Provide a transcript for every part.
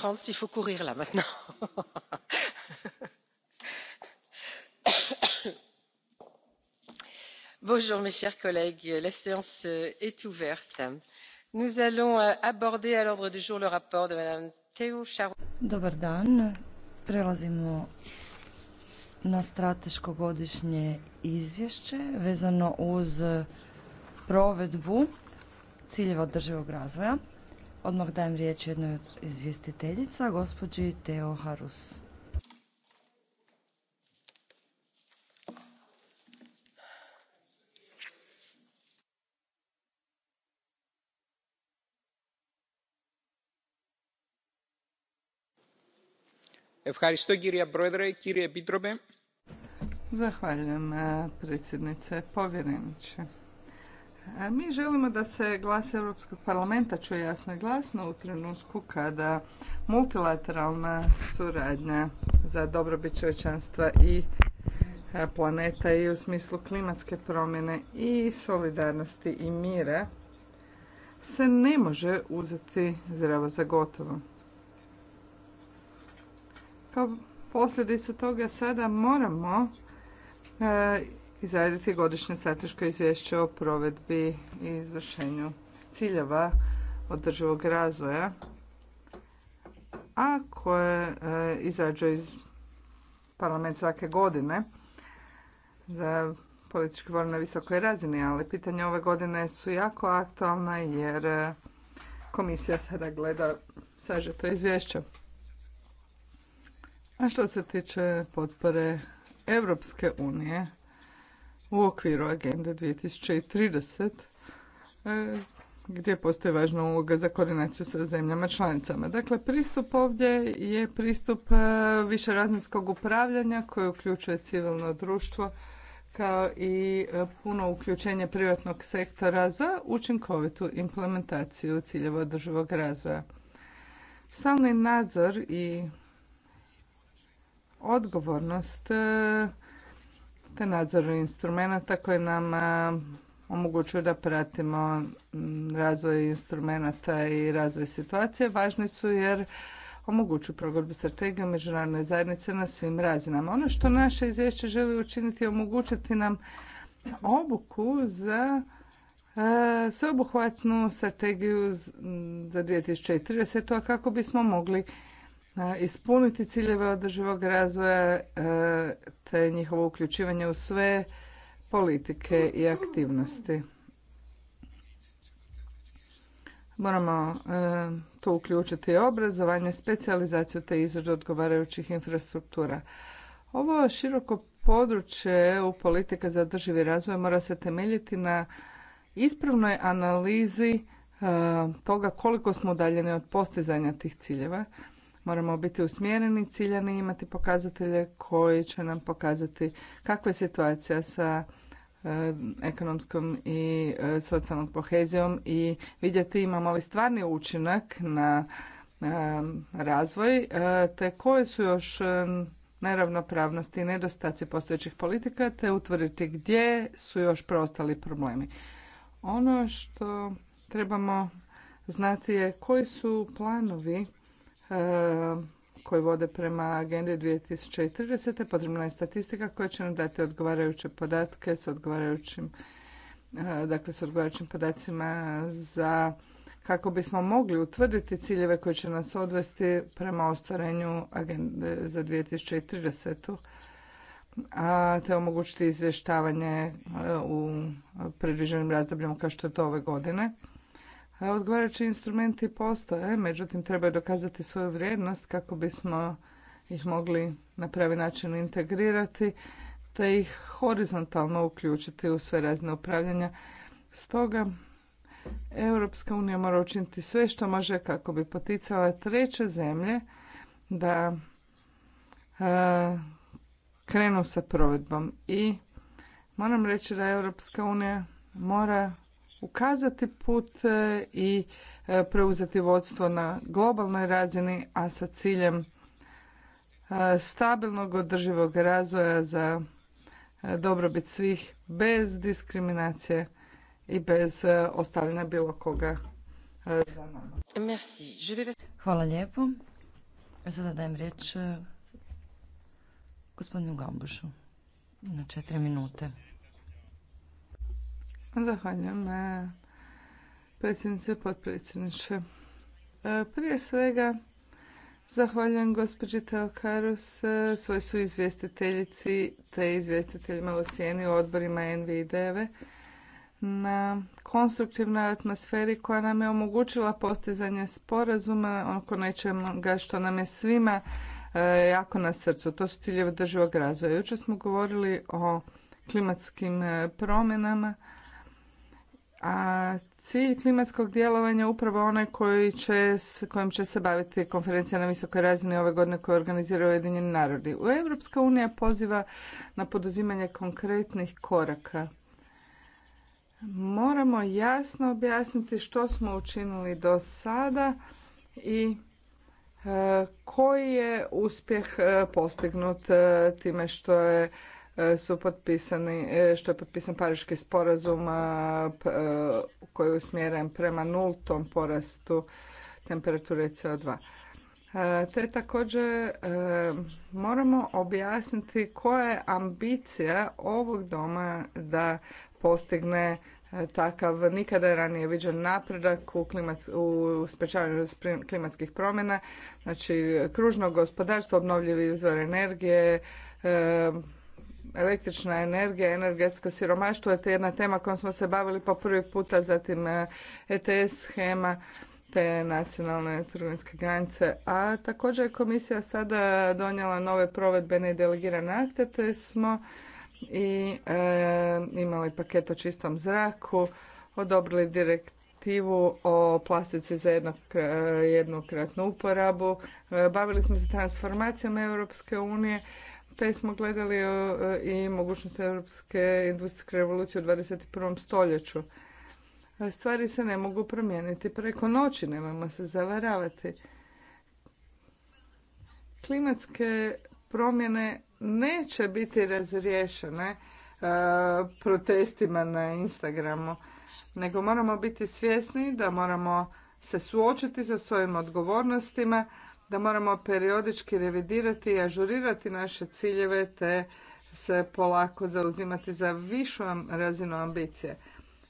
frans il faut courir là maintenant. bonjour mes chers collègues la séance euh, est ouverte. nous allons euh, aborder à l'ordre du jour le rapport de mme Teo Char... dobar dan prelazimo na strateško godišnje izvješće vezano uz provedbu ciljeva održivog razvoja. Odmah dajem riječ jednoj od izvjestiteljica, gospođi Teo Harus. Zahvaljujem eh, predsjednice povjereniče. Mi želimo da se glas Europskog parlamenta čuje jasno i glasno u trenutku kada multilateralna suradnja za dobrobit čovječanstva i e, planeta i u smislu klimatske promjene i solidarnosti i mira se ne može uzeti zdravo za gotovo. Kao posljedicu toga sada moramo e, izraditi godišnje strateško izvješće o provedbi i izvršenju ciljeva održivog razvoja, a koje e, izrađuje iz parlament svake godine za politički volim na visokoj razini, ali pitanje ove godine su jako aktualna jer e, komisija sada gleda sažeto izvješće. A što se tiče potpore Europske unije, u okviru agende 2030 e, gdje postoji važna uloga za koordinaciju sa zemljama članicama. Dakle, pristup ovdje je pristup e, višerazinskog upravljanja koji uključuje civilno društvo kao i e, puno uključenje privatnog sektora za učinkovitu implementaciju ciljeva održivog razvoja. Stalni nadzor i odgovornost te nadzorne instrumenta koji nam omogućuju da pratimo razvoj instrumenta i razvoj situacije. Važni su jer omogućuju progledbu strategije međunarodne zajednice na svim razinama. Ono što naše izvješće želi učiniti je omogućiti nam obuku za sveobuhvatnu strategiju za 2030. a kako bismo mogli ispuniti ciljeve održivog razvoja e, te njihovo uključivanje u sve politike i aktivnosti. Moramo e, tu uključiti obrazovanje, specijalizaciju te izradu odgovarajućih infrastruktura. Ovo široko područje u politika za održivi razvoj mora se temeljiti na ispravnoj analizi e, toga koliko smo udaljeni od postizanja tih ciljeva Moramo biti usmjereni, ciljani imati pokazatelje koji će nam pokazati kakva je situacija sa e, ekonomskom i e, socijalnom kohezijom i vidjeti imamo li stvarni učinak na e, razvoj, te koje su još neravnopravnosti i nedostaci postojećih politika, te utvrditi gdje su još preostali problemi. Ono što trebamo znati je koji su planovi E, koji vode prema agendi 2030. Potrebna je statistika koja će nam dati odgovarajuće podatke s odgovarajućim e, dakle s odgovarajućim podacima za kako bismo mogli utvrditi ciljeve koji će nas odvesti prema ostvarenju agende za 2030. A te omogućiti izvještavanje e, u predviđenim razdobljama kao što je to ove godine. E, odgovarajući instrumenti postoje, međutim trebaju dokazati svoju vrijednost kako bismo ih mogli na pravi način integrirati te ih horizontalno uključiti u sve razne upravljanja. Stoga Europska unija mora učiniti sve što može kako bi poticala treće zemlje da e, krenu sa provedbom. I moram reći da Europska unija mora ukazati put e, i e, preuzeti vodstvo na globalnoj razini, a sa ciljem e, stabilnog održivog razvoja za dobrobit svih bez diskriminacije i bez ostavljanja bilo koga za nama. Hvala lijepo. Sada dajem riječ gospodinu Gambušu na četiri minute. Zahvaljujem e, predsjednice, potpredsjedniče. E, prije svega zahvaljujem gospođi Teokarus, e, svoj su izvjestiteljici te izvjestiteljima u sjeni u odborima NV i DEVE na konstruktivnoj atmosferi koja nam je omogućila postizanje sporazuma oko nečega što nam je svima jako na srcu. To su ciljevi održivog razvoja. Jučer smo govorili o klimatskim promjenama a cilj klimatskog djelovanja je upravo onaj koji će, kojim će se baviti konferencija na visokoj razini ove godine koju organiziraju Ujedinjeni narodi. U Europska unija poziva na poduzimanje konkretnih koraka. Moramo jasno objasniti što smo učinili do sada i e, koji je uspjeh e, postignut e, time što je E, su potpisani, e, što je potpisan Pariški sporazum e, koji je usmjeren prema nultom porastu temperature CO2. Te također moramo objasniti koja je ambicija ovog doma da postigne takav nikada ranije viđen napredak u, u sprečavanju klimatskih promjena, znači kružno gospodarstvo, obnovljivi izvor energije, električna energija, energetsko siromaštvo je jedna tema kojom smo se bavili po prvi puta, zatim ETS e schema te nacionalne trgovinske granice. A također je komisija sada donijela nove provedbene i delegirane akte, te smo i e, imali paket o čistom zraku, odobrili direktivu o plastici za e, jednokratnu uporabu, bavili smo se transformacijom Europske unije te smo gledali e, i mogućnost europske industrijske revolucije u 21. stoljeću. E, stvari se ne mogu promijeniti preko noći, nemojmo se zavaravati. Klimatske promjene neće biti razriješene e, protestima na Instagramu, nego moramo biti svjesni da moramo se suočiti sa svojim odgovornostima da moramo periodički revidirati i ažurirati naše ciljeve te se polako zauzimati za višu razinu ambicije.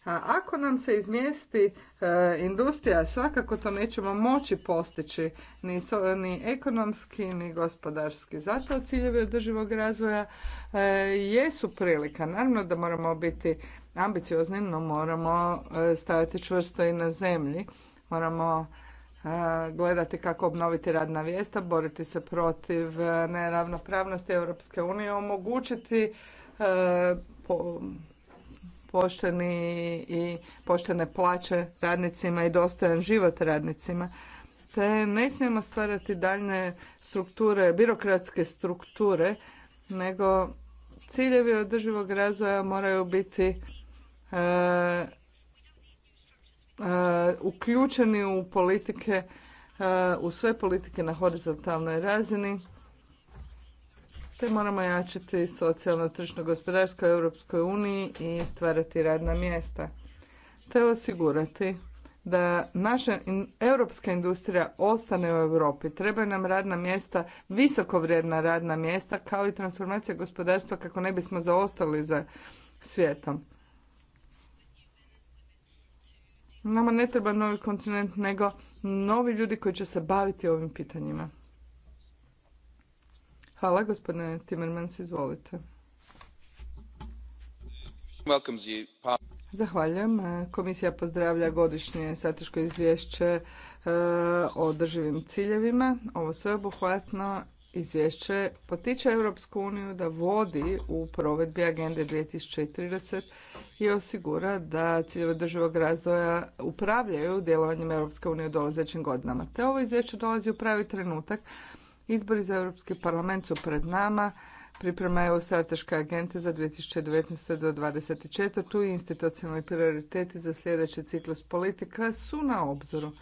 A ako nam se izmijesti e, industrija, svakako to nećemo moći postići ni, ni ekonomski ni gospodarski. Zato ciljevi održivog razvoja e, jesu prilika. Naravno da moramo biti ambiciozni, no moramo e, staviti čvrsto i na zemlji. Moramo gledati kako obnoviti radna vijesta, boriti se protiv e, neravnopravnosti Europske unije, omogućiti e, pošteni i poštene plaće radnicima i dostojan život radnicima. Te ne smijemo stvarati daljne strukture, birokratske strukture, nego ciljevi održivog razvoja moraju biti e, E, uključeni u politike, e, u sve politike na horizontalnoj razini, te moramo jačiti socijalno tržno gospodarstvo u Europskoj uniji i stvarati radna mjesta, te osigurati da naša europska industrija ostane u Europi. Trebaju nam radna mjesta, visoko vrijedna radna mjesta, kao i transformacija gospodarstva kako ne bismo zaostali za svijetom. Nama ne treba novi kontinent, nego novi ljudi koji će se baviti ovim pitanjima. Hvala, gospodine Timmermans, izvolite. Zahvaljujem. Komisija pozdravlja godišnje strateško izvješće e, o održivim ciljevima. Ovo sve obuhvatno izvješće potiče Europsku uniju da vodi u provedbi agende 2030 i osigura da ciljeve državog razvoja upravljaju djelovanjem Europske unije u dolazećim godinama. Te ovo izvješće dolazi u pravi trenutak. Izbori za Europski parlament su pred nama. Priprema je strateške agente za 2019. do 2024. i institucionalni prioriteti za sljedeći ciklus politika su na obzoru.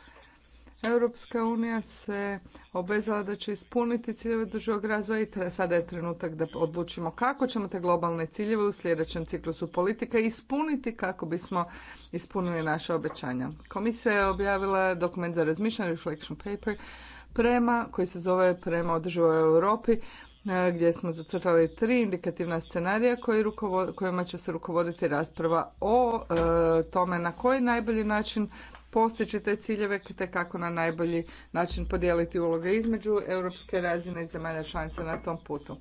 Europska unija se obvezala da će ispuniti ciljeve održivog razvoja i sada je trenutak da odlučimo kako ćemo te globalne ciljeve u sljedećem ciklusu politika ispuniti kako bismo ispunili naše obećanja. Komisija je objavila dokument za razmišljanje, reflection paper, prema, koji se zove prema održivoj Europi, e, gdje smo zacrtali tri indikativna scenarija kojima će se rukovoditi rasprava o e, tome na koji najbolji način postići te ciljeve te kako na najbolji način podijeliti uloge između europske razine i zemalja članica na tom putu.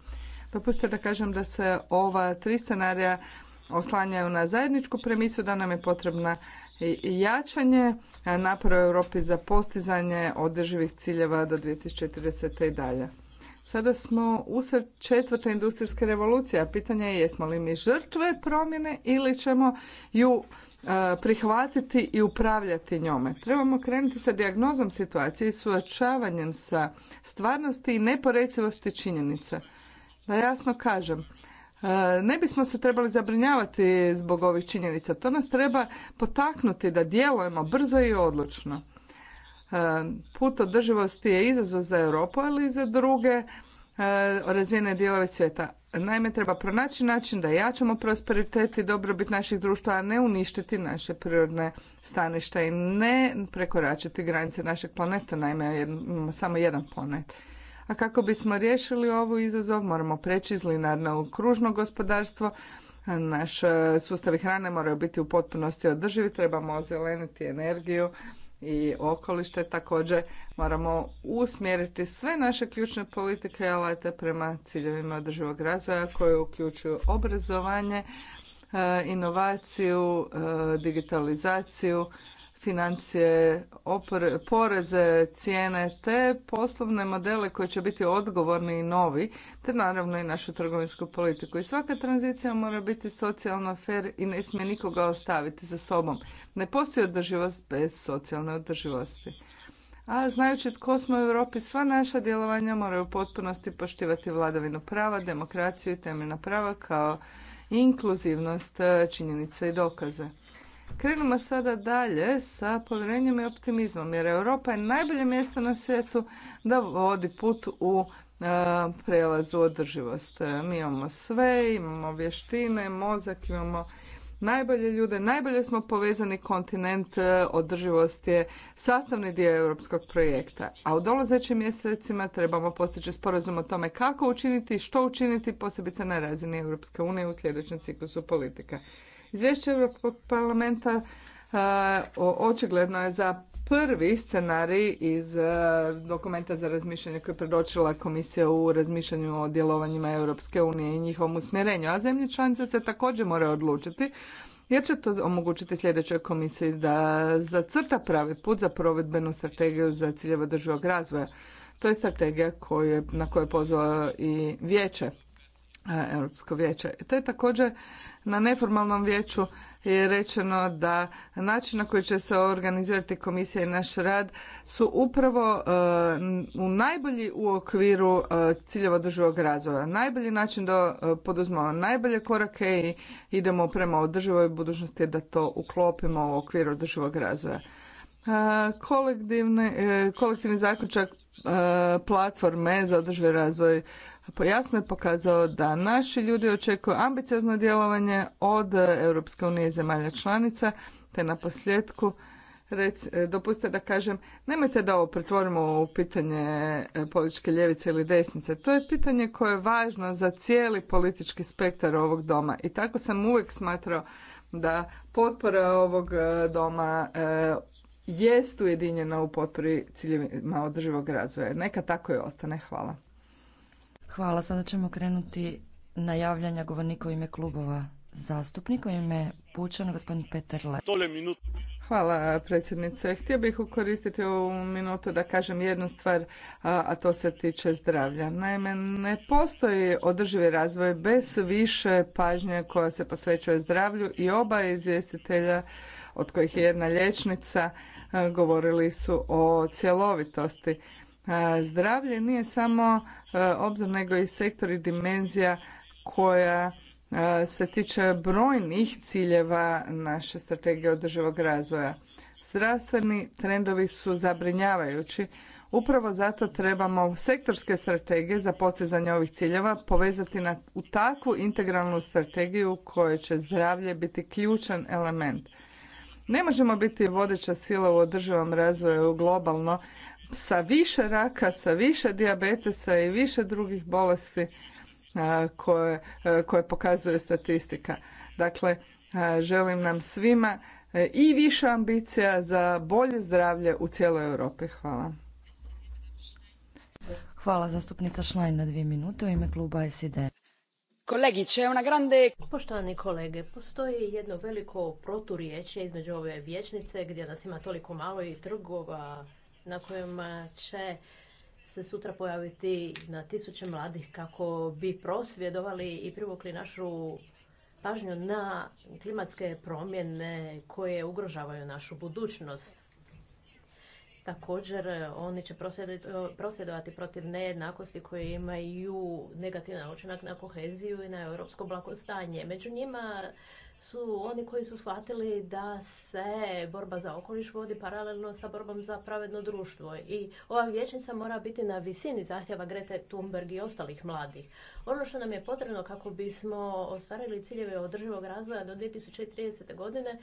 Dopustite da kažem da se ova tri scenarija oslanjaju na zajedničku premisu da nam je potrebna jačanje napora u Europi za postizanje održivih ciljeva do 2030. i dalje. Sada smo usred četvrte industrijske revolucije, a pitanje je jesmo li mi žrtve promjene ili ćemo ju prihvatiti i upravljati njome. Trebamo krenuti sa dijagnozom situacije i suočavanjem sa stvarnosti i neporecivosti činjenica. Da jasno kažem, ne bismo se trebali zabrinjavati zbog ovih činjenica. To nas treba potaknuti da djelujemo brzo i odlučno. Put održivosti je izazov za Europu, ali i za druge razvijene dijelove svijeta. Naime, treba pronaći način da jačamo prosperitet i dobrobit naših društva, a ne uništiti naše prirodne staništa i ne prekoračiti granice našeg planeta. Naime, samo jedan planet. A kako bismo riješili ovu izazov, moramo preći iz linarno u kružno gospodarstvo. Naš e, sustav hrane moraju biti u potpunosti održivi, trebamo ozeleniti energiju i okolište također moramo usmjeriti sve naše ključne politike i alate prema ciljevima održivog razvoja koje uključuju obrazovanje, e, inovaciju, e, digitalizaciju, financije, poreze, cijene, te poslovne modele koji će biti odgovorni i novi, te naravno i našu trgovinsku politiku. I svaka tranzicija mora biti socijalno fer i ne smije nikoga ostaviti za sobom. Ne postoji održivost bez socijalne održivosti. A znajući tko smo u Europi, sva naša djelovanja moraju u potpunosti poštivati vladavinu prava, demokraciju i temeljna prava kao inkluzivnost e, činjenice i dokaze. Krenimo sada dalje sa povjerenjem i optimizmom jer Europa je najbolje mjesto na svijetu da vodi put u e, prelazu održivost. Mi imamo sve, imamo vještine, mozak, imamo najbolje ljude, najbolje smo povezani kontinent, e, održivost je sastavni dio europskog projekta. A u dolazećim mjesecima trebamo postići sporazum o tome kako učiniti i što učiniti, posebice na razini Europske unije u sljedećem ciklusu politika. Izvješće Europskog parlamenta očigledno je za prvi scenarij iz dokumenta za razmišljanje koje je predočila komisija u razmišljanju o djelovanjima Europske unije i njihovom usmjerenju, a zemlje članice se također moraju odlučiti jer će to omogućiti sljedećoj komisiji da zacrta pravi put za provedbenu strategiju za ciljeve održivog razvoja. To je strategija na koju je pozvao i vijeće. E, Europsko vijeće. je također na neformalnom vijeću je rečeno da način na koji će se organizirati komisija i naš rad su upravo e, u najbolji u okviru e, ciljeva održivog razvoja. Najbolji način da poduzmemo najbolje korake i idemo prema održivoj budućnosti da to uklopimo u okviru održivog razvoja. Kolektivni zaključak platforme za održivi razvoj pa jasno je pokazao da naši ljudi očekuju ambiciozno djelovanje od Europske unije zemalja članica, te na posljedku rec, dopustite da kažem, nemojte da ovo pretvorimo u pitanje e, političke ljevice ili desnice. To je pitanje koje je važno za cijeli politički spektar ovog doma. I tako sam uvijek smatrao da potpora ovog e, doma e, jest ujedinjena u potpori ciljevima održivog razvoja. Neka tako i ostane. Hvala. Hvala. Sada ćemo krenuti na javljanja govornika u ime klubova zastupnika. U ime Pučana, gospodin Peter Le. Hvala predsjednice. Htio bih ukoristiti ovu minutu da kažem jednu stvar, a to se tiče zdravlja. Naime, ne postoji održivi razvoj bez više pažnje koja se posvećuje zdravlju i oba izvjestitelja od kojih je jedna liječnica govorili su o cjelovitosti E, zdravlje nije samo e, obzor nego i sektor i dimenzija koja e, se tiče brojnih ciljeva naše strategije održivog razvoja. Zdravstveni trendovi su zabrinjavajući. Upravo zato trebamo sektorske strategije za postizanje ovih ciljeva povezati na, u takvu integralnu strategiju koja će zdravlje biti ključan element. Ne možemo biti vodeća sila u održivom razvoju globalno sa više raka, sa više dijabetesa i više drugih bolesti koje, pokazuje statistika. Dakle, želim nam svima e, i više ambicija za bolje zdravlje u cijeloj Europi. Hvala. Hvala zastupnica Šlajn na dvije minute u ime kluba SID. Kolegi, grande... Poštovani kolege, postoji jedno veliko proturječje između ove vječnice gdje nas ima toliko malo i trgova na kojima će se sutra pojaviti na tisuće mladih kako bi prosvjedovali i privukli našu pažnju na klimatske promjene koje ugrožavaju našu budućnost. Također, oni će prosvjedovati protiv nejednakosti koje imaju negativan učinak na koheziju i na europsko blagostanje. Među njima su oni koji su shvatili da se borba za okoliš vodi paralelno sa borbom za pravedno društvo. I ova vječnica mora biti na visini zahtjeva Grete Thunberg i ostalih mladih. Ono što nam je potrebno kako bismo ostvarili ciljeve održivog razvoja do 2030. godine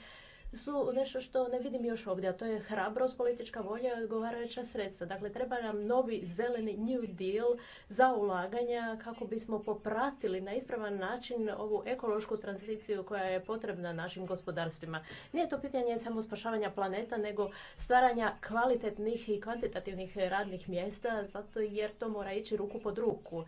su nešto što ne vidim još ovdje, a to je hrabrost, politička volja i odgovarajuća sredstva. Dakle, treba nam novi zeleni New Deal za ulaganja kako bismo popratili na ispravan način ovu ekološku tranziciju koja je potrebna našim gospodarstvima. Nije to pitanje samo spašavanja planeta, nego stvaranja kvalitetnih i kvantitativnih radnih mjesta, zato jer to mora ići ruku pod ruku.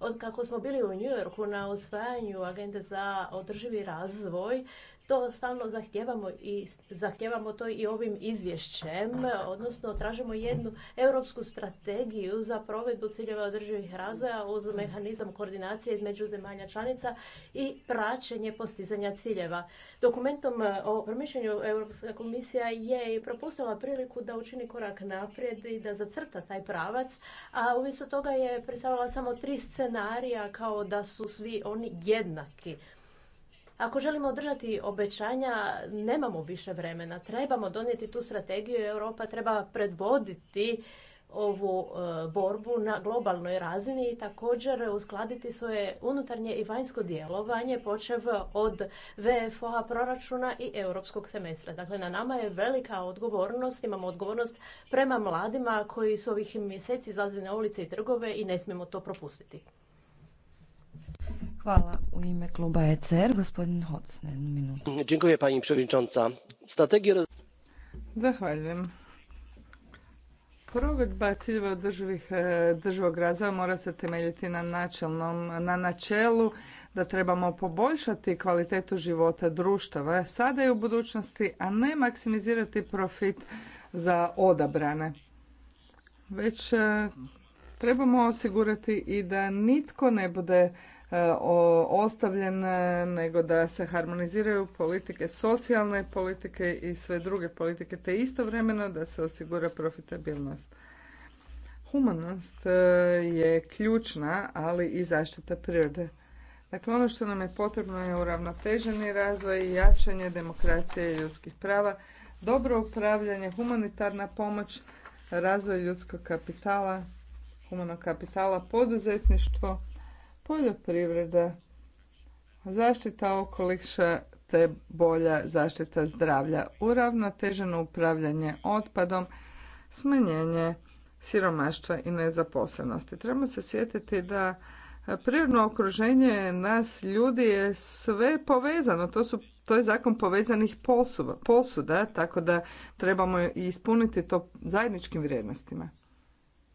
Od kako smo bili u New Yorku na osvajanju agende za održivi razvoj, to stalno zahtjevamo i zahtjevamo to i ovim izvješćem, odnosno tražimo jednu europsku strategiju za provedbu ciljeva održivih razvoja uz mehanizam koordinacije između zemalja članica i praćenje postizanja ciljeva. Dokumentom e, o promišljanju Europska komisija je i propustila priliku da učini korak naprijed i da zacrta taj pravac, a umjesto toga je predstavila samo tri scenarija kao da su svi oni jednaki. Ako želimo održati obećanja, nemamo više vremena. Trebamo donijeti tu strategiju i Europa treba predvoditi ovu e, borbu na globalnoj razini i također uskladiti svoje unutarnje i vanjsko djelovanje počev od vfo proračuna i europskog semestra. Dakle, na nama je velika odgovornost, imamo odgovornost prema mladima koji su ovih mjeseci izlazili na ulice i trgove i ne smijemo to propustiti. Hvala. U ime kluba ECR, gospodin Hoc, Dziękuję, pani przewodnicząca. Zahvaljujem. Provedba ciljeva održivih e, državog razvoja mora se temeljiti na načelnom, na načelu da trebamo poboljšati kvalitetu života društava sada i u budućnosti, a ne maksimizirati profit za odabrane. Već e, trebamo osigurati i da nitko ne bude E, ostavljen, nego da se harmoniziraju politike socijalne politike i sve druge politike, te istovremeno da se osigura profitabilnost. Humanost e, je ključna, ali i zaštita prirode. Dakle, ono što nam je potrebno je uravnoteženi razvoj i jačanje demokracije i ljudskih prava, dobro upravljanje, humanitarna pomoć, razvoj ljudskog kapitala, humanog kapitala, poduzetništvo, poljoprivreda, zaštita okoliša te bolja zaštita zdravlja, uravnoteženo upravljanje otpadom, smanjenje siromaštva i nezaposlenosti. Trebamo se sjetiti da prirodno okruženje nas ljudi je sve povezano. To, su, to je zakon povezanih posuda, posuda, tako da trebamo ispuniti to zajedničkim vrijednostima.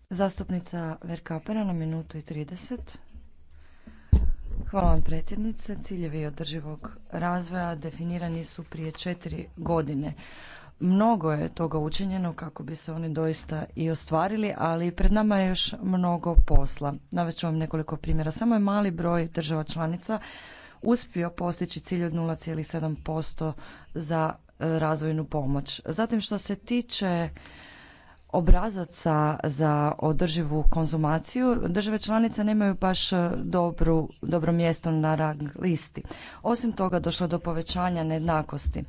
Zastupnica Verka na minutu i 30. Hvala vam predsjednice. Ciljevi održivog razvoja definirani su prije četiri godine. Mnogo je toga učinjeno kako bi se oni doista i ostvarili, ali pred nama je još mnogo posla. Navest ću vam nekoliko primjera. Samo je mali broj država članica uspio postići cilj od 0,7% za e, razvojnu pomoć. Zatim što se tiče obrazaca za održivu konzumaciju države članice nemaju baš e, dobru, dobro mjesto na rang listi. Osim toga došlo do povećanja nejednakosti.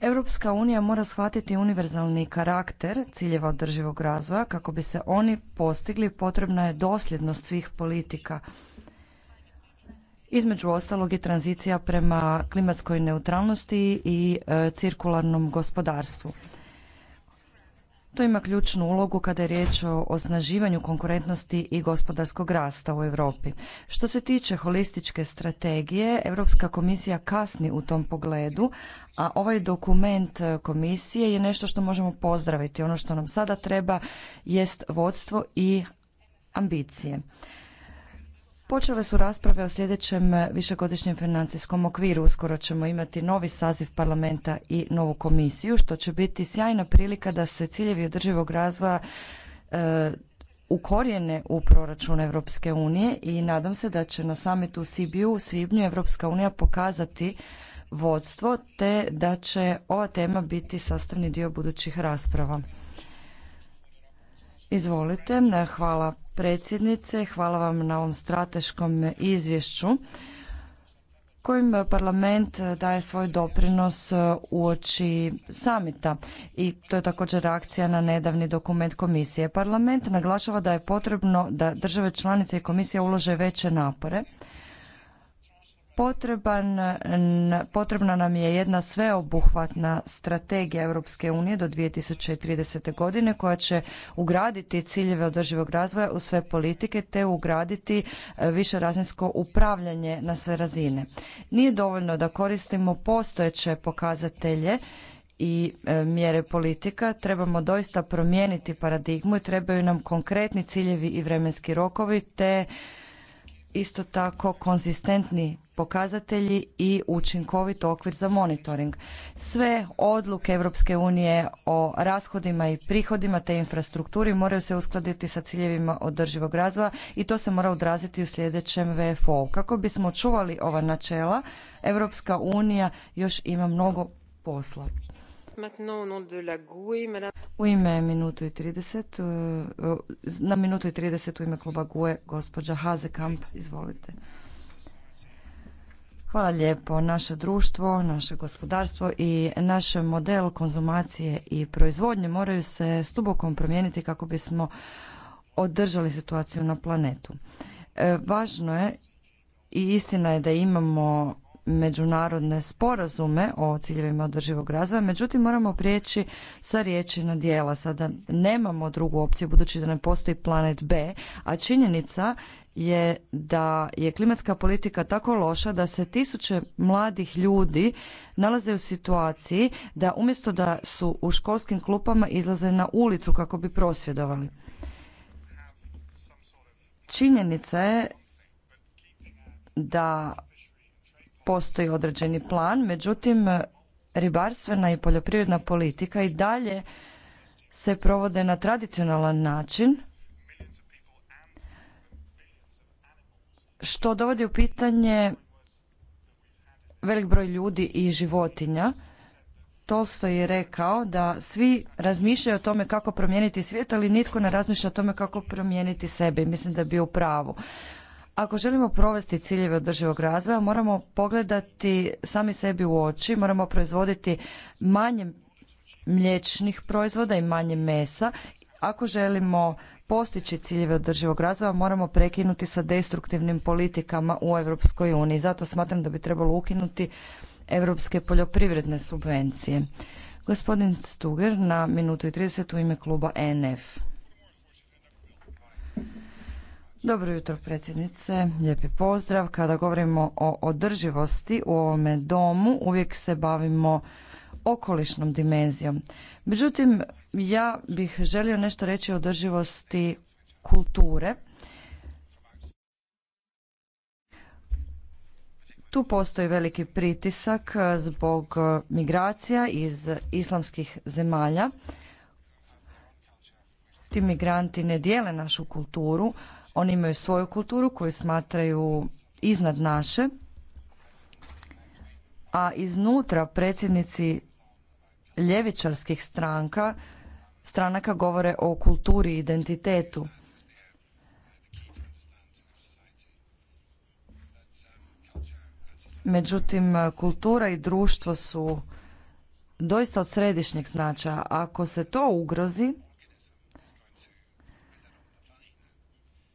Europska unija mora shvatiti univerzalni karakter ciljeva održivog razvoja kako bi se oni postigli potrebna je dosljednost svih politika. Između ostalog je tranzicija prema klimatskoj neutralnosti i e, cirkularnom gospodarstvu. To ima ključnu ulogu kada je riječ o osnaživanju konkurentnosti i gospodarskog rasta u Europi. Što se tiče holističke strategije, Europska komisija kasni u tom pogledu, a ovaj dokument komisije je nešto što možemo pozdraviti. Ono što nam sada treba jest vodstvo i ambicije. Počele su rasprave o sljedećem višegodišnjem financijskom okviru. Uskoro ćemo imati novi saziv parlamenta i novu komisiju, što će biti sjajna prilika da se ciljevi održivog razvoja e, ukorijene u proračun Europske unije i nadam se da će na samitu u Sibiju u svibnju Europska unija pokazati vodstvo te da će ova tema biti sastavni dio budućih rasprava. Izvolite, hvala predsjednice, hvala vam na ovom strateškom izvješću kojim parlament daje svoj doprinos e, uoči samita i to je također reakcija na nedavni dokument komisije. Parlament naglašava da je potrebno da države članice i komisija ulože veće napore potrebna nam je jedna sveobuhvatna strategija Europske unije do 2030. godine koja će ugraditi ciljeve održivog razvoja u sve politike te ugraditi e, višerazinsko upravljanje na sve razine. Nije dovoljno da koristimo postojeće pokazatelje i e, mjere politika trebamo doista promijeniti paradigmu i trebaju nam konkretni ciljevi i vremenski rokovi te isto tako konzistentni pokazatelji i učinkovit okvir za monitoring. Sve odluke Europske unije o rashodima i prihodima te infrastrukturi moraju se uskladiti sa ciljevima održivog razvoja i to se mora odraziti u sljedećem VFO. Kako bismo čuvali ova načela, Europska unija još ima mnogo posla. U ime minutu i 30, eh, eh, na minutu i 30 u ime kluba GUE, gospođa Hazekamp, izvolite. Hvala lijepo. Naše društvo, naše gospodarstvo i naš model konzumacije i proizvodnje moraju se stubokom promijeniti kako bismo održali situaciju na planetu. E, važno je i istina je da imamo međunarodne sporazume o ciljevima održivog razvoja, međutim moramo prijeći sa riječi na dijela. Sada nemamo drugu opciju budući da ne postoji planet B, a činjenica je da je klimatska politika tako loša da se tisuće mladih ljudi nalaze u situaciji da umjesto da su u školskim klupama izlaze na ulicu kako bi prosvjedovali. Činjenica je da postoji određeni plan, međutim ribarstvena i poljoprivredna politika i dalje se provode na tradicionalan način što dovodi u pitanje velik broj ljudi i životinja. Tolstoj je rekao da svi razmišljaju o tome kako promijeniti svijet, ali nitko ne razmišlja o tome kako promijeniti sebe i mislim da bio u pravu. Ako želimo provesti ciljeve održivog razvoja, moramo pogledati sami sebi u oči, moramo proizvoditi manje mliječnih proizvoda i manje mesa. Ako želimo postići ciljeve održivog razvoja moramo prekinuti sa destruktivnim politikama u Europskoj uniji. Zato smatram da bi trebalo ukinuti europske poljoprivredne subvencije. Gospodin Stuger na minutu i 30 u ime kluba NF. Dobro jutro predsjednice, lijepi pozdrav. Kada govorimo o održivosti u ovome domu uvijek se bavimo okolišnom dimenzijom. Međutim, ja bih želio nešto reći o održivosti kulture. Tu postoji veliki pritisak zbog migracija iz islamskih zemalja. Ti migranti ne dijele našu kulturu, oni imaju svoju kulturu koju smatraju iznad naše, a iznutra predsjednici ljevičarskih stranka stranaka govore o kulturi i identitetu. Međutim, kultura i društvo su doista od središnjeg značaja. Ako se to ugrozi,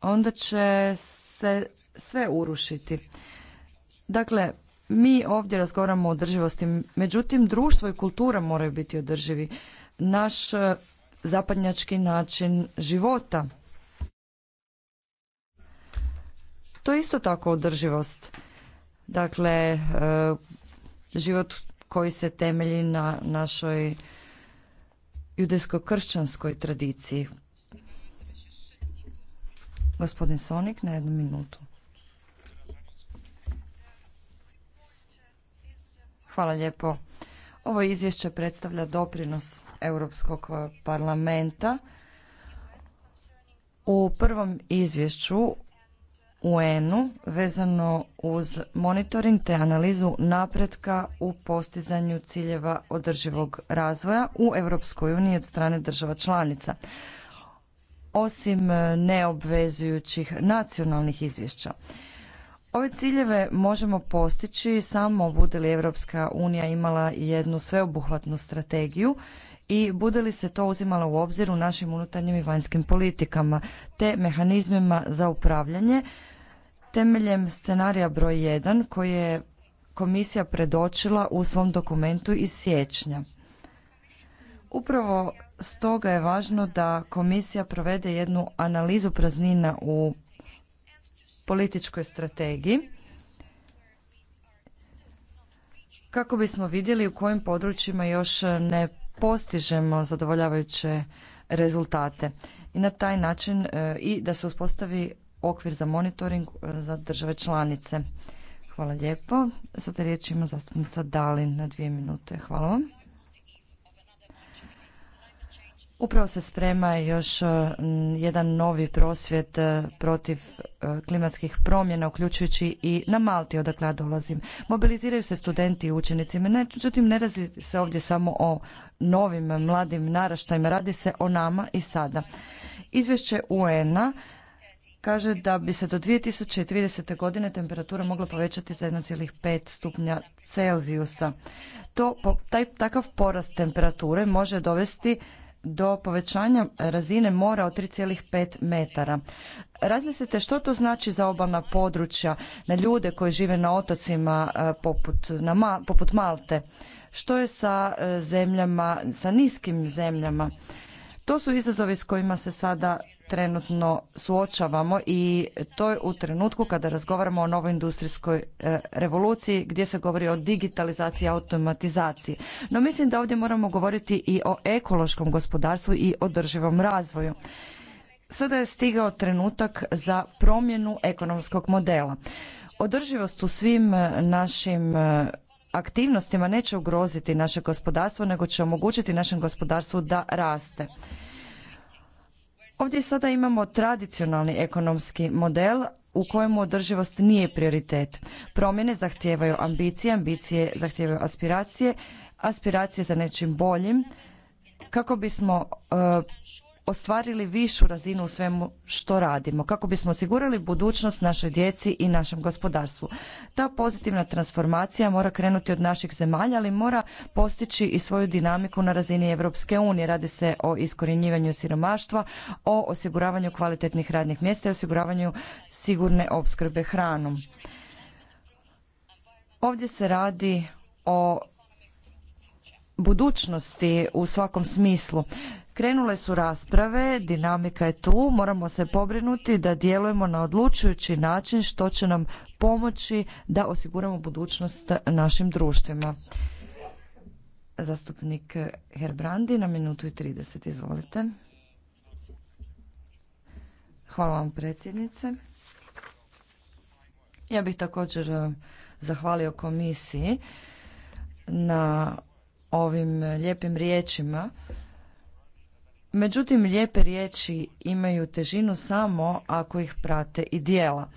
onda će se sve urušiti. Dakle, mi ovdje razgovaramo o održivosti, međutim društvo i kultura moraju biti održivi. Naš zapadnjački način života. To je isto tako održivost. Dakle, e, život koji se temelji na našoj judesko kršćanskoj tradiciji. Gospodin Sonik, na jednu minutu. Hvala lijepo. Ovo izvješće predstavlja doprinos Europskog eh, parlamenta u prvom izvješću UN-u vezano uz monitoring te analizu napretka u postizanju ciljeva održivog razvoja u Europskoj uniji od strane država članica. Osim eh, neobvezujućih nacionalnih izvješća. Ove ciljeve možemo postići samo bude li Europska unija imala jednu sveobuhvatnu strategiju i bude li se to uzimalo u obzir u našim unutarnjim i vanjskim politikama te mehanizmima za upravljanje temeljem scenarija broj 1 koji je komisija predočila u svom dokumentu iz siječnja. Upravo stoga je važno da komisija provede jednu analizu praznina u političkoj strategiji kako bismo vidjeli u kojim područjima još ne postižemo zadovoljavajuće rezultate i na taj način e, i da se uspostavi okvir za monitoring e, za države članice. Hvala lijepo. Sada riječ ima zastupnica Dalin na dvije minute. Hvala vam. Upravo se sprema još e, jedan novi prosvjet protiv klimatskih promjena, uključujući i na Malti, odakle ja dolazim. Mobiliziraju se studenti i učenici. Međutim, ne razi se ovdje samo o novim mladim naraštajima. Radi se o nama i sada. Izvješće UN-a kaže da bi se do 2030. godine temperatura mogla povećati za 1,5 stupnja Celzijusa. To, taj, takav porast temperature može dovesti do povećanja razine mora od 3,5 metara. Razmislite što to znači za obalna područja, na ljude koji žive na otocima e, poput Malte. Što je sa e, zemljama, sa niskim zemljama? To su izazovi s kojima se sada trenutno suočavamo i to je u trenutku kada razgovaramo o novoj industrijskoj e, revoluciji gdje se govori o digitalizaciji i automatizaciji. No mislim da ovdje moramo govoriti i o ekološkom gospodarstvu i održivom razvoju. Sada je stigao trenutak za promjenu ekonomskog modela. Održivost u svim e, našim aktivnostima neće ugroziti naše gospodarstvo, nego će omogućiti našem gospodarstvu da raste. Ovdje sada imamo tradicionalni ekonomski model u kojemu održivost nije prioritet. Promjene zahtijevaju ambicije, ambicije zahtijevaju aspiracije, aspiracije za nečim boljim kako bismo e, ostvarili višu razinu u svemu što radimo, kako bismo osigurali budućnost našoj djeci i našem gospodarstvu. Ta pozitivna transformacija mora krenuti od naših zemalja, ali mora postići i svoju dinamiku na razini Europske unije. Radi se o iskorjenjivanju siromaštva, o osiguravanju kvalitetnih radnih mjesta i osiguravanju sigurne opskrbe hranom. Ovdje se radi o budućnosti u svakom smislu. Krenule su rasprave, dinamika je tu, moramo se pobrinuti da djelujemo na odlučujući način što će nam pomoći da osiguramo budućnost našim društvima. Zastupnik Herbrandi na minutu i 30, izvolite. Hvala vam predsjednice. Ja bih također eh, zahvalio komisiji na ovim lijepim riječima Međutim, lijepe riječi imaju težinu samo ako ih prate i dijela.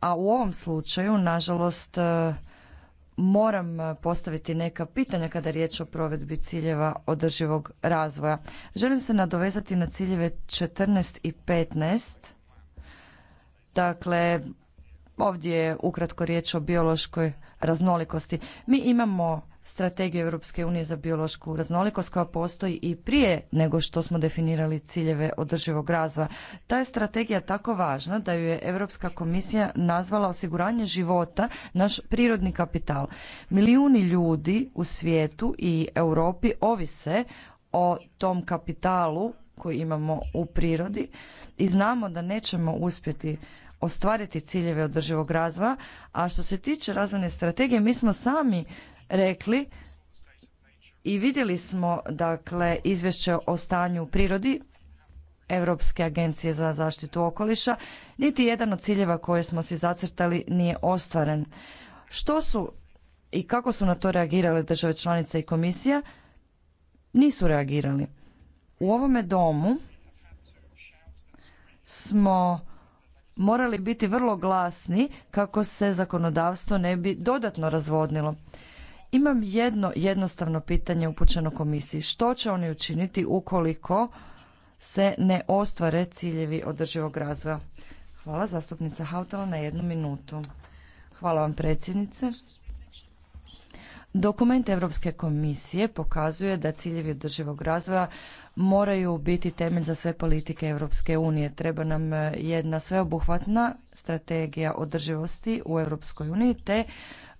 A u ovom slučaju, nažalost, e, moram postaviti neka pitanja kada je riječ o provedbi ciljeva održivog razvoja. Želim se nadovezati na ciljeve 14 i 15. Dakle, ovdje je ukratko riječ o biološkoj raznolikosti. Mi imamo strategiju Europske unije za biološku raznolikost koja postoji i prije nego što smo definirali ciljeve održivog razvoja. Ta je strategija tako važna da ju je Europska komisija nazvala osiguranje života naš prirodni kapital. Milijuni ljudi u svijetu i Europi ovise o tom kapitalu koji imamo u prirodi i znamo da nećemo uspjeti ostvariti ciljeve održivog razvoja, a što se tiče razvojne strategije mi smo sami rekli i vidjeli smo dakle izvješće o stanju u prirodi Europske agencije za zaštitu okoliša, niti jedan od ciljeva koje smo si zacrtali nije ostvaren. Što su i kako su na to reagirale države članice i komisija? Nisu reagirali. U ovome domu smo morali biti vrlo glasni kako se zakonodavstvo ne bi dodatno razvodnilo. Imam jedno jednostavno pitanje upućeno komisiji. Što će oni učiniti ukoliko se ne ostvare ciljevi održivog razvoja? Hvala, zastupnica Hautala, na jednu minutu. Hvala vam, predsjednice. Dokument Europske komisije pokazuje da ciljevi održivog razvoja moraju biti temelj za sve politike Europske unije. Treba nam eh, jedna sveobuhvatna strategija održivosti u Europskoj uniji te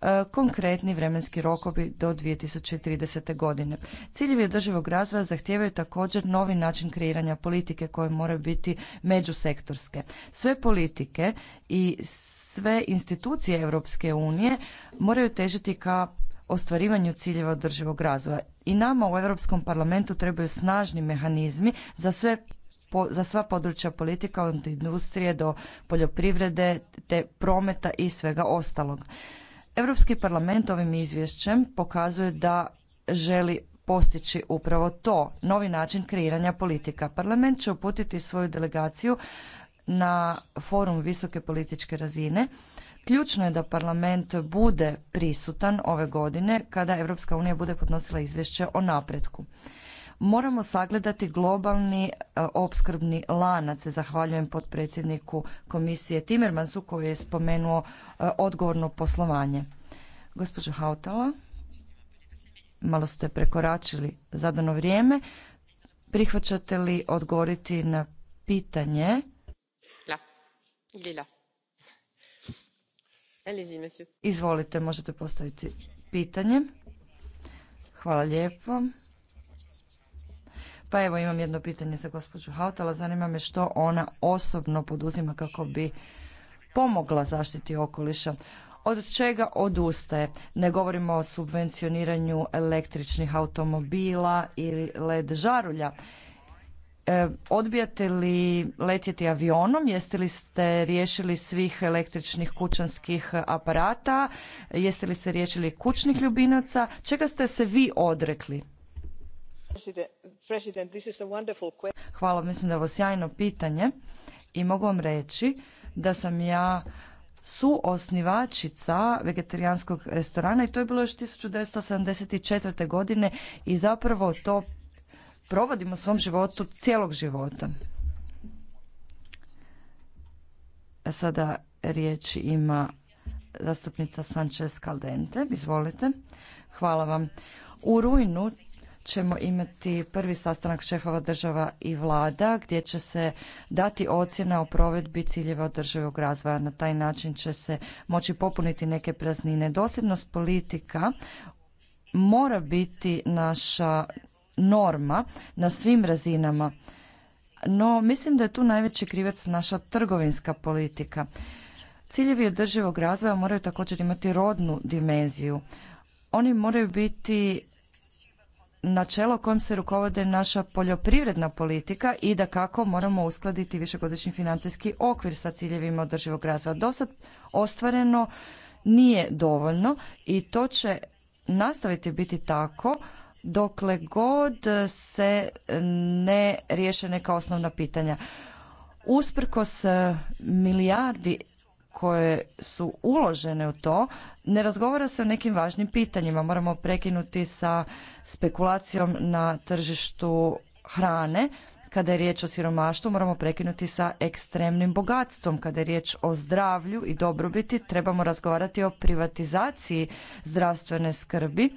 E, konkretni vremenski rokovi do 2030. godine. Ciljevi održivog razvoja zahtijevaju također novi način kreiranja politike koje moraju biti međusektorske. Sve politike i sve institucije Europske unije moraju težiti ka ostvarivanju ciljeva održivog razvoja. I nama u Europskom parlamentu trebaju snažni mehanizmi za sve za sva područja politika od industrije do poljoprivrede te prometa i svega ostalog. Europski parlament ovim izvješćem pokazuje da želi postići upravo to, novi način kreiranja politika. Parlament će uputiti svoju delegaciju na forum visoke političke razine. Ključno je da parlament bude prisutan ove godine kada Europska unija bude podnosila izvješće o napretku. Moramo sagledati globalni e, opskrbni lanac. Zahvaljujem potpredsjedniku komisije Timmermansu koji je spomenuo E, odgovorno poslovanje. Gospođo Hautala, malo ste prekoračili zadano vrijeme. Prihvaćate li odgovoriti na pitanje? Izvolite, možete postaviti pitanje. Hvala lijepo. Pa evo imam jedno pitanje za gospođu Hautala. Zanima me što ona osobno poduzima kako bi pomogla zaštiti okoliša od čega odustaje. Ne govorimo o subvencioniranju električnih automobila ili led žarulja. E, odbijate li letjeti avionom? Jeste li ste riješili svih električnih kućanskih aparata? Jeste li se riješili kućnih ljubinaca? Čega ste se vi odrekli? Hvala, mislim da je ovo sjajno pitanje i mogu vam reći da sam ja suosnivačica vegetarijanskog restorana i to je bilo još 1974. godine i zapravo to provodimo u svom životu cijelog života. A sada riječ ima zastupnica Sanchez Caldente. Izvolite. Hvala vam. U rujnu ćemo imati prvi sastanak šefova država i vlada gdje će se dati ocjena o provedbi ciljeva održivog razvoja. Na taj način će se moći popuniti neke praznine. Dosljednost politika mora biti naša norma na svim razinama. No, mislim da je tu najveći krivac naša trgovinska politika. Ciljevi održivog razvoja moraju također imati rodnu dimenziju. Oni moraju biti načelo kojim se rukovode naša poljoprivredna politika i da kako moramo uskladiti višegodišnji financijski okvir sa ciljevima održivog razvoja. Dosad ostvareno nije dovoljno i to će nastaviti biti tako dokle god se ne riješe neka osnovna pitanja. Usprkos eh, milijardi koje su uložene u to, ne razgovara se o nekim važnim pitanjima. Moramo prekinuti sa spekulacijom na tržištu hrane, kada je riječ o siromaštvu moramo prekinuti sa ekstremnim bogatstvom. Kada je riječ o zdravlju i dobrobiti trebamo razgovarati o privatizaciji zdravstvene skrbi.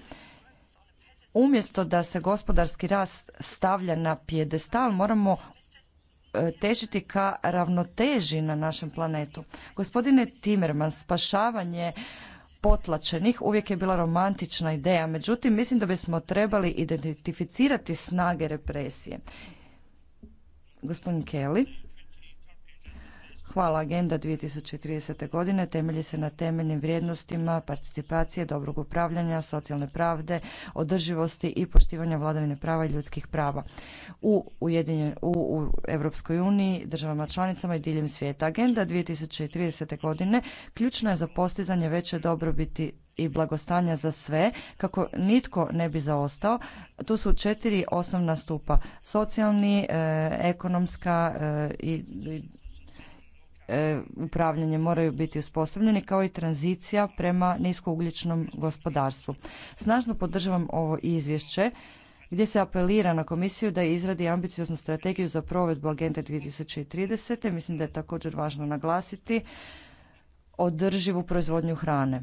Umjesto da se gospodarski rast stavlja na pjedestal, moramo E, težiti ka ravnoteži na našem planetu. Gospodine Timerman, spašavanje potlačenih uvijek je bila romantična ideja, međutim mislim da bismo trebali identificirati snage represije. Gospodin Kelly. Hvala. Agenda 2030. godine temelji se na temeljnim vrijednostima participacije, dobrog upravljanja, socijalne pravde, održivosti i poštivanja vladavine prava i ljudskih prava u, EU, u, Europskoj uniji, državama članicama i diljem svijeta. Agenda 2030. godine ključna je za postizanje veće dobrobiti i blagostanja za sve kako nitko ne bi zaostao. Tu su četiri osnovna stupa. Socijalni, e, ekonomska e, i E, upravljanje moraju biti uspostavljeni kao i tranzicija prema niskougljičnom gospodarstvu. Snažno podržavam ovo izvješće gdje se apelira na komisiju da izradi ambicioznu strategiju za provedbu agende 2030. Mislim da je također važno naglasiti održivu proizvodnju hrane.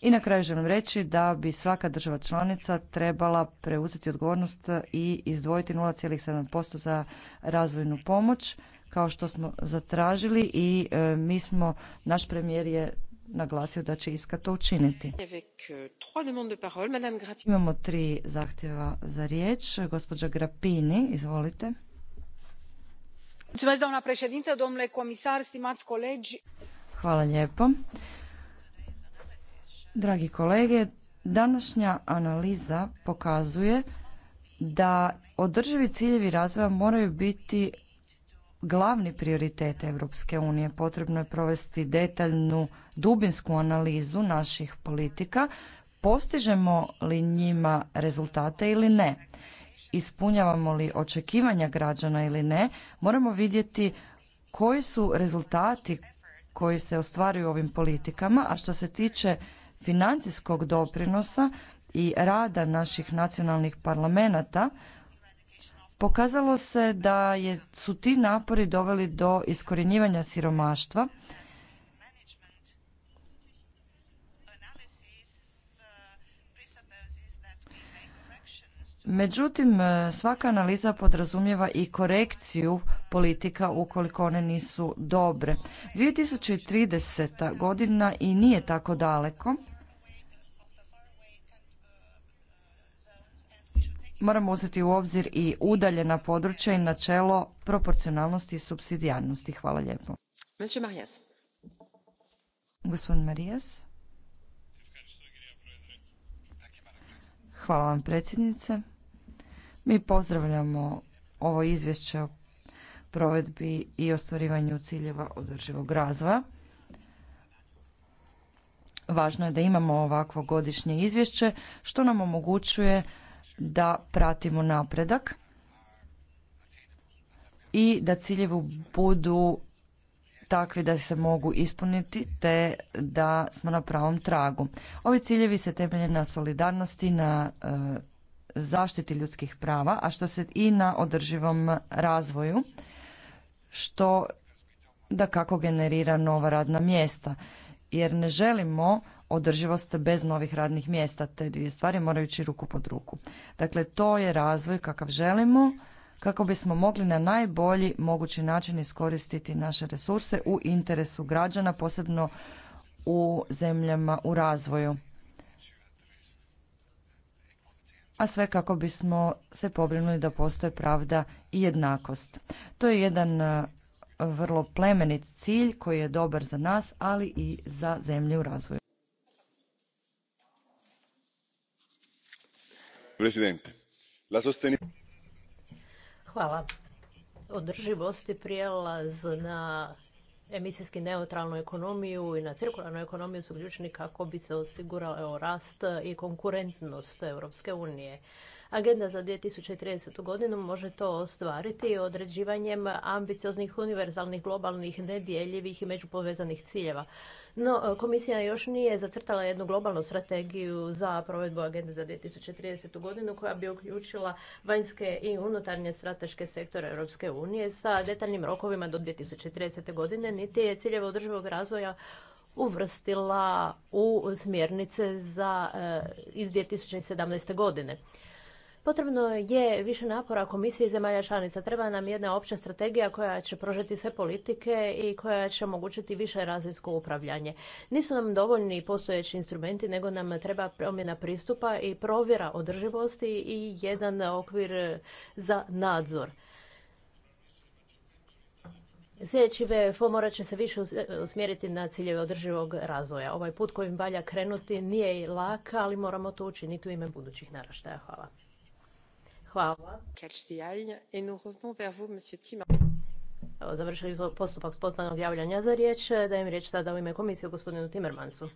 I na kraju želim reći da bi svaka država članica trebala preuzeti odgovornost i izdvojiti 0,7% za razvojnu pomoć kao što smo zatražili i e, mi smo, naš premijer je naglasio da će iska to učiniti. E, Imamo tri zahtjeva za riječ. Gospođa Grapini, izvolite. Hvala lijepo. Dragi kolege, današnja analiza pokazuje da održivi ciljevi razvoja moraju biti glavni prioritet Europske unije. Potrebno je provesti detaljnu dubinsku analizu naših politika, postižemo li njima rezultate ili ne, ispunjavamo li očekivanja građana ili ne, moramo vidjeti koji su rezultati koji se ostvaruju ovim politikama, a što se tiče financijskog doprinosa i rada naših nacionalnih parlamenata, Pokazalo se da je, su ti napori doveli do iskorjenjivanja siromaštva, Međutim, e, svaka analiza podrazumijeva i korekciju politika ukoliko one nisu dobre. 2030. godina i nije tako daleko moramo uzeti u obzir i udaljena područja i načelo proporcionalnosti i supsidijarnosti. Hvala lijepo. Gospodin Marijas. Hvala vam predsjednice. Mi pozdravljamo ovo izvješće o provedbi i ostvarivanju ciljeva održivog razvoja. Važno je da imamo ovakvo godišnje izvješće što nam omogućuje da pratimo napredak i da ciljevi budu takvi da se mogu ispuniti te da smo na pravom tragu. Ovi ciljevi se temelje na solidarnosti, na e, zaštiti ljudskih prava, a što se i na održivom razvoju, što da kako generira nova radna mjesta. Jer ne želimo održivost bez novih radnih mjesta. Te dvije stvari moraju ići ruku pod ruku. Dakle, to je razvoj kakav želimo kako bismo mogli na najbolji mogući način iskoristiti naše resurse u interesu građana, posebno u zemljama u razvoju. A sve kako bismo se pobrinuli da postoje pravda i jednakost. To je jedan e, vrlo plemenit cilj koji je dobar za nas, ali i za zemlje u razvoju. Hvala. Održivost i prijelaz na emisijski neutralnu ekonomiju i na cirkularnu ekonomiju su ključni kako bi se osigurao rast i konkurentnost Europske unije. Agenda za 2030. godinu može to ostvariti određivanjem ambicioznih, univerzalnih, globalnih, nedjeljivih i međupovezanih ciljeva. No, komisija još nije zacrtala jednu globalnu strategiju za provedbu Agende za 2030. godinu koja bi uključila vanjske i unutarnje strateške sektore Europske unije sa detaljnim rokovima do 2030. godine, niti je ciljeve održivog razvoja uvrstila u smjernice za, eh, iz 2017. godine. Potrebno je više napora komisije zemalja članica. Treba nam jedna opća strategija koja će prožeti sve politike i koja će omogućiti više razinsko upravljanje. Nisu nam dovoljni postojeći instrumenti, nego nam treba promjena pristupa i provjera održivosti i jedan okvir za nadzor. Sljedeći VFO morat će se više usmjeriti na ciljeve održivog razvoja. Ovaj put kojim valja krenuti nije i lak, ali moramo to učiniti u ime budućih naraštaja. Hvala završili smo postupak spontanog javljanja za riječ. Dajem riječ sada u ime komisije gospodinu Timmermansu.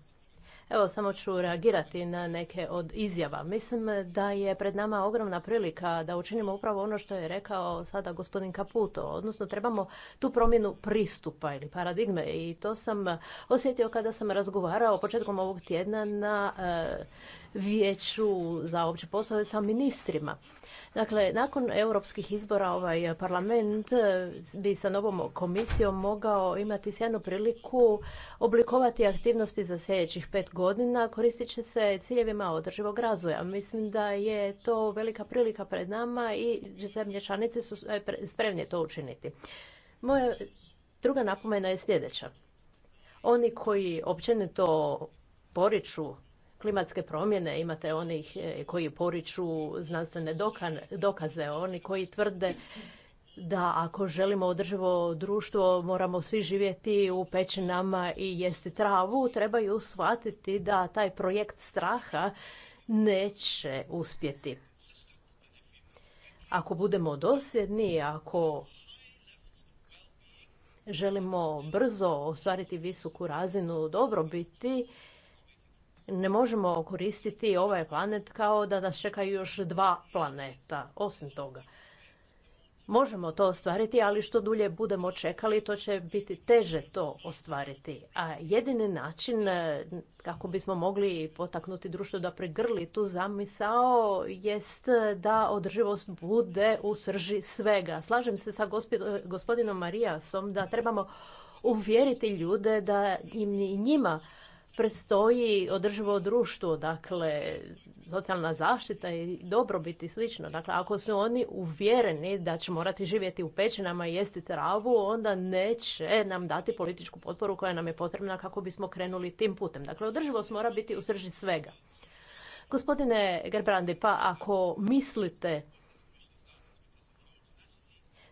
Evo, samo ću reagirati na neke od izjava. Mislim da je pred nama ogromna prilika da učinimo upravo ono što je rekao sada gospodin Kaputo. Odnosno, trebamo tu promjenu pristupa ili paradigme. I to sam osjetio kada sam razgovarao početkom ovog tjedna na vijeću za opće poslove sa ministrima. Dakle, nakon europskih izbora ovaj parlament eh, bi sa novom komisijom mogao imati sjajnu priliku oblikovati aktivnosti za sljedećih pet godina koristit će se ciljevima održivog razvoja. Mislim da je to velika prilika pred nama i zemlje članice su eh, spremni to učiniti. Moja druga napomena je sljedeća. Oni koji općenito poriču klimatske promjene, imate onih e, koji poriču znanstvene dokaze, oni koji tvrde da ako želimo održivo društvo moramo svi živjeti u pećinama i jesti travu, trebaju shvatiti da taj projekt straha neće uspjeti. Ako budemo dosljedni, ako želimo brzo ostvariti visoku razinu dobrobiti, ne možemo koristiti ovaj planet kao da nas čekaju još dva planeta. Osim toga, možemo to ostvariti, ali što dulje budemo čekali, to će biti teže to ostvariti. A jedini način e, kako bismo mogli potaknuti društvo da pregrli tu zamisao jest da održivost bude u srži svega. Slažem se sa gospodinom Marijasom da trebamo uvjeriti ljude da im i njima prestoji održivo društvo, dakle, socijalna zaštita i dobrobit i slično. Dakle, ako su oni uvjereni da će morati živjeti u pećinama i jesti travu, onda neće nam dati političku potporu koja nam je potrebna kako bismo krenuli tim putem. Dakle, održivost mora biti u srži svega. Gospodine Gerbrandi, pa ako mislite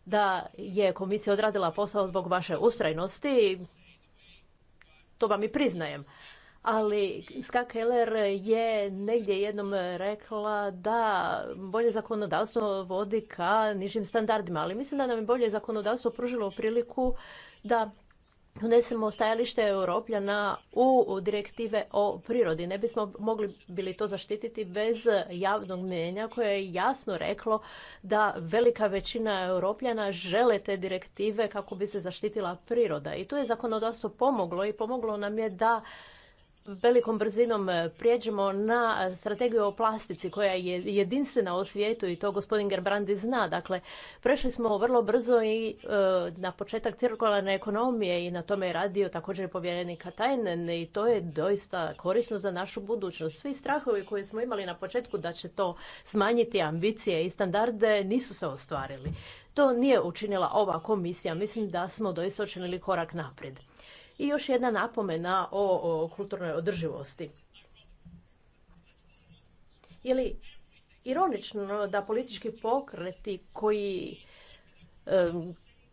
da je komisija odradila posao zbog vaše ustrajnosti, to vam i priznajem ali Ska Keller je negdje jednom rekla da bolje zakonodavstvo vodi ka nižim standardima, ali mislim da nam je bolje zakonodavstvo pružilo priliku da unesemo stajalište Europljana u direktive o prirodi. Ne bismo mogli bili to zaštititi bez javnog mijenja koje je jasno reklo da velika većina Europljana žele te direktive kako bi se zaštitila priroda. I tu je zakonodavstvo pomoglo i pomoglo nam je da velikom brzinom e, prijeđemo na e, strategiju o plastici koja je jedinstvena u svijetu i to gospodin Gerbrandi zna. Dakle, prešli smo vrlo brzo i e, na početak cirkularne ekonomije i na tome je radio također i povjerenik Katajnen i to je doista korisno za našu budućnost. Svi strahovi koje smo imali na početku da će to smanjiti ambicije i standarde nisu se ostvarili. To nije učinila ova komisija. Mislim da smo doista učinili korak naprijed. I još jedna napomena o, kulturnoj održivosti. Je li ironično da politički pokreti koji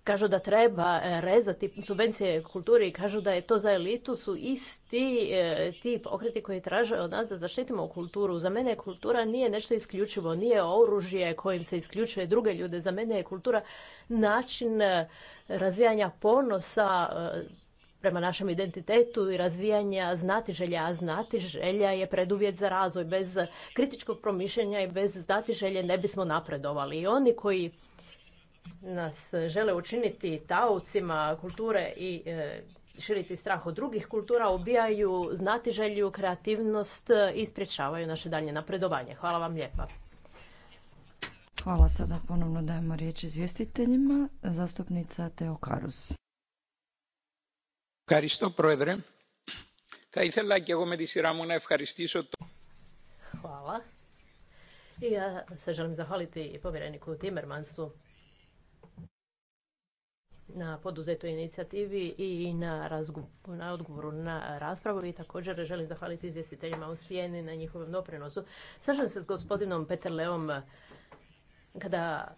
kažu da treba rezati subvencije kulturi i kažu da je to za elitu su isti tip e, ti pokreti koji traže od nas da zaštitimo kulturu. Za mene kultura nije nešto isključivo, nije oružje kojim se isključuje druge ljude. Za mene je kultura način e, razvijanja ponosa, e, prema našem identitetu i razvijanja znati želja, a znati želja je preduvjet za razvoj. Bez kritičkog promišljanja i bez znati želje ne bismo napredovali. I oni koji nas žele učiniti taocima kulture i e, širiti strah od drugih kultura, ubijaju znati želju, kreativnost i sprječavaju naše dalje napredovanje. Hvala vam lijepa. Hvala sada ponovno dajemo riječ izvjestiteljima. Zastupnica Teo Karus. Hvala. I ja se želim zahvaliti povjereniku Timmermansu na poduzetoj inicijativi i na, na odgovoru na raspravu i također želim zahvaliti izvjestiteljima u sjeni na njihovom doprinosu. Slažem se s gospodinom Peterleom kada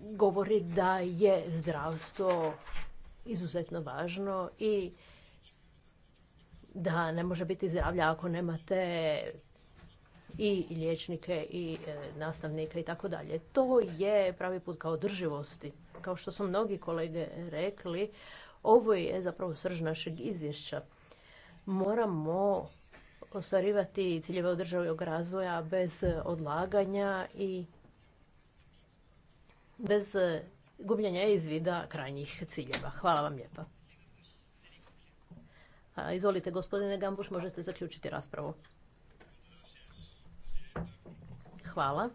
govori da je zdravstvo izuzetno važno i da ne može biti zdravlja ako nemate i liječnike i e, nastavnike i tako dalje. To je pravi put kao drživosti. Kao što su mnogi kolege rekli, ovo je zapravo srž našeg izvješća. Moramo ostvarivati ciljeve održavog razvoja bez odlaganja i bez e, gubljenja izvida krajnjih ciljeva. Hvala vam lijepa. Izvolite, gospodine Gambuš, možete zaključiti raspravu. Hvala.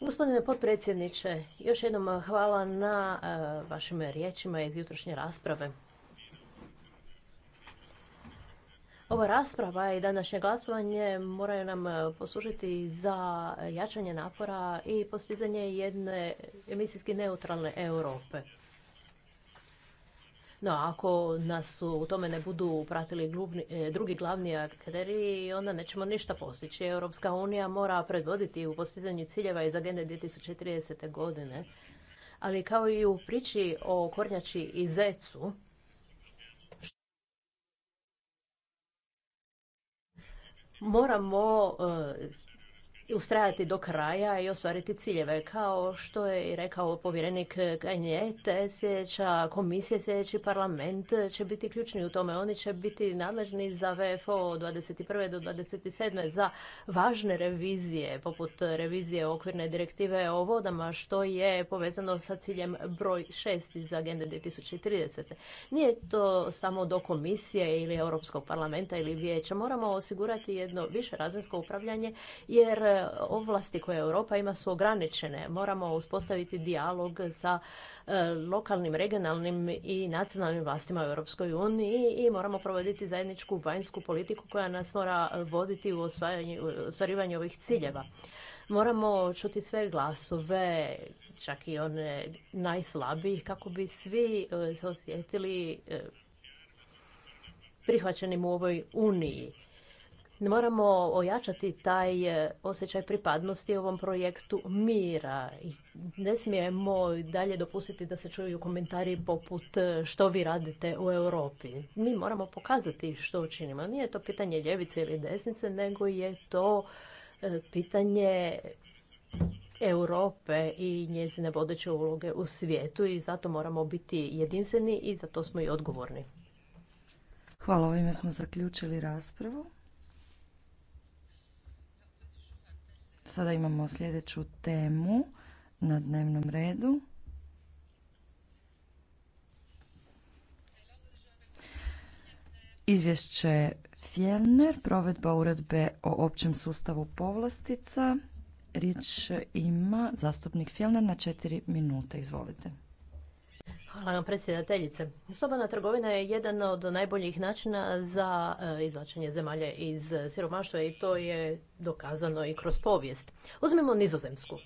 Gospodine potpredsjedniče, još jednom hvala na e, vašim riječima iz jutrošnje rasprave. Ova rasprava i današnje glasovanje moraju nam e, poslužiti za jačanje napora i postizanje jedne emisijski neutralne Europe. No, ako nas u tome ne budu pratili e, drugi glavni akteri, onda nećemo ništa postići. Europska unija mora predvoditi u postizanju ciljeva iz agende 2030. godine, ali kao i u priči o Kornjači i Zecu, moramo e, ustrajati do kraja i ostvariti ciljeve. Kao što je i rekao povjerenik Kanjete, sljedeća komisija, sljedeći parlament će biti ključni u tome. Oni će biti nadležni za VFO od 21. do 27. za važne revizije, poput revizije okvirne direktive o vodama, što je povezano sa ciljem broj 6 iz agende 2030. Nije to samo do komisije ili Europskog parlamenta ili vijeća. Moramo osigurati jedno više razinsko upravljanje, jer ovlasti koje Europa ima su ograničene. Moramo uspostaviti dijalog sa e, lokalnim, regionalnim i nacionalnim vlastima u Europskoj uniji i moramo provoditi zajedničku vanjsku politiku koja nas mora voditi u ostvarivanju ovih ciljeva. Moramo čuti sve glasove, čak i one najslabijih, kako bi svi e, se osjetili e, prihvaćenim u ovoj uniji. Moramo ojačati taj e, osjećaj pripadnosti ovom projektu mira. Ne smijemo dalje dopustiti da se čuju komentari poput e, što vi radite u Europi. Mi moramo pokazati što učinimo. Nije to pitanje ljevice ili desnice, nego je to e, pitanje Europe i njezine vodeće uloge u svijetu i zato moramo biti jedinstveni i za to smo i odgovorni. Hvala, ovime smo zaključili raspravu. Sada imamo sljedeću temu na dnevnom redu. Izvješće Fjellner, provedba uredbe o općem sustavu povlastica. Riječ ima zastupnik Fjellner na četiri minute. Izvolite. Hvala vam predsjedateljice. Slobodna trgovina je jedan od najboljih načina za e, izvlačenje zemalja iz e, siromaštva i to je dokazano i kroz povijest. Uzmimo Nizozemsku.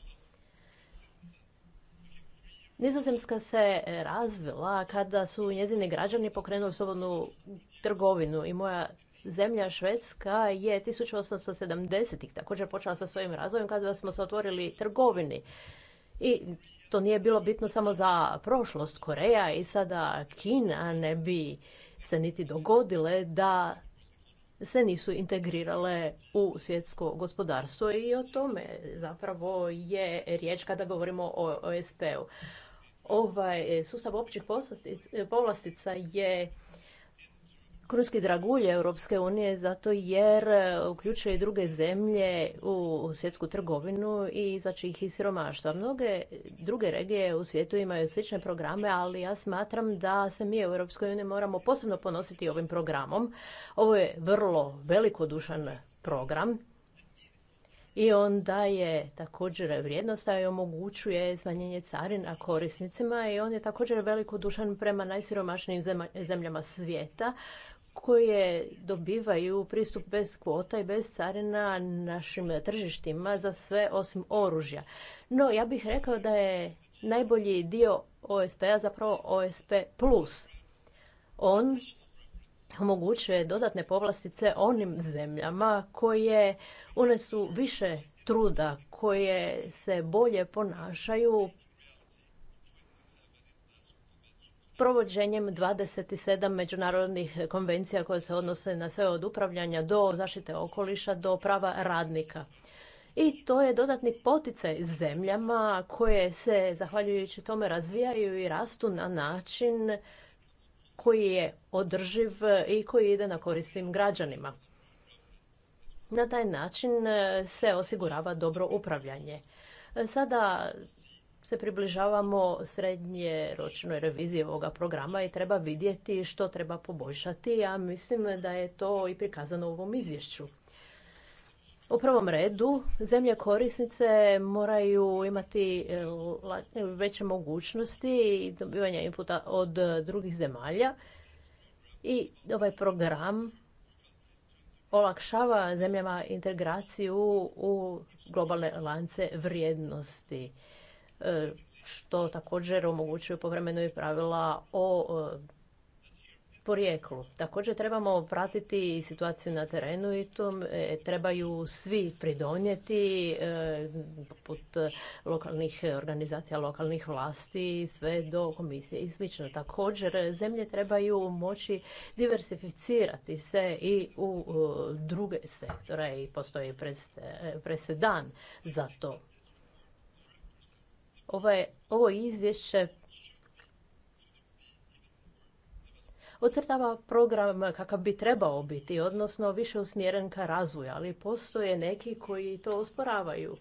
Nizozemska se e, razvila kada su njezini građani pokrenuli slobodnu trgovinu i moja zemlja Švedska je 1870-ih također počela sa svojim razvojem kada smo se otvorili trgovini. I to nije bilo bitno samo za prošlost Koreja i sada Kina ne bi se niti dogodile da se nisu integrirale u svjetsko gospodarstvo i o tome zapravo je riječ kada govorimo o OSP-u. Ovaj sustav općih povlastica je krunski dragulj Europske unije zato jer e, uključuje i druge zemlje u svjetsku trgovinu i izaći ih iz siromaštva. Mnoge druge regije u svijetu imaju slične programe, ali ja smatram da se mi u Europskoj uniji moramo posebno ponositi ovim programom. Ovo je vrlo velikodušan program i on daje također vrijednost, a i omogućuje smanjenje carina korisnicima i on je također velikodušan prema najsiromašnijim zemljama svijeta koje dobivaju pristup bez kvota i bez carina našim tržištima za sve osim oružja. No, ja bih rekao da je najbolji dio OSP-a zapravo OSP+. On omogućuje dodatne povlastice onim zemljama koje unesu više truda, koje se bolje ponašaju provođenjem 27 međunarodnih konvencija koje se odnose na sve od upravljanja do zaštite okoliša do prava radnika. I to je dodatni poticaj zemljama koje se, zahvaljujući tome, razvijaju i rastu na način koji je održiv i koji ide na korist svim građanima. Na taj način se osigurava dobro upravljanje. Sada se približavamo srednje ročnoj reviziji ovoga programa i treba vidjeti što treba poboljšati. Ja mislim da je to i prikazano u ovom izvješću. U prvom redu, zemlje korisnice moraju imati e, veće mogućnosti dobivanja inputa od drugih zemalja i ovaj program olakšava zemljama integraciju u globalne lance vrijednosti. E, što također omogućuju povremeno i pravila o e, porijeklu. Također trebamo pratiti situaciju na terenu i to e, trebaju svi pridonijeti poput lokalnih organizacija, lokalnih vlasti, sve do komisije i sl. Također zemlje trebaju moći diversificirati se i u druge sektore i postoji presedan za to. Ovaj, ovo izvješće ocrtava program kakav bi trebao biti, odnosno više usmjeren ka razvoju, ali postoje neki koji to osporavaju.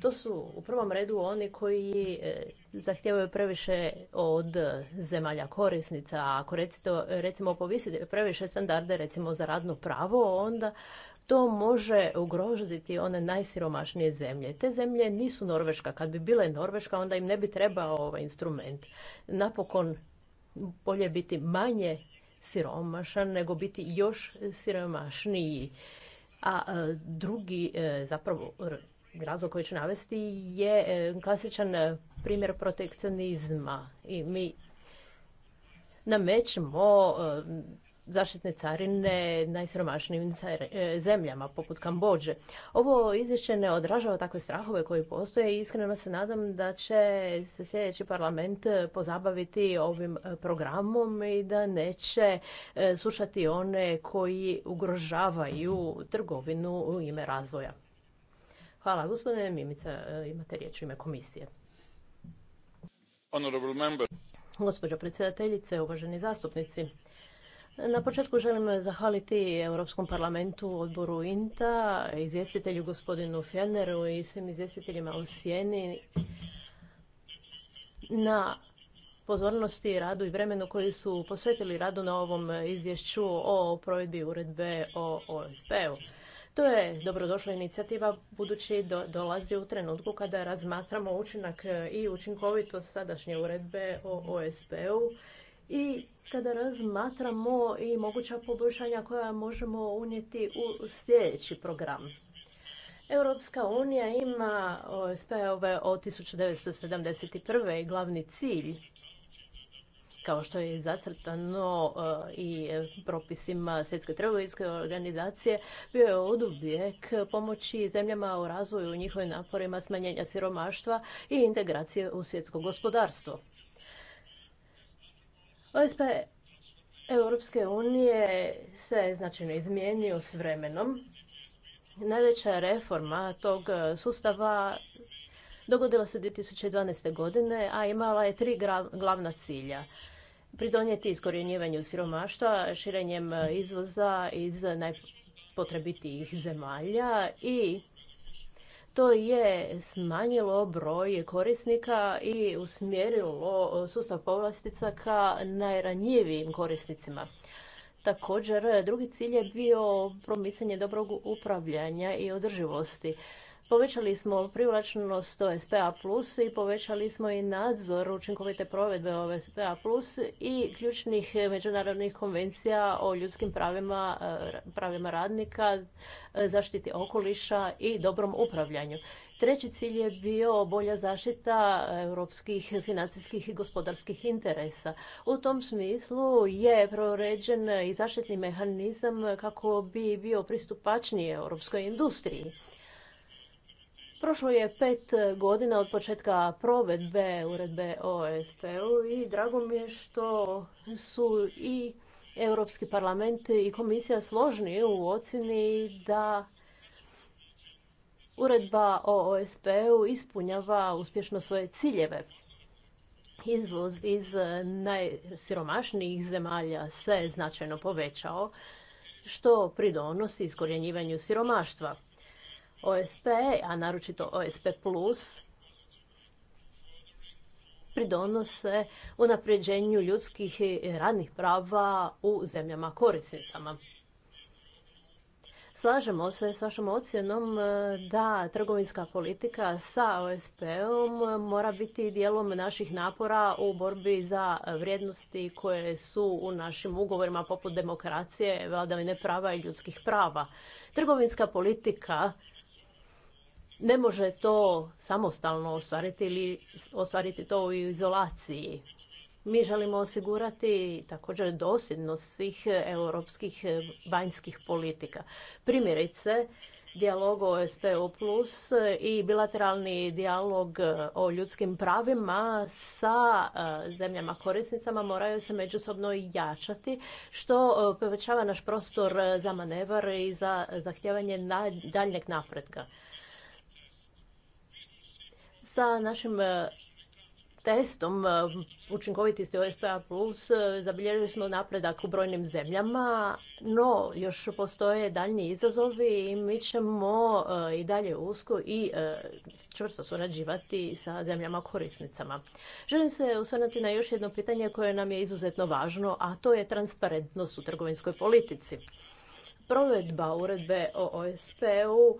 To su u prvom redu oni koji e, zahtijevaju previše od zemalja korisnica. Ako recimo povisite previše standarde recimo za radno pravo, onda to može ugroziti one najsiromašnije zemlje. Te zemlje nisu Norveška. Kad bi bile Norveška, onda im ne bi trebao ovaj instrument. Napokon, bolje biti manje siromašan nego biti još siromašniji. A e, drugi, e, zapravo, razlog koji ću navesti je e, klasičan primjer protekcionizma. I mi namećemo zaštitne carine najsromašnijim e, zemljama, poput Kambođe. Ovo izvješće ne odražava takve strahove koji postoje i iskreno se nadam da će se sljedeći parlament pozabaviti ovim e, programom i da neće e, slušati one koji ugrožavaju trgovinu u ime razvoja. Hvala. Gospodine Mimica, imate riječ u ime komisije. Gospođo predsjedateljice, uvaženi zastupnici, na početku želim zahvaliti Europskom parlamentu, odboru INTA, izvjestitelju gospodinu Fjerneru i svim izvjestiteljima u Sjeni na pozornosti, radu i vremenu koji su posvetili radu na ovom izvješću o provedbi uredbe o OSP-u. To je dobrodošla inicijativa budući do, dolazi u trenutku kada razmatramo učinak i učinkovitost sadašnje uredbe o OSP-u i kada razmatramo i moguća poboljšanja koja možemo unijeti u sljedeći program. Europska unija ima OSP-ove od 1971. i glavni cilj kao što je zacrtano i propisima Svjetske trgovinske organizacije, bio je oduvijek pomoći zemljama u razvoju u njihovim naporima smanjenja siromaštva i integracije u svjetsko gospodarstvo. OSP Europske unije se značajno izmijenio s vremenom. Najveća reforma tog sustava dogodila se 2012. godine, a imala je tri glavna cilja. Pridonijeti iskorjenjivanju siromaštva širenjem izvoza iz najpotrebitijih zemalja i to je smanjilo broj korisnika i usmjerilo sustav povlastica ka najranjivijim korisnicima. Također, drugi cilj je bio promicanje dobrog upravljanja i održivosti. Povećali smo privlačnost OSPA plus i povećali smo i nadzor učinkovite provedbe OSPA plus i ključnih međunarodnih konvencija o ljudskim pravima, eh, pravima radnika, eh, zaštiti okoliša i dobrom upravljanju. Treći cilj je bio bolja zaštita europskih financijskih i gospodarskih interesa. U tom smislu je proređen i zaštitni mehanizam kako bi bio pristupačniji europskoj industriji. Prošlo je pet e, godina od početka provedbe uredbe o SP-u i drago mi je što su i Europski parlament i komisija složni u ocjeni da uredba o OSP-u ispunjava uspješno svoje ciljeve. Izvoz iz najsiromašnijih zemalja se značajno povećao, što pridonosi iskorjenjivanju siromaštva. OSP, a naročito OSP+, pridonose unapređenju ljudskih i radnih prava u zemljama korisnicama. Slažemo se s vašom ocjenom e, da trgovinska politika sa OSP-om mora biti dijelom naših napora u borbi za vrijednosti koje su u našim ugovorima poput demokracije, vladavine prava i ljudskih prava. Trgovinska politika ne može to samostalno ostvariti ili ostvariti to u izolaciji. Mi želimo osigurati također dosljednost svih europskih vanjskih politika. Primjerice, dijalog o SPO plus i bilateralni dijalog o ljudskim pravima sa e, zemljama korisnicama moraju se međusobno jačati, što e, povećava naš prostor za manevar i za zahtjevanje daljnjeg napretka sa našim e, testom e, učinkovitosti plus e, zabilježili smo napredak u brojnim zemljama, no još postoje daljnji izazovi i mi ćemo i dalje usko i čvrsto surađivati sa zemljama korisnicama. Želim se osvrnuti na još jedno pitanje koje nam je izuzetno važno, a to je transparentnost u trgovinskoj politici. Provedba uredbe o OSP-u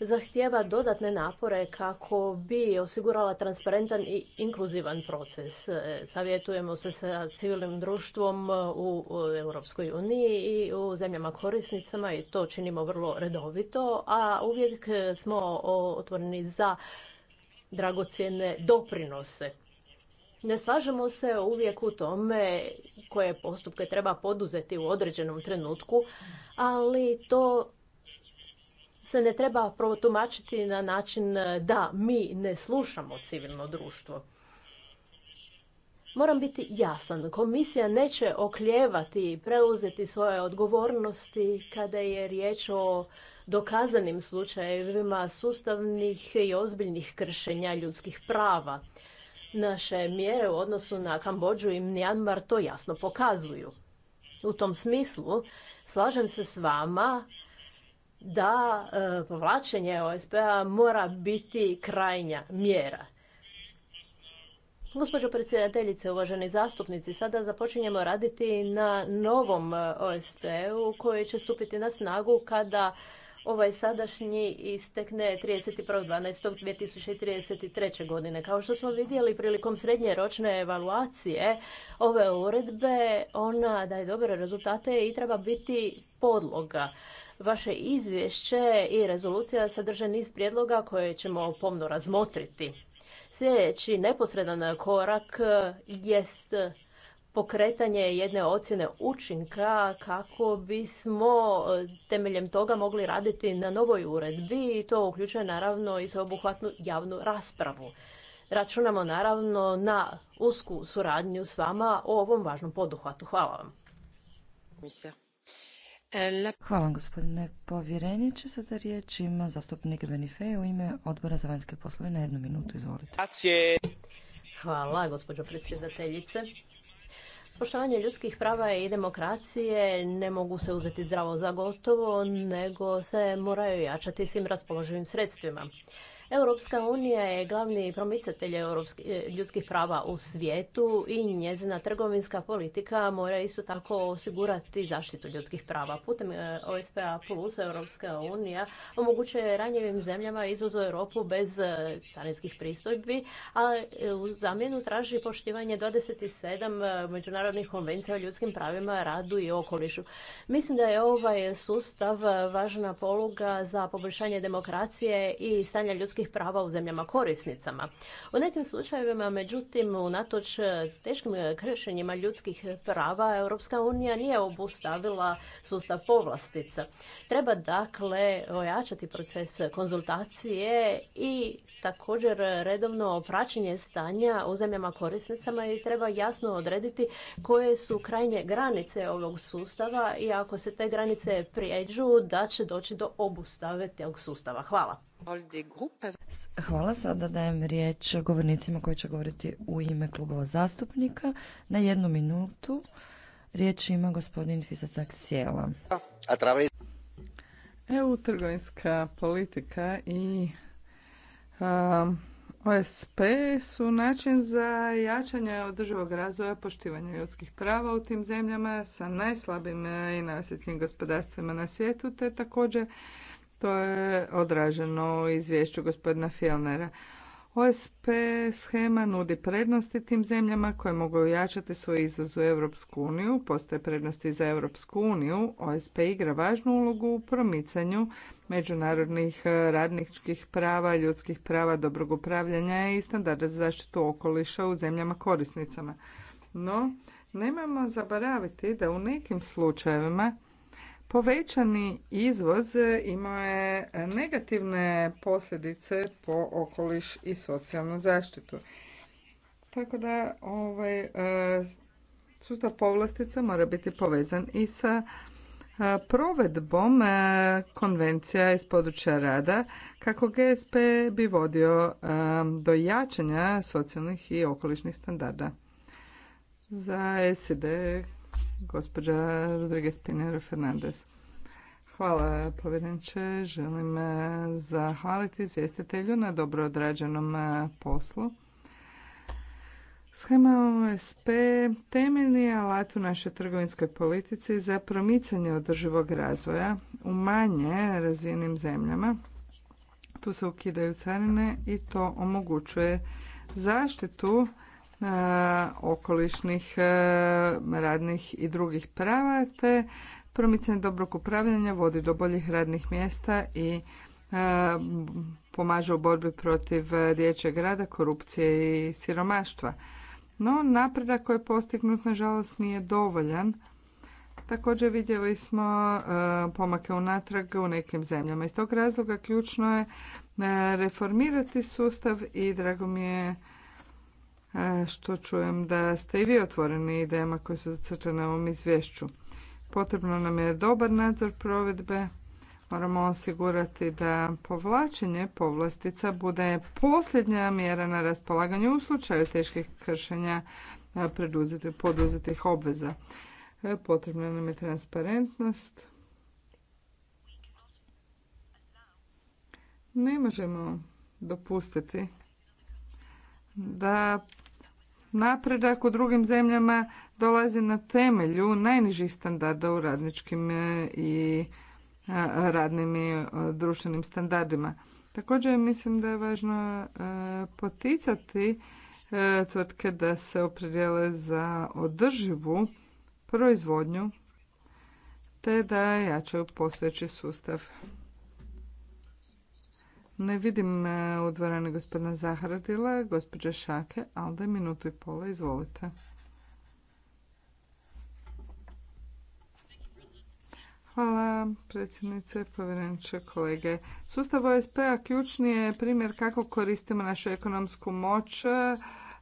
zahtjeva dodatne napore kako bi osigurala transparentan i inkluzivan proces. E, savjetujemo se sa civilnim društvom e, u Europskoj uniji i u zemljama korisnicama i to činimo vrlo redovito, a uvijek smo otvoreni za dragocjene doprinose. Ne slažemo se uvijek u tome koje postupke treba poduzeti u određenom trenutku, ali to se ne treba protumačiti na način e, da mi ne slušamo civilno društvo. Moram biti jasan, komisija neće okljevati i preuzeti svoje odgovornosti kada je riječ o dokazanim slučajevima sustavnih i ozbiljnih kršenja ljudskih prava. Naše mjere u odnosu na Kambođu i Mjanmar to jasno pokazuju. U tom smislu slažem se s vama da e, povlačenje OSP-a mora biti krajnja mjera. Gospođo predsjedateljice, uvaženi zastupnici, sada započinjemo raditi na novom e, OSP-u koji će stupiti na snagu kada ovaj sadašnji istekne 31.12.2033. godine. Kao što smo vidjeli prilikom srednje ročne evaluacije ove uredbe, ona daje dobre rezultate i treba biti podloga. Vaše izvješće i rezolucija sadrže niz prijedloga koje ćemo pomno razmotriti. Sljedeći neposredan korak e, jest pokretanje jedne ocjene učinka kako bismo e, temeljem toga mogli raditi na novoj uredbi i to uključuje naravno i sveobuhvatnu javnu raspravu. Računamo naravno na usku suradnju s vama o ovom važnom poduhvatu. Hvala vam. Hvala gospodine povjereniče. Sada riječ ima zastupnik Benifej u ime Odbora za vanjske poslove na jednu minutu. Izvolite. Hvala gospođo predsjedateljice. Poštovanje ljudskih prava i demokracije ne mogu se uzeti zdravo za gotovo, nego se moraju jačati svim raspoloživim sredstvima. Europska unija je glavni promicatelj e, ljudskih prava u svijetu i njezina trgovinska politika mora isto tako osigurati zaštitu ljudskih prava. Putem e, OSPA plus Europska unija omogućuje ranjivim zemljama izvoz u Europu bez e, carinskih pristojbi, a u zamjenu traži poštivanje 27 međunarodnih konvencija o ljudskim pravima, radu i okolišu. Mislim da je ovaj sustav važna poluga za poboljšanje demokracije i stanja ljudskih ljudskih prava u zemljama korisnicama. U nekim slučajevima, međutim, unatoč teškim kršenjima ljudskih prava, Europska unija nije obustavila sustav povlastica. Treba dakle ojačati proces konzultacije i također redovno praćenje stanja u zemljama korisnicama i treba jasno odrediti koje su krajnje granice ovog sustava i ako se te granice prijeđu da će doći do obustave tog sustava. Hvala. Hvala. Sada dajem riječ govornicima koji će govoriti u ime klubova zastupnika. Na jednu minutu riječ ima gospodin Fisasak Sjela. EU trgovinska politika i OSP su način za jačanje održivog razvoja, poštivanja ljudskih prava u tim zemljama sa najslabim e, i najosjetljivim gospodarstvima na svijetu, te također to je odraženo u izvješću gospodina Fjellnera. OSP schema nudi prednosti tim zemljama koje mogu ojačati svoj izvoz u Europsku uniju. Postoje prednosti za Europsku uniju. OSP igra važnu ulogu u promicanju međunarodnih e, radničkih prava, ljudskih prava, dobrog upravljanja i standarda za zaštitu okoliša u zemljama korisnicama. No, nemojmo zaboraviti da u nekim slučajevima Povećani izvoz imao je negativne posljedice po okoliš i socijalnu zaštitu. Tako da ovaj, e, sustav povlastica mora biti povezan i sa e, provedbom e, konvencija iz područja rada kako GSP bi vodio do jačanja socijalnih i okolišnih standarda. Za SED gospođa Rodriguez Pinero Fernandez. Hvala povjerenče. Želim e, zahvaliti izvjestitelju na dobro odrađenom e, poslu. Schema OSP temeljni je alat u našoj trgovinskoj politici za promicanje održivog razvoja u manje razvijenim zemljama. Tu se ukidaju carine i to omogućuje zaštitu E, okolišnih, e, radnih i drugih prava, te promicanje dobrog upravljanja vodi do boljih radnih mjesta i e, pomaže u borbi protiv dječjeg rada, korupcije i siromaštva. No, napredak koji je postignut, nažalost, nije dovoljan. Također vidjeli smo pomake unatrag u nekim zemljama. Iz tog razloga ključno je reformirati sustav i drago mi je što čujem da ste i vi otvoreni idejama koje su zacrtane u ovom izvješću. Potrebno nam je dobar nadzor provedbe, moramo osigurati da povlačenje povlastica bude posljednja mjera na raspolaganju u slučaju teških kršenja poduzetih obveza. E, potrebna nam je transparentnost. Ne možemo dopustiti da napredak u drugim zemljama dolazi na temelju najnižih standarda u radničkim e, i e, radnim i e, društvenim standardima. Također mislim da je važno poticati tvrtke da se opredjele za održivu proizvodnju te da jačaju postojeći sustav. Ne vidim e, u dvorani gospodina Zahradila, gospođa Šake, ali da minutu i pola, izvolite. Hvala predsjednice, povjerenče, kolege. Sustav OSP-a ključni je primjer kako koristimo našu ekonomsku moć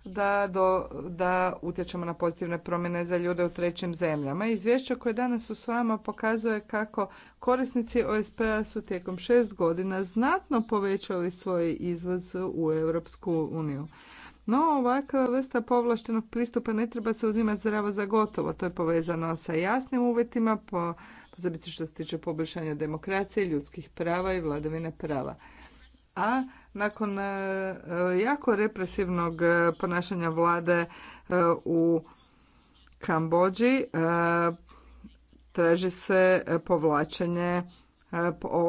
da, do, da utječemo na pozitivne promjene za ljude u trećim zemljama. Izvješće koje danas u svojama pokazuje kako korisnici OSP-a su tijekom šest godina znatno povećali svoj izvoz u Europsku uniju. No, ovakva vrsta povlaštenog pristupa ne treba se uzimati zdravo za gotovo. To je povezano sa jasnim uvjetima, po, posebice što se tiče poboljšanja demokracije, ljudskih prava i vladavine prava. A nakon e, jako represivnog e, ponašanja vlade e, u Kambođi traži se povlačenje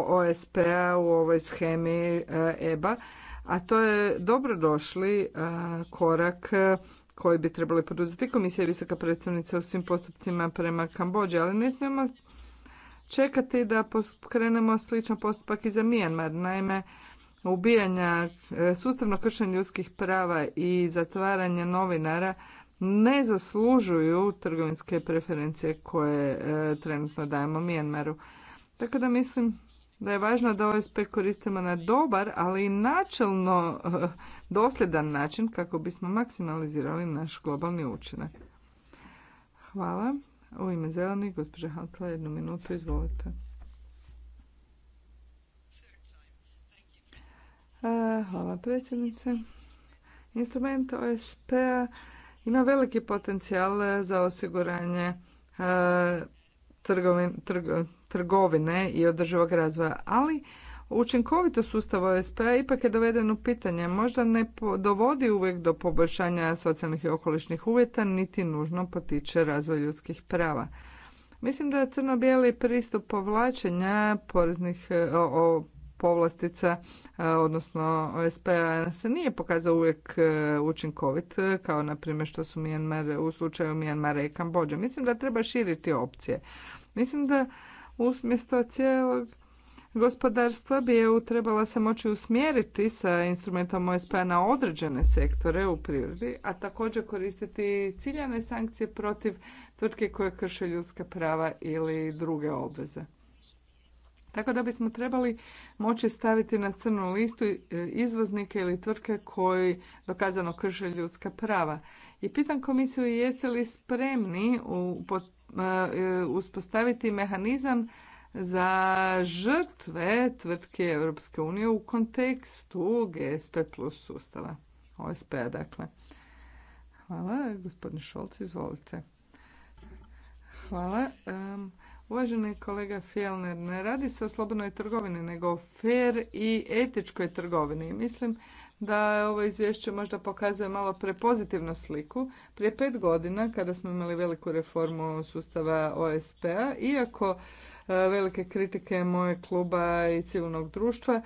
OSP-a u ovoj schemi EBA, a to je dobro došli korak koji bi trebali poduzeti komisija i visoka predstavnica u svim postupcima prema Kambođi, ali ne smijemo čekati da krenemo sličan postupak i za Mijanmar. Naime, ubijanja, e, sustavno kršenje ljudskih prava i zatvaranje novinara ne zaslužuju trgovinske preferencije koje e, trenutno dajemo Mijenmaru. Tako da mislim da je važno da OSP koristimo na dobar, ali i načelno e, dosljedan način kako bismo maksimalizirali naš globalni učinak. Hvala. U ime zelenih, gospođa jednu minutu, izvolite. E, hvala predsjednice. Instrument OSP-a ima veliki potencijal za osiguranje e, trgovine i održivog razvoja, ali Učinkovito sustav OSP-a ipak je doveden u pitanje. Možda ne dovodi uvijek do poboljšanja socijalnih i okolišnih uvjeta, niti nužno potiče razvoj ljudskih prava. Mislim da crno-bijeli pristup povlačenja poreznih povlastica, e, odnosno osp se nije pokazao uvijek e, učinkovit, e, kao na primjer što su Mijanmar, u slučaju Mijanmara i Kambođe. Mislim da treba širiti opcije. Mislim da umjesto cijelog gospodarstva bi EU trebala se moći usmjeriti sa instrumentom OSP-a na određene sektore u prirodi, a također koristiti ciljane sankcije protiv tvrtke koje krše ljudska prava ili druge obveze. Tako da bismo trebali moći staviti na crnu listu e, izvoznike ili tvrtke koji dokazano krše ljudska prava. I pitam komisiju jeste li spremni e, e, uspostaviti mehanizam za žrtve tvrtke Europske unije u kontekstu GSP plus sustava. OSP-a dakle. Hvala. Gospodin Šolc, izvolite. Hvala. Uvaženi kolega Fjellner, ne radi se o slobodnoj trgovini, nego o fair i etičkoj trgovini. Mislim da ovo izvješće možda pokazuje malo prepozitivnu sliku. Prije pet godina, kada smo imali veliku reformu sustava OSP-a, iako e, velike kritike moje kluba i civilnog društva.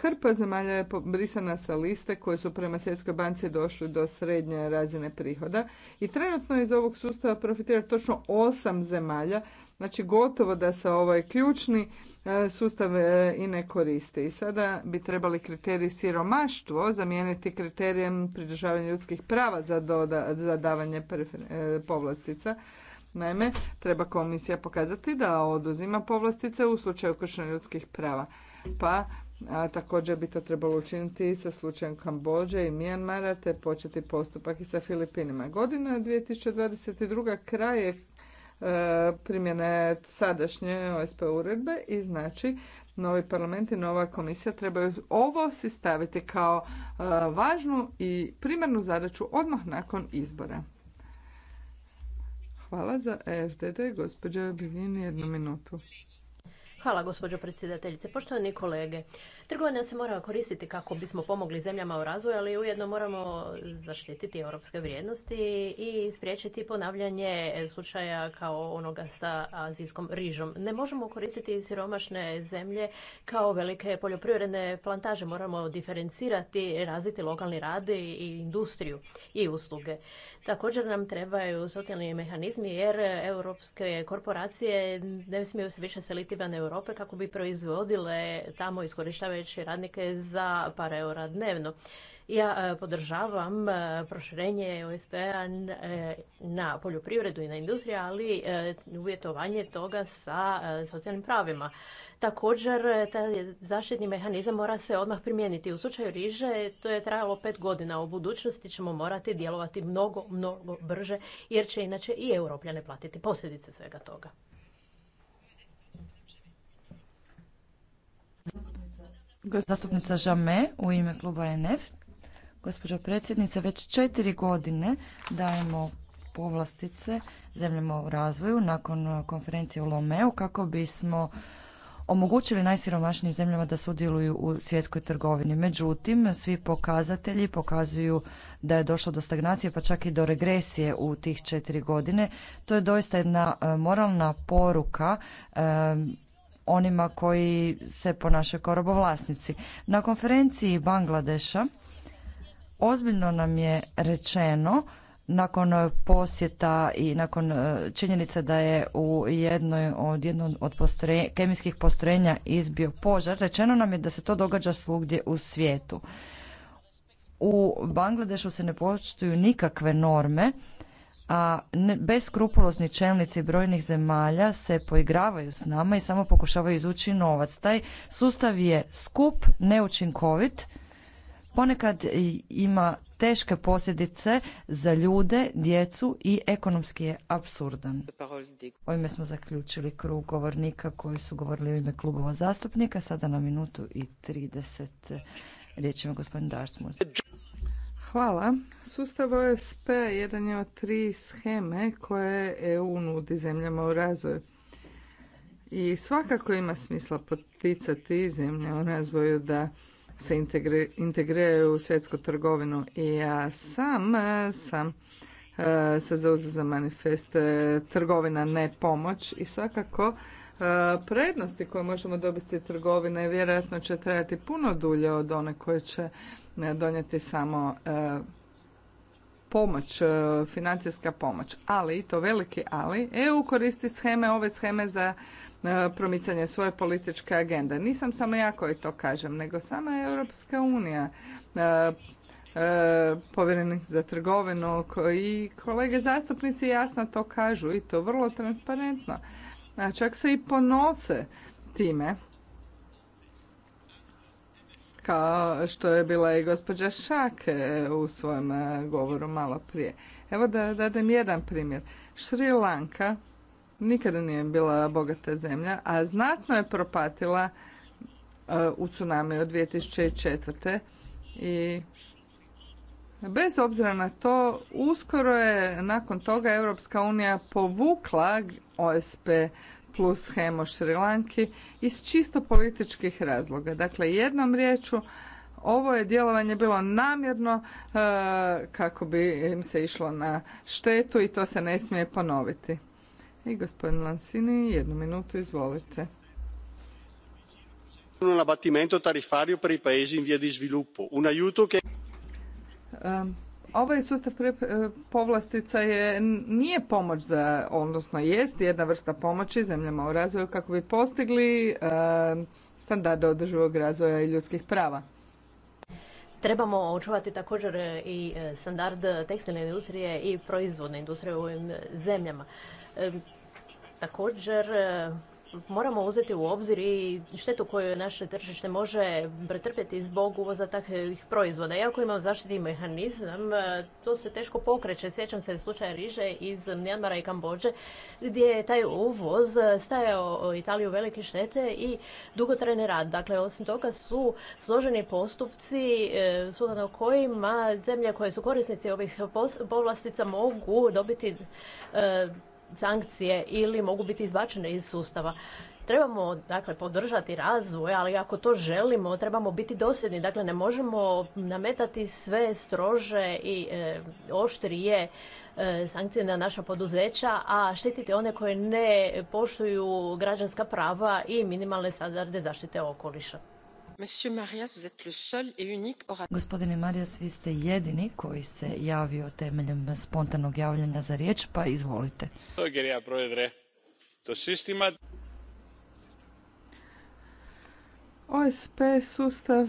Hrpa zemalja je brisana sa liste koje su prema Svjetskoj banci došli do srednje razine prihoda i trenutno iz ovog sustava profitira točno osam zemalja Znači gotovo da se ovaj ključni e, sustav e, i ne koristi. I sada bi trebali kriteriji siromaštvo zamijeniti kriterijem pridržavanja ljudskih prava za, za davanje e, povlastica. Naime, treba komisija pokazati da oduzima povlastice u slučaju kršenja ljudskih prava. Pa također bi to trebalo učiniti i sa slučajem Kambođe i Mijanmara te početi postupak i sa Filipinima. Godina 2022. kraj je E, primjene sadašnje OSP uredbe i znači novi parlament i nova komisija trebaju ovo si staviti kao e, važnu i primarnu zadaću odmah nakon izbora. Hvala za EFDD, gospođa jednu minutu. Hvala, gospođo predsjedateljice. Poštovani kolege, trgovina se mora koristiti kako bismo pomogli zemljama u razvoju, ali ujedno moramo zaštititi europske vrijednosti i spriječiti ponavljanje slučaja kao onoga sa azijskom rižom. Ne možemo koristiti siromašne zemlje kao velike poljoprivredne plantaže. Moramo diferencirati, razviti lokalni rad i industriju i usluge. Također nam trebaju socijalni mehanizmi jer europske korporacije ne smiju se više seliti van Europe Europe kako bi proizvodile tamo iskorištavajući radnike za par eura dnevno. Ja e, podržavam e, proširenje OSP-a e, na poljoprivredu i na industriju, ali uvjetovanje toga sa socijalnim pravima. Također, taj zaštitni mehanizam mora se odmah primijeniti. U slučaju riže to je trajalo pet godina. U budućnosti ćemo morati djelovati mnogo, mnogo brže, jer će inače i europljane platiti posljedice svega toga. Zastupnica Žame u ime kluba NF. Gospođo predsjednice, već četiri godine dajemo povlastice zemljama u razvoju nakon e, konferencije u Lomeu kako bismo omogućili najsiromašnijim zemljama da sudjeluju u svjetskoj trgovini. Međutim, svi pokazatelji pokazuju da je došlo do stagnacije pa čak i do regresije u tih četiri godine. To je doista jedna e, moralna poruka e, onima koji se ponašaju kao robovlasnici. Na konferenciji Bangladeša ozbiljno nam je rečeno nakon posjeta i nakon e, činjenice da je u jednoj od jednom od kemijskih postrojenja izbio požar, rečeno nam je da se to događa svugdje u svijetu. U Bangladešu se ne poštuju nikakve norme a beskrupulozni čelnici brojnih zemalja se poigravaju s nama i samo pokušavaju izući novac. Taj sustav je skup, neučinkovit, ponekad ima teške posljedice za ljude, djecu i ekonomski je absurdan. Ovime smo zaključili krug govornika koji su govorili u ime klubova zastupnika. Sada na minutu i 30 riječ ima gospodin Dartmouth. Hvala. Sustav OSP jedan je od tri scheme koje EU nudi zemljama u razvoju. I svakako ima smisla poticati zemlje u razvoju da se integriraju u svjetsku trgovinu. I ja sam e, sam e, se zauzeo za manifest e, trgovina ne pomoć i svakako prednosti koje možemo dobiti trgovine vjerojatno će trajati puno dulje od one koje će donijeti samo e, pomoć, e, financijska pomoć. Ali, i to veliki ali, EU koristi sheme, ove sheme za e, promicanje svoje političke agende. Nisam samo ja koji to kažem, nego sama Europska unija, povjerenik za trgovinu i kolege zastupnici jasno to kažu i to vrlo transparentno. A čak se i ponose time kao što je bila i gospođa Šake u svojem eh, govoru malo prije. Evo da dadem jedan primjer. Šri Lanka nikada nije bila bogata zemlja, a znatno je propatila eh, u tsunami od 2004. I bez obzira na to, uskoro je nakon toga Europska unija povukla OSP plus Hemo Šrilanki iz čisto političkih razloga. Dakle, jednom riječu ovo je djelovanje bilo namjerno e, kako bi im se išlo na štetu i to se ne smije ponoviti. I gospodin Lancini, jednu minutu, izvolite. Un abbattimento tarifario per i paesi in via di sviluppo, un aiuto che... Ehm, Ovaj sustav e, povlastica je, nije pomoć za, odnosno jest jedna vrsta pomoći zemljama u razvoju kako bi postigli e, standarde održivog razvoja i ljudskih prava. Trebamo očuvati također e, i standard tekstilne industrije i proizvodne industrije u ovim zemljama. Također moramo uzeti u obzir i štetu koju naše tržište može pretrpjeti zbog uvoza takvih proizvoda. Iako imam zaštitni mehanizam, e, to se teško pokreće. Sjećam se slučaja riže iz Mjanmara i Kambođe, gdje je taj uvoz stajao Italiju velike štete i dugotrajni rad. Dakle, osim toga su složeni postupci e, sukladno kojima zemlje koje su korisnici ovih povlastica mogu dobiti e, sankcije ili mogu biti izbačene iz sustava. Trebamo dakle podržati razvoj, ali ako to želimo trebamo biti dosljedni. Dakle ne možemo nametati sve strože i e, oštrije e, sankcije na naša poduzeća, a štititi one koje ne poštuju građanska prava i minimalne standarde zaštite okoliša. Gospodine Marijas, vi ste jedini koji se javio temeljem spontanog javljanja za riječ, pa izvolite. OSP sustav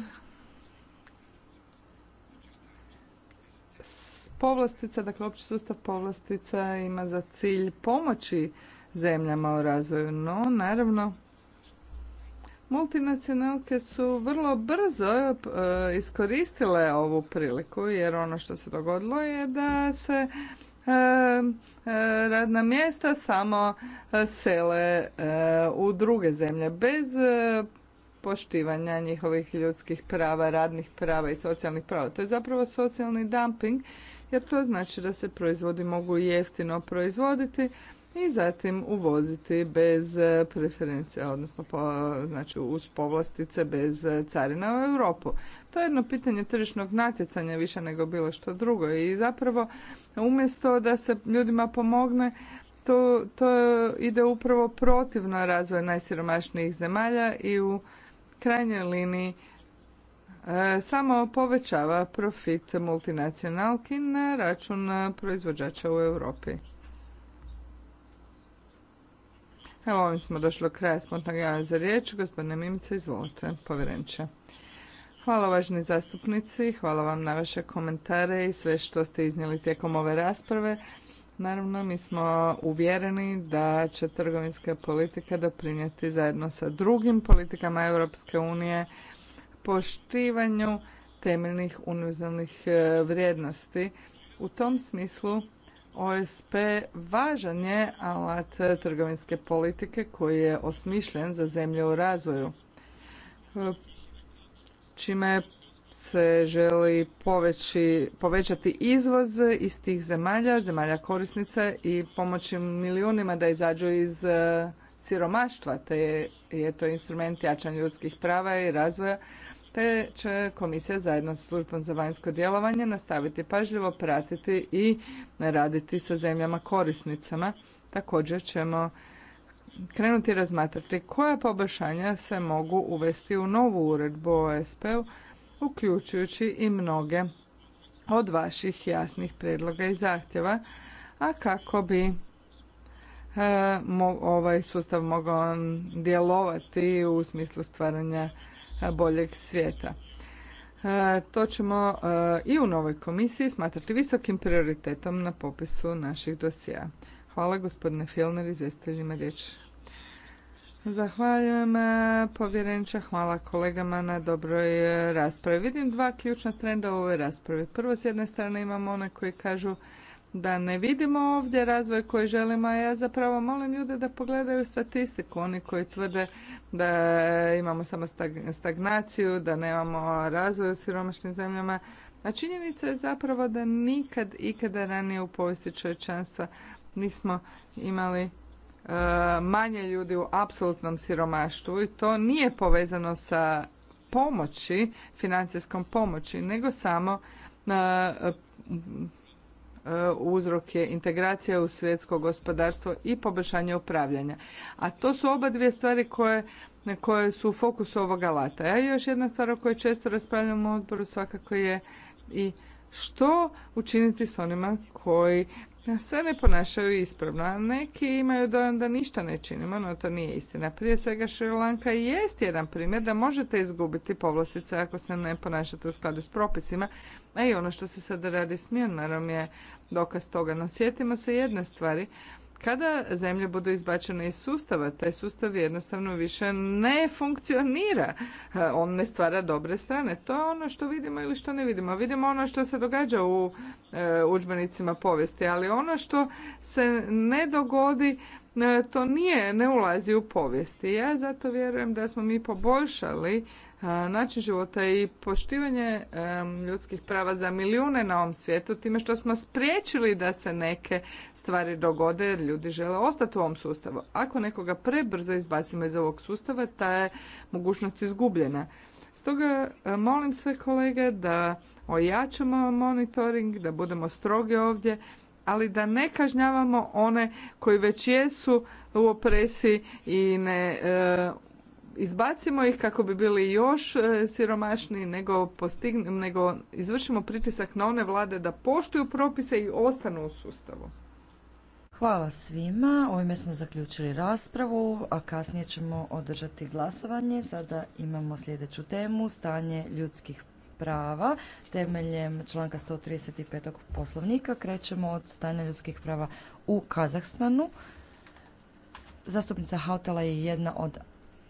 povlastica, dakle opći sustav povlastica ima za cilj pomoći zemljama u razvoju, no naravno Multinacionalke su vrlo brzo e, e, iskoristile ovu priliku jer ono što se dogodilo je da se e, radna mjesta samo sele u druge zemlje bez poštivanja njihovih ljudskih prava, radnih prava i socijalnih prava. To je zapravo socijalni dumping jer to znači da se proizvodi mogu jeftino proizvoditi i zatim uvoziti bez preferencija, odnosno po, znači uz povlastice bez carina u Europu. To je jedno pitanje tržišnog natjecanja više nego bilo što drugo i zapravo umjesto da se ljudima pomogne to, to ide upravo protivno razvoju najsiromašnijih zemalja i u krajnjoj liniji e, samo povećava profit multinacionalki na račun proizvođača u Europi. Evo ovim smo došli do kraja spontnog javanja za riječ. Gospodine Mimice, izvolite, povjerenče. Hvala važni zastupnici, hvala vam na vaše komentare i sve što ste iznijeli tijekom ove rasprave. Naravno, mi smo uvjereni da će trgovinska politika doprinijeti zajedno sa drugim politikama Europske unije poštivanju temeljnih univerzalnih e, vrijednosti. U tom smislu OSP važan je alat trgovinske politike koji je osmišljen za zemlje u razvoju, čime se želi poveći, povećati izvoz iz tih zemalja, zemalja korisnice i pomoći milijunima da izađu iz e, siromaštva, te je to instrument jačanja ljudskih prava i razvoja te će komisija zajedno sa službom za vanjsko djelovanje nastaviti pažljivo pratiti i raditi sa zemljama korisnicama. Također ćemo krenuti razmatrati koja poboljšanja se mogu uvesti u novu uredbu o SP-u, uključujući i mnoge od vaših jasnih predloga i zahtjeva, a kako bi e, ovaj sustav mogao djelovati u smislu stvaranja boljeg svijeta. E, to ćemo e, i u novoj komisiji smatrati visokim prioritetom na popisu naših dosija. Hvala gospodine Filner, izvjestiteljima riječ. Zahvaljujem e, povjereniče, hvala kolegama na dobroj raspravi. Vidim dva ključna trenda u ovoj raspravi. Prvo, s jedne strane imamo one koji kažu da ne vidimo ovdje razvoj koji želimo, a ja zapravo molim ljude da pogledaju statistiku, oni koji tvrde da imamo samo stagnaciju, da nemamo razvoj u siromašnim zemljama, a činjenica je zapravo da nikad, ikada ranije u povijesti čovječanstva nismo imali e, manje ljudi u apsolutnom siromaštvu i to nije povezano sa pomoći, financijskom pomoći, nego samo e, E, uzrok je integracija u svjetsko gospodarstvo i poboljšanje upravljanja. A to su oba dvije stvari koje koje su u fokusu ovog alata. A još jedna stvar o kojoj često raspravljamo u odboru svakako je i što učiniti s onima koji se ne ponašaju ispravno, a neki imaju dojam da ništa ne činimo, no to nije istina. Prije svega Šrilanka jest jedan primjer da možete izgubiti povlastice ako se ne ponašate u skladu s propisima, a i ono što se sada radi s Myanmarom je dokaz toga. No sjetimo se jedne stvari, kada zemlje budu izbačene iz sustava, taj sustav jednostavno više ne funkcionira. E, on ne stvara dobre strane. To je ono što vidimo ili što ne vidimo. Vidimo ono što se događa u e, udžbenicima povijesti, ali ono što se ne dogodi e, to nije, ne ulazi u povijesti. Ja zato vjerujem da smo mi poboljšali način života i poštivanje ljudskih prava za milijune na ovom svijetu time što smo spriječili da se neke stvari dogode jer ljudi žele ostati u ovom sustavu. Ako nekoga prebrzo izbacimo iz ovog sustava, ta je mogućnost izgubljena. Stoga e, molim sve kolege da ojačamo monitoring, da budemo strogi ovdje, ali da ne kažnjavamo one koji već jesu u opresiji i ne e, izbacimo ih kako bi bili još e, siromašniji nego, nego izvršimo pritisak na one vlade da poštuju propise i ostanu u sustavu. Hvala svima. Ovime smo zaključili raspravu, a kasnije ćemo održati glasovanje. Sada imamo sljedeću temu, stanje ljudskih prava. Temeljem članka 135. poslovnika krećemo od stanja ljudskih prava u Kazahstanu. Zastupnica Hautala je jedna od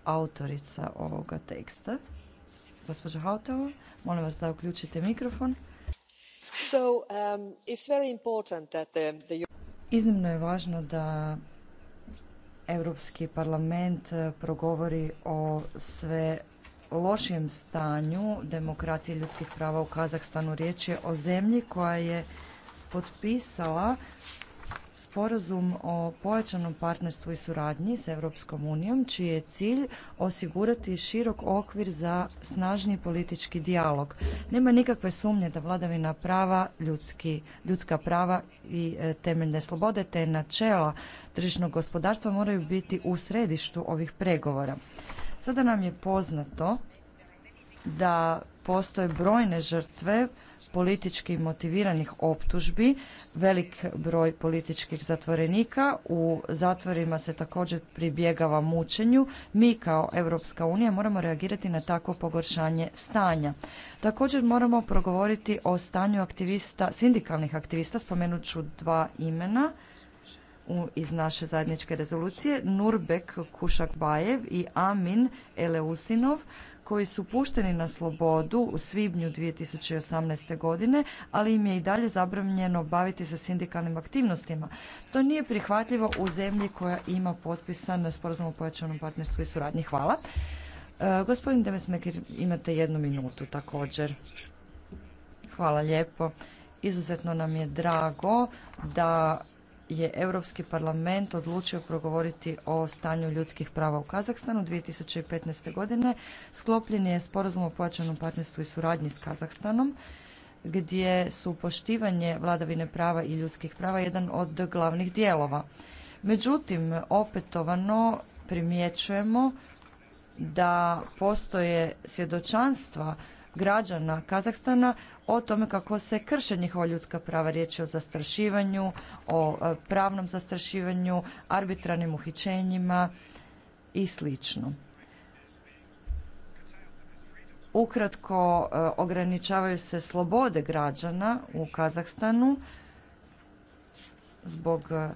autorica ovoga teksta. Gospođa Hautala, molim vas da uključite mikrofon. So, um, it's very Iznimno je važno da Europski parlament eh, progovori o sve lošijem stanju demokracije i ljudskih prava u Kazahstanu. Riječ je o zemlji koja je potpisala sporazum o pojačanom partnerstvu i suradnji s Europskom unijom, čiji je cilj osigurati širok okvir za snažni politički dijalog. Nema nikakve sumnje da vladavina prava, ljudski, ljudska prava i e, temeljne slobode te načela tržišnog gospodarstva moraju biti u središtu ovih pregovora. Sada nam je poznato da postoje brojne žrtve politički motiviranih optužbi, velik broj političkih zatvorenika, u zatvorima se također pribjegava mučenju. Mi kao Europska unija moramo reagirati na takvo pogoršanje stanja. Također moramo progovoriti o stanju aktivista, sindikalnih aktivista, spomenut ću dva imena iz naše zajedničke rezolucije, Nurbek Kušakbajev i Amin Eleusinov koji su pušteni na slobodu u svibnju 2018. godine, ali im je i dalje zabranjeno baviti se sindikalnim aktivnostima. To nije prihvatljivo u zemlji koja ima potpisan sporazum o pojačanom partnerstvu i suradnji. Hvala. E, gospodin Demesmeker, imate jednu minutu također. Hvala lijepo. Izuzetno nam je drago da je Europski parlament odlučio progovoriti o stanju ljudskih prava u Kazahstanu 2015. godine. Sklopljen je sporazum o pojačanom partnerstvu i suradnji s Kazahstanom gdje su poštivanje vladavine prava i ljudskih prava jedan od glavnih dijelova. Međutim, opetovano primjećujemo da postoje svjedočanstva građana Kazahstana o tome kako se krše njihova ljudska prava. Riječ je o zastrašivanju, o e, pravnom zastrašivanju, arbitranim uhićenjima i slično. Ukratko, e, ograničavaju se slobode građana u Kazahstanu zbog e,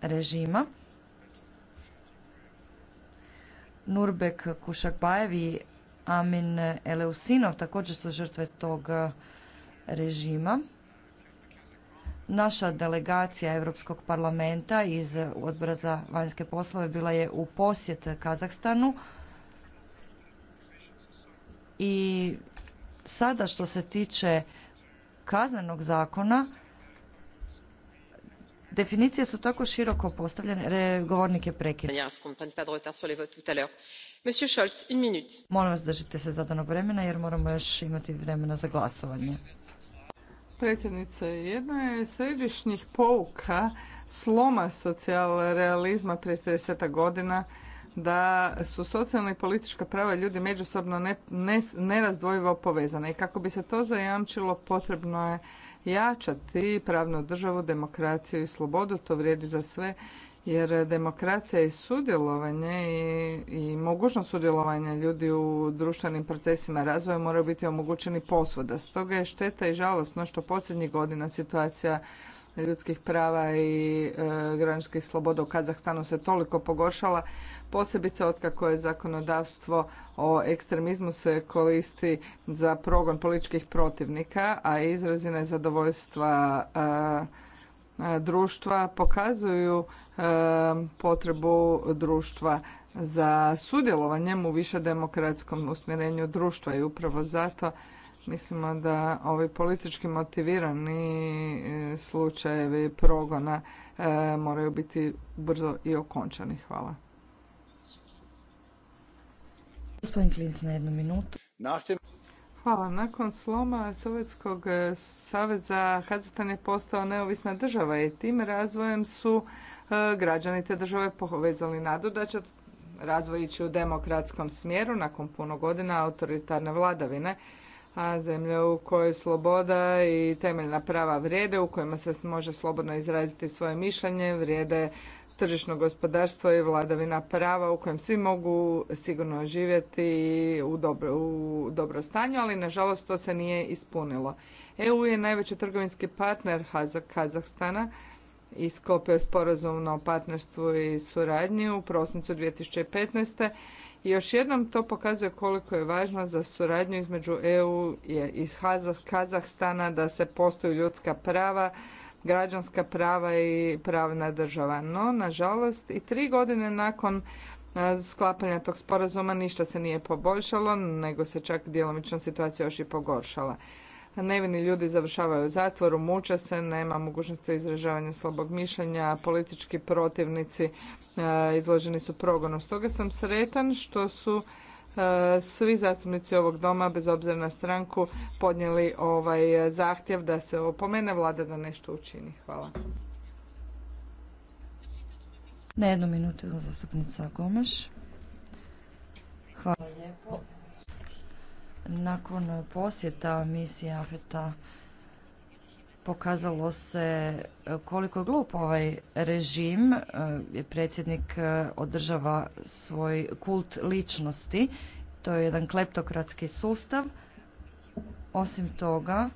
režima. Nurbek Kušakbajev i Amin Eleusinov također su žrtve tog režima. Naša delegacija Europskog parlamenta iz Odbora za vanjske poslove bila je u posjet Kazahstanu i sada što se tiče kaznenog zakona definicije su tako široko postavljene govornik je prekinut molim vas držite se zadanog vremena jer moramo još imati vremena za glasovanje predsjednice. Jedna je središnjih pouka sloma socijalrealizma prije 30 godina da su socijalna i politička prava ljudi međusobno nerazdvojivo povezane i kako bi se to zajamčilo potrebno je jačati pravnu državu, demokraciju i slobodu, to vrijedi za sve jer demokracija i sudjelovanje i, i mogućnost sudjelovanja ljudi u društvenim procesima razvoja moraju biti omogućeni posvuda. Stoga je šteta i žalostno što posljednjih godina situacija ljudskih prava i e, građanskih sloboda u Kazahstanu se toliko pogoršala, posebice otkako je zakonodavstvo o ekstremizmu se koristi za progon političkih protivnika, a izrazine nezadovoljstva e, e, društva pokazuju Um, potrebu društva za sudjelovanjem u više demokratskom usmjerenju društva i upravo zato mislimo da ovi politički motivirani e, slučajevi progona e, moraju biti brzo i okončani. Hvala. Hvala. Nakon sloma Sovjetskog saveza Hazatan je postao neovisna država i tim razvojem su E, građani te države povezali nadu da će u demokratskom smjeru nakon puno godina autoritarne vladavine, a zemlje u kojoj sloboda i temeljna prava vrijede, u kojima se može slobodno izraziti svoje mišljenje, vrijede tržišno gospodarstvo i vladavina prava u kojem svi mogu sigurno živjeti u dobro, u dobro stanju, ali nažalost to se nije ispunilo. EU je najveći trgovinski partner Kazahstana, i sklopio sporazumno partnerstvu i suradnji u prosincu 2015. I još jednom to pokazuje koliko je važno za suradnju između EU i Kazahstana da se postoju ljudska prava, građanska prava i pravna država. No, nažalost, i tri godine nakon e, sklapanja tog sporazuma ništa se nije poboljšalo, nego se čak djelomično situacija još i pogoršala nevini ljudi završavaju u zatvoru, muče se, nema mogućnosti izražavanja slabog mišljenja, politički protivnici e, izloženi su progonu. Stoga sam sretan što su e, svi zastupnici ovog doma, bez obzira na stranku, podnijeli ovaj e, zahtjev da se opomene vlada da nešto učini. Hvala. Na jednu minutu zastupnica Gomaš. Hvala lijepo. Nakon posjeta misije Afeta pokazalo se e, koliko je glup ovaj režim. E, predsjednik e, održava svoj kult ličnosti. To je jedan kleptokratski sustav. Osim toga,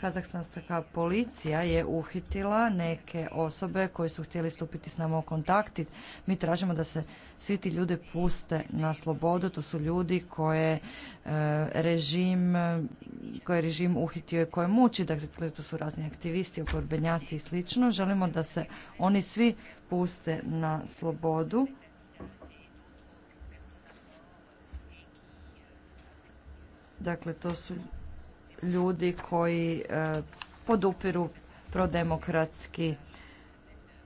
Kazahstanska policija je uhitila neke osobe koje su htjeli stupiti s nama u kontakt. Mi tražimo da se svi ti ljudi puste na slobodu. To su ljudi koje e, režim koje režim uhitio i koje muči. Dakle, dakle, to su razni aktivisti, oporbenjaci i slično. Želimo da se oni svi puste na slobodu. Dakle, to su ljudi koji e, podupiru prodemokratski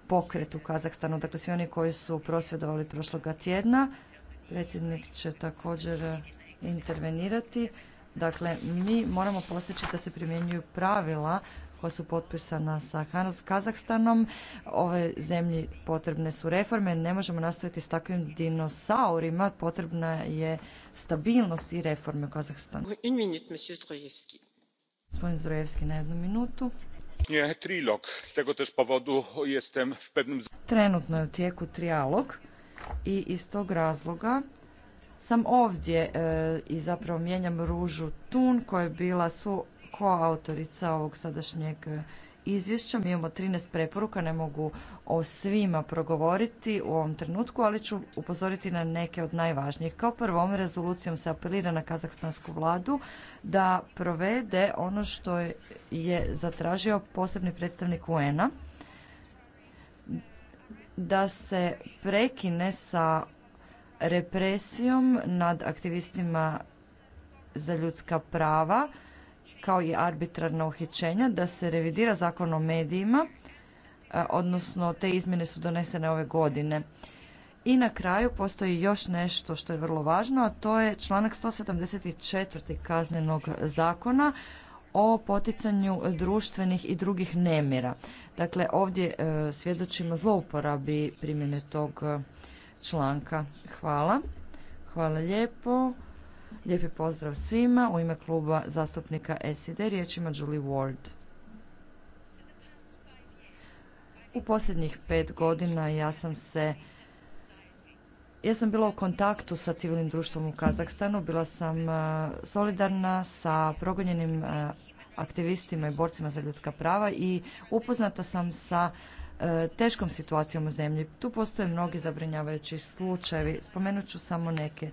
pokret u Kazahstanu, dakle svi oni koji su prosvjedovali prošloga tjedna. Predsjednik će također e, intervenirati. Dakle, mi moramo postići da se primjenjuju pravila koja su potpisana sa Kazahstanom. Ove zemlji potrebne su reforme, ne možemo nastaviti s takvim dinosaurima, potrebna je stabilnost i reforme u Kazahstanu. Gospodin Zdrojevski na jednu minutu. Trilog. s tego też povodu jestem w pewnym... Trenutno je u tijeku trijalog i iz tog razloga sam ovdje e, i zapravo mijenjam Ružu Tun koja je bila su koautorica ovog sadašnjeg mi Imamo 13 preporuka, ne mogu o svima progovoriti u ovom trenutku, ali ću upozoriti na neke od najvažnijih. Kao prvom rezolucijom se apelira na kazahstansku vladu da provede ono što je zatražio posebni predstavnik UN-a, da se prekine sa represijom nad aktivistima za ljudska prava kao i arbitrarna uhićenja, da se revidira zakon o medijima, e, odnosno te izmjene su donesene ove godine. I na kraju postoji još nešto što je vrlo važno, a to je članak 174. kaznenog zakona o poticanju društvenih i drugih nemira. Dakle, ovdje e, svjedočimo zlouporabi primjene tog e, članka. Hvala. Hvala lijepo. Lijepi pozdrav svima. U ime kluba zastupnika SID riječ ima Julie Ward. U posljednjih pet godina ja sam se ja sam bila u kontaktu sa civilnim društvom u Kazahstanu, bila sam e, solidarna sa progonjenim e, aktivistima i borcima za ljudska prava i upoznata sam sa E, teškom situacijom u zemlji. Tu postoje mnogi zabrinjavajući slučajevi. Spomenut ću samo neke.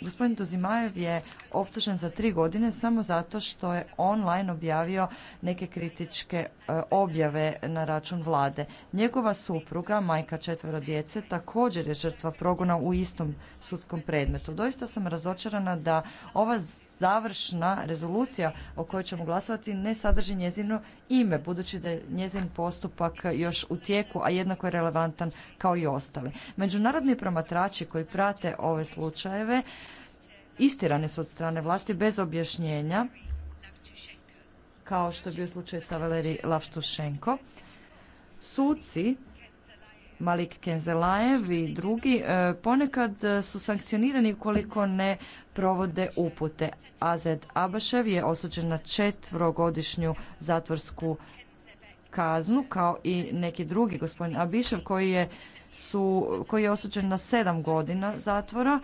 Gospodin Dozimajev je optužen za tri godine samo zato što je online objavio neke kritičke e, objave na račun vlade. Njegova supruga, majka četvero djece, također je žrtva progona u istom sudskom predmetu. Doista sam razočarana da ova završna rezolucija o kojoj ćemo glasovati ne sadrži njezino ime, budući da je njezin postupak još u tijeku, a jednako je relevantan kao i ostali. Međunarodni promatrači koji prate ove slučajeve istirani su od strane vlasti bez objašnjenja, kao što je bio slučaj sa Valeri Lavštušenko. Suci Malik Kenzelajev i drugi e, ponekad e, su sankcionirani ukoliko ne provode upute. Azed Abašev je osuđen na četvrogodišnju zatvorsku kaznu kao i neki drugi gospodin Abišev koji je, su, koji je osuđen na sedam godina zatvora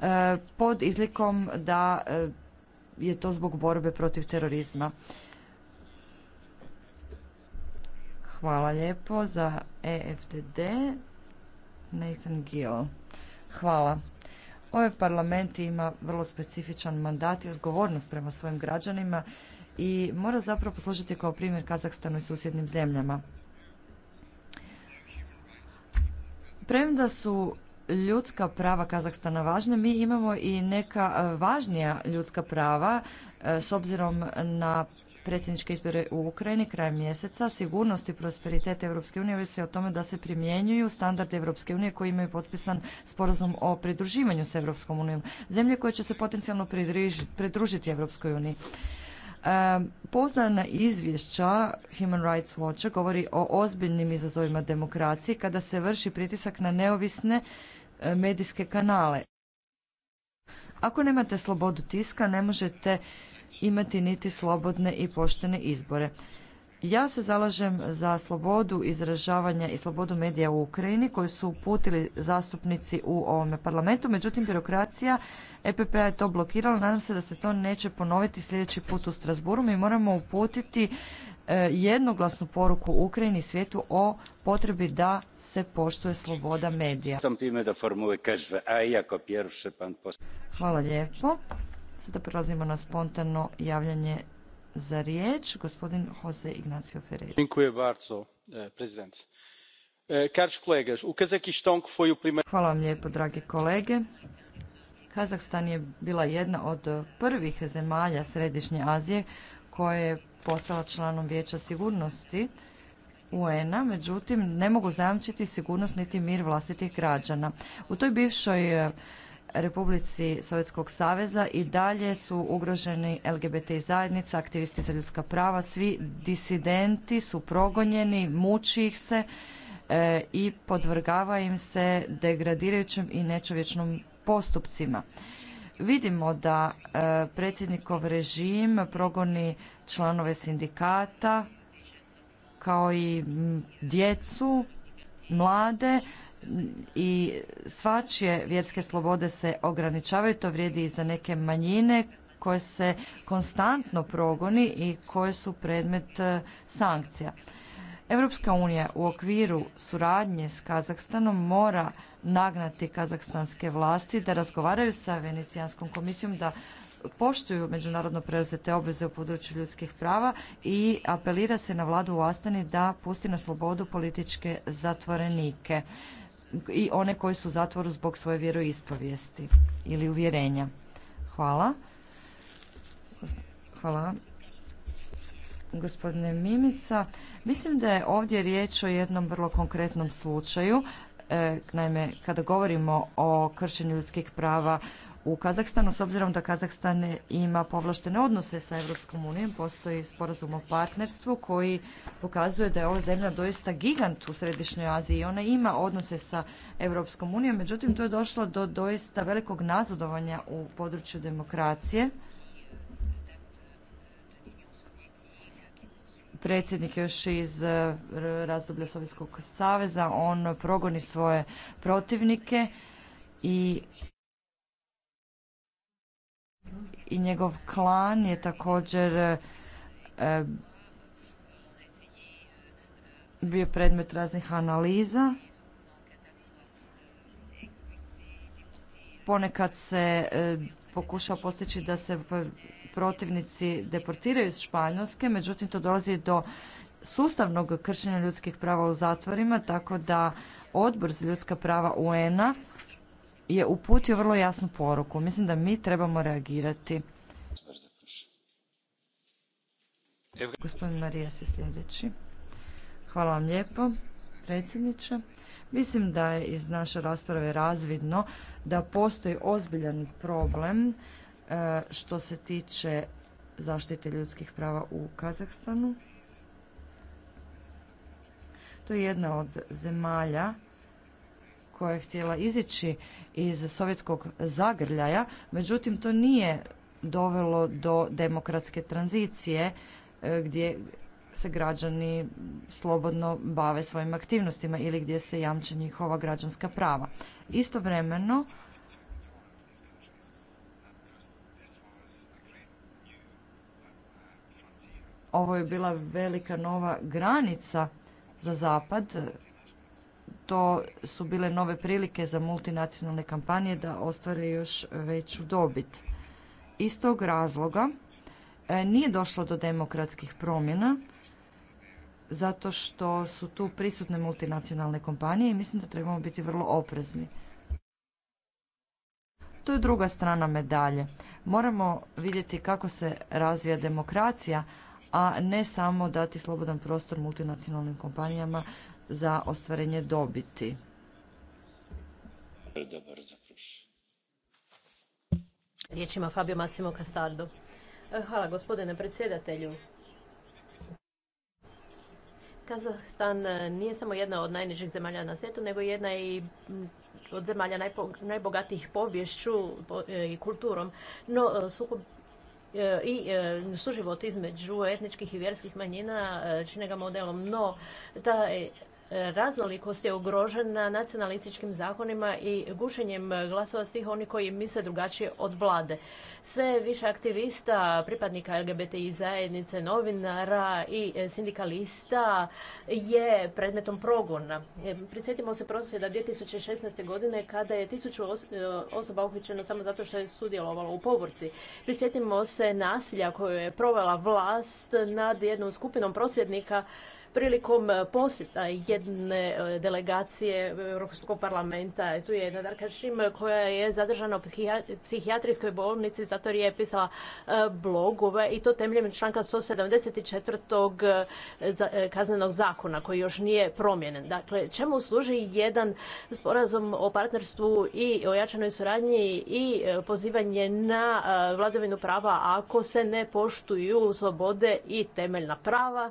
e, pod izlikom da je to zbog borbe protiv terorizma. Hvala lijepo za EFDD, Nathan Gill. Hvala. Ovaj parlament ima vrlo specifičan mandat i odgovornost prema svojim građanima i mora zapravo poslužiti kao primjer Kazakstanu i susjednim zemljama. Premda su ljudska prava Kazahstana važna, mi imamo i neka važnija ljudska prava e, s obzirom na predsjedničke izbore u Ukrajini krajem mjeseca, sigurnost i prosperitet Europske unije ovisi o tome da se primjenjuju standarde Europske unije koji imaju potpisan sporazum o pridruživanju s Europskom unijom. Zemlje koje će se potencijalno pridružiti Europskoj uniji. Poznana izvješća Human Rights Watcha govori o ozbiljnim izazovima demokracije kada se vrši pritisak na neovisne e, medijske kanale. Ako nemate slobodu tiska, ne možete imati niti slobodne i poštene izbore. Ja se zalažem za slobodu izražavanja i slobodu medija u Ukrajini koju su uputili zastupnici u ovome parlamentu. Međutim, birokracija epp p-a je to blokirala. Nadam se da se to neće ponoviti sljedeći put u Strasburu. Mi moramo uputiti e, jednoglasnu poruku Ukrajini i svijetu o potrebi da se poštuje sloboda medija. Hvala lijepo. Sada prelazimo na spontano javljanje za riječ. Gospodin Jose Ignacio Ferreira. Dziękuję bardzo, e, prezident. E, Karš kolegaš, foi Hvala vam lijepo, dragi kolege. Kazahstan je bila jedna od prvih zemalja Središnje Azije koja je postala članom Vijeća sigurnosti UN-a, međutim ne mogu zajamčiti sigurnost niti mir vlastitih građana. U toj bivšoj Republici Sovjetskog saveza i dalje su ugroženi LGBT zajednica, aktivisti za ljudska prava, svi disidenti su progonjeni, muči ih se e, i podvrgava im se degradirajućim i nečovječnom postupcima. Vidimo da e, predsjednikov režim progoni članove sindikata kao i djecu, mlade, i svačije vjerske slobode se ograničavaju, to vrijedi i za neke manjine koje se konstantno progoni i koje su predmet e, sankcija. Europska unija u okviru suradnje s Kazahstanom mora nagnati kazahstanske vlasti da razgovaraju sa Venecijanskom komisijom da poštuju međunarodno preuzete obveze u području ljudskih prava i apelira se na vladu u Astani da pusti na slobodu političke zatvorenike i one koji su u zatvoru zbog svoje vjeroispovijesti ili uvjerenja. Hvala. Hvala gospodine Mimica. Mislim da je ovdje riječ o jednom vrlo konkretnom slučaju. E, naime, kada govorimo o kršenju ljudskih prava u Kazahstanu, s obzirom da Kazahstan ima povlaštene odnose sa Europskom unijom, postoji sporazum o partnerstvu koji pokazuje da je ova zemlja doista gigant u Središnjoj Aziji i ona ima odnose sa Europskom unijom, međutim to je došlo do doista velikog nazadovanja u području demokracije. predsjednik još iz eh, razdoblja Sovjetskog saveza, on progoni svoje protivnike i i njegov klan je također e, e, bio predmet raznih analiza. Ponekad se e, pokušao postići da se protivnici deportiraju iz Španjolske, međutim to dolazi do sustavnog kršenja ljudskih prava u zatvorima, tako da Odbor za ljudska prava UN-a je uputio vrlo jasnu poruku. Mislim da mi trebamo reagirati. Gospodin Marija se sljedeći. Hvala vam lijepo, predsjedniče. Mislim da je iz naše rasprave razvidno da postoji ozbiljan problem e, što se tiče zaštite ljudskih prava u Kazahstanu. To je jedna od zemalja koja je htjela izići iz sovjetskog zagrljaja, međutim to nije dovelo do demokratske tranzicije e, gdje se građani slobodno bave svojim aktivnostima ili gdje se jamče njihova građanska prava. Istovremeno ovo je bila velika nova granica za zapad to su bile nove prilike za multinacionalne kampanje da ostvare još veću dobit. Iz tog razloga e, nije došlo do demokratskih promjena zato što su tu prisutne multinacionalne kompanije i mislim da trebamo biti vrlo oprezni. To je druga strana medalje. Moramo vidjeti kako se razvija demokracija, a ne samo dati slobodan prostor multinacionalnim kompanijama za ostvarenje dobiti. Riječ ima Fabio Massimo Castaldo. E, hvala gospodine predsjedatelju. Kazahstan e, nije samo jedna od najnižih zemalja na svijetu, nego jedna i od zemalja najbogatijih povješću e, i kulturom. No, sukob i suživot između etničkih i vjerskih manjina čine ga modelom, no ta raznolikost je ugrožena nacionalističkim zakonima i gušenjem glasova svih onih koji misle drugačije od vlade. Sve više aktivista, pripadnika LGBTI zajednice, novinara i sindikalista je predmetom progona. Prisjetimo se prosvjeda 2016. godine kada je tisuću e, osoba uhićeno samo zato što je sudjelovalo u povorci. Prisjetimo se nasilja koju je provela vlast nad jednom skupinom prosvjednika prilikom e, posjeta jedne e, delegacije Europskog parlamenta. Tu je jedna Darka Šim e, koja je zadržana u psihijatrijskoj bolnici zato je pisala blogove i to temeljem članka 174. kaznenog zakona koji još nije promijenjen. Dakle, čemu služi jedan sporazum o partnerstvu i ojačanoj suradnji i pozivanje na vladavinu prava ako se ne poštuju slobode i temeljna prava?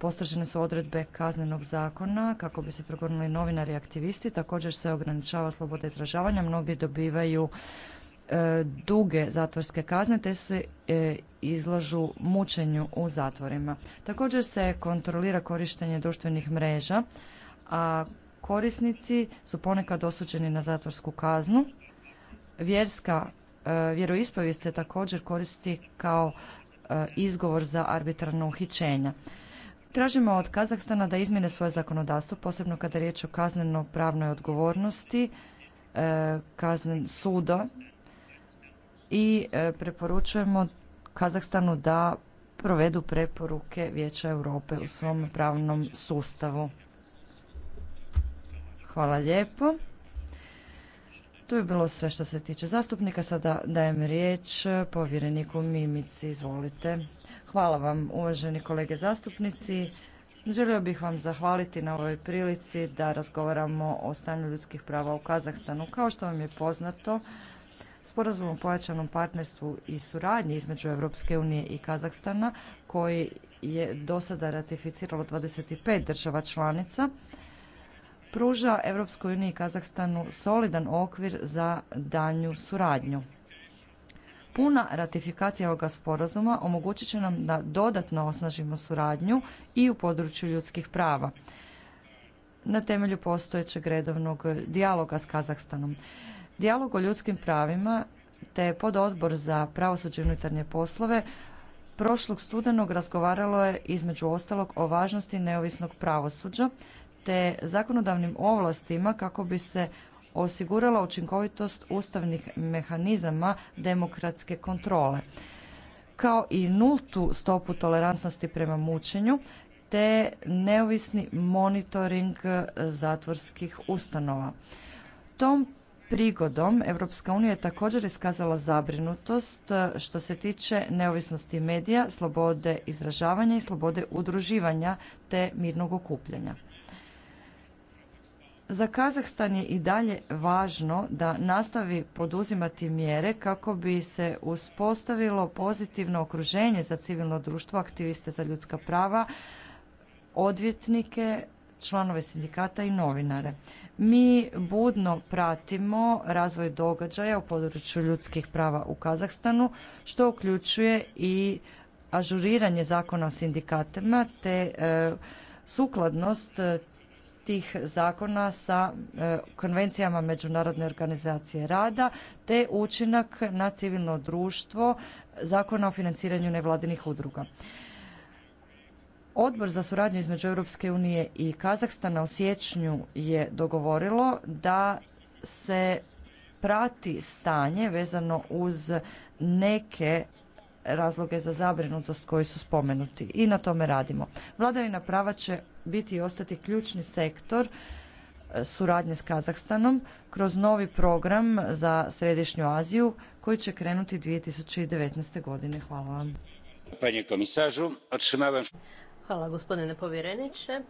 Postrožene su odredbe kaznenog zakona kako bi se progonili novinari i aktivisti. Također se ograničava sloboda izražavanja. Mnogi dobivaju e, duge zatvorske kazne te se e, izlažu mučenju u zatvorima. Također se kontrolira korištenje društvenih mreža, a korisnici su ponekad osuđeni na zatvorsku kaznu. Vjerska e, vjeroispovijest se također koristi kao e, izgovor za arbitrarno uhićenja. Tražimo od Kazahstana da izmjene svoje zakonodavstvo, posebno kada je riječ o kazneno-pravnoj odgovornosti e, kaznen suda i e, preporučujemo Kazahstanu da provedu preporuke Vijeća Europe u svom pravnom sustavu. Hvala lijepo. To je bilo sve što se tiče zastupnika. Sada dajem riječ povjereniku Mimici. Izvolite. Hvala vam uvaženi kolege zastupnici. Želio bih vam zahvaliti na ovoj prilici da razgovaramo o stanju ljudskih prava u Kazahstanu. Kao što vam je poznato, sporazum o pojačanom partnerstvu i suradnji između Europske unije i Kazahstana, koji je do sada ratificiralo 25 država članica, pruža Europskoj uniji i Kazahstanu solidan okvir za danju suradnju. Puna ratifikacija ovoga sporazuma omogućit će nam da dodatno osnažimo suradnju i u području ljudskih prava na temelju postojećeg redovnog dijaloga s Kazahstanom. Dijalog o ljudskim pravima te pododbor za pravosuđe i unutarnje poslove prošlog studenog razgovaralo je između ostalog o važnosti neovisnog pravosuđa te zakonodavnim ovlastima kako bi se osigurala učinkovitost ustavnih mehanizama demokratske kontrole kao i nultu stopu tolerantnosti prema mučenju te neovisni monitoring zatvorskih ustanova. Tom prigodom Europska unija je također iskazala zabrinutost e, što se tiče neovisnosti medija, slobode izražavanja i slobode udruživanja te mirnog okupljanja. Za Kazahstan je i dalje važno da nastavi poduzimati mjere kako bi se uspostavilo pozitivno okruženje za civilno društvo, aktiviste za ljudska prava, odvjetnike, članove sindikata i novinare. Mi budno pratimo razvoj događaja u području ljudskih prava u Kazahstanu, što uključuje i ažuriranje zakona o sindikatima te e, sukladnost tih zakona sa e, konvencijama Međunarodne organizacije rada te učinak na civilno društvo zakona o financiranju nevladinih udruga. Odbor za suradnju između Europske unije i Kazahstana u siječnju je dogovorilo da se prati stanje vezano uz neke razloge za zabrinutost koji su spomenuti i na tome radimo. Vladavina prava će biti i ostati ključni sektor e, suradnje s Kazahstanom kroz novi program za Središnju Aziju koji će krenuti 2019. godine. Hvala vam. Hvala gospodine povjereniče.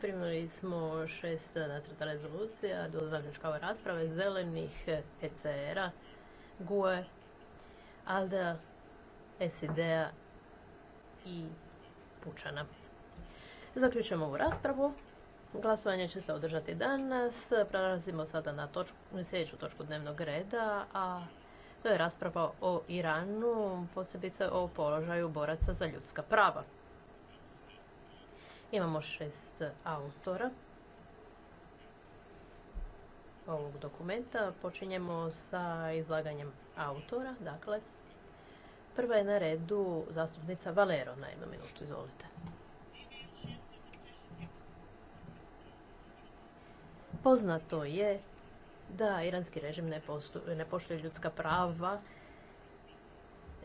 Primili smo šest nacrta rezolucija do zaključka ove rasprave zelenih ECR-a, GUE, ALDA, SID-a i Pučana. Zaključujemo ovu raspravu. Glasovanje će se održati danas. Prelazimo sada na sljedeću točku dnevnog reda, a to je rasprava o Iranu, posebice o položaju boraca za ljudska prava. Imamo šest autora ovog dokumenta. Počinjemo sa izlaganjem autora, dakle Prva je na redu zastupnica Valero na jednu minutu. Izvolite. Poznato je da iranski režim ne, ne poštuje ljudska prava,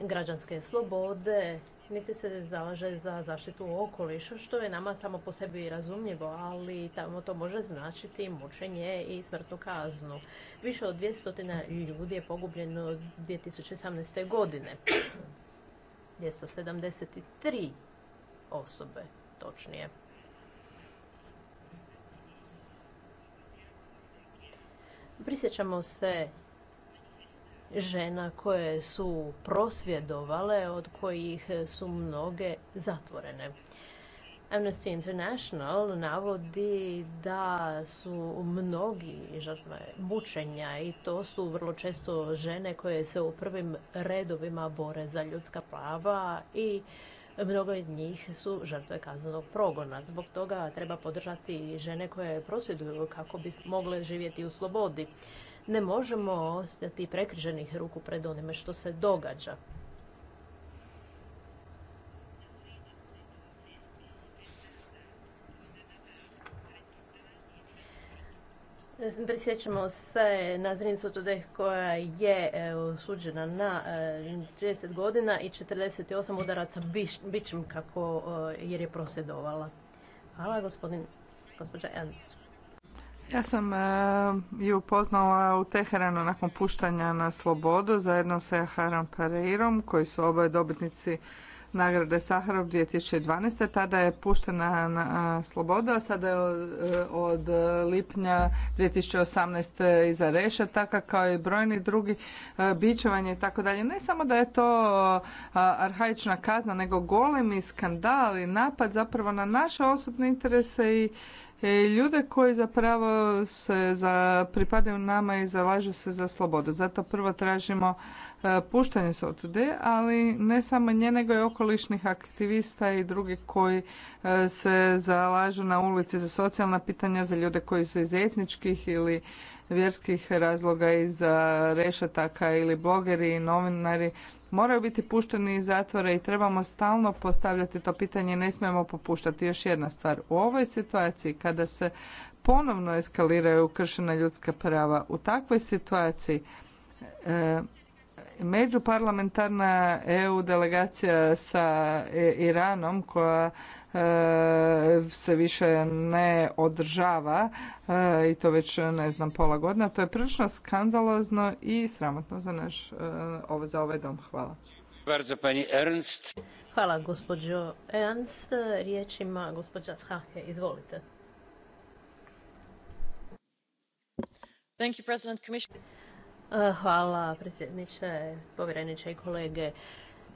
građanske slobode, niti se zalaže za zaštitu okoliša, što je nama samo po sebi razumljivo, ali tamo to može značiti mučenje i smrtnu kaznu. Više od 200 ljudi je pogubljeno 2018. godine. 273 osobe, točnije. Prisjećamo se žena koje su prosvjedovale, od kojih su mnoge zatvorene. Amnesty International navodi da su mnogi žrtve mučenja i to su vrlo često žene koje se u prvim redovima bore za ljudska prava i mnogo od njih su žrtve kaznenog progona. Zbog toga treba podržati žene koje prosvjeduju kako bi mogle živjeti u slobodi ne možemo ostati prekriženih ruku pred onime što se događa. Prisjećamo se na Zrincu Tudeh koja je e, osuđena na 30 e, godina i 48 udaraca bićem kako e, jer je prosvjedovala. Hvala gospodin, gospođa Ernst. Ja sam e, ju upoznala u Teheranu nakon puštanja na slobodu zajedno sa Jaharom Pareirom koji su oboje dobitnici nagrade Saharov 2012. Tada je puštena na e, slobodu, a sada je e, od, lipnja 2018. iza rešetaka kao i brojni drugi bićevanje i tako dalje. Ne samo da je to arhaična kazna, nego golemi skandal i napad zapravo na naše osobne interese i E, ljude koji zapravo se za, pripadaju nama i zalažu se za slobodu. Zato prvo tražimo e, puštanje Sotude, ali ne samo nje, nego i okolišnih aktivista i drugi koji e, se zalažu na ulici za socijalna pitanja, za ljude koji su iz etničkih ili vjerskih razloga za rešetaka ili blogeri i novinari moraju biti pušteni iz zatvora i trebamo stalno postavljati to pitanje, ne smijemo popuštati. Još jedna stvar, u ovoj situaciji kada se ponovno eskaliraju kršena ljudska prava, u takvoj situaciji e, međuparlamentarna EU delegacija sa e, Iranom koja E, se više ne održava e, i to već ne znam pola godina. To je prilično skandalozno i sramotno za naš e, za ovaj dom. Hvala. Ernst. Hvala gospođo Ernst. Riječ ima gospođa Izvolite. Thank you, President Hvala predsjedniče, povjereniče i kolege.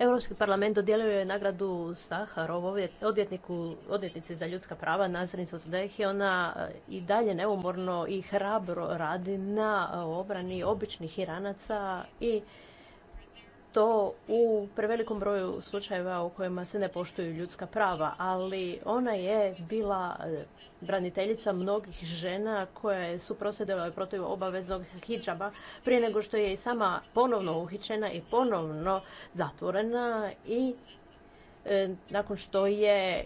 Europski parlament dodjelio je nagradu Saharov odvjetniku, odvjetnici za ljudska prava Nazrin Sotudehi. Ona e, i dalje neumorno i hrabro radi na obrani običnih Iranaca i to u prevelikom broju slučajeva u kojima se ne poštuju ljudska prava, ali ona je bila e, braniteljica mnogih žena koje su prosvjedovale protiv obaveznog hijaba prije nego što je i sama ponovno uhićena i ponovno zatvorena i e, nakon što je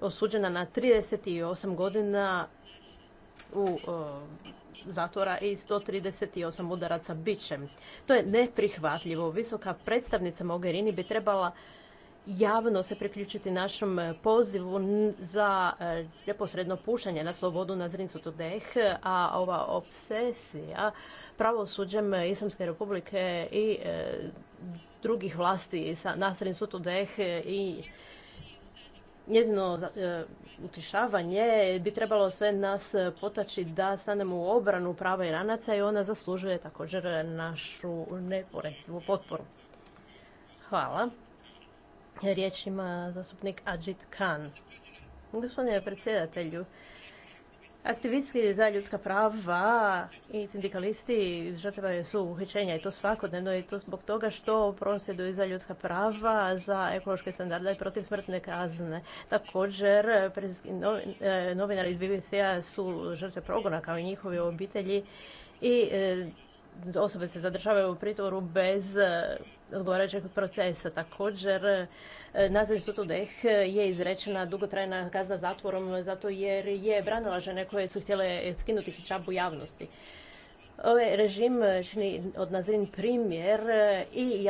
osuđena na 38 godina u e, zatvora i 138 udaraca bićem. To je neprihvatljivo. Visoka predstavnica Mogherini bi trebala javno se priključiti našem pozivu za e, neposredno pušanje na slobodu na Zrincu Tudeh, a ova obsesija pravosuđem Islamske republike i e, drugih vlasti na Zrincu Tudeh i njezino e, utišavanje bi trebalo sve nas e, potaći da stanemo u obranu prava Iranaca i ona zaslužuje također našu neporecivu potporu. Hvala. Riječ ima zastupnik Ajit Khan. Gospodine predsjedatelju, aktivisti za ljudska prava i sindikalisti žrtve su uhićenja i to svakodnevno i to zbog toga što prosvjeduju za ljudska prava, za ekološke standarde i protiv smrtne kazne. Također, e, novinari iz BBC-a su žrtve progona kao i njihovi obitelji i e, osobe se zadržavaju u pritvoru bez e, odgovarajućeg procesa. Također, e, naziv Sutudeh je izrečena dugotrajna kazna zatvorom zato jer je branila žene koje su htjele skinuti u javnosti. Ovaj režim čini od Nazrin primjer e, i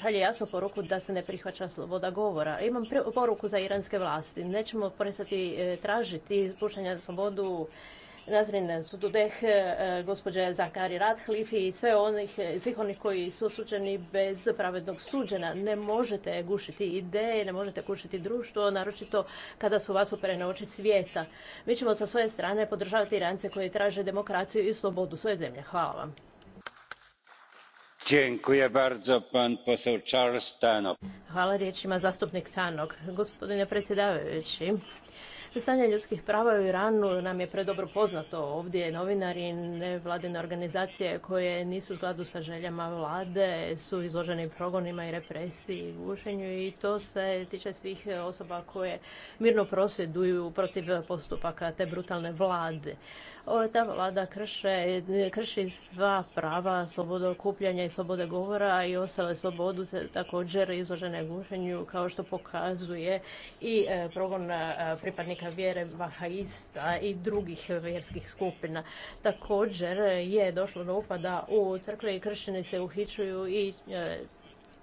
šalje jasnu poruku da se ne prihvaća sloboda govora. Imam poruku za iranske vlasti. Nećemo prestati tražiti za slobodu Nazrin Sududeh, e, gospođe Zakari Radhlif i sve e, svih onih koji su osuđeni bez pravednog suđena. Ne možete gušiti ideje, ne možete gušiti društvo, naročito kada su vas uperene oči svijeta. Mi ćemo sa svoje strane podržavati Irance koji traže demokraciju i slobodu svoje zemlje. Hvala vam. Hvala riječima zastupnik Tanok. Gospodine predsjedavajući, Stanje ljudskih prava u Iranu nam je predobro poznato ovdje. Novinari, nevladine organizacije koje nisu u skladu sa željama vlade su izloženi progonima i represiji, gušenju i to se tiče svih osoba koje mirno prosvjeduju protiv postupaka te brutalne vlade. ta vlada krše, krši sva prava, slobodu okupljanja i slobode govora i ostale slobodu se također izložene gušenju kao što pokazuje i e, progon e, pripadnika vjere vahaista i drugih vjerskih skupina. Također je došlo do upada u crkve i kršćani se uhičuju i e,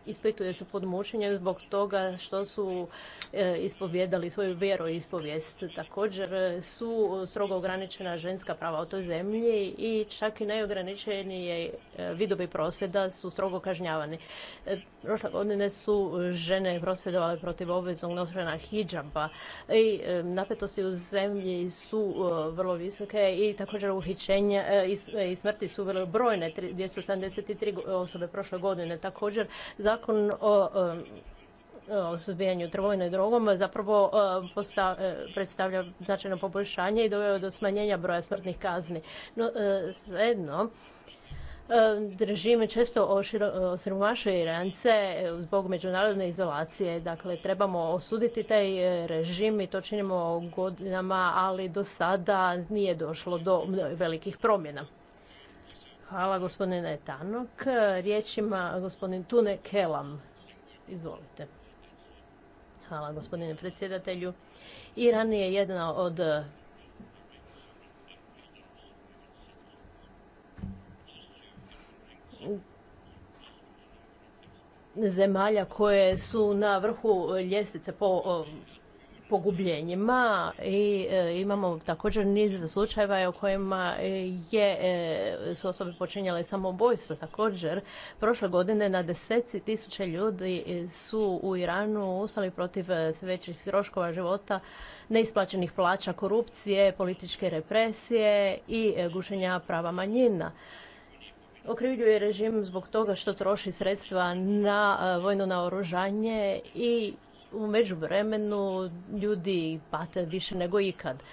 ispituje se pod mučenjem zbog toga što su e, ispovjedali svoju vjeroispovijest. Također e, su strogo ograničena ženska prava u toj zemlji i čak i najograničeniji e, vidovi prosvjeda su strogo kažnjavani. Prošle godine su žene prosvjedovale protiv obveznog nošenja hijjaba i napetosti u zemlji su vrlo visoke i također uhićenja i smrti su vrlo brojne, 273 osobe prošle godine. Također za Zakon o o suzbijanju trgovine drogom zapravo e, e, predstavlja značajno poboljšanje i doveo do smanjenja broja smrtnih kazni. No, e, svejedno, režime često osiromašuje Irance zbog međunarodne izolacije. Dakle, trebamo osuditi taj režim i to činimo godinama, ali do sada nije došlo do velikih promjena. Hvala gospodine Tanok. Riječima gospodin Tune Kelam. Izvolite. Hvala gospodine predsjedatelju. Iran je jedna od zemalja koje su na vrhu ljestvice po pogubljenjima i e, imamo također niz slučajeva u kojima e, je, e, su osobe počinjale samobojstvo. također. Prošle godine na deseci tisuće ljudi su u Iranu ustali protiv većih troškova života, neisplaćenih plaća, korupcije, političke represije i gušenja prava manjina. Okrivljuje režim zbog toga što troši sredstva na vojno naoružanje i u međuvremenu ljudi pate više nego ikad.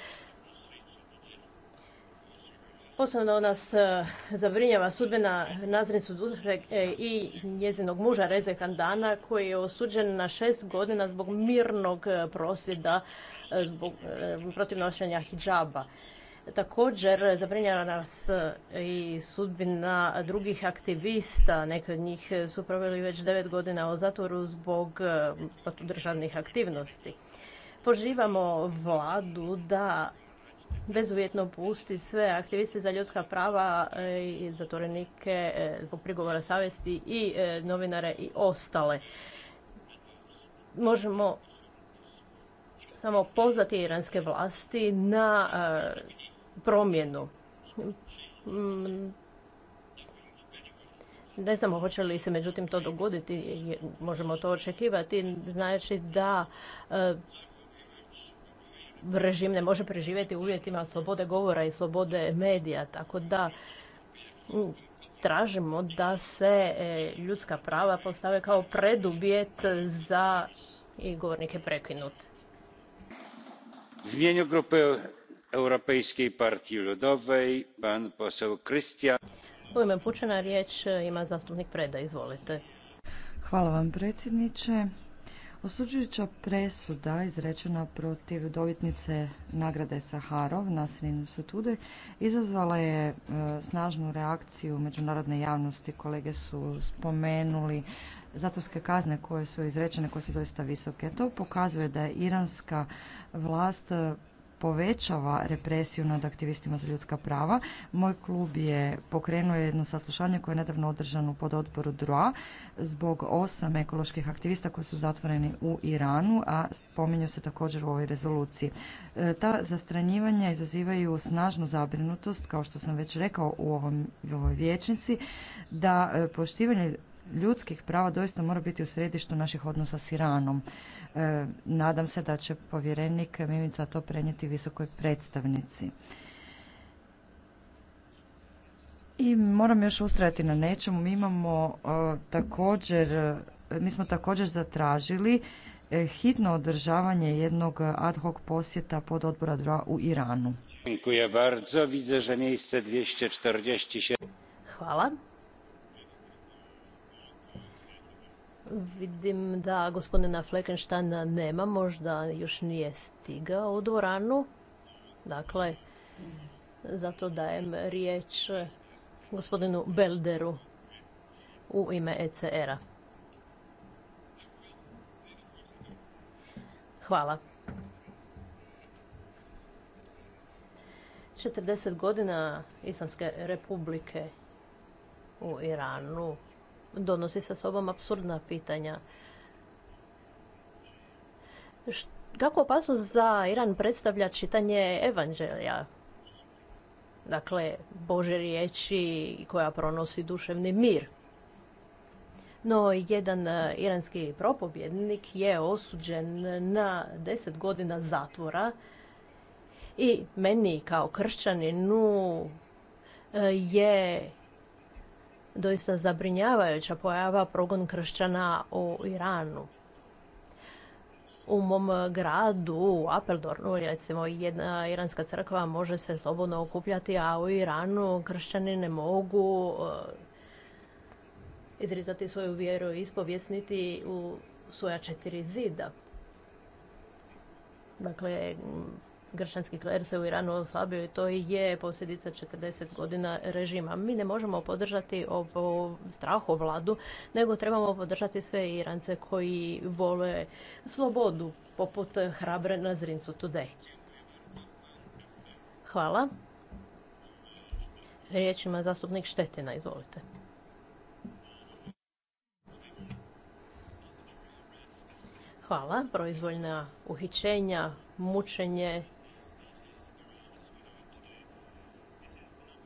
Posebno nas e, zabrinjava sudbena Nazrin Dušek e, i njezinog muža Reze Kandana koji je osuđen na šest godina zbog mirnog e, prosvjeda zbog, protiv nošenja hijaba. Također zabrinjava nas eh, i sudbina drugih aktivista, neki od njih su proveli već devet godina u zatvoru zbog eh, državnih aktivnosti. Poživamo vladu da bezuvjetno pusti sve aktiviste za ljudska prava eh, i zatvorenike zbog prigovora savjesti i novinare i ostale. Možemo samo pozvati iranske vlasti na promjenu. Mm, ne znamo hoće li se međutim to dogoditi, možemo to očekivati, znači da e, režim ne može preživjeti uvjetima slobode govora i slobode medija, tako da tražimo da se e, ljudska prava postave kao preduvjet za i govornike Zmijenju prekinut. Europejskiej Partii pan riječ e, ima zastupnik Preda, izvolite. Hvala vam predsjedniče. Osuđujuća presuda izrečena protiv dobitnice nagrade Saharov Nasrin Sotude izazvala je e, snažnu reakciju međunarodne javnosti. Kolege su spomenuli zatvorske kazne koje su izrečene, koje su doista visoke. To pokazuje da je iranska vlast e, povećava represiju nad aktivistima za ljudska prava. Moj klub je pokrenuo jedno saslušanje koje je nedavno održano pod odboru DROA zbog osam ekoloških aktivista koji su zatvoreni u Iranu, a spominju se također u ovoj rezoluciji. E, ta zastranjivanja izazivaju snažnu zabrinutost, kao što sam već rekao u, ovom, ovoj vječnici, da e, poštivanje ljudskih prava doista mora biti u središtu naših odnosa s Iranom. E, nadam se da će povjerenik Mimica to prenijeti visokoj predstavnici. I moram još ustrajati na nečemu. Mi imamo e, također, e, mi smo također zatražili hitno održavanje jednog ad hoc posjeta pod odbora dva u Iranu. Hvala. Vidim da gospodina Fleckensteina nema, možda još nije stigao u dvoranu. Dakle, zato dajem riječ gospodinu Belderu u ime ECR-a. Hvala. 40 godina Islamske republike u Iranu donosi sa sobom apsurdna pitanja. Kako opasnost za Iran predstavlja čitanje evanđelja? Dakle, Bože riječi koja pronosi duševni mir. No, jedan e, iranski propobjednik je osuđen na deset godina zatvora i meni kao kršćaninu e, je doista zabrinjavajuća pojava progon kršćana u Iranu. U mom gradu, u Apeldornu, recimo, jedna iranska crkva može se slobodno okupljati, a u Iranu kršćani ne mogu eh, izrizati svoju vjeru i ispovjesniti u svoja četiri zida. Dakle, gršanski kler se u Iranu oslabio i to je posljedica 40 godina režima. Mi ne možemo podržati ovo vladu, nego trebamo podržati sve Irance koji vole slobodu, poput hrabre na Zrinsu Today. Hvala. Riječ ima zastupnik Štetina, izvolite. Hvala. Proizvoljna uhićenja, mučenje,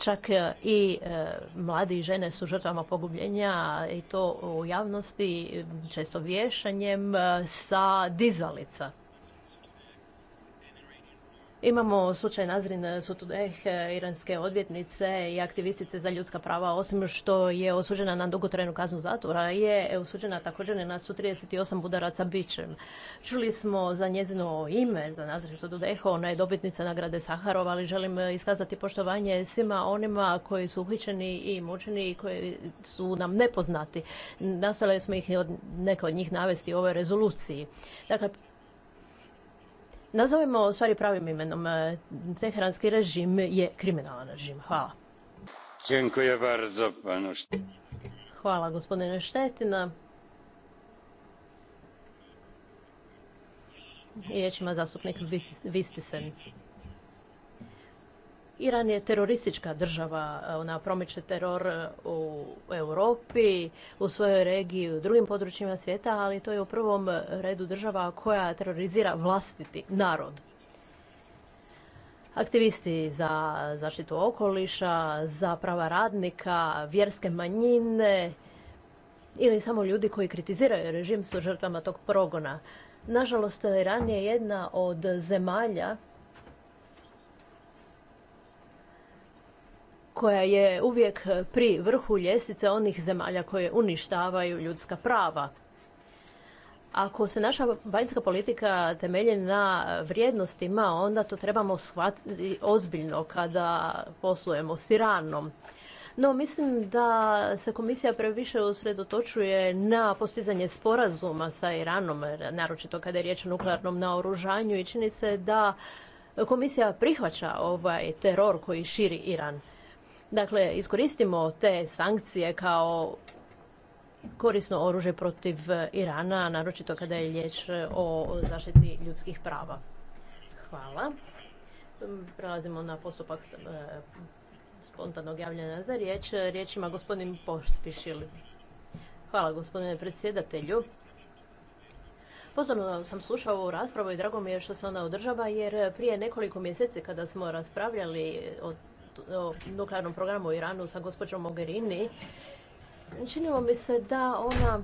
Čak e, i e, mladi žene su žrtvama pogubljenja i to u javnosti, e, često vješanjem sa dizalica. Imamo slučaj Nazrin Sotudeh, e, iranske odvjetnice i aktivistice za ljudska prava, osim što je osuđena na dugotrenu kaznu zatvora, je osuđena također na 138 budaraca bićem. Čuli smo za njezino ime, za Nazrin Sotudeh, ona je dobitnica nagrade Saharova, ali želim iskazati poštovanje svima onima koji su uhićeni i mučeni i koji su nam nepoznati. Nastojali smo ih neka od njih navesti u ovoj rezoluciji. Dakle, nazovimo stvari pravim imenom. E, teheranski režim je kriminalan režim. Hvala. Hvala gospodine Štetina. Riječ ima zastupnik Vistisen. Iran je teroristička država, e, ona promiče teror e, u Europi, u svojoj regiji, u drugim područjima svijeta, ali to je u prvom e, redu država koja terorizira vlastiti narod. Aktivisti za zaštitu okoliša, za prava radnika, vjerske manjine ili samo ljudi koji kritiziraju režim su žrtvama tog progona. Nažalost, Iran je jedna od zemalja koja je uvijek pri vrhu ljestvice onih zemalja koje uništavaju ljudska prava. Ako se naša vanjska politika temelji na vrijednostima, onda to trebamo shvatiti ozbiljno kada poslujemo s Iranom. No, mislim da se komisija previše usredotočuje na postizanje sporazuma sa Iranom, naročito kada je riječ o nuklearnom naoružanju i čini se da komisija prihvaća ovaj teror koji širi Iran. Dakle, iskoristimo te sankcije kao korisno oružje protiv eh, Irana, naročito kada je riječ eh, o zaštiti ljudskih prava. Hvala. Mm, prelazimo na postupak eh, spontanog javljanja za riječ. Riječ ima gospodin Pospišil. Hvala gospodine predsjedatelju. Pozorno sam slušao ovu raspravu i drago mi je što se ona održava jer prije nekoliko mjeseci kada smo raspravljali o o nuklearnom programu u Iranu sa gospođom Mogherini, činilo mi se da ona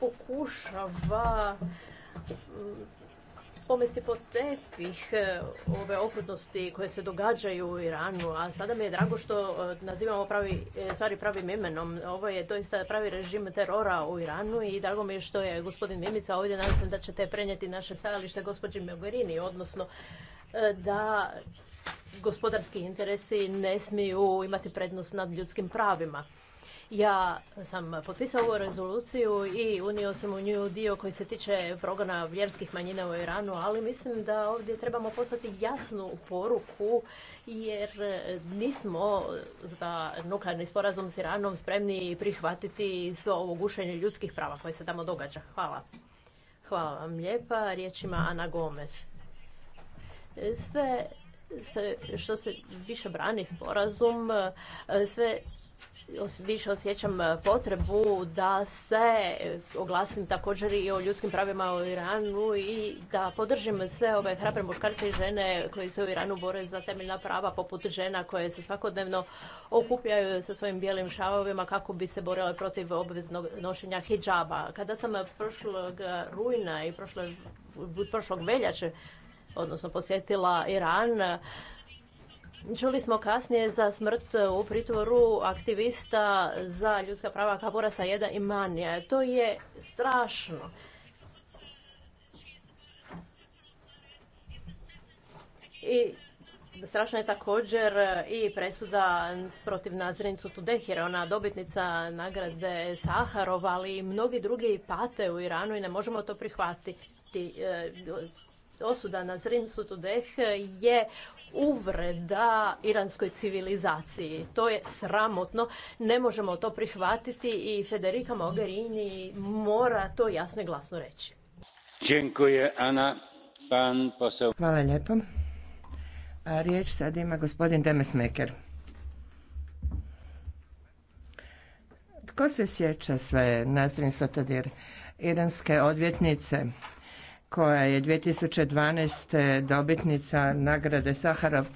pokušava mm, pomesti pod tepih e, ove okrutnosti koje se događaju u Iranu, a sada mi je drago što e, nazivamo pravi, e, stvari pravim imenom. Ovo je doista pravi režim terora u Iranu i drago mi je što je gospodin Mimica ovdje. Nadam se da ćete prenijeti naše stajalište gospođi Mogherini, odnosno E, da gospodarski interesi ne smiju imati prednost nad ljudskim pravima. Ja sam potpisao ovu rezoluciju i unio sam u nju dio koji se tiče progona vjerskih manjina u Iranu, ali mislim da ovdje trebamo poslati jasnu poruku jer nismo za nuklearni sporazum s Iranom spremni prihvatiti svo ovo gušenje ljudskih prava koje se tamo događa. Hvala. Hvala vam lijepa. Riječ ima Ana Gomez. Sve se, što se više brani sporazum, sve više osjećam potrebu da se oglasim također i o ljudskim pravima u Iranu i da podržim sve ove hrabre muškarce i žene koji se u Iranu bore za temeljna prava poput žena koje se svakodnevno okupljaju sa svojim bijelim šavovima kako bi se borile protiv obveznog nošenja hijaba. Kada sam prošlog rujna i prošlog veljače odnosno posjetila Iran. Čuli smo kasnije za smrt u pritvoru aktivista za ljudska prava Kabora Sajeda Imanija. To je strašno. I strašna je također i presuda protiv Nazrenicu Tudehira, ona dobitnica nagrade Saharova, ali i mnogi drugi pate u Iranu i ne možemo to prihvatiti. E, osuda na Zrin Sutudeh je uvreda iranskoj civilizaciji. To je sramotno, ne možemo to prihvatiti i Federica Mogherini mora to jasno i glasno reći. Hvala lijepo. A riječ sad ima gospodin Meker. Tko se sjeća sve Nazrin Sotodir, iranske odvjetnice, koja je 2012. dobitnica nagrade Saharov,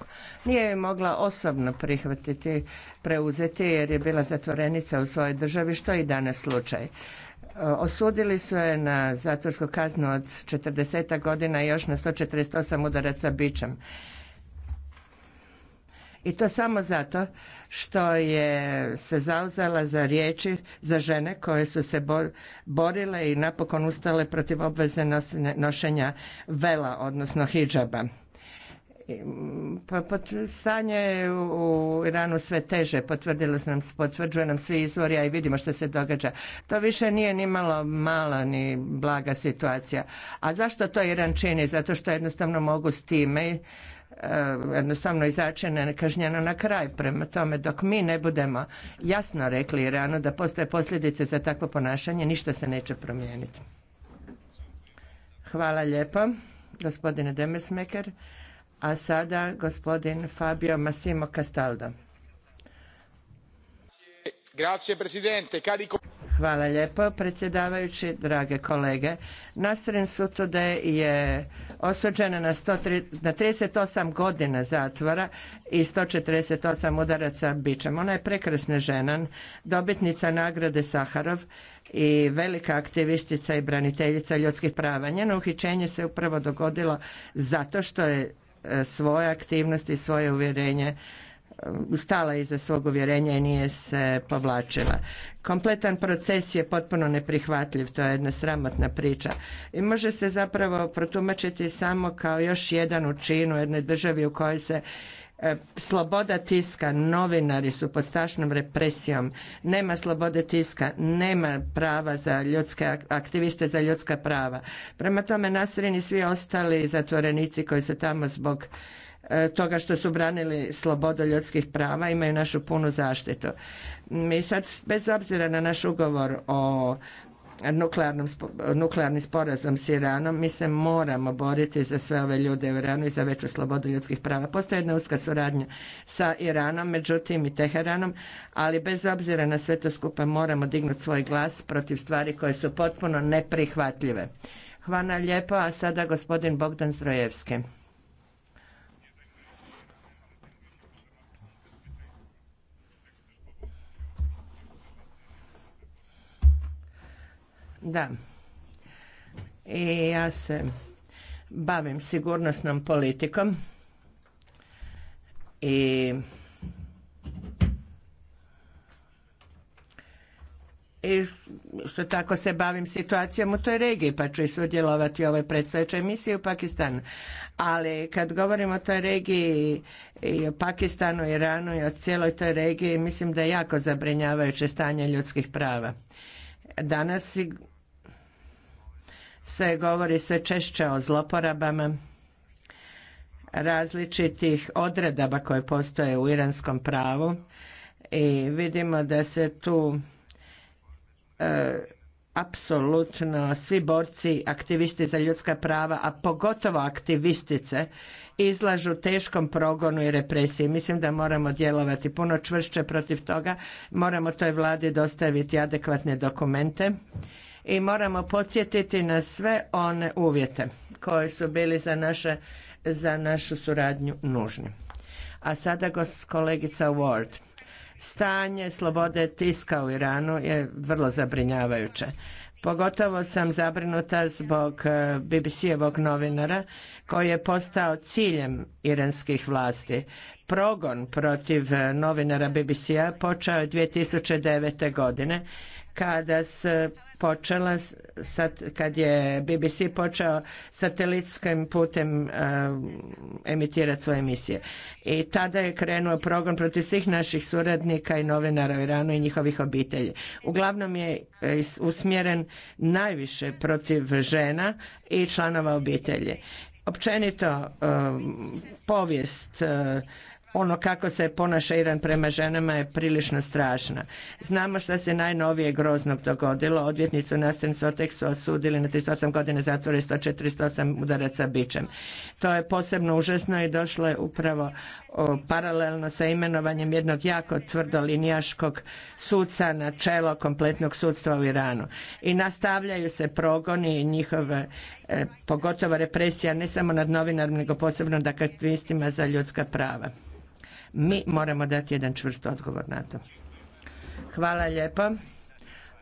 nije je mogla osobno prihvatiti, preuzeti jer je bila zatvorenica u svojoj državi, što je i danas slučaj. Osudili su je na zatvorsku kaznu od 40 godina i još na 148 udaraca bićem. I to samo zato što je se zauzela za riječi za žene koje su se borile i napokon ustale protiv obveze nošenja vela, odnosno hidžaba. Mm, stanje je u Iranu sve teže, potvrdilo nam, potvrđuje nam svi izvori, a i vidimo što se događa. To više nije ni malo mala ni blaga situacija. A zašto to Iran čini? Zato što jednostavno mogu s time E, jednostavno izaći nekažnjeno na kraj. Prema tome, dok mi ne budemo jasno rekli rano da postoje posljedice za takvo ponašanje, ništa se neće promijeniti. Hvala lijepo, gospodine Demesmeker. A sada gospodin Fabio Massimo Castaldo. Grazie, presidente. Hvala lijepo, predsjedavajući, drage kolege. Nasrin Sutude je osuđena na, 103, na 38 godina zatvora i 148 udaraca bićem. Ona je prekrasna žena, dobitnica nagrade Saharov i velika aktivistica i braniteljica ljudskih prava. Njeno uhićenje se upravo dogodilo zato što je e, svoje aktivnosti, svoje uvjerenje Um, stala iza svog uvjerenja i nije se povlačila. Kompletan proces je potpuno neprihvatljiv, to je jedna sramotna priča. I može se zapravo protumačiti samo kao još jedan u činu jednoj državi u kojoj se e, sloboda tiska, novinari su pod strašnom represijom, nema slobode tiska, nema prava za ljudske aktiviste za ljudska prava. Prema tome nasreni svi ostali zatvorenici koji su tamo zbog E, toga što su branili slobodu ljudskih prava imaju našu punu zaštitu. Mi sad, bez obzira na naš ugovor o nuklearnom, nuklearni sporazum s Iranom, mi se moramo boriti za sve ove ljude u Iranu i za veću slobodu ljudskih prava. Postoji jedna uska suradnja sa Iranom, međutim i Teheranom, ali bez obzira na sve to skupa moramo dignuti svoj glas protiv stvari koje su potpuno neprihvatljive. Hvala lijepo, a sada gospodin Bogdan Zdrojevski. Da. I ja se bavim sigurnosnom politikom i i što tako se bavim situacijom u toj regiji, pa ću i sudjelovati u ovoj predstojećoj misiji u Pakistanu. Ali kad govorim o toj regiji i o Pakistanu, Iranu i o cijeloj toj regiji, mislim da je jako zabrinjavajuće stanje ljudskih prava. Danas se govori sve češće o zloporabama različitih odredaba koje postoje u iranskom pravu i vidimo da se tu e, apsolutno svi borci, aktivisti za ljudska prava, a pogotovo aktivistice, izlažu teškom progonu i represiji. Mislim da moramo djelovati puno čvršće protiv toga. Moramo toj vladi dostaviti adekvatne dokumente i moramo podsjetiti na sve one uvjete koji su bili za, naše, za našu suradnju nužni. A sada kolegica Ward. Stanje slobode tiska u Iranu je vrlo zabrinjavajuće. Pogotovo sam zabrinuta zbog e, BBC-evog novinara koji je postao ciljem iranskih vlasti. Progon protiv e, novinara BBC-a počeo je 2009. godine kada se počela sad kad je BBC počeo satelitskim putem eh, emitirati svoje emisije. I tada je krenuo progon protiv svih naših suradnika i novinara u Iranu i njihovih obitelji. Uglavnom je eh, usmjeren najviše protiv žena i članova obitelji. Općenito eh, povijest ono kako se ponaša Iran prema ženama je prilično strašna. Znamo što se najnovije groznog dogodilo. Odvjetnicu Nastrin Sotek su osudili na 38 godina zatvore i 148 udaraca bićem. To je posebno užasno i došlo je upravo paralelno sa imenovanjem jednog jako tvrdolinijaškog suca na čelo kompletnog sudstva u Iranu. I nastavljaju se progoni i njihove e, pogotovo represija ne samo nad novinarom nego posebno nad aktivistima za ljudska prava. Mi moramo dati jedan čvrst odgovor na to. Hvala lijepa.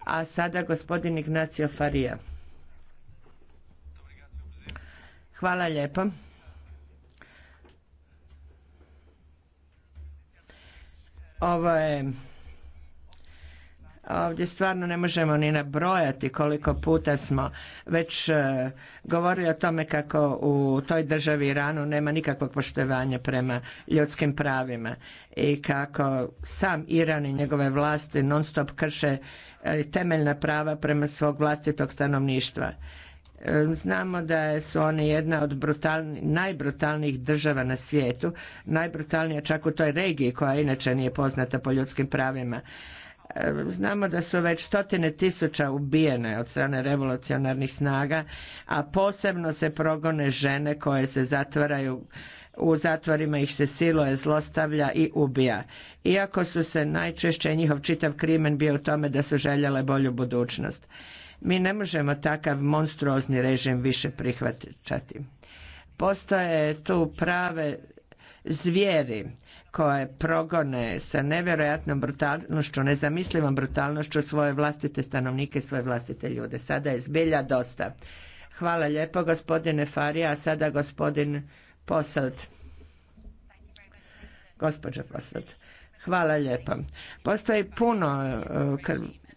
A sada gospodin Ignacio Farija. Hvala lijepa. Ovo je Ovdje stvarno ne možemo ni nabrojati koliko puta smo već e, govorili o tome kako u toj državi Iranu nema nikakvog poštovanja prema ljudskim pravima i kako sam Iran i njegove vlasti non stop krše e, temeljna prava prema svog vlastitog stanovništva. E, znamo da su oni jedna od brutalni, najbrutalnijih država na svijetu, najbrutalnija čak u toj regiji koja inače nije poznata po ljudskim pravima. Znamo da su već stotine tisuća ubijene od strane revolucionarnih snaga, a posebno se progone žene koje se zatvaraju u zatvorima ih se siluje, zlostavlja i ubija. Iako su se najčešće njihov čitav krimen bio u tome da su željele bolju budućnost. Mi ne možemo takav monstruozni režim više prihvaćati. Postoje tu prave zvijeri koje progone sa nevjerojatnom brutalnošću, nezamislivom brutalnošću svoje vlastite stanovnike, svoje vlastite ljude. Sada je zbilja dosta. Hvala lijepo gospodine Farija, a sada gospodin Posad. Gospođa Posad. Hvala lijepo. Postoji puno eh,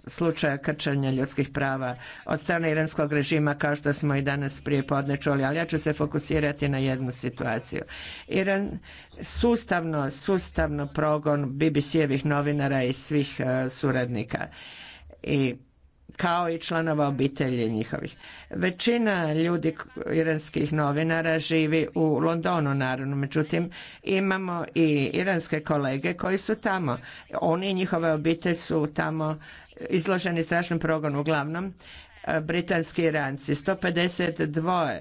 slučaja krčenja ljudskih prava od strane iranskog režima kao što smo i danas prije podne čuli, ali ja ću se fokusirati na jednu situaciju. Iran sustavno, sustavno progon BBC-evih novinara i svih e, suradnika i kao i članova obitelji njihovih. Većina ljudi iranskih novinara živi u Londonu naravno, međutim imamo i iranske kolege koji su tamo. Oni i njihove obitelji su tamo izloženi strašnom progonu uglavnom e, britanski Iranci. 152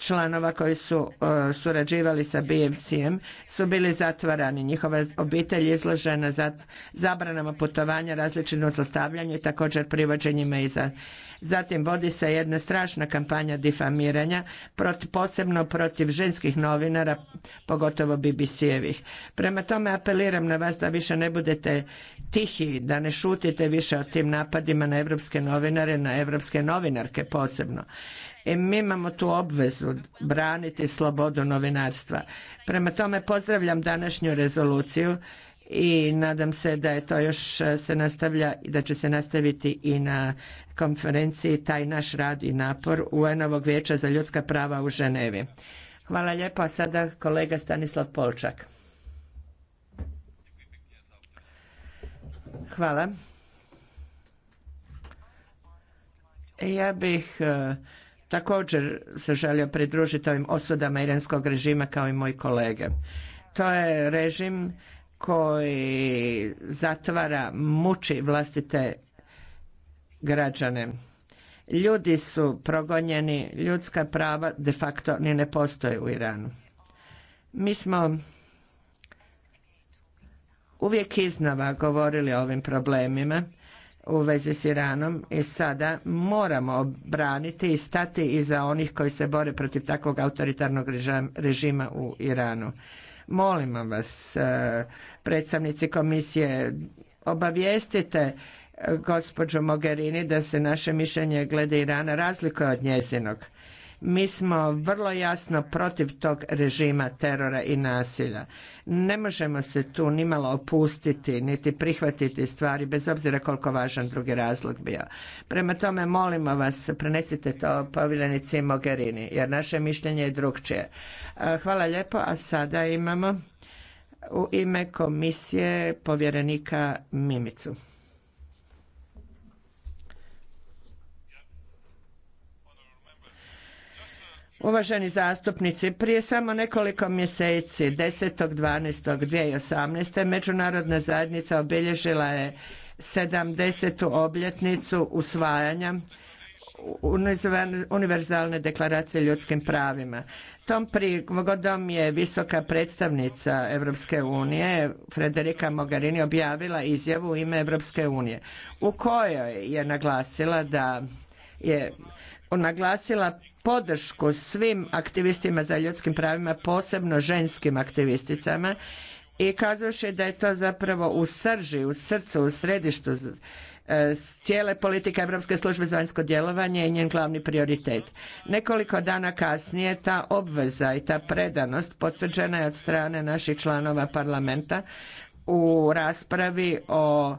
članova koji su e, surađivali sa BMC-em su bili zatvarani, njihova obitelj izložena za, zabranama putovanja, različitom zlostavljanju i također privođenjima iza. Zatim vodi se jedna strašna kampanja difamiranja, proti, posebno protiv ženskih novinara, pogotovo BBC-evih. Prema tome apeliram na vas da više ne budete tihi, da ne šutite više o tim napadima na evropske novinare, na evropske novinarke posebno e mi imamo tu obvezu braniti slobodu novinarstva. Prema tome pozdravljam današnju rezoluciju i nadam se da je to još e, se nastavlja i da će se nastaviti i na konferenciji taj naš rad i napor UN-ovog vijeća za ljudska prava u Ženevi. Hvala lijepo, a sada kolega Stanislav Polčak. Hvala. Ja bih e, također se želio pridružiti ovim osudama iranskog režima kao i moji kolege. To je režim koji zatvara, muči vlastite građane. Ljudi su progonjeni, ljudska prava de facto ni ne postoje u Iranu. Mi smo uvijek iznova govorili o ovim problemima u vezi s Iranom i sada moramo braniti i stati iza onih koji se bore protiv takvog autoritarnog režima u Iranu. Molimo vas, e, predstavnici komisije, obavijestite e, gospođu Mogherini da se naše mišljenje glede Irana razlikuje od njezinog mi smo vrlo jasno protiv tog režima terora i nasilja. Ne možemo se tu nimalo opustiti, niti prihvatiti stvari, bez obzira koliko važan drugi razlog bio. Prema tome, molimo vas, prenesite to povjerenici Mogherini, jer naše mišljenje je drugčije. Hvala lijepo, a sada imamo u ime komisije povjerenika Mimicu. Uvaženi zastupnici, prije samo nekoliko mjeseci, 10.12.2018. Međunarodna zajednica obilježila je 70. obljetnicu usvajanja Univerzalne deklaracije ljudskim pravima. Tom prigodom je visoka predstavnica Europske unije Frederika Mogherini objavila izjavu u ime Europske unije u kojoj je naglasila da je naglasila podršku svim aktivistima za ljudskim pravima, posebno ženskim aktivisticama i kazavši da je to zapravo u srži, u srcu, u središtu e, cijele politike Europske službe za vanjsko djelovanje i njen glavni prioritet. Nekoliko dana kasnije ta obveza i ta predanost potvrđena je od strane naših članova parlamenta u raspravi o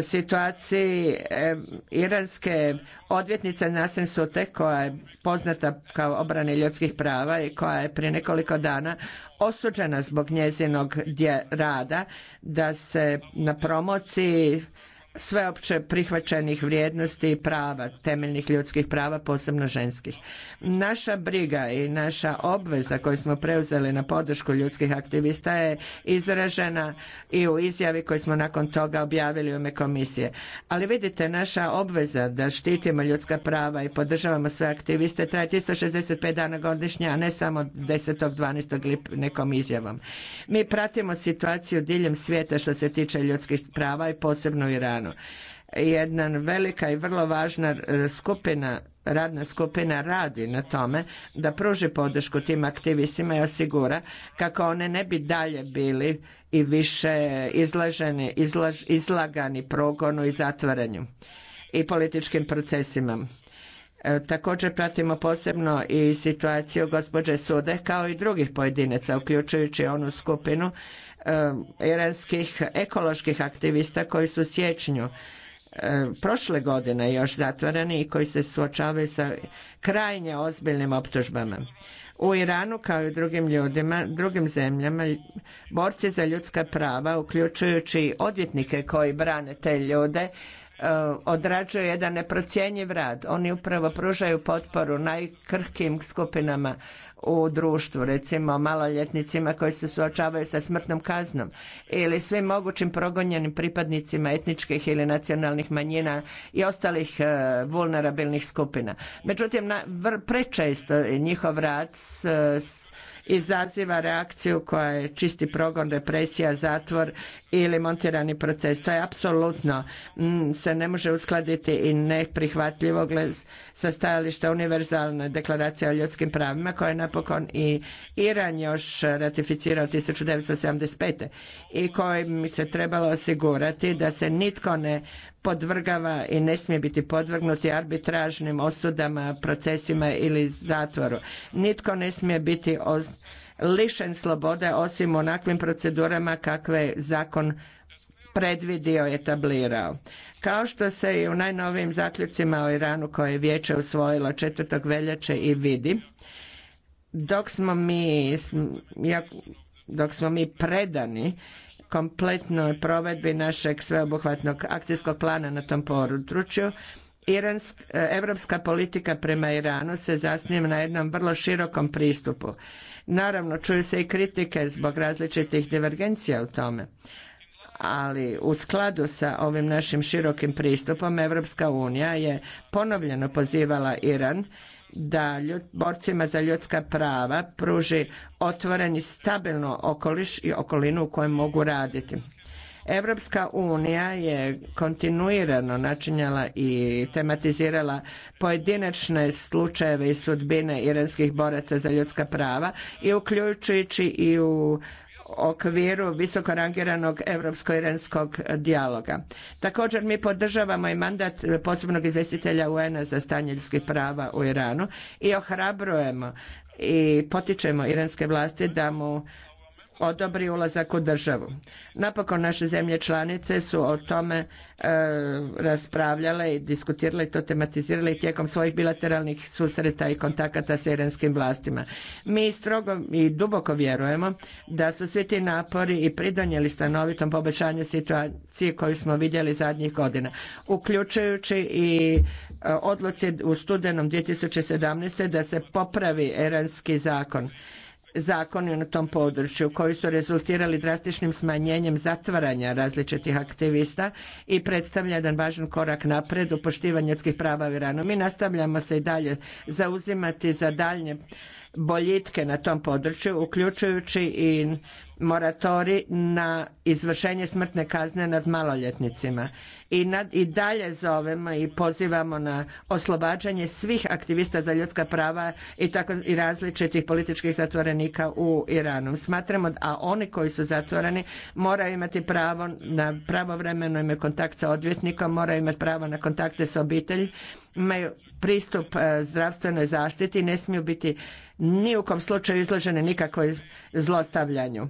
situaciji iranske odvjetnice Nasrin Sute koja je poznata kao obrane ljudskih prava i koja je prije nekoliko dana osuđena zbog njezinog rada da se na promociji sveopće prihvaćenih vrijednosti i prava, temeljnih ljudskih prava, posebno ženskih. Naša briga i naša obveza koju smo preuzeli na podršku ljudskih aktivista je izražena i u izjavi koju smo nakon toga objavili u ime komisije. Ali vidite, naša obveza da štitimo ljudska prava i podržavamo sve aktiviste traje 365 dana godišnje, a ne samo 10. 12. nekom izjavom. Mi pratimo situaciju diljem svijeta što se tiče ljudskih prava i posebno u jedan Jedna velika i vrlo važna skupina radna skupina radi na tome da pruži podršku tim aktivistima i osigura kako one ne bi dalje bili i više izlaženi, izlagani progonu i zatvaranju i političkim procesima. E, također pratimo posebno i situaciju gospođe Sude kao i drugih pojedinaca, uključujući onu skupinu E, iranskih ekoloških aktivista koji su u siječnju e, prošle godine još zatvoreni i koji se suočavaju sa krajnje ozbiljnim optužbama. U Iranu kao i u drugim ljudima, drugim zemljama, borci za ljudska prava, uključujući i odvjetnike koji brane te ljude, e, odrađuju jedan neprocjenjiv rad. Oni upravo pružaju potporu najkrhkim skupinama u društvu, recimo maloljetnicima koji se suočavaju sa smrtnom kaznom ili svim mogućim progonjenim pripadnicima etničkih ili nacionalnih manjina i ostalih e, vulnerabilnih skupina. Međutim, na, prečesto njihov rad s izaziva reakciju koja je čisti progon, represija, zatvor ili montirani proces. To je apsolutno mm, se ne može uskladiti i neprihvatljivo sa stajališta univerzalne deklaracije o ljudskim pravima koje je napokon i Iran još ratificirao 1975. i kojim se trebalo osigurati da se nitko ne podvrgava i ne smije biti podvrgnuti arbitražnim osudama, procesima ili zatvoru. Nitko ne smije biti lišen slobode osim onakvim procedurama kakve zakon predvidio i etablirao. Kao što se i u najnovijim zaključcima o Iranu koje je vijeće usvojilo 4. veljače i vidi, dok smo mi, dok smo mi predani kompletnoj provedbi našeg sveobuhvatnog akcijskog plana na tom području. Iransk, e, evropska politika prema Iranu se zasniva na jednom vrlo širokom pristupu. Naravno, čuju se i kritike zbog različitih divergencija u tome. Ali u skladu sa ovim našim širokim pristupom Evropska unija je ponovljeno pozivala Iran da borcima za ljudska prava pruži otvoreni stabilno okoliš i okolinu u kojoj mogu raditi. Europska unija je kontinuirano načinjala i tematizirala pojedinačne slučajeve i sudbine iranskih boraca za ljudska prava i uključujući i u okviru visoko rangiranog europsko-iranskog dijaloga. Također mi podržavamo i mandat posebnog izvjestitelja UN-a za stanje ljudskih prava u Iranu i ohrabrujemo i potičemo iranske vlasti da mu odobri ulazak u državu. Napokon naše zemlje članice su o tome e, raspravljale i diskutirale i to tematizirale tijekom svojih bilateralnih susreta i kontakata s iranskim vlastima. Mi strogo i duboko vjerujemo da su svi ti napori i pridonijeli stanovitom poboljšanju situacije koju smo vidjeli zadnjih godina, uključujući i e, odluci u studenom 2017. da se popravi iranski zakon zakoni na tom području koji su rezultirali drastičnim smanjenjem zatvaranja različitih aktivista i predstavlja jedan važan korak naprijed u poštivanju ljudskih prava u Iranu. Mi nastavljamo se i dalje zauzimati za daljnje boljitke na tom području, uključujući i moratorij na izvršenje smrtne kazne nad maloljetnicima i, dalje zovemo i pozivamo na oslobađanje svih aktivista za ljudska prava i tako i različitih političkih zatvorenika u Iranu. Smatramo, a oni koji su zatvoreni moraju imati pravo na pravovremeno imaju kontakt sa odvjetnikom, moraju imati pravo na kontakte s obitelji, imaju pristup e, zdravstvenoj zaštiti, ne smiju biti ni u kom slučaju izloženi nikakvoj zlostavljanju.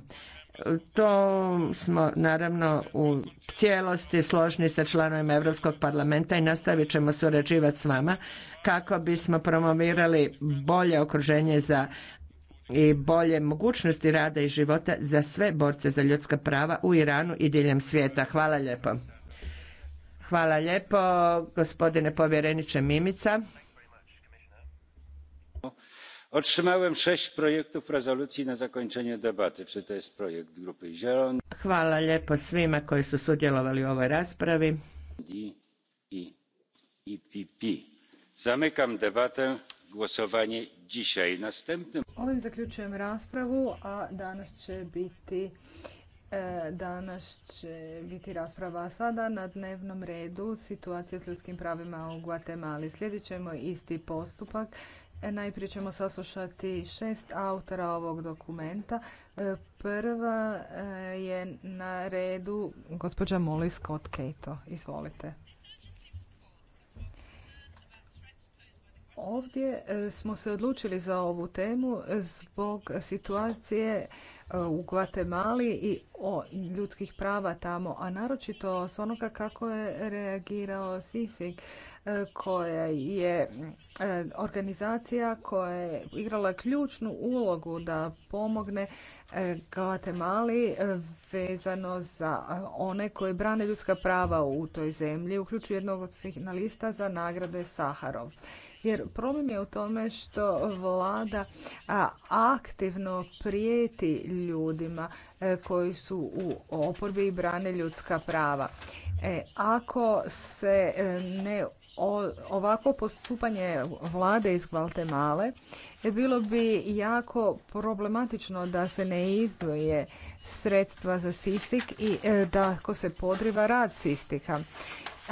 To smo naravno u cijelosti složni sa članovima Europskog parlamenta i nastavit ćemo surađivati s vama kako bismo promovirali bolje okruženje za i bolje mogućnosti rada i života za sve borce za ljudska prava u Iranu i diljem svijeta. Hvala lijepo. Hvala lijepo gospodine povjereniče Mimica otrzymałem sześć projektów rezolucji na zakończenie debaty czy to jest projekt grupy zielonych hvala lijepo svima koji su sudjelovali u ovoj raspravi i epp zamykam debatę głosowanie dzisiaj następnym ovim zaključujem raspravu a danas će biti e, Danas će biti rasprava sada na dnevnom redu situacije s ljudskim pravima u Guatemali. Slijedit ćemo isti postupak Najprije ćemo saslušati šest autora ovog dokumenta. E, prva e, je na redu gospođa Molly Scott Cato. Izvolite. Ovdje e, smo se odlučili za ovu temu zbog situacije u Guatemali i o ljudskih prava tamo, a naročito s onoga kako je reagirao Sisig koja je e, organizacija koja je igrala ključnu ulogu da pomogne e, Guatemala e, vezano za one koji brane ljudska prava u toj zemlji, uključuju jednog od finalista za nagrade Saharov. Jer problem je u tome što vlada aktivno prijeti ljudima koji su u oporbi i brane ljudska prava. Ako se ne ovako postupanje vlade iz Gvatemale e, bilo bi jako problematično da se ne izdvoje sredstva za sisik i e, da ako se podriva rad sistika.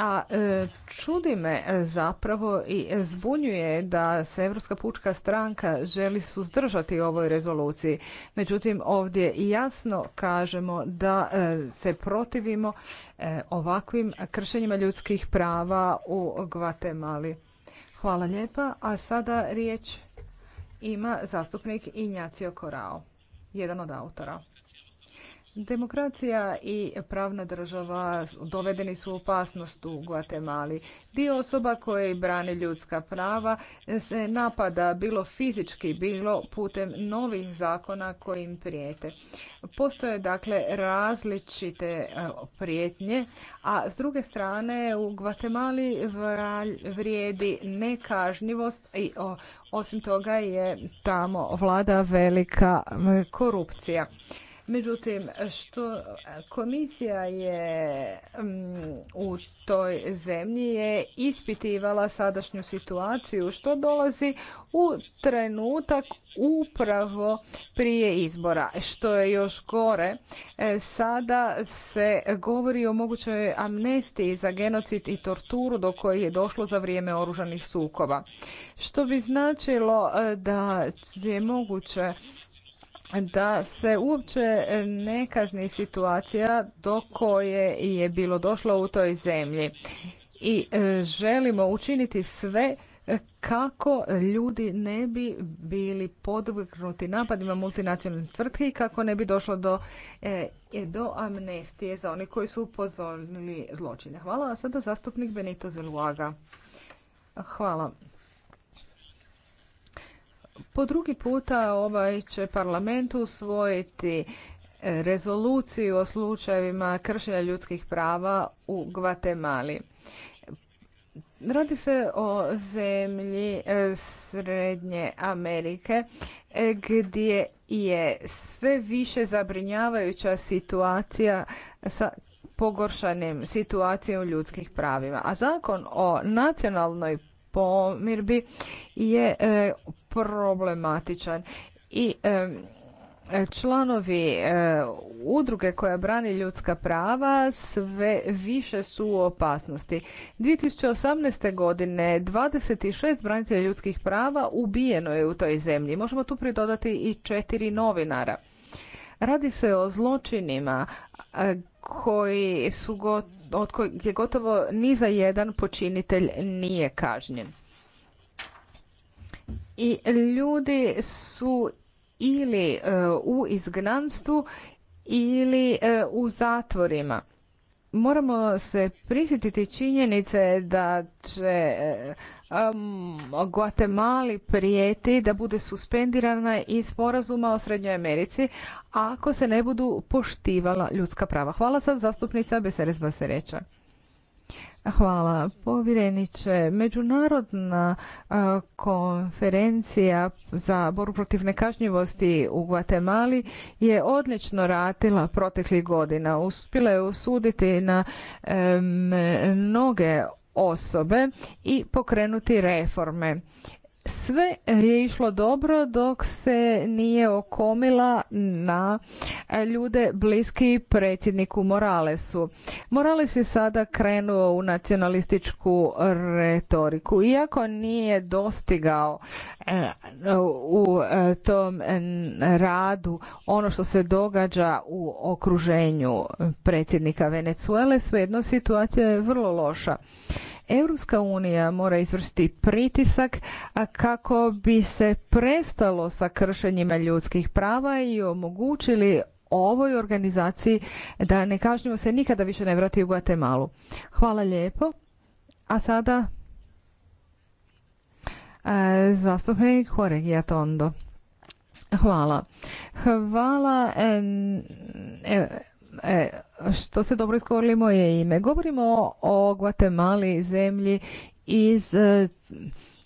A e, čudi me e, zapravo i zbunjuje da se Europska pučka stranka želi suzdržati ovoj rezoluciji. Međutim, ovdje jasno kažemo da e, se protivimo ovakvim kršenjima ljudskih prava u Gvatemali. Hvala lijepa. A sada riječ ima zastupnik Injacio Korao, jedan od autora. Demokracija i pravna država dovedeni su u opasnost u Guatemali. Dio osoba koje brane ljudska prava se napada bilo fizički, bilo putem novih zakona koji im prijete. Postoje dakle različite e, prijetnje, a s druge strane u Guatemali vrijedi nekažnjivost i osim toga je tamo vlada velika korupcija. Međutim, što komisija je mm, u toj zemlji je ispitivala sadašnju situaciju što dolazi u trenutak upravo prije izbora. Što je još gore, e, sada se govori o mogućoj amnestiji za genocid i torturu do koje je došlo za vrijeme oružanih sukoba. Što bi značilo e, da je moguće da se uopće ne kazni situacija do koje je bilo došlo u toj zemlji. I e, želimo učiniti sve kako ljudi ne bi bili podvrgnuti napadima multinacionalnih tvrtki i kako ne bi došlo do, e, e, do amnestije za one koji su upozorili zločine. Hvala, a sada zastupnik Benito Zeluaga. Hvala. Po drugi puta ovaj će parlament usvojiti e, rezoluciju o slučajevima kršenja ljudskih prava u Gvatemali. Radi se o zemlji e, Srednje Amerike e, gdje je sve više zabrinjavajuća situacija sa pogoršanim situacijom ljudskih pravima. A zakon o nacionalnoj pomirbi je e, problematičan. I e, članovi e, udruge koja brani ljudska prava sve više su u opasnosti. 2018. godine 26 branitelja ljudskih prava ubijeno je u toj zemlji. Možemo tu pridodati i četiri novinara. Radi se o zločinima koji su gotovo od kojeg je gotovo ni za jedan počinitelj nije kažnjen. I ljudi su ili e, u izgnanstvu ili e, u zatvorima moramo se prisjetiti činjenice da će um, Guatemala prijeti da bude suspendirana iz sporazuma o Srednjoj Americi ako se ne budu poštivala ljudska prava. Hvala sad zastupnica Beseres Basereća. Hvala. Povjereniče, međunarodna konferencija za borbu protiv nekažnjivosti u Guatemali je odlično ratila proteklih godina. Uspjela je usuditi na mnoge osobe i pokrenuti reforme sve je išlo dobro dok se nije okomila na e, ljude bliski predsjedniku Moralesu. Morales je sada krenuo u nacionalističku retoriku. Iako nije dostigao e, u e, tom radu ono što se događa u okruženju predsjednika Venezuele, svejedno situacija je vrlo loša. Europska unija mora izvršiti pritisak kako bi se prestalo sa kršenjima ljudskih prava i omogućili ovoj organizaciji da ne kažnjivo se nikada više ne vrati u Guatemalu. Hvala lijepo. A sada e, zastupnik Horegija Tondo. Hvala. Hvala e, E, što ste dobro iskorili moje ime. Govorimo o Guatemali, zemlji iz e,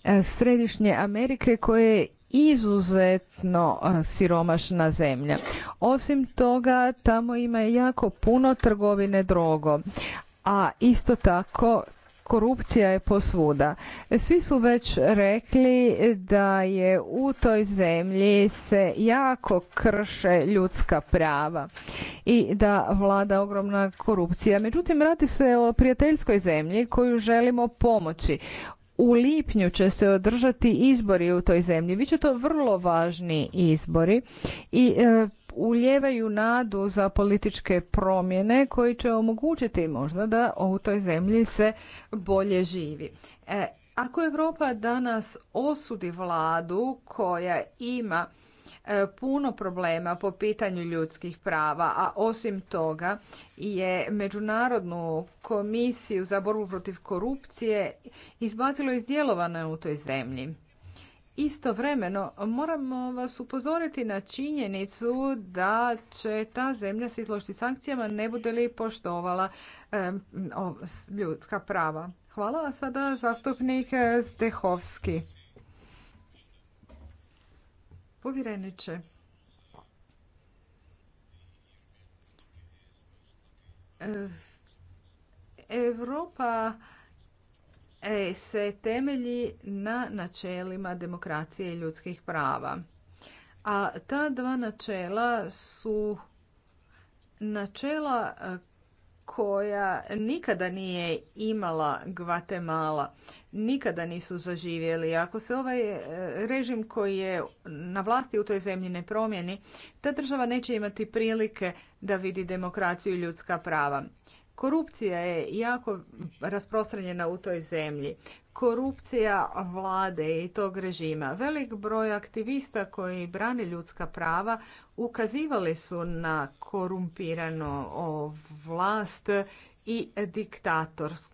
e, Središnje Amerike koje je izuzetno e, siromašna zemlja. Osim toga, tamo ima jako puno trgovine drogo, A isto tako korupcija je posvuda. Svi su već rekli da je u toj zemlji se jako krše ljudska prava i da vlada ogromna korupcija. Međutim, radi se o prijateljskoj zemlji koju želimo pomoći. U lipnju će se održati izbori u toj zemlji. Biće to vrlo važni izbori i e, uljevaju nadu za političke promjene koji će omogućiti možda da u toj zemlji se bolje živi. E, ako Europa danas osudi vladu koja ima e, puno problema po pitanju ljudskih prava, a osim toga je Međunarodnu komisiju za borbu protiv korupcije izbacilo iz djelovanja u toj zemlji. Istovremeno moramo vas upozoriti na činjenicu da će ta zemlja se izložiti sankcijama ne bude li poštovala ljudska prava. Hvala. vam sada zastupnik e, Zdehovski. Povjereniče. E, Europa E, se temelji na načelima demokracije i ljudskih prava. A ta dva načela su načela e, koja nikada nije imala Gvatemala, nikada nisu zaživjeli. Ako se ovaj e, režim koji je na vlasti u toj zemlji ne promijeni, ta država neće imati prilike da vidi demokraciju i ljudska prava. Korupcija je jako rasprostranjena u toj zemlji. Korupcija vlade i tog režima. Velik broj aktivista koji brani ljudska prava ukazivali su na korumpirano vlast i diktatorsk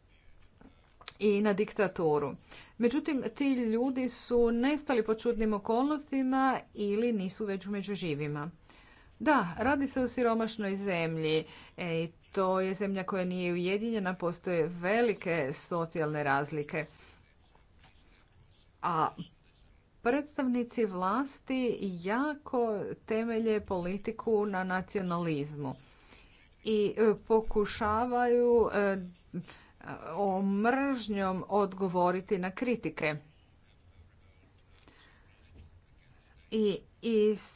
i na diktaturu. Međutim, ti ljudi su nestali po čudnim okolnostima ili nisu već među živima. Da, radi se o siromašnoj zemlji. E, to je zemlja koja nije ujedinjena, postoje velike socijalne razlike. A predstavnici vlasti jako temelje politiku na nacionalizmu i e, pokušavaju e, omržnjom odgovoriti na kritike. I iz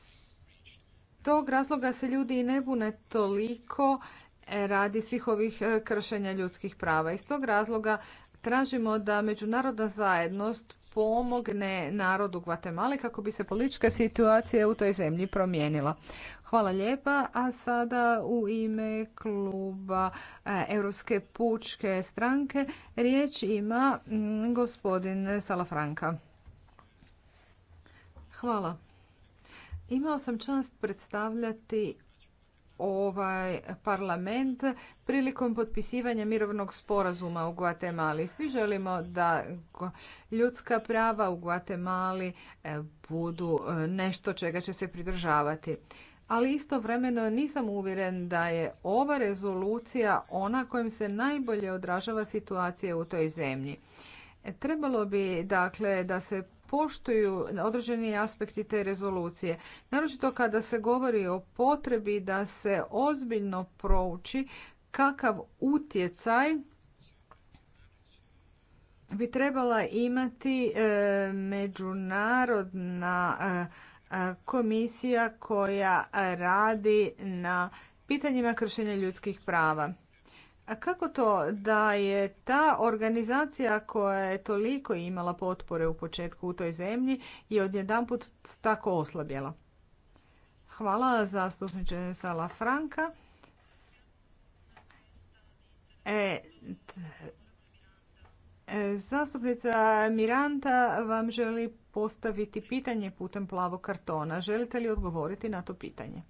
tog razloga se ljudi i ne bune toliko radi svih ovih e, kršenja ljudskih prava. Iz tog razloga tražimo da međunarodna zajednost pomogne narodu Guatemala kako bi se politička situacija u toj zemlji promijenila. Hvala lijepa, a sada u ime kluba e, Europske pučke stranke riječ ima mm, gospodin Salafranka. Hvala. Imao sam čast predstavljati ovaj parlament prilikom potpisivanja mirovnog sporazuma u Guatemali. Svi želimo da ljudska prava u Guatemali e, budu e, nešto čega će se pridržavati. Ali istovremeno nisam uvjeren da je ova rezolucija ona kojom se najbolje odražava situacija u toj zemlji. E, trebalo bi dakle da se poštuju određeni aspekti te rezolucije. Naročito kada se govori o potrebi da se ozbiljno prouči kakav utjecaj bi trebala imati e, međunarodna e, e, komisija koja radi na pitanjima kršenja ljudskih prava. A Kako to da je ta organizacija koja je toliko imala potpore u početku u toj zemlji i odjedanput tako oslabjela? Hvala zastupniče Sala Franka. E, e, Zastupnica Miranda vam želi postaviti pitanje putem plavog kartona. Želite li odgovoriti na to pitanje?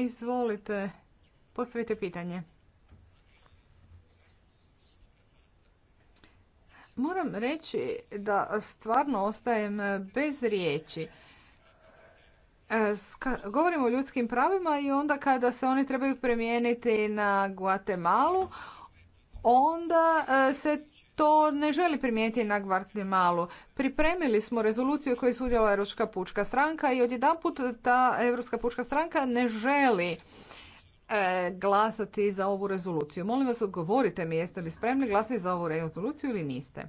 Izvolite, postavite pitanje. Moram reći da stvarno ostajem bez riječi. E, govorimo o ljudskim pravima i onda kada se oni trebaju premijeniti na Guatemalu, onda e, se to ne želi primijeniti na malo. Pripremili smo rezoluciju koju je udjela Europska pučka stranka i odjedanput ta Europska pučka stranka ne želi e, glasati za ovu rezoluciju. Molim vas odgovorite mi jeste li spremni glasati za ovu rezoluciju ili niste.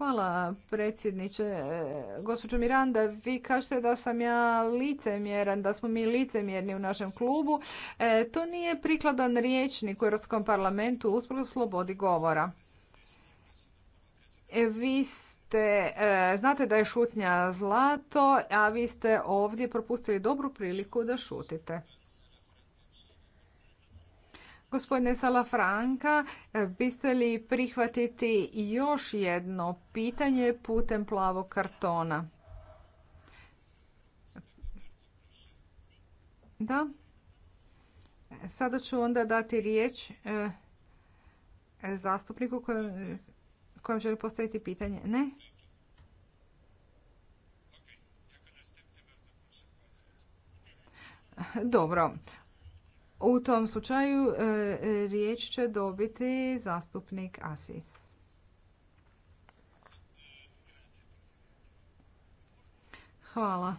Hvala predsjedniče. E, gospođo Miranda, vi kažete da sam ja licemjeran, da smo mi licemjerni u našem klubu. E, to nije prikladan riječnik u Europskom parlamentu uspravo slobodi govora. E, vi ste, znate da je šutnja zlato, a vi ste ovdje propustili dobru priliku da šutite. Gospodine Salafranka, e, biste li prihvatiti još jedno pitanje putem plavog kartona? Da. Sada ću onda dati riječ e, zastupniku kojem, želi postaviti pitanje. Ne? Dobro, u tom slučaju e, riječ će dobiti zastupnik Asis. Hvala.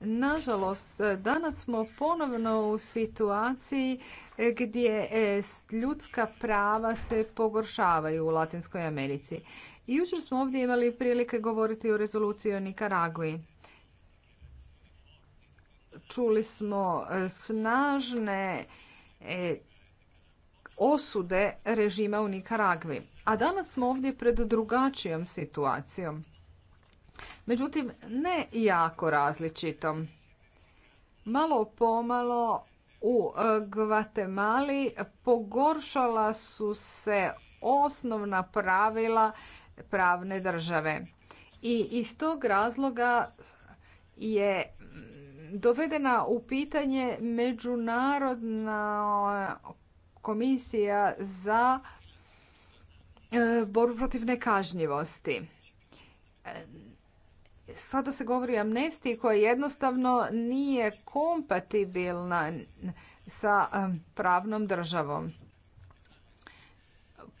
Nažalost, danas smo ponovno u situaciji e, gdje e, ljudska prava se pogoršavaju u Latinskoj Americi. Jučer smo ovdje imali prilike govoriti o rezoluciji o Nikaragui čuli smo e, snažne e, osude režima u Nikaragvi. A danas smo ovdje pred drugačijom situacijom. Međutim, ne jako različitom. Malo pomalo u e, Gvatemali pogoršala su se osnovna pravila pravne države. I iz tog razloga je dovedena u pitanje međunarodna komisija za e, borbu protiv nekažnjivosti. E, sada se govori o amnestiji koja jednostavno nije kompatibilna sa e, pravnom državom.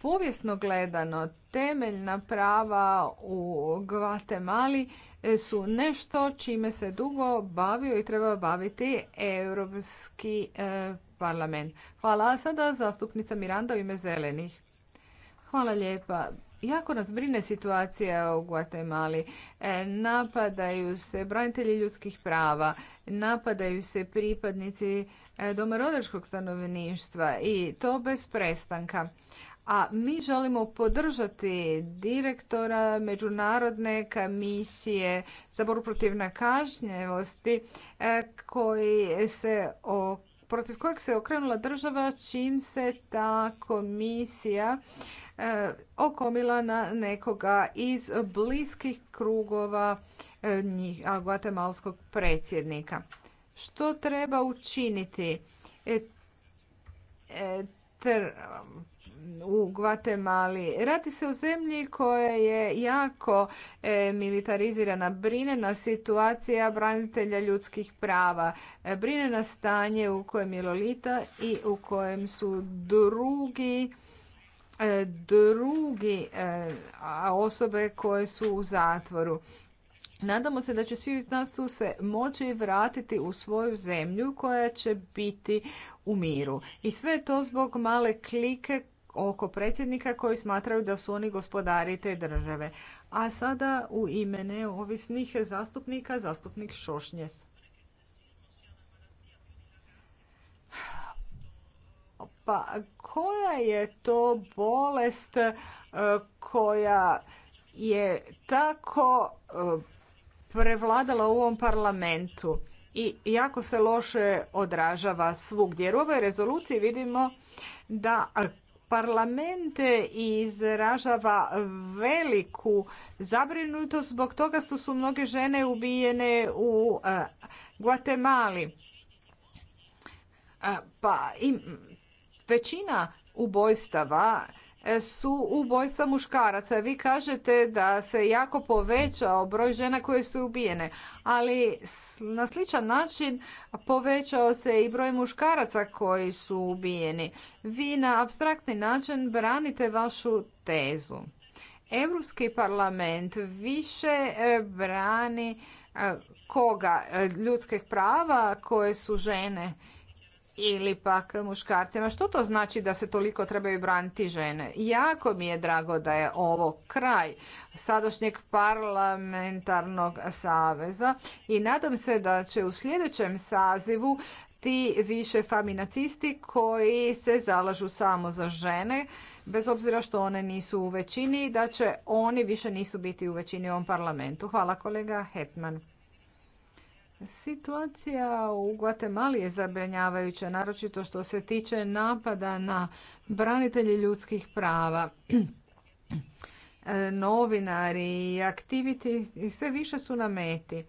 Povijesno gledano, temeljna prava u Guatemala su nešto čime se dugo bavio i treba baviti Europski e, parlament. Hvala a sada zastupnica Miranda u ime zelenih. Hvala lijepa. Jako nas brine situacija u Guatemali. E, napadaju se branitelji ljudskih prava, napadaju se pripadnici e, domorodačkog stanovništva i to bez prestanka a mi želimo podržati direktora Međunarodne komisije za boru protiv nakažnjevosti e, koji se o, protiv kojeg se okrenula država čim se ta komisija e, okomila na nekoga iz bliskih krugova e, njih, guatemalskog predsjednika. Što treba učiniti? E, u Guatemala Radi se o zemlji koja je jako e, militarizirana. Brine nas situacija branitelja ljudskih prava. E, brine nas stanje u kojem je Lolita i u kojem su drugi e, drugi osobe koje su u zatvoru. Nadamo se da će svi iz nas se moći vratiti u svoju zemlju koja će biti u miru. I sve to zbog male klike oko predsjednika koji smatraju da su oni gospodari te države. A sada u ime neovisnih zastupnika zastupnik Šošnjes. Pa koja je to bolest e, koja je tako e, prevladala u ovom parlamentu i jako se loše odražava svugdje. Jer u ovoj rezoluciji vidimo da Parlament izražava veliku zabrinutost zbog toga što su mnoge žene ubijene u e, Guatemali. E, pa većina ubojstava su ubojstva muškaraca. Vi kažete da se jako povećao broj žena koje su ubijene, ali na sličan način povećao se i broj muškaraca koji su ubijeni. Vi na abstraktni način branite vašu tezu. Europski parlament više e, brani e, koga e, ljudskih prava koje su žene ili pak muškarcima. Što to znači da se toliko trebaju braniti žene? Jako mi je drago da je ovo kraj sadašnjeg parlamentarnog saveza i nadam se da će u sljedećem sazivu ti više faminacisti koji se zalažu samo za žene, bez obzira što one nisu u većini, da će oni više nisu biti u većini u ovom parlamentu. Hvala kolega Hetman. Situacija u Guatemala je zabrinjavajuća, naročito što se tiče napada na branitelje ljudskih prava. Novinari i aktiviti i sve više su na meti.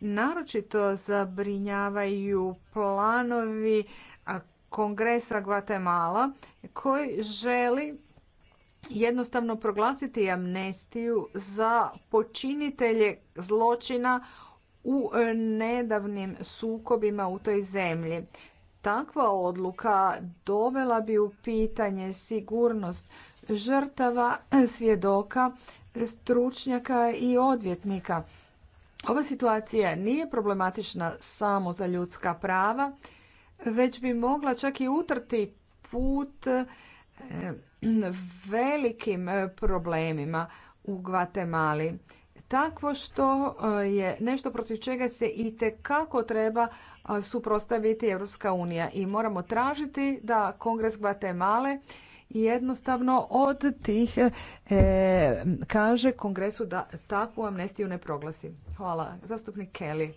Naročito zabrinjavaju planovi kongresa Guatemala koji želi jednostavno proglasiti amnestiju za počinitelje zločina u e, nedavnim sukobima u toj zemlji. Takva odluka dovela bi u pitanje sigurnost žrtava, svjedoka, stručnjaka i odvjetnika. Ova situacija nije problematična samo za ljudska prava, već bi mogla čak i utrti put e, velikim e, problemima u Gvatemali takvo što e, je nešto protiv čega se i kako treba e, suprostaviti Europska unija i moramo tražiti da Kongres Gvatemale jednostavno od tih e, kaže Kongresu da takvu amnestiju ne proglasi. Hvala. Zastupnik Kelly.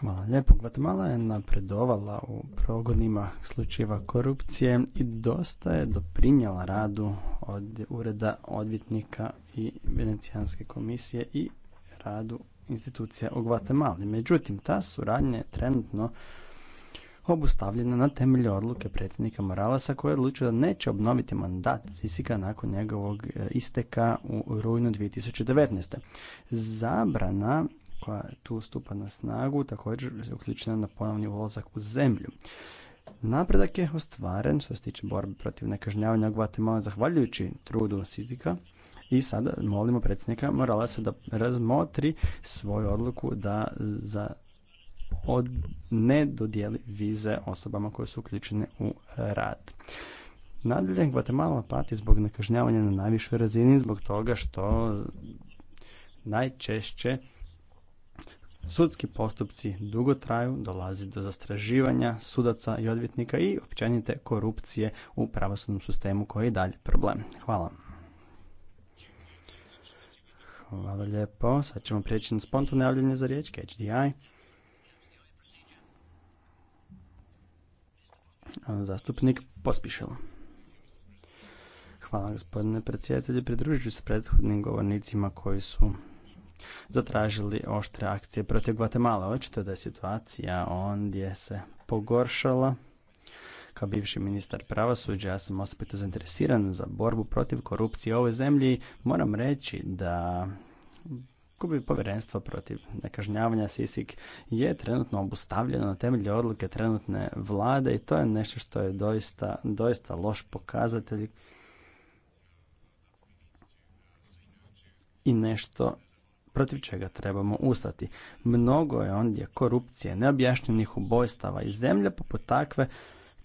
Hvala lijepo. Guatemala je napredovala u progonima slučajeva korupcije i dosta je doprinjala radu od ureda odvjetnika i Venecijanske komisije i radu institucija u Guatemali. Međutim, ta suradnja je trenutno obustavljena na temelju odluke predsjednika Moralasa koji je odlučio da neće obnoviti mandat Sisika nakon njegovog e, isteka u rujnu 2019. Zabrana koja tu stupa na snagu također je uključena na ponovni ulazak u zemlju. Napredak je ostvaren što se tiče borbe protiv nekažnjavanja Guatemala zahvaljujući trudu Sitika i sada molimo predsjednika morala se da razmotri svoju odluku da za od, ne dodijeli vize osobama koje su uključene u rad. Nadalje, Guatemala pati zbog nekažnjavanja na najvišoj razini zbog toga što najčešće Sudski postupci dugo traju, dolazi do zastraživanja sudaca i odvjetnika i općenite korupcije u pravosudnom sistemu koji je dalje problem. Hvala. Hvala lijepo. Sad ćemo prijeći na spontano javljanje za riječ, HDI. Zastupnik pospišilo. Hvala gospodine predsjedatelju. Pridružit ću se prethodnim govornicima koji su zatražili oštre akcije protiv Guatemala. Očito da je situacija ondje se pogoršala. Kao bivši ministar pravosuđa ja sam osobito zainteresiran za borbu protiv korupcije u ovoj zemlji. Moram reći da bi povjerenstvo protiv nekažnjavanja Sisik je trenutno obustavljeno na temelju odluke trenutne vlade i to je nešto što je doista, doista loš pokazatelj i nešto protiv čega trebamo ustati. Mnogo je ondje korupcije, neobjašnjenih ubojstava i zemlja poput takve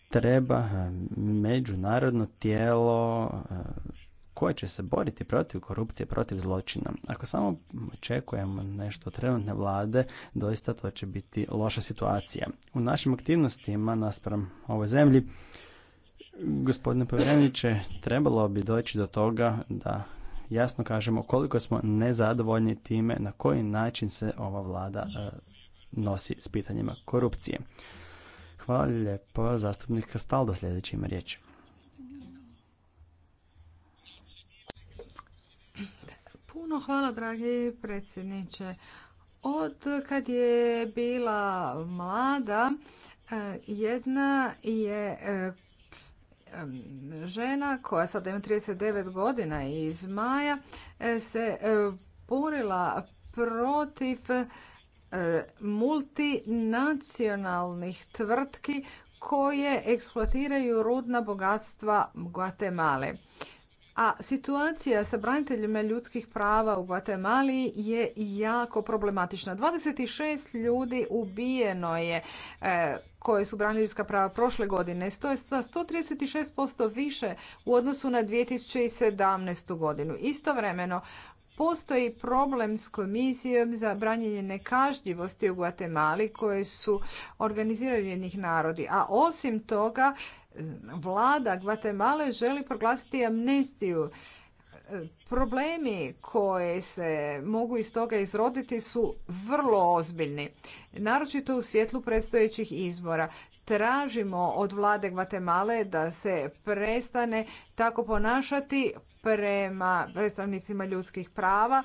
treba eh, međunarodno tijelo eh, koje će se boriti protiv korupcije, protiv zločina. Ako samo očekujemo nešto od trenutne vlade, doista to će biti loša situacija. U našim aktivnostima naspram ovoj zemlji, gospodine povjereniče, trebalo bi doći do toga da jasno kažemo koliko smo nezadovoljni time na koji način se ova vlada e, nosi s pitanjima korupcije. Hvala lijepo, zastupnik Staldo sljedeći ima riječ. Puno hvala, dragi predsjedniče. Od kad je bila mlada, e, jedna je e, žena koja sada ima 39 godina iz Maja e, se e, borila protiv e, multinacionalnih tvrtki koje eksploatiraju rudna bogatstva Guatemale. A situacija sa braniteljima ljudskih prava u Guatemali je jako problematična. 26 ljudi ubijeno je koje su branili prava prošle godine, stoje sa 136% više u odnosu na 2017. godinu. Istovremeno, Postoji problem s komisijom za branjenje nekažljivosti u Guatemali koje su organizirali narodi. A osim toga, vlada Guatemala želi proglasiti amnestiju Problemi koje se mogu iz toga izroditi su vrlo ozbiljni, naročito u svjetlu predstojećih izbora. Tražimo od vlade Gvatemale da se prestane tako ponašati prema predstavnicima ljudskih prava,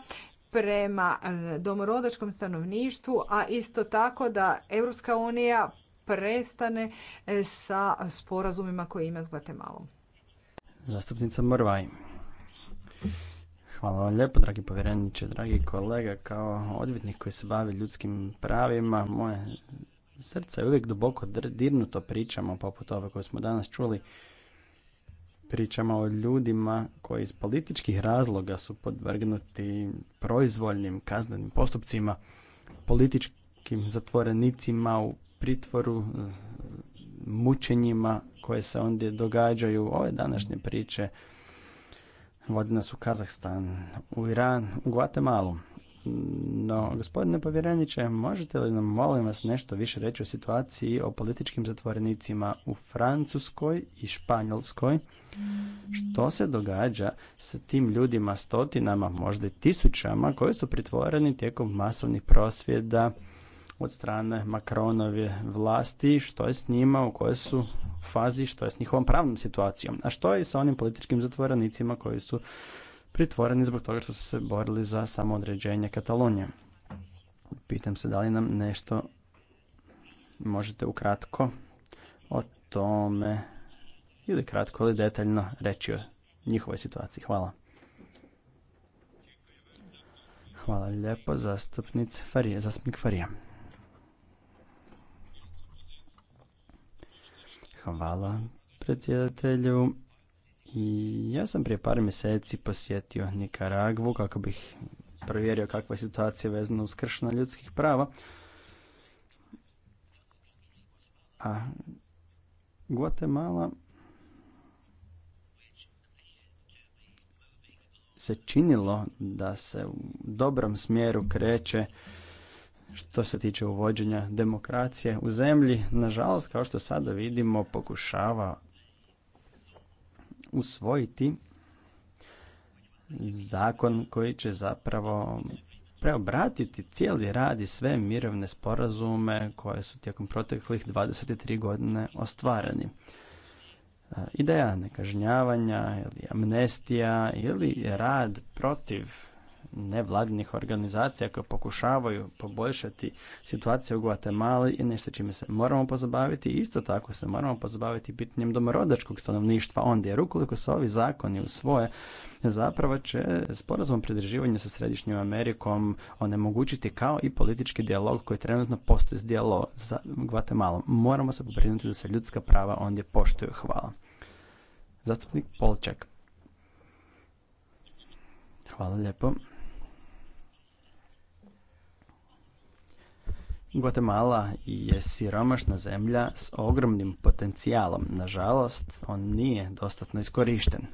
prema e, domorodačkom stanovništvu, a isto tako da Europska unija prestane e, sa sporazumima koje ima s Gvatemalom. Zastupnica Hvala vam lijepo, dragi povjereniče, dragi kolega. Kao odvjetnik koji se bavi ljudskim pravima, moje srce je uvijek duboko dirnuto pričama poput ove koje smo danas čuli. Pričama o ljudima koji iz političkih razloga su podvrgnuti proizvoljnim kaznenim postupcima, političkim zatvorenicima u pritvoru, mučenjima koje se ondje događaju. Ove današnje priče Vodi nas u Kazahstan, u Iran, u Guatemalu. No, gospodine povjereniče, možete li nam, molim vas, nešto više reći o situaciji o političkim zatvorenicima u Francuskoj i Španjolskoj? Što se događa sa tim ljudima, stotinama, možda i tisućama, koji su pritvoreni tijekom masovnih prosvjeda od strane Makronove vlasti, što je s njima, u kojoj su fazi, što je s njihovom pravnom situacijom, a što je i sa onim političkim zatvorenicima koji su pritvoreni zbog toga što su se borili za samoodređenje Katalonije. Pitam se da li nam nešto možete ukratko o tome ili kratko ili detaljno reći o njihovoj situaciji. Hvala. Hvala lijepo, zastupnic zastupnik Farija. Hvala predsjedatelju. Ja sam prije par mjeseci posjetio Nikaragvu kako bih provjerio kakva je situacija vezana uz kršenje ljudskih prava. A Guatemala se činilo da se u dobrom smjeru kreće što se tiče uvođenja demokracije u zemlji, nažalost, kao što sada vidimo, pokušava usvojiti zakon koji će zapravo preobratiti cijeli rad i sve mirovne sporazume koje su tijekom proteklih 23 godine ostvareni. E, ideja nekažnjavanja ili amnestija ili rad protiv nevladinih organizacija koje pokušavaju poboljšati situaciju u Guatemala i nešto čime se moramo pozabaviti. Isto tako se moramo pozabaviti pitanjem domorodačkog stanovništva ondje, jer ukoliko se ovi zakoni usvoje, zapravo će sporazum pridruživanja sa Središnjom Amerikom onemogućiti kao i politički dijalog koji trenutno postoji s dijalog za Guatemalom. Moramo se pobrinuti da se ljudska prava ondje poštuju. Hvala. Zastupnik Polčak. Hvala lijepo. Guatemala je siromašna zemlja s ogromnim potencijalom. Nažalost, on nije dostatno iskorišten.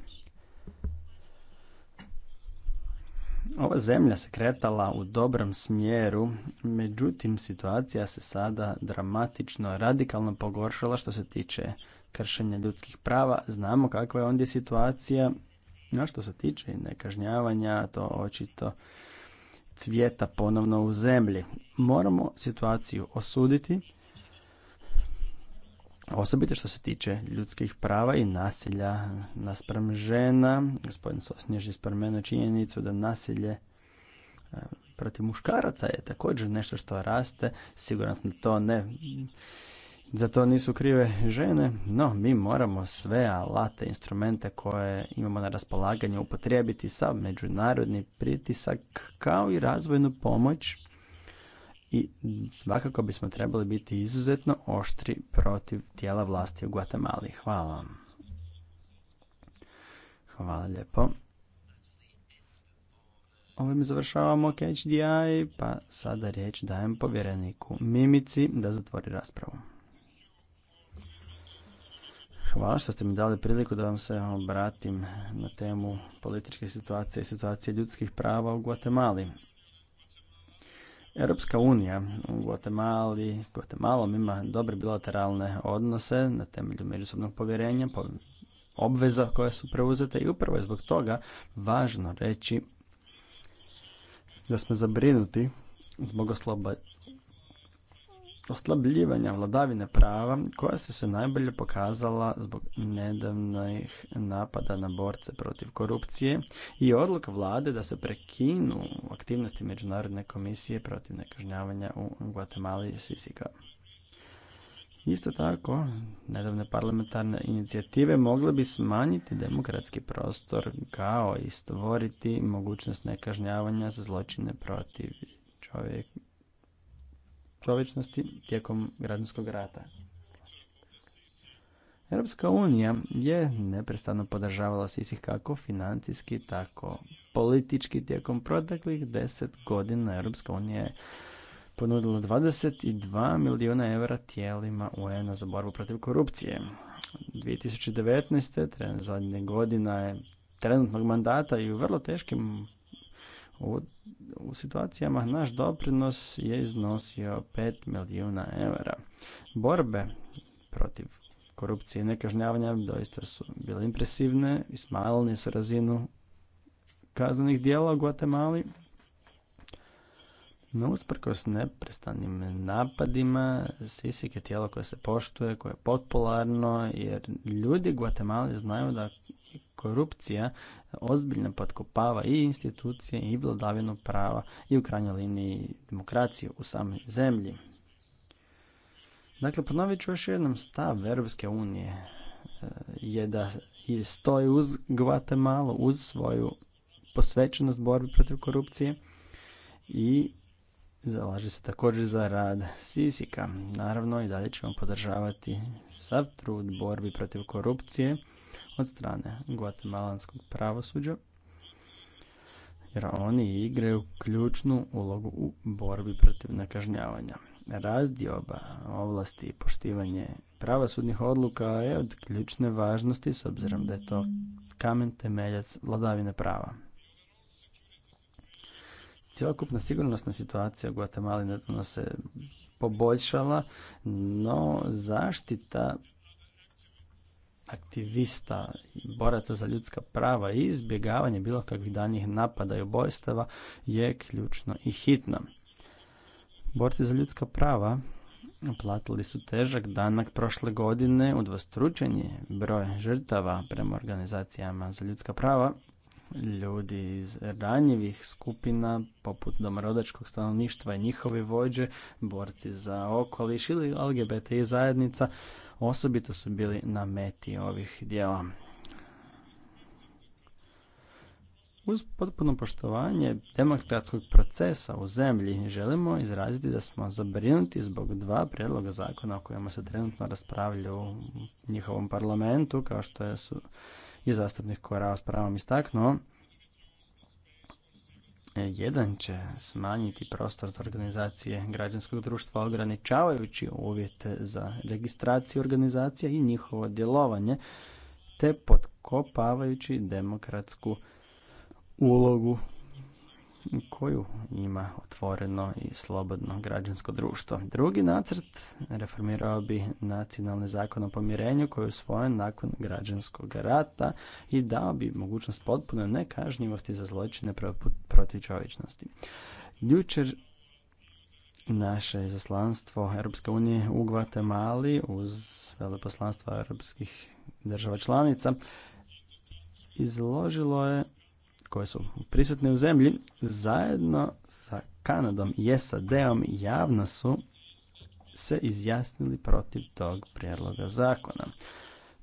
Ova zemlja se kretala u dobrom smjeru, međutim situacija se sada dramatično, radikalno pogoršala što se tiče kršenja ljudskih prava. Znamo kakva je ondje situacija, a što se tiče nekažnjavanja, to očito cvijeta ponovno u zemlji. Moramo situaciju osuditi, osobito što se tiče ljudskih prava i nasilja naspram žena. Gospodin Sosnjež je činjenicu da nasilje e, protiv muškaraca je također nešto što raste. Siguran to ne za to nisu krive žene, no mi moramo sve alate, instrumente koje imamo na raspolaganju upotrijebiti sa međunarodni pritisak kao i razvojnu pomoć i svakako bismo trebali biti izuzetno oštri protiv tijela vlasti u Guatemala. Hvala vam. Hvala lijepo. Ovim završavamo HDI, pa sada riječ dajem povjereniku Mimici da zatvori raspravu. Hvala što ste mi dali priliku da vam se obratim na temu političke situacije i situacije ljudskih prava u Guatemali. Europska unija u Guatemali s Guatemalom ima dobre bilateralne odnose na temelju međusobnog povjerenja, obveza koje su preuzete i upravo je zbog toga važno reći da smo zabrinuti zbog oslabljivanja vladavine prava koja su se najbolje pokazala zbog nedavnih napada na borce protiv korupcije i odluka vlade da se prekinu aktivnosti Međunarodne komisije protiv nekažnjavanja u Guatemala i Sisika. Isto tako, nedavne parlamentarne inicijative mogle bi smanjiti demokratski prostor kao i stvoriti mogućnost nekažnjavanja za zločine protiv čovjeka čovječnosti tijekom građanskog rata. Europska unija je neprestano podržavala Sisih kako financijski, tako politički tijekom proteklih deset godina. Europska unija je ponudila 22 milijuna eura tijelima UN-a za borbu protiv korupcije. 2019. zadnje godina je trenutnog mandata i u vrlo teškim u, situacijama naš doprinos je iznosio 5 milijuna eura. Borbe protiv korupcije i nekažnjavanja doista su bile impresivne i smanjile su razinu kaznenih dijela u Guatemali. No, usprkos neprestanim napadima, Sisik je tijelo koje se poštuje, koje je popularno, jer ljudi Guatemali znaju da korupcija ozbiljno potkopava i institucije i vladavinu prava i u krajnjoj liniji demokraciju u samoj zemlji. Dakle, ponovit ću još jednom stav Europske unije e, je da stoji uz Guatemala, uz svoju posvećenost borbi protiv korupcije i zalaže se također za rad Sisika. Naravno i dalje ćemo podržavati sav trud borbi protiv korupcije od strane guatemalanskog pravosuđa, jer oni igraju ključnu ulogu u borbi protiv nekažnjavanja. Razdioba ovlasti i poštivanje pravosudnih odluka je od ključne važnosti s obzirom da je to kamen temeljac vladavine prava. Cjelokupna sigurnosna situacija u Guatemala se poboljšala, no zaštita aktivista, boraca za ljudska prava i izbjegavanje bilo kakvih danjih napada i obojstava je ključno i hitno. Borci za ljudska prava platili su težak danak prošle godine u dvostručenje broj žrtava prema organizacijama za ljudska prava. Ljudi iz ranjivih skupina, poput domorodačkog stanovništva i njihovi vođe, borci za okoliš ili LGBT zajednica, osobito su bili na meti ovih dijela. Uz potpuno poštovanje demokratskog procesa u zemlji želimo izraziti da smo zabrinuti zbog dva prijedloga zakona o kojima se trenutno raspravlja u njihovom parlamentu, kao što je su i zastupnik koja raspravom istaknuo. Jedan će smanjiti prostor za organizacije građanskog društva ograničavajući uvjete za registraciju organizacija i njihovo djelovanje, te potkopavajući demokratsku ulogu koju ima otvoreno i slobodno građansko društvo. Drugi nacrt reformirao bi nacionalni zakon o pomirenju koji je usvojen nakon građanskog rata i dao bi mogućnost potpune nekažnjivosti za zločine protiv čovječnosti. Jučer naše zaslanstvo Europske unije u Guatemala uz veleposlanstvo europskih država članica izložilo je koje su prisutne u zemlji, zajedno sa Kanadom i SAD-om javno su se izjasnili protiv tog prijedloga zakona.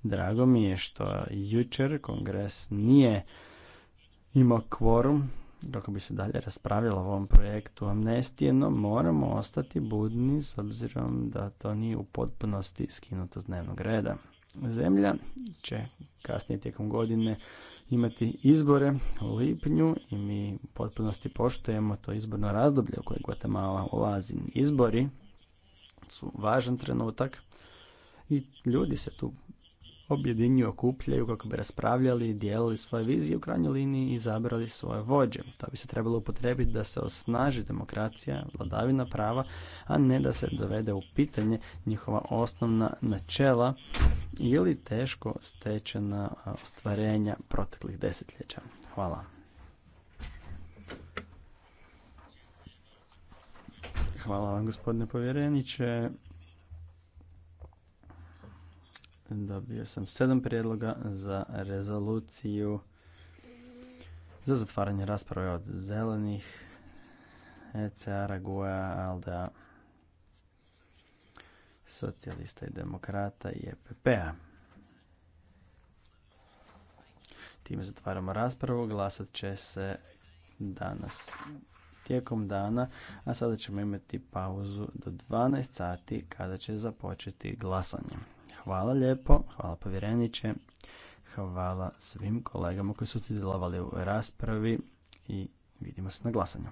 Drago mi je što jučer kongres nije imao kvorum kako bi se dalje raspravljalo o ovom projektu amnestije, no moramo ostati budni s obzirom da to nije u potpunosti skinuto s dnevnog reda. Zemlja će kasnije tijekom godine imati izbore u lipnju i mi u potpunosti poštujemo to izborno razdoblje u koje Guatemala ulazi. Izbori su važan trenutak i ljudi se tu objedinju okupljaju kako bi raspravljali i dijelili svoje vizije u krajnjoj liniji i izabrali svoje vođe. To bi se trebalo upotrebiti da se osnaži demokracija, vladavina prava, a ne da se dovede u pitanje njihova osnovna načela ili teško stečena ostvarenja proteklih desetljeća. Hvala. Hvala vam gospodine povjereniče. Dobio sam sedam prijedloga za rezoluciju za zatvaranje rasprave od zelenih, ECA, Guja, e Alda, socijalista i demokrata i EPP-a. Time zatvaramo raspravu, glasat će se danas tijekom dana, a sada ćemo imati pauzu do 12 sati kada će započeti glasanje. Hvala lijepo, hvala povjereniče, hvala svim kolegama koji su sudjelovali u raspravi i vidimo se na glasanju.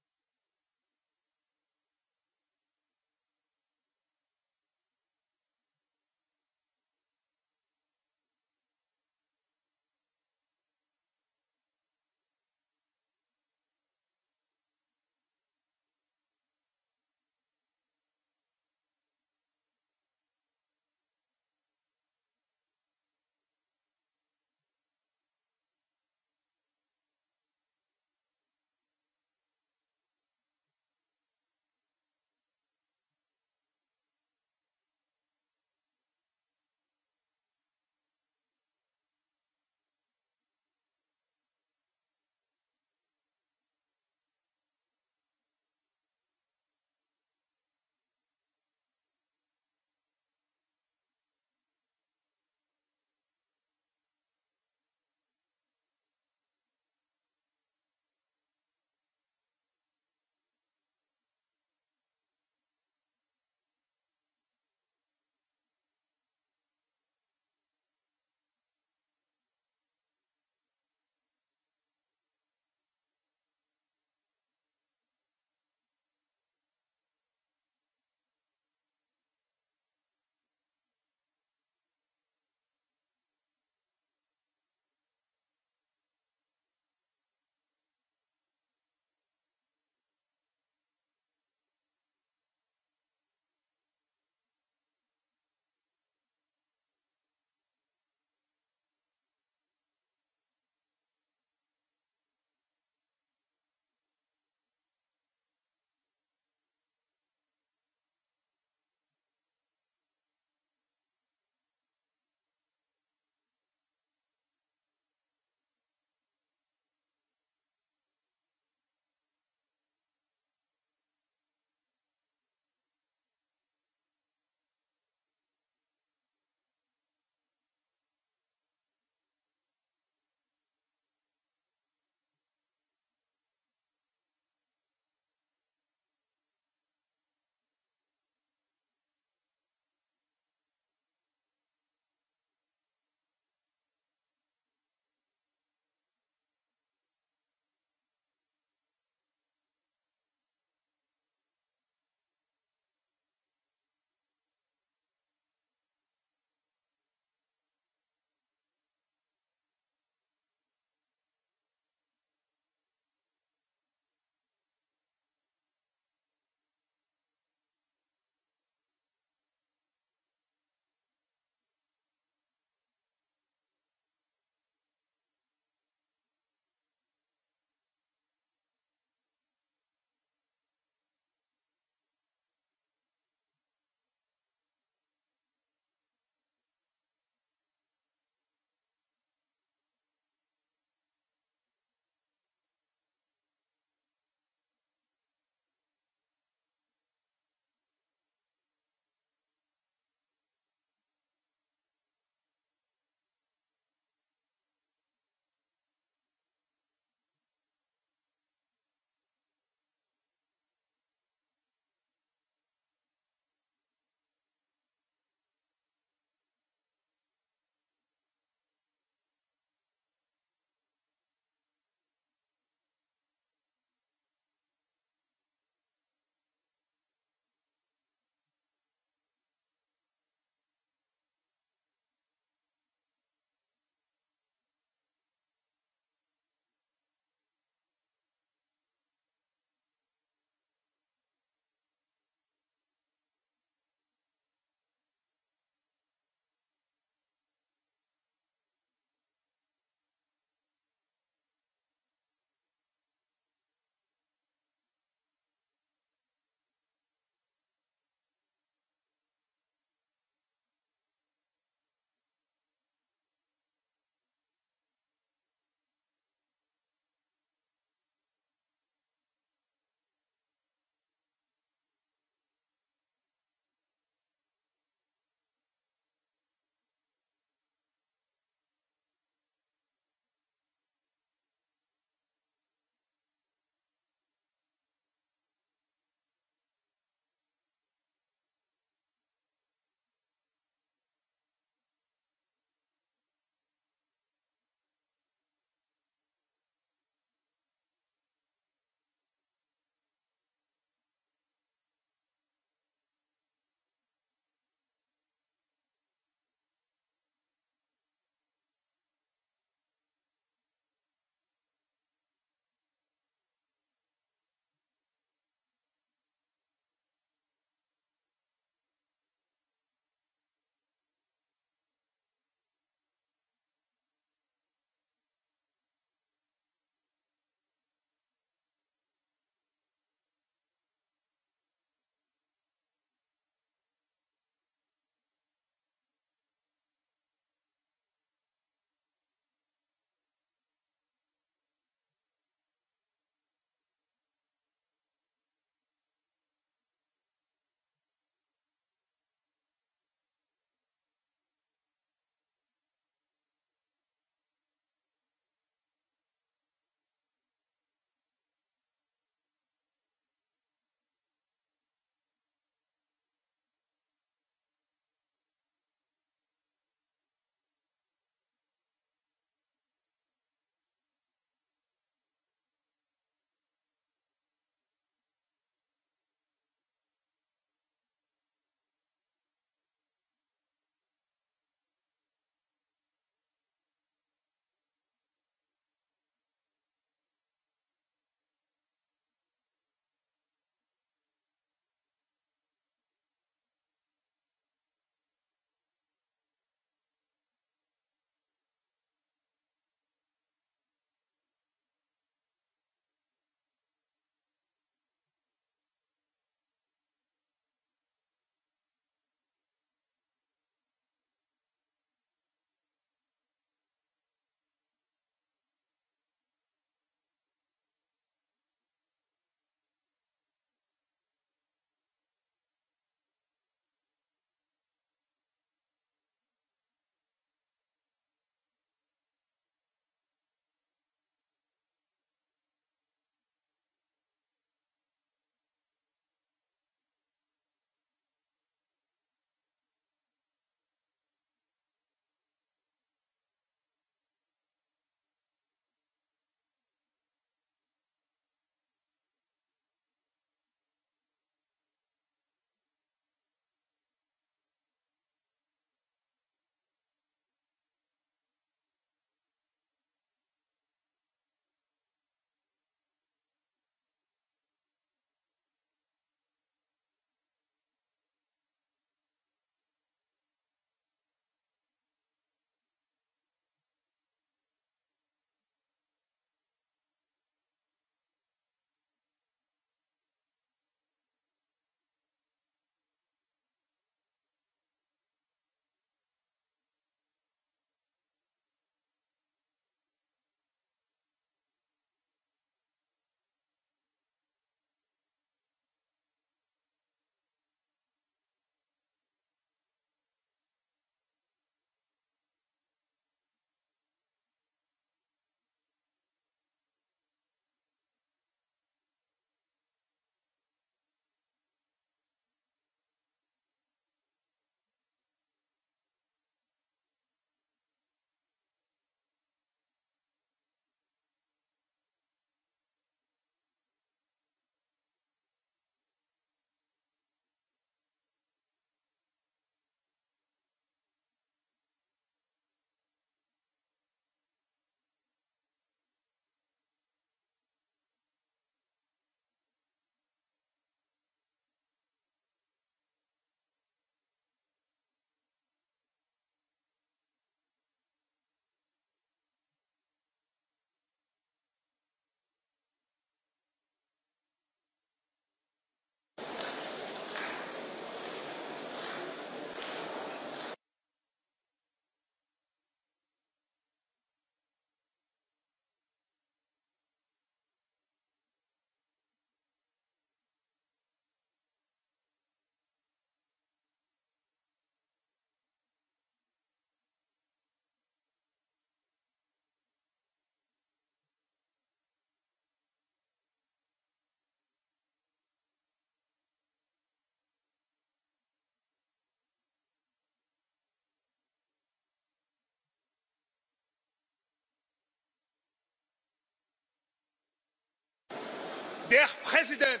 der präsident!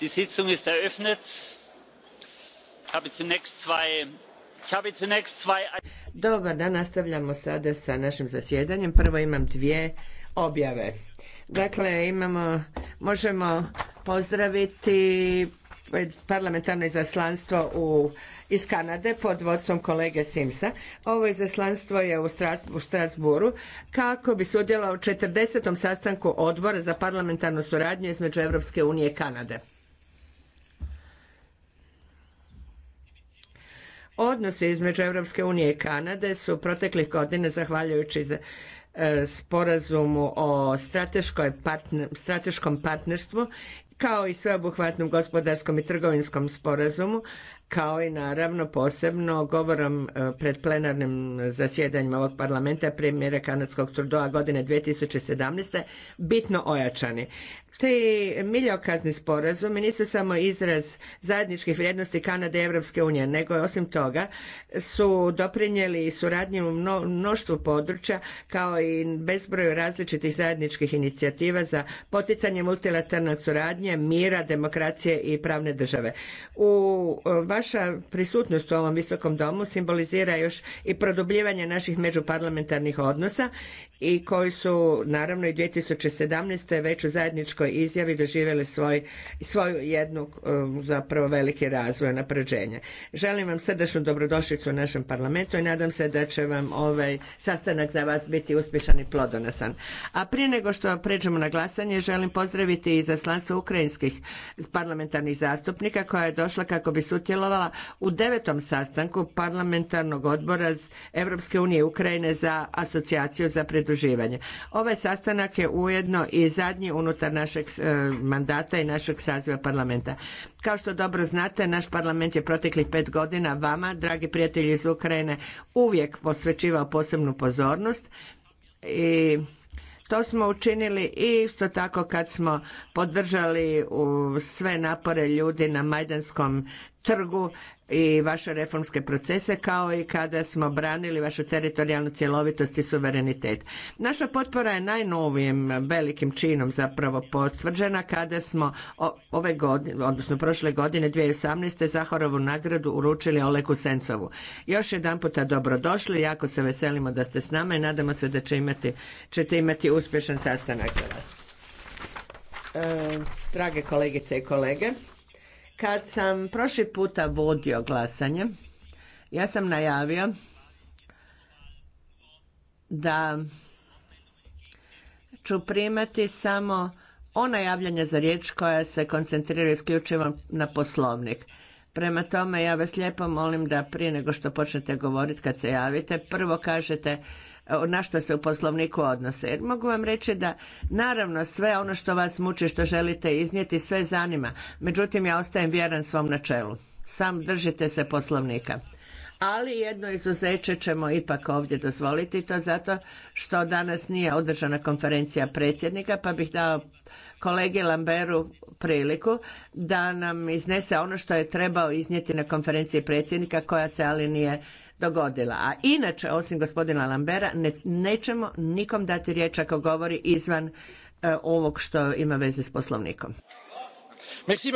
die sitzung ist eröffnet. ich habe zunächst zwei Dobar dan, nastavljamo sada sa našim zasjedanjem. Prvo imam dvije objave. Dakle, imamo, možemo pozdraviti parlamentarno izaslanstvo u, iz Kanade pod vodstvom kolege Simsa. Ovo izaslanstvo je u, u Strasburu kako bi sudjelovao u 40. sastanku odbora za parlamentarnu suradnju između Europske unije i Kanade. Odnose između Europske unije i Kanade su proteklih godina, zahvaljujući e, sporazumu o strateškom partnerstvu, kao i sveobuhvatnom gospodarskom i trgovinskom sporazumu, kao i naravno posebno govorom e, pred plenarnim zasjedanjima ovog parlamenta premijera kanadskog trudoa godine 2017. bitno ojačani. Ti miljokazni sporazumi nisu samo izraz zajedničkih vrijednosti Kanade i Europske unije, nego osim toga su doprinijeli i suradnji u mnoštvu područja kao i bezbroju različitih zajedničkih inicijativa za poticanje multilateralne suradnje, mira, demokracije i pravne države. U vaša prisutnost u ovom visokom domu simbolizira još i produbljivanje naših međuparlamentarnih odnosa i koji su naravno i 2017. već u zajedničkoj izjavi doživjeli svoj, svoju jednu um, zapravo veliki razvoj napređenja. Želim vam srdečnu dobrodošlicu u našem parlamentu i nadam se da će vam ovaj sastanak za vas biti uspješan i plodonosan. A prije nego što pređemo na glasanje, želim pozdraviti i zaslanstvo ukrajinskih parlamentarnih zastupnika koja je došla kako bi sudjelovala u devetom sastanku parlamentarnog odbora Europske unije Ukrajine za asocijaciju za pridruživanje pridruživanje. Ovaj sastanak je ujedno i zadnji unutar našeg e, mandata i našeg saziva parlamenta. Kao što dobro znate, naš parlament je proteklih pet godina vama, dragi prijatelji iz Ukrajine, uvijek posvećivao posebnu pozornost i to smo učinili i isto tako kad smo podržali sve napore ljudi na Majdanskom trgu i vaše reformske procese kao i kada smo branili vašu teritorijalnu cjelovitost i suverenitet. Naša potpora je najnovijim velikim činom zapravo potvrđena kada smo ove godine, odnosno prošle godine 2018. Zahorovu nagradu uručili Oleku Sencovu. Još jedan puta dobrodošli, jako se veselimo da ste s nama i nadamo se da će imati, ćete imati uspješan sastanak za vas. E, drage kolegice i kolege, kad sam prošli puta vodio glasanje, ja sam najavio da ću primati samo ona javljanja za riječ koja se koncentrira isključivo na poslovnik. Prema tome, ja vas lijepo molim da prije nego što počnete govoriti kad se javite, prvo kažete na što se u poslovniku odnose. Jer mogu vam reći da naravno sve ono što vas muči, što želite iznijeti, sve zanima. Međutim, ja ostajem vjeran svom načelu. Sam držite se poslovnika. Ali jedno izuzeće ćemo ipak ovdje dozvoliti to zato što danas nije održana konferencija predsjednika pa bih dao kolegi Lamberu priliku da nam iznese ono što je trebao iznijeti na konferenciji predsjednika koja se ali nije dogodila. A inače, osim gospodina Lambera, ne, nećemo nikom dati riječ ako govori izvan e, ovog što ima veze s poslovnikom. Merci,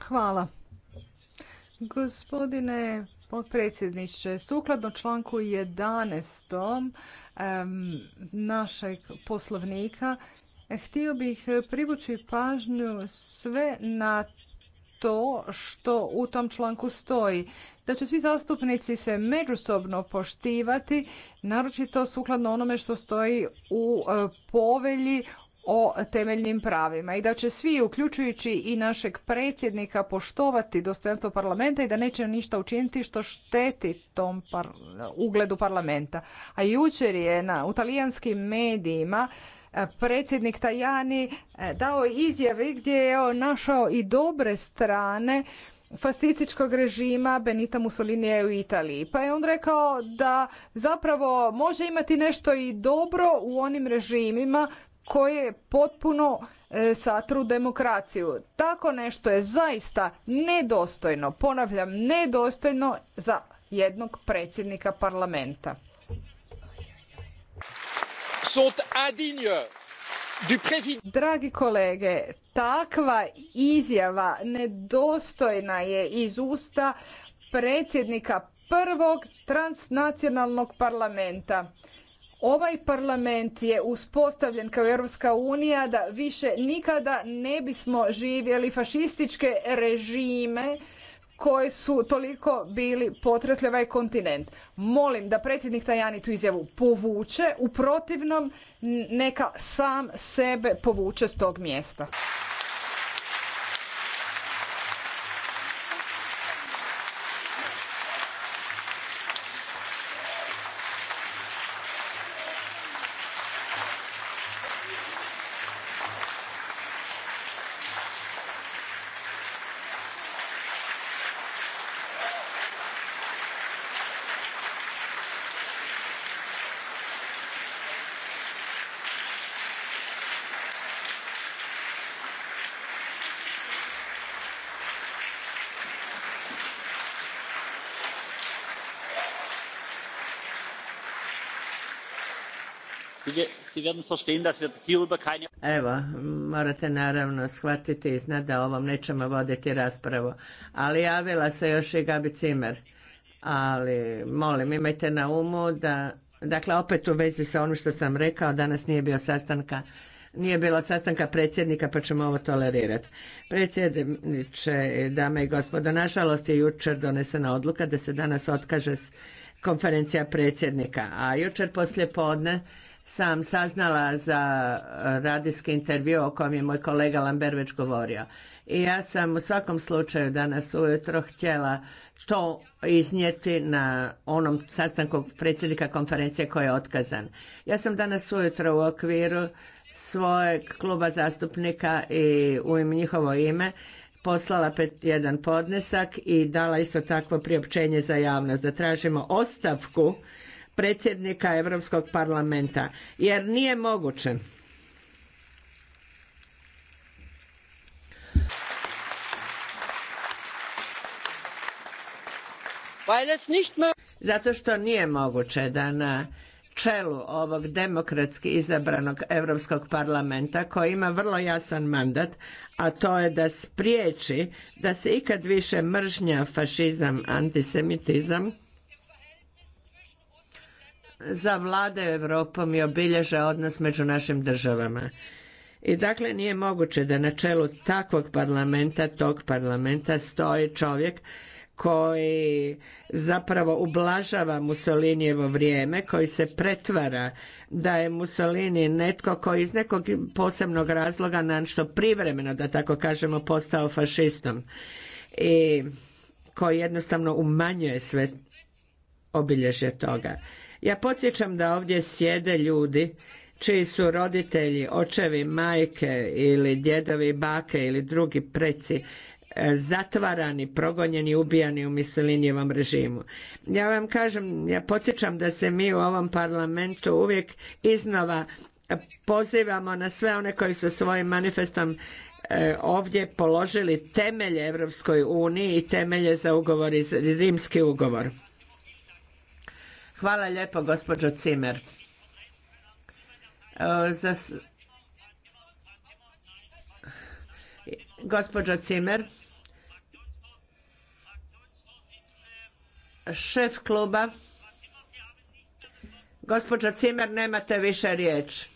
Hvala. Gospodine potpredsjedniče, sukladno članku 11. našeg poslovnika, htio bih privući pažnju sve na to što u tom članku stoji. Da će svi zastupnici se međusobno poštivati, naročito sukladno onome što stoji u e, povelji o temeljnim pravima i da će svi, uključujući i našeg predsjednika, poštovati dostojanstvo parlamenta i da neće ništa učiniti što šteti tom ugledu parlamenta. A jučer je na, u talijanskim medijima predsjednik Tajani e, dao izjave gdje je našao i dobre strane fašističkog režima Benita Mussolinija u Italiji. Pa je on rekao da zapravo može imati nešto i dobro u onim režimima koje potpuno e, satru demokraciju. Tako nešto je zaista nedostojno, ponavljam, nedostojno za jednog predsjednika parlamenta. Dragi kolege, takva izjava nedostojna je iz usta predsjednika prvog transnacionalnog parlamenta. Ovaj parlament je uspostavljen kao Europska unija da više nikada ne bismo živjeli fašističke režime koje su toliko bili potresli ovaj kontinent. Molim da predsjednik Tajani tu izjavu povuče, u protivnom neka sam sebe povuče s tog mjesta. Evo, morate naravno shvatiti i znati da ovom nećemo voditi raspravu. Ali javila se još i Gabi Cimer. Ali molim, imajte na umu da... Dakle, opet u vezi sa onim što sam rekao, danas nije bio sastanka nije bilo sastanka predsjednika pa ćemo ovo tolerirati. Predsjedniče, dame i gospodo, nažalost je jučer donesena odluka da se danas otkaže konferencija predsjednika, a jučer poslije podne sam saznala za e, radijski intervju o kojem je moj kolega Lamber već govorio. I ja sam u svakom slučaju danas ujutro htjela to iznijeti na onom sastanku predsjednika konferencije koji je otkazan. Ja sam danas ujutro u okviru svojeg kluba zastupnika i u njihovo ime poslala jedan podnesak i dala isto takvo priopćenje za javnost da tražimo ostavku predsjednika Europskog parlamenta jer nije moguće zato što nije moguće da na čelu ovog demokratski izabranog Europskog parlamenta koji ima vrlo jasan mandat, a to je da spriječi da se ikad više mržnja, fašizam, antisemitizam za vlade Europom i obilježe odnos među našim državama. I dakle nije moguće da na čelu takvog parlamenta, tog parlamenta stoji čovjek koji zapravo ublažava Mussolinijevo vrijeme, koji se pretvara da je Mussolini netko koji iz nekog posebnog razloga na što privremeno, da tako kažemo, postao fašistom i koji jednostavno umanjuje sve obilježje toga. Ja podsjećam da ovdje sjede ljudi čiji su roditelji, očevi, majke ili djedovi, bake ili drugi preci e, zatvarani, progonjeni, ubijani u mislinijevom režimu. Ja vam kažem, ja podsjećam da se mi u ovom parlamentu uvijek iznova pozivamo na sve one koji su svojim manifestom e, ovdje položili temelje Europskoj uniji i temelje za ugovor, rimski ugovor. Hvala lijepo, gospođo Cimer. E, gospođo Cimer, šef kluba, gospođo Cimer, nemate više riječ.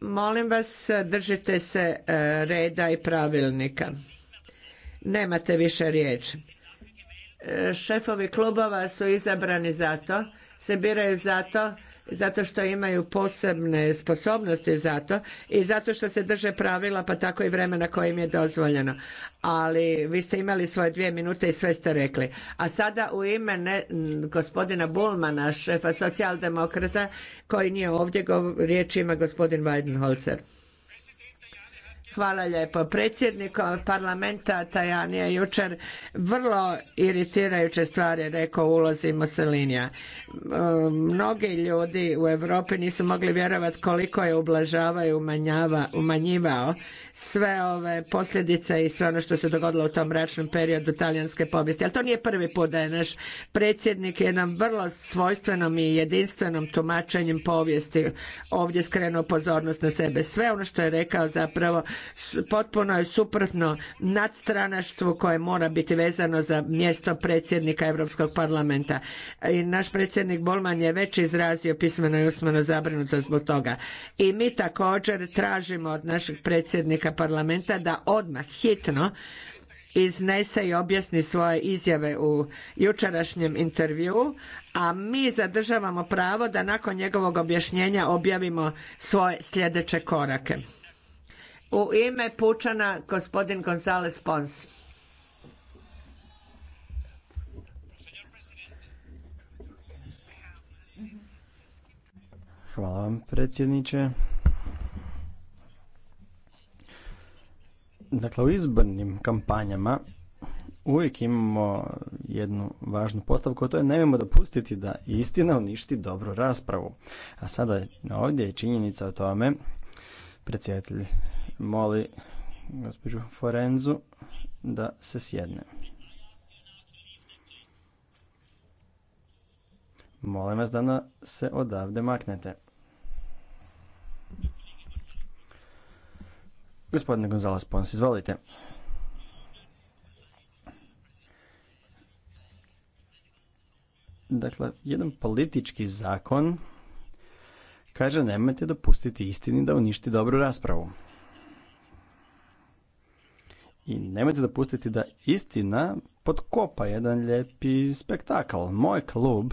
Molim vas, držite se e, reda i pravilnika. Nemate više riječi šefovi klubova su izabrani zato, se biraju zato zato što imaju posebne sposobnosti za to i zato što se drže pravila pa tako i vremena koje im je dozvoljeno. Ali vi ste imali svoje dvije minute i sve ste rekli. A sada u ime gospodina Bulmana, šefa socijaldemokrata koji nije ovdje, riječ ima gospodin Weidenholzer. Hvala lijepo. Predsjednik parlamenta Tajani je jučer vrlo iritirajuće stvari rekao o ulozi Mussolinija. Um, mnogi ljudi u Europi nisu mogli vjerovati koliko je ublažavao i umanjivao sve ove posljedice i sve ono što se dogodilo u tom mračnom periodu talijanske povijesti. Ali to nije prvi put da je naš predsjednik jednom vrlo svojstvenom i jedinstvenom tumačenjem povijesti ovdje skrenuo pozornost na sebe. Sve ono što je rekao zapravo potpuno je suprotno nadstranaštvu koje mora biti vezano za mjesto predsjednika Europskog parlamenta. I naš predsjednik Bolman je već izrazio pismeno i usmeno zabrinutost zbog toga. I mi također tražimo od našeg predsjednika parlamenta da odmah hitno iznese i objasni svoje izjave u jučerašnjem intervjuu, a mi zadržavamo pravo da nakon njegovog objašnjenja objavimo svoje sljedeće korake. U ime Pučana, gospodin Gonzales Pons. Hvala vam, predsjedniče. Dakle, u izbornim kampanjama uvijek imamo jednu važnu postavku, a to je nemojmo dopustiti da istina uništi dobru raspravu. A sada ovdje je činjenica o tome, predsjedatelj moli gospođu Forenzu da se sjedne. Molim vas da se odavde maknete. Gospodine Gonzales Pons, izvolite. Dakle, jedan politički zakon kaže nemojte dopustiti istini da uništi dobru raspravu. I nemojte dopustiti da istina potkopa jedan lijepi spektakl. Moj klub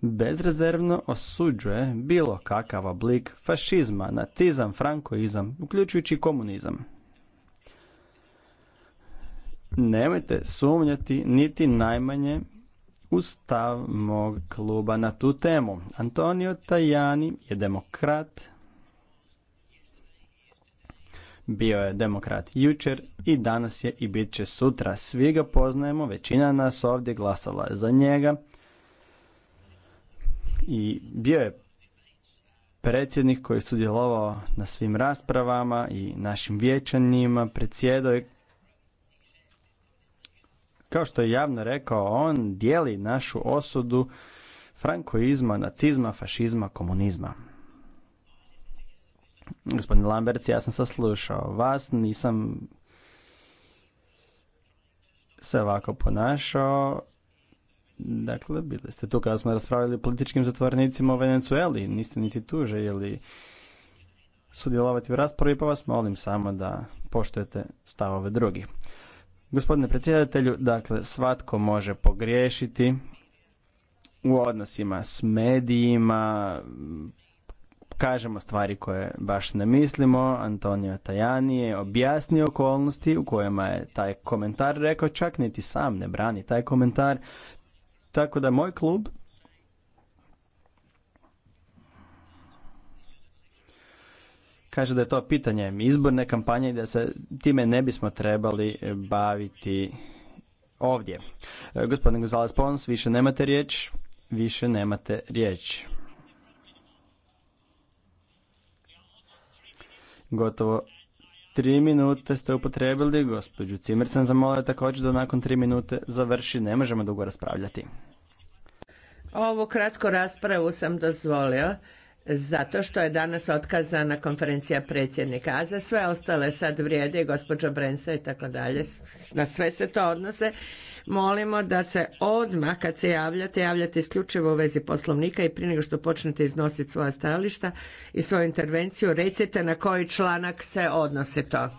bezrezervno osuđuje bilo kakav oblik fašizma, nacizam, frankoizam, uključujući komunizam. Nemojte sumnjati niti najmanje u stav mog kluba na tu temu. Antonio Tajani je demokrat, bio je demokrat jučer i danas je i bit će sutra. Svi ga poznajemo, većina nas ovdje glasala je za njega i bio je predsjednik koji je sudjelovao na svim raspravama i našim vječanjima, predsjedao je kao što je javno rekao, on dijeli našu osudu frankoizma, nacizma, fašizma, komunizma. Gospodin Lamberts, ja sam saslušao vas, nisam se ovako ponašao Dakle, bili ste tu kada smo raspravili o političkim zatvornicima u Venezueli, niste niti tu željeli sudjelovati u raspravi, pa vas molim samo da poštujete stavove drugih. Gospodine predsjedatelju, dakle, svatko može pogriješiti u odnosima s medijima, kažemo stvari koje baš ne mislimo. Antonio Tajani je objasnio okolnosti u kojima je taj komentar rekao, čak niti sam ne brani taj komentar. Tako da moj klub kaže da je to pitanje izborne kampanje i da se time ne bismo trebali baviti ovdje. E, gospodin Gonzalez Pons, više nemate riječ, više nemate riječ. Gotovo tri minute ste upotrebili, gospođu Cimer sam zamolio također da nakon tri minute završi, ne možemo dugo raspravljati. Ovu kratku raspravu sam dozvolio zato što je danas otkazana konferencija predsjednika, a za sve ostale sad i gospođa Brensa i tako dalje, na sve se to odnose. Molimo da se odmah kad se javljate, javljate isključivo u vezi poslovnika i prije nego što počnete iznositi svoja stajališta i svoju intervenciju, recite na koji članak se odnose to.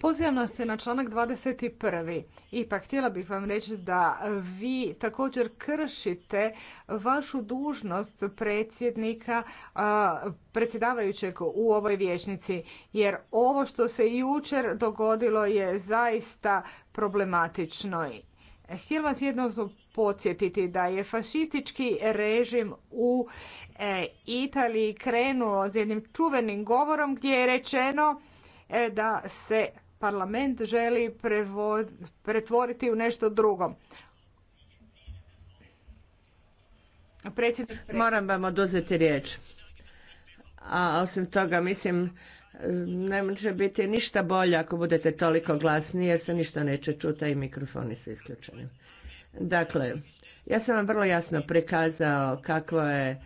Pozivam nas se na članak 21. Ipak htjela bih vam reći da vi također kršite vašu dužnost predsjednika predsjedavajućeg u ovoj vječnici jer ovo što se jučer dogodilo je zaista problematično. Htjela vas jednostavno podsjetiti da je fašistički režim u e, Italiji krenuo s jednim čuvenim govorom gdje je rečeno e, da se parlament želi pretvoriti u nešto drugo. Moram vam oduzeti riječ. A osim toga, mislim, ne može biti ništa bolje ako budete toliko glasni jer se ništa neće čuti i mikrofoni su isključeni. Dakle, ja sam vam vrlo jasno prikazao kakvo je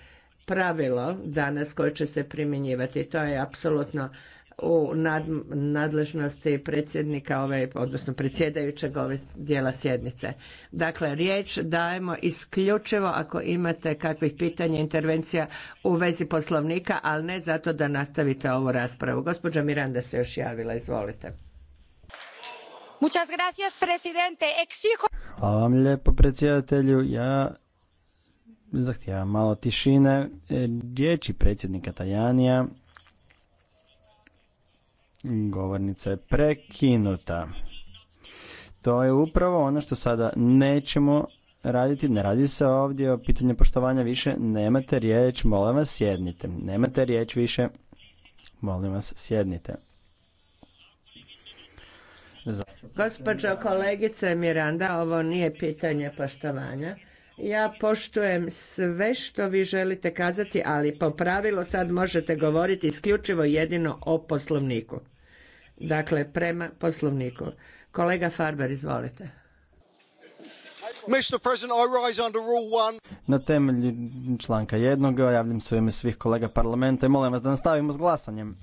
pravilo danas koje će se primjenjivati. To je apsolutno u nadležnosti predsjednika ove, odnosno predsjedajućeg ove dijela sjednice. Dakle, riječ dajemo isključivo ako imate kakvih pitanja, intervencija u vezi poslovnika, ali ne zato da nastavite ovu raspravu. Gospođa Miranda se još javila, izvolite. Muchas Hvala vam lijepo, predsjedatelju. Ja zahtijevam malo tišine. E, riječi predsjednika Tajanija Govornica je prekinuta. To je upravo ono što sada nećemo raditi. Ne radi se ovdje o pitanju poštovanja više. Nemate riječ, molim vas sjednite. Nemate riječ više, molim vas sjednite. Gospođo kolegice Miranda, ovo nije pitanje poštovanja. Ja poštujem sve što vi želite kazati, ali po pravilu sad možete govoriti isključivo jedino o poslovniku. Dakle, prema poslovniku. Kolega Farber, izvolite. Na temelju članka jednog javljam se u ime svih kolega parlamenta i molim vas da nastavimo s glasanjem.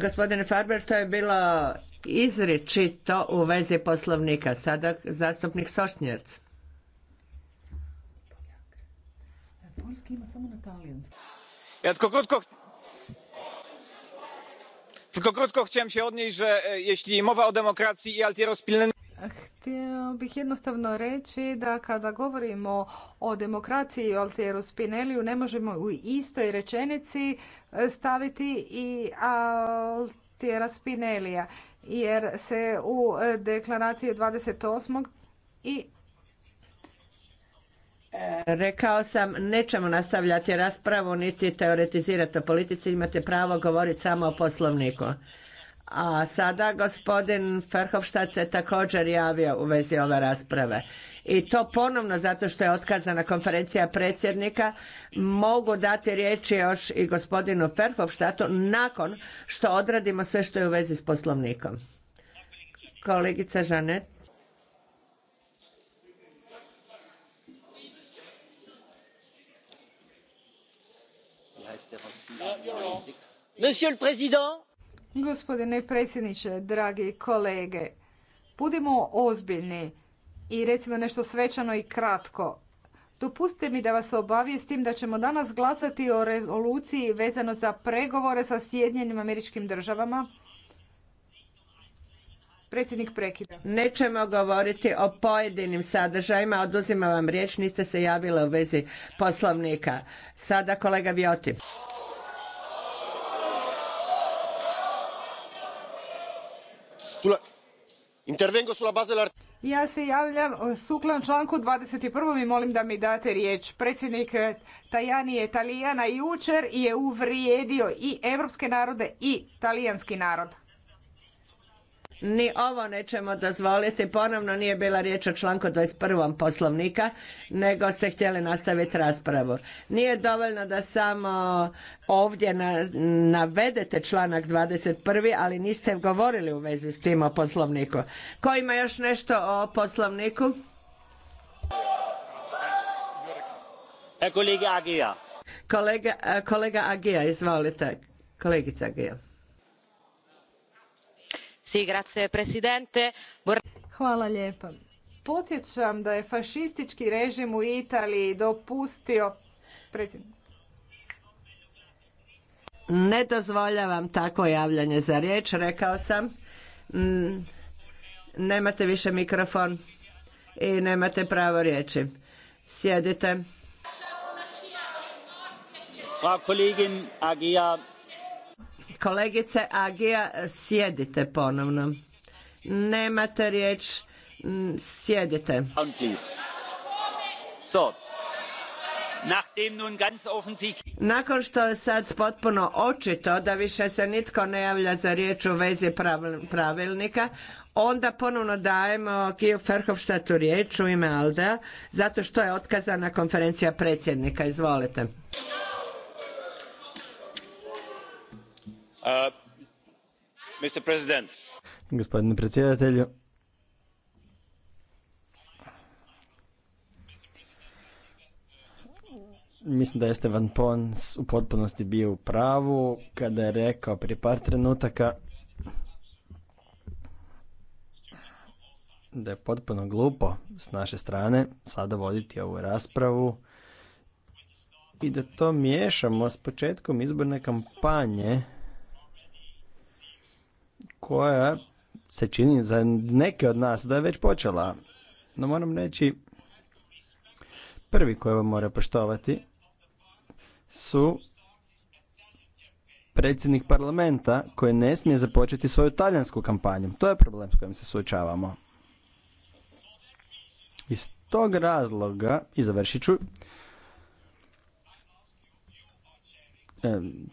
Gospodine Farber, to je bilo izričito u vezi poslovnika. Sada zastupnik Sošnjerc. Poljski ima samo na talijanski. Ja tylko krótko, tylko krótko chciałem się odnieść, że e, jeśli mowa o demokracji i Altiero Spillen... Htio bih jednostavno reći da kada govorimo o demokraciji i Altieru Spinelliju ne možemo u istoj rečenici e, staviti i Altiera Spinellija jer se u deklaraciji 28. i e, Rekao sam, nećemo nastavljati raspravu niti teoretizirati o politici, imate pravo govoriti samo o poslovniku. A sada gospodin Ferhofštad se također javio u vezi ove rasprave. I to ponovno zato što je otkazana konferencija predsjednika. Mogu dati riječi još i gospodinu Ferhofštatu nakon što odradimo sve što je u vezi s poslovnikom. Kolegica Žanet. Monsieur le Président, Gospodine predsjedniče, dragi kolege, budimo ozbiljni i recimo nešto svečano i kratko. Dopustite mi da vas obavijestim da ćemo danas glasati o rezoluciji vezano za pregovore sa Sjedinjenim američkim državama. Predsjednik prekida. Nećemo govoriti o pojedinim sadržajima, oduzimam vam riječ, niste se javili u vezi poslovnika. Sada kolega Vjoti. sulla ja se javljam sukladno članku 21. i molim da mi date riječ. Predsjednik e, Tajani je Italijana i jučer je uvrijedio i evropske narode i talijanski narod ni ovo nećemo dozvoliti. Ponovno nije bila riječ o članku 21. poslovnika, nego ste htjeli nastaviti raspravu. Nije dovoljno da samo ovdje navedete članak 21. ali niste govorili u vezi s tim o poslovniku. Ko ima još nešto o poslovniku? E, kolega Agija. E, kolega, Agija, izvolite. Kolegica Agija. Hvala lijepa. Podsjećam da je fašistički režim u Italiji dopustio ne dozvoljavam takvo javljanje za riječ, rekao sam. Mm, nemate više mikrofon i nemate pravo riječi. Sjedite. Kolegice Agija, sjedite ponovno. Nemate riječ, sjedite. Nakon što je sad potpuno očito da više se nitko ne javlja za riječ u vezi pravilnika, onda ponovno dajemo Kiju Ferhofštatu riječ u ime Aldea, zato što je otkazana konferencija predsjednika. Izvolite. Uh, Mr. President. Gospodine predsjedatelju. Mislim da jeste Van Pons u potpunosti bio u pravu kada je rekao prije par trenutaka da je potpuno glupo s naše strane sada voditi ovu raspravu i da to miješamo s početkom izborne kampanje koja se čini za neke od nas da je već počela. No moram reći, prvi koji vam mora poštovati su predsjednik parlamenta koji ne smije započeti svoju talijansku kampanju. To je problem s kojim se suočavamo. Iz tog razloga, i završit ću,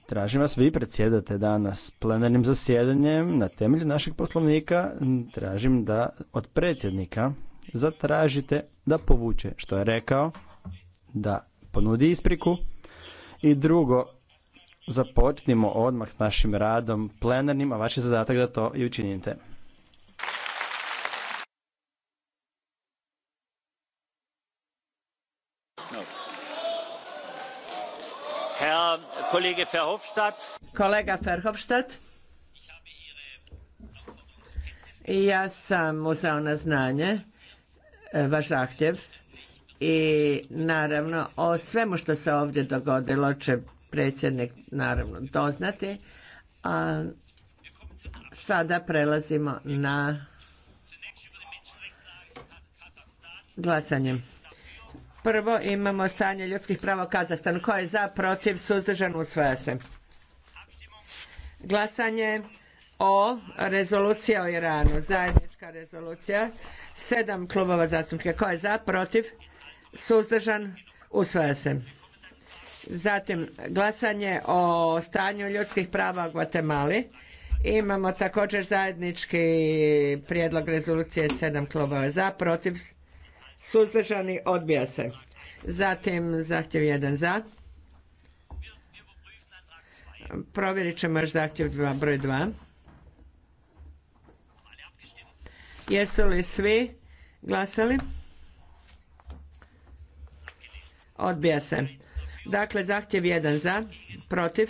Tražim vas, vi predsjedate danas plenarnim zasjedanjem na temelju našeg poslovnika. Tražim da od predsjednika zatražite da povuče što je rekao, da ponudi ispriku i drugo, započnimo odmah s našim radom plenarnim, a vaš je zadatak da to i učinite. Kolega Verhofstadt. Ja sam uzeo na znanje e, vaš zahtjev i naravno o svemu što se ovdje dogodilo će predsjednik naravno doznati. A sada prelazimo na glasanje. Prvo imamo stanje ljudskih prava u Kazahstanu. Ko je za, protiv, suzdržan, usvaja se. Glasanje o rezoluciji o Iranu. Zajednička rezolucija. Sedam klubova zastupnika. Ko je za, protiv, suzdržan, usvaja se. Zatim glasanje o stanju ljudskih prava u Gvatemali. Imamo također zajednički prijedlog rezolucije sedam klubova za, protiv, Suzdržani odbija se. Zatim zahtjev 1 za. Provjerit ćemo još zahtjev 2, broj 2. Jesu li svi glasali? Odbija se. Dakle, zahtjev 1 za, protiv,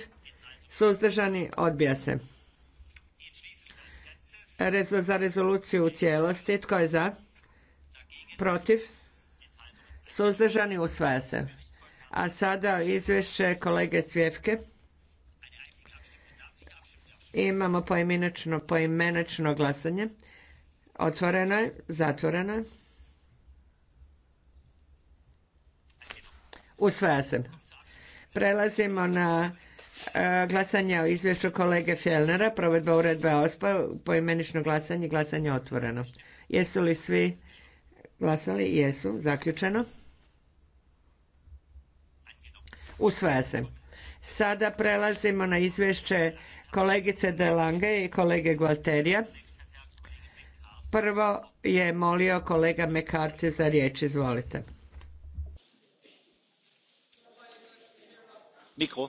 suzdržani, odbija se. za rezoluciju u cijelosti. Tko je za? protiv, suzdržani, usvaja se. A sada izvješće kolege Cvjevke. Imamo poimenično, poimenačno glasanje. Otvoreno je, zatvoreno je. Usvaja se. Prelazimo na e, glasanje o izvješću kolege Fjellnera, provedba uredbe OSPA, poimenično glasanje, glasanje otvoreno. Jesu li svi Glasali jesu. Zaključeno. Usvaja se. Sada prelazimo na izvješće kolegice Delange i kolege Gualterija. Prvo je molio kolega Mekarte za riječ. Izvolite. Mikro.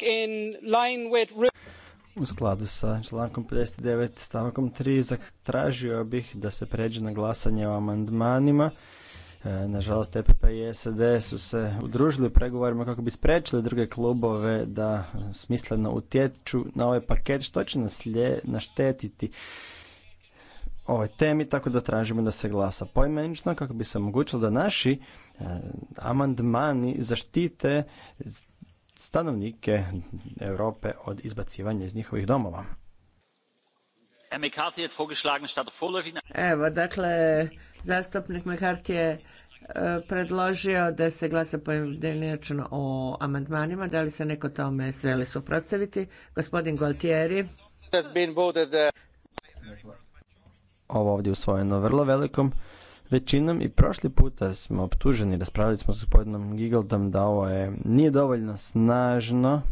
in line with u skladu sa člankom 59 stavkom 3 tražio bih da se pređe na glasanje o amandmanima. E, nažalost, EPP i SED su se udružili u pregovorima kako bi sprečili druge klubove da smisleno utječu na ovaj paket što će nas naštetiti ovoj temi, tako da tražimo da se glasa pojmenično kako bi se omogućilo da naši e, amandmani zaštite stanovnike Europe od izbacivanja iz njihovih domova. Evo, dakle, zastupnik McCarthy je e, predložio da se glasa pojedinačno o amandmanima. Da li se neko tome želi suprotstaviti? Gospodin Gualtieri. Uh, Ovo ovdje usvojeno vrlo velikom većinom i prošli puta smo optuženi, raspravili smo s gospodinom Gigaldom da ovo je, nije dovoljno snažno.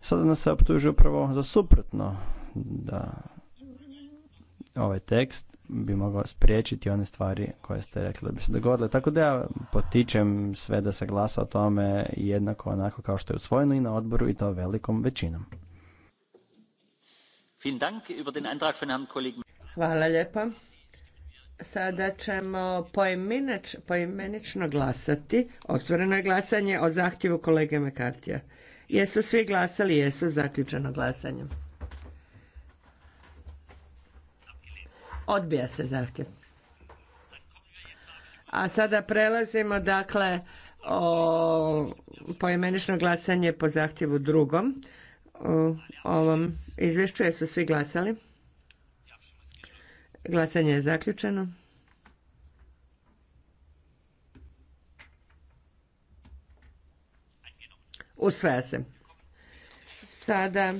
Sada nas se optužuje upravo za suprotno, da ovaj tekst bi mogao spriječiti one stvari koje ste rekli da bi se dogodile. Tako da ja potičem sve da se glasa o tome jednako onako kao što je usvojeno i na odboru i to velikom većinom. Hvala lijepa. Sada ćemo poimenič, poimenično glasati. Otvoreno je glasanje o zahtjevu kolege Mekartija. Jesu svi glasali? Jesu zaključeno glasanje. Odbija se zahtjev. A sada prelazimo dakle o poimenično glasanje po zahtjevu drugom. O ovom izvješću jesu svi glasali? Glasanje je zaključeno. Usvaja se. Sada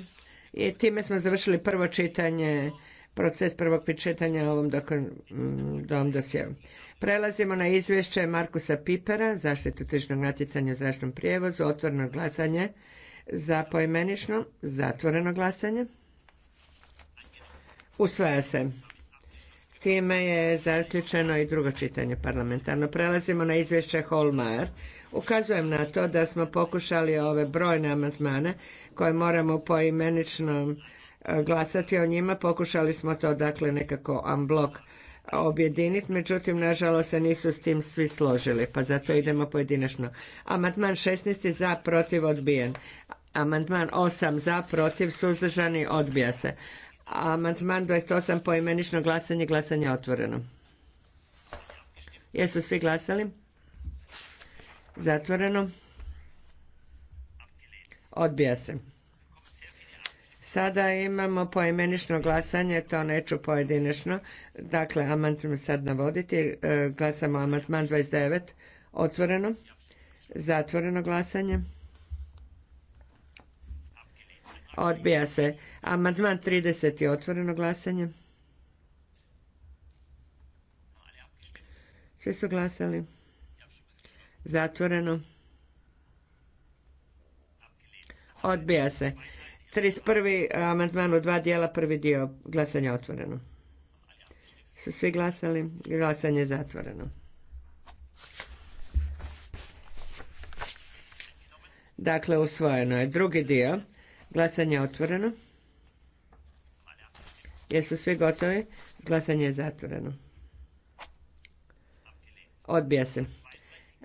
i time smo završili prvo čitanje, proces prvog čitanja ovom mm, dom dosjevu. Prelazimo na izvješće Markusa Pipera, zaštitu tržišnog natjecanja u zračnom prijevozu, otvoreno glasanje za poimenično, zatvoreno glasanje. Usvaja se. Time je zaključeno i drugo čitanje parlamentarno. Prelazimo na izvješće Holmajer. Ukazujem na to da smo pokušali ove brojne amandmane koje moramo poimenično e, glasati o njima. Pokušali smo to dakle nekako amblok objediniti, međutim nažalost se nisu s tim svi složili, pa zato idemo pojedinačno. Amandman 16. za, protiv, odbijen. Amandman 8. za, protiv, suzdržani, odbija se. Amandman 28 poimenično glasanje, glasanje otvoreno. Jesu svi glasali? Zatvoreno. Odbija se. Sada imamo poimenično glasanje, to neću pojedinačno. Dakle, amandman sad navoditi. E, glasamo amandman 29. Otvoreno. Zatvoreno glasanje. Odbija se. Amandman 30 je otvoreno glasanje. Svi su glasali. Zatvoreno. Odbija se. 31. amandman u dva dijela, prvi dio glasanja otvoreno. Su svi glasali? Glasanje zatvoreno. Dakle, usvojeno je drugi dio Glasanje je otvoreno. Jesu svi gotovi? Glasanje je zatvoreno. Odbija se.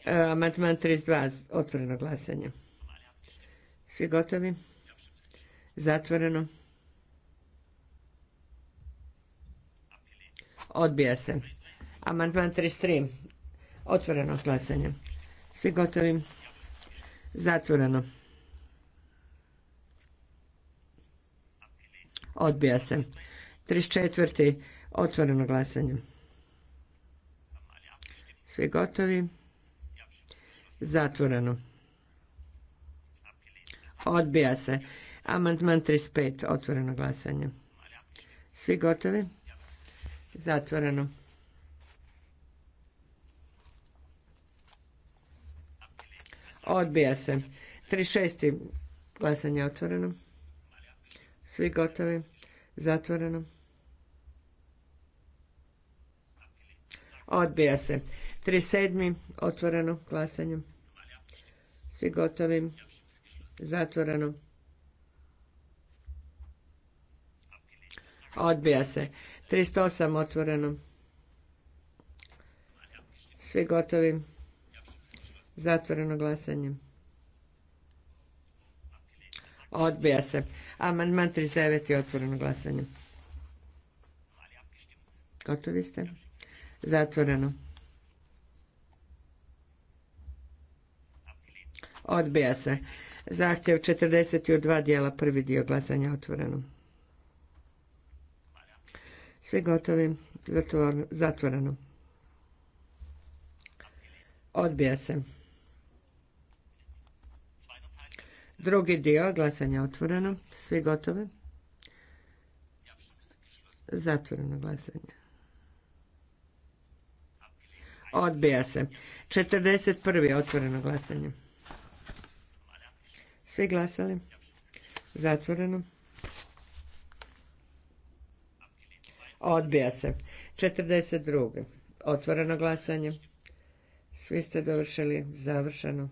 E, amandman 32. Otvoreno glasanje. Svi gotovi? Zatvoreno. Odbija se. Amandman 33. Otvoreno glasanje. Svi gotovi? Zatvoreno. Odbija se. 34. Otvoreno glasanje. Svi gotovi? Zatvoreno. Odbija se. Amandman 35. Otvoreno glasanje. Svi gotovi? Zatvoreno. Odbija se. 36. Glasanje otvoreno. Svi gotovi. Zatvoreno. Odbija se. 37. Otvoreno glasanje. Svi gotovi. Zatvoreno. Odbija se. 308. Otvoreno. Svi gotovi. Zatvoreno glasanje. Odbija se. Amandman 39. je otvoreno glasanje. Gotovi ste? Zatvoreno. Odbija se. Zahtjev 40 dva dijela, prvi dio glasanja otvoreno. Svi gotovi, zatvoreno. Odbija se. Drugi dio, glasanje otvoreno. Svi gotovi? Zatvoreno glasanje. Odbija se. 41. otvoreno glasanje. Svi glasali? Zatvoreno. Odbija se. 42. Otvoreno glasanje. Svi ste dovršili. Završeno.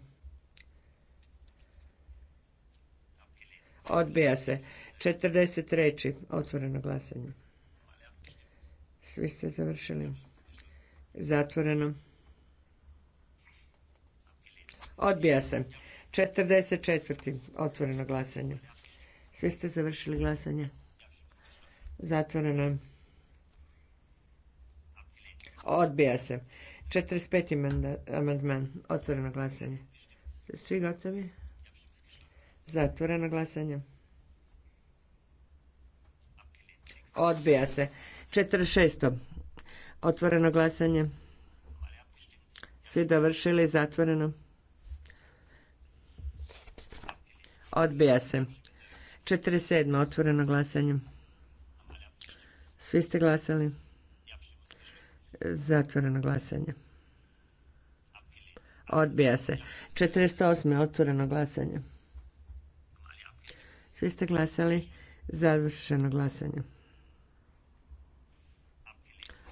Odbija se. 43. Otvoreno glasanje. Svi ste završili. Zatvoreno. Odbija se. 44. Otvoreno glasanje. Svi ste završili glasanje. Zatvoreno. Odbija se. 45. amandman. Otvoreno glasanje. Svi gotovi? Zatvoreno glasanje. Odbija se. 46. Otvoreno glasanje. Svi dovršili. Zatvoreno. Odbija se. 47. Otvoreno glasanje. Svi ste glasali. Zatvoreno glasanje. Odbija se. 48. Otvoreno glasanje. Svi ste glasali. Završeno glasanje.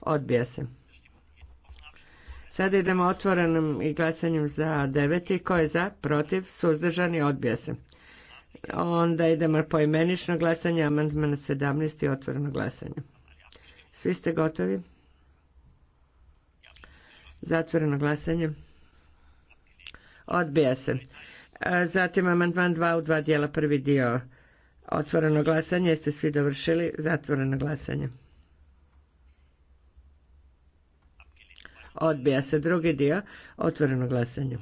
Odbija se. Sada idemo otvorenom i glasanjem za deveti. Ko je za? Protiv? Suzdržani? Odbija se. Onda idemo imenično glasanje, amandman 17 i otvoreno glasanje. Svi ste gotovi? Zatvoreno glasanje. Odbija se. E, zatim amandman 2 u dva dijela, prvi dio Otvoreno glasanje, jeste svi dovršili? Zatvoreno glasanje. Odbija se drugi dio, otvoreno glasanje.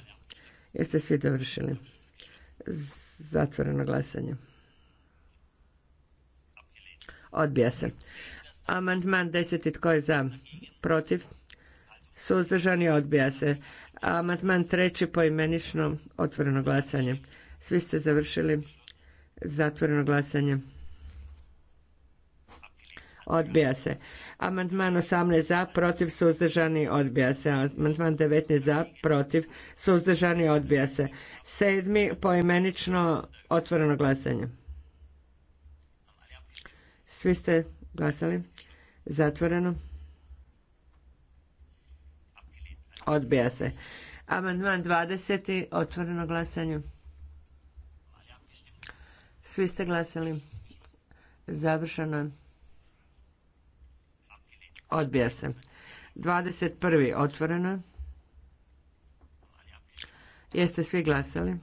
Jeste svi dovršili? Zatvoreno glasanje. Odbija se. Amandman 10. Tko je za? Protiv? Suzdržani odbija se. Amandman treći poimenično otvoreno glasanje. Svi ste završili Zatvoreno glasanje. Odbija se. Amandman 18 za, protiv, suzdržani, odbija se. Amandman 19 za, protiv, suzdržani, odbija se. Sedmi, poimenično, otvoreno glasanje. Svi ste glasali? Zatvoreno. Odbija se. Amandman 20. Otvoreno glasanje. Svi ste glasali. Završeno je. Odbija se. 21. otvoreno Jeste svi glasali?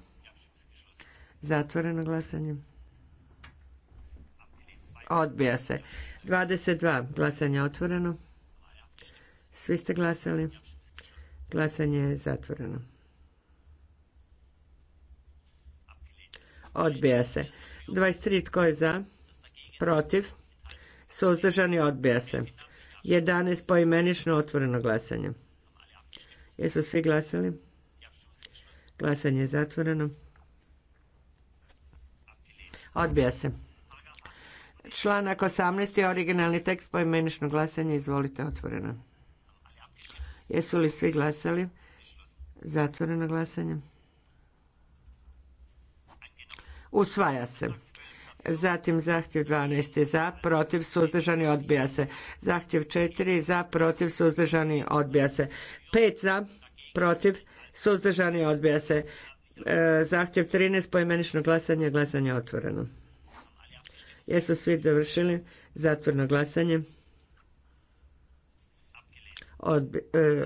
Zatvoreno glasanje. Odbija se. 22. Glasanje otvoreno. Svi ste glasali. Glasanje je zatvoreno. Odbija se. 23 tko je za? Protiv? Suzdržani odbija se. 11 poimenično otvoreno glasanje. Jesu svi glasali? Glasanje je zatvoreno. Odbija se. Članak 18. je originalni tekst poimenično glasanje. Izvolite otvoreno. Jesu li svi glasali? Zatvoreno glasanje. Usvaja se. Zatim zahtjev 12. za, protiv, suzdržani, odbija se. Zahtjev 4. za, protiv, suzdržani, odbija se. 5 za, protiv, suzdržani, odbija se. E, zahtjev 13. poimenično glasanje, glasanje otvoreno. Jesu svi dovršili zatvorno glasanje? E,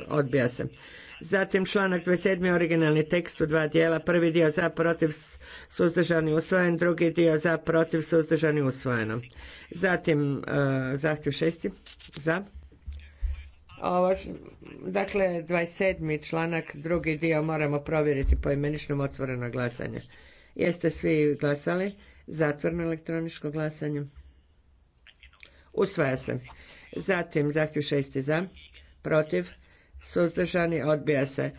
odbija se. Zatim članak 27. originalni tekst u dva dijela. Prvi dio za protiv suzdržani usvojen, drugi dio za protiv suzdržani usvojeno. Zatim e, zahtjev šesti za. Ovo, dakle, 27. članak, drugi dio moramo provjeriti po imeničnom otvoreno glasanje. Jeste svi glasali? Zatvorno elektroničko glasanje. Usvaja se. Zatim, zahtjev šesti za, protiv, suzdržani, odbija se.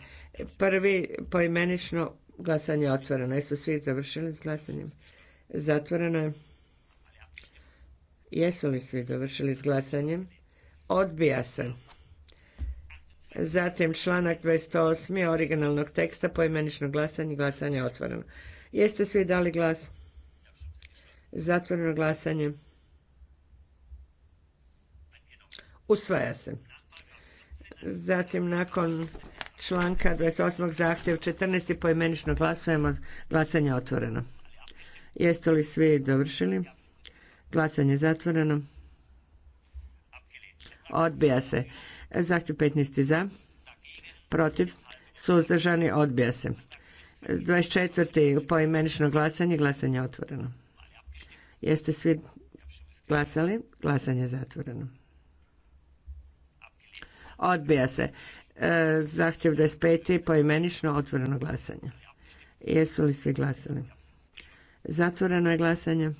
Prvi poimenično glasanje otvoreno. Jesu svi završili s glasanjem? Zatvoreno je. Jesu li svi završili s glasanjem? Odbija se. Zatim članak 208. originalnog teksta poimenično glasanje, glasanje je otvoreno. Jeste svi dali glas? Zatvoreno glasanje. Usvaja se. Zatim nakon članka 28. zahtjev 14. poimenično glasujemo. Glasanje otvoreno. Jeste li svi dovršili? Glasanje zatvoreno. Odbija se. Zahtjev 15. za. Protiv. Suzdržani. Odbija se. 24. poimenično glasanje. Glasanje otvoreno. Jeste svi glasali? Glasanje zatvoreno. Odbija se. E, zahtjev 25. poimenično otvoreno glasanje. Jesu li svi glasali? Zatvoreno je glasanje.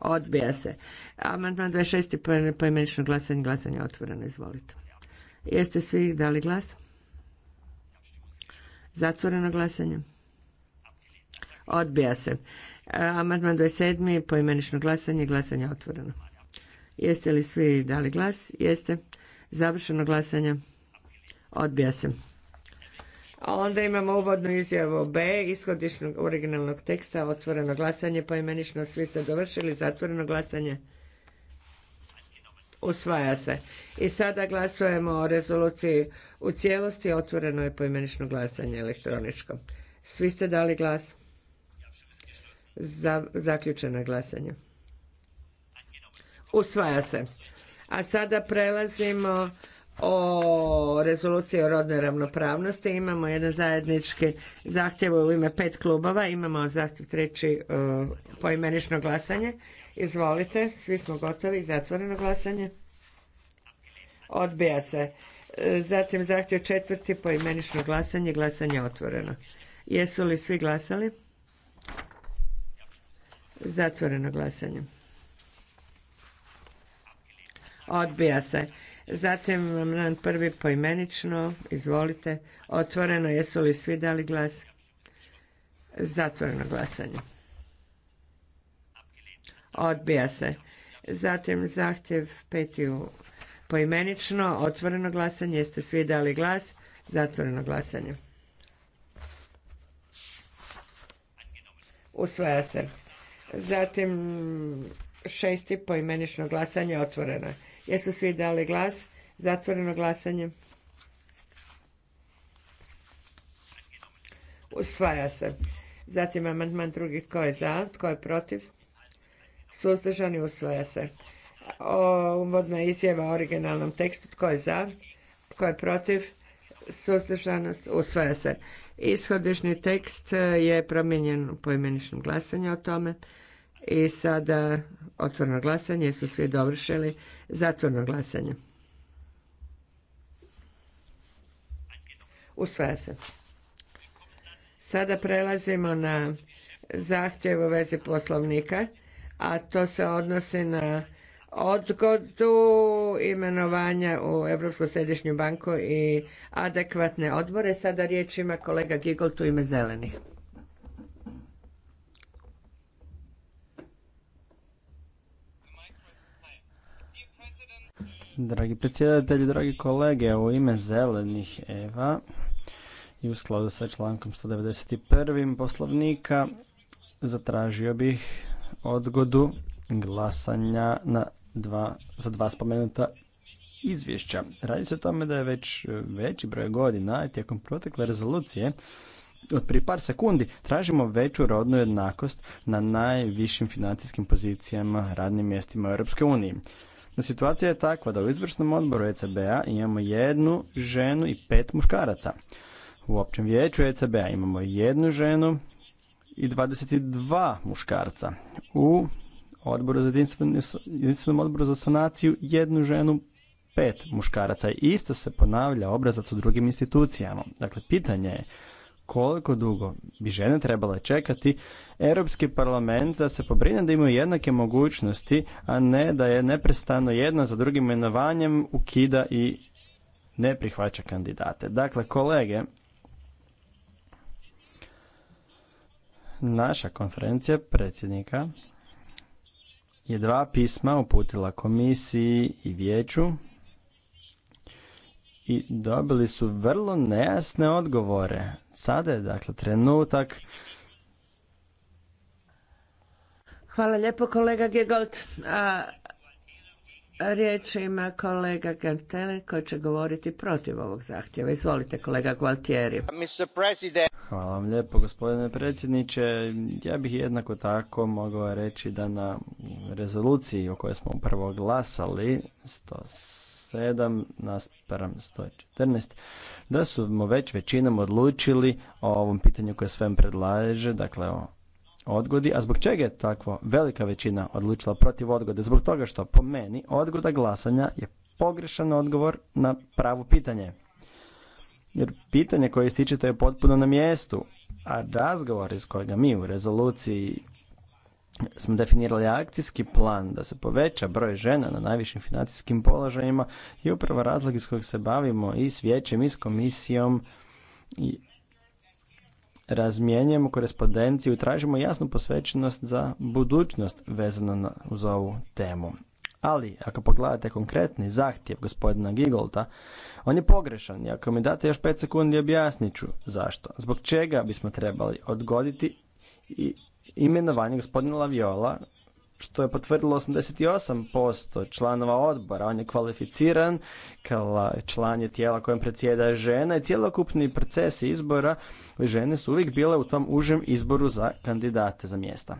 Odbija se. Amandman 26. poimenično glasanje. Glasanje je otvoreno. Izvolite. Jeste svi dali glas? Zatvoreno glasanje. Odbija se. E, amandman 27. poimenično glasanje. Glasanje otvoreno. Jeste li svi dali glas? Jeste. Završeno glasanje. Odbija se. A onda imamo uvodnu izjavu B, ishodišnog originalnog teksta, otvoreno glasanje, poimenično svi ste dovršili, zatvoreno glasanje. Usvaja se. I sada glasujemo o rezoluciji u cijelosti, otvoreno je poimenično glasanje elektroničko. Svi ste dali glas? Za, zaključeno glasanje. Usvaja se. A sada prelazimo o rezoluciji o rodnoj ravnopravnosti. Imamo jedan zajednički zahtjev u ime pet klubova. Imamo zahtjev treći e, poimenično glasanje. Izvolite, svi smo gotovi. Zatvoreno glasanje. Odbija se. E, zatim zahtjev četvrti poimenično glasanje. Glasanje otvoreno. Jesu li svi glasali? Zatvoreno glasanje. Odbija se. Zatim amandman prvi poimenično. Izvolite. Otvoreno. Jesu li svi dali glas? Zatvoreno glasanje. Odbija se. Zatim zahtjev peti poimenično. Otvoreno glasanje. Jeste svi dali glas? Zatvoreno glasanje. Usvaja se. Zatim šesti poimenično glasanje otvoreno Jesu svi dali glas? Zatvoreno glasanje. Usvaja se. Zatim amandman drugi. Tko je za? Tko je protiv? Suzdržani usvaja se. uvodna umodna izjava o originalnom tekstu. Tko je za? Tko je protiv? Suzdržanost usvaja se. Ishodišni tekst je promijenjen u poimeničnom glasanju o tome. I sada otvorno glasanje, su svi dovršili, zatvorno glasanje. Usvaja se. Sada prelazimo na zahtjev u vezi poslovnika, a to se odnosi na odgodu imenovanja u Europsku središnju banku i adekvatne odbore. Sada riječ ima kolega Gigol tu ime zelenih. Dragi predsjedatelji, dragi kolege, u ime zelenih Eva i u skladu sa člankom 191. poslovnika zatražio bih odgodu glasanja na dva, za dva spomenuta izvješća. Radi se o tome da je već veći broj godina tijekom protekle rezolucije od prije par sekundi tražimo veću rodnu jednakost na najvišim financijskim pozicijama radnim mjestima u EU no situacija je takva da u izvršnom odboru ECB-a imamo jednu ženu i pet muškaraca. U općem vijeću ECB-a imamo jednu ženu i 22 muškarca. U odboru za jedinstvenom odboru za sanaciju jednu ženu pet muškaraca. Isto se ponavlja obrazac u drugim institucijama. Dakle, pitanje je koliko dugo bi žene trebale čekati Europski parlament da se pobrine da imaju jednake mogućnosti, a ne da je neprestano jedna za drugim imenovanjem ukida i ne prihvaća kandidate. Dakle, kolege, naša konferencija predsjednika je dva pisma uputila komisiji i vijeću i dobili su vrlo nejasne odgovore. Sada je dakle trenutak Hvala lijepo kolega Giegold. A, riječ ima kolega Gantele koji će govoriti protiv ovog zahtjeva. Izvolite kolega Gualtieri. Hvala vam lijepo gospodine predsjedniče. Ja bih jednako tako mogao reći da na rezoluciji o kojoj smo prvo glasali, 107 7 naspram 114, da smo već većinom odlučili o ovom pitanju koje svem predlaže, dakle o odgodi. A zbog čega je takva velika većina odlučila protiv odgode? Zbog toga što po meni odgoda glasanja je pogrešan odgovor na pravo pitanje. Jer pitanje koje ističete je potpuno na mjestu, a razgovor iz kojega mi u rezoluciji smo definirali akcijski plan da se poveća broj žena na najvišim financijskim položajima i upravo razlog iz kojeg se bavimo i s vijećem i s komisijom i razmjenjujemo korespondenciju i tražimo jasnu posvećenost za budućnost vezano na, uz ovu temu. Ali, ako pogledate konkretni zahtjev gospodina Gigolta, on je pogrešan i ako mi date još 5 sekundi objasnit ću zašto. Zbog čega bismo trebali odgoditi i imenovanje gospodina Laviola, što je potvrdilo 88% članova odbora. On je kvalificiran kao član je tijela kojem predsjeda žena i cjelokupni proces izbora žene su uvijek bile u tom užem izboru za kandidate za mjesta.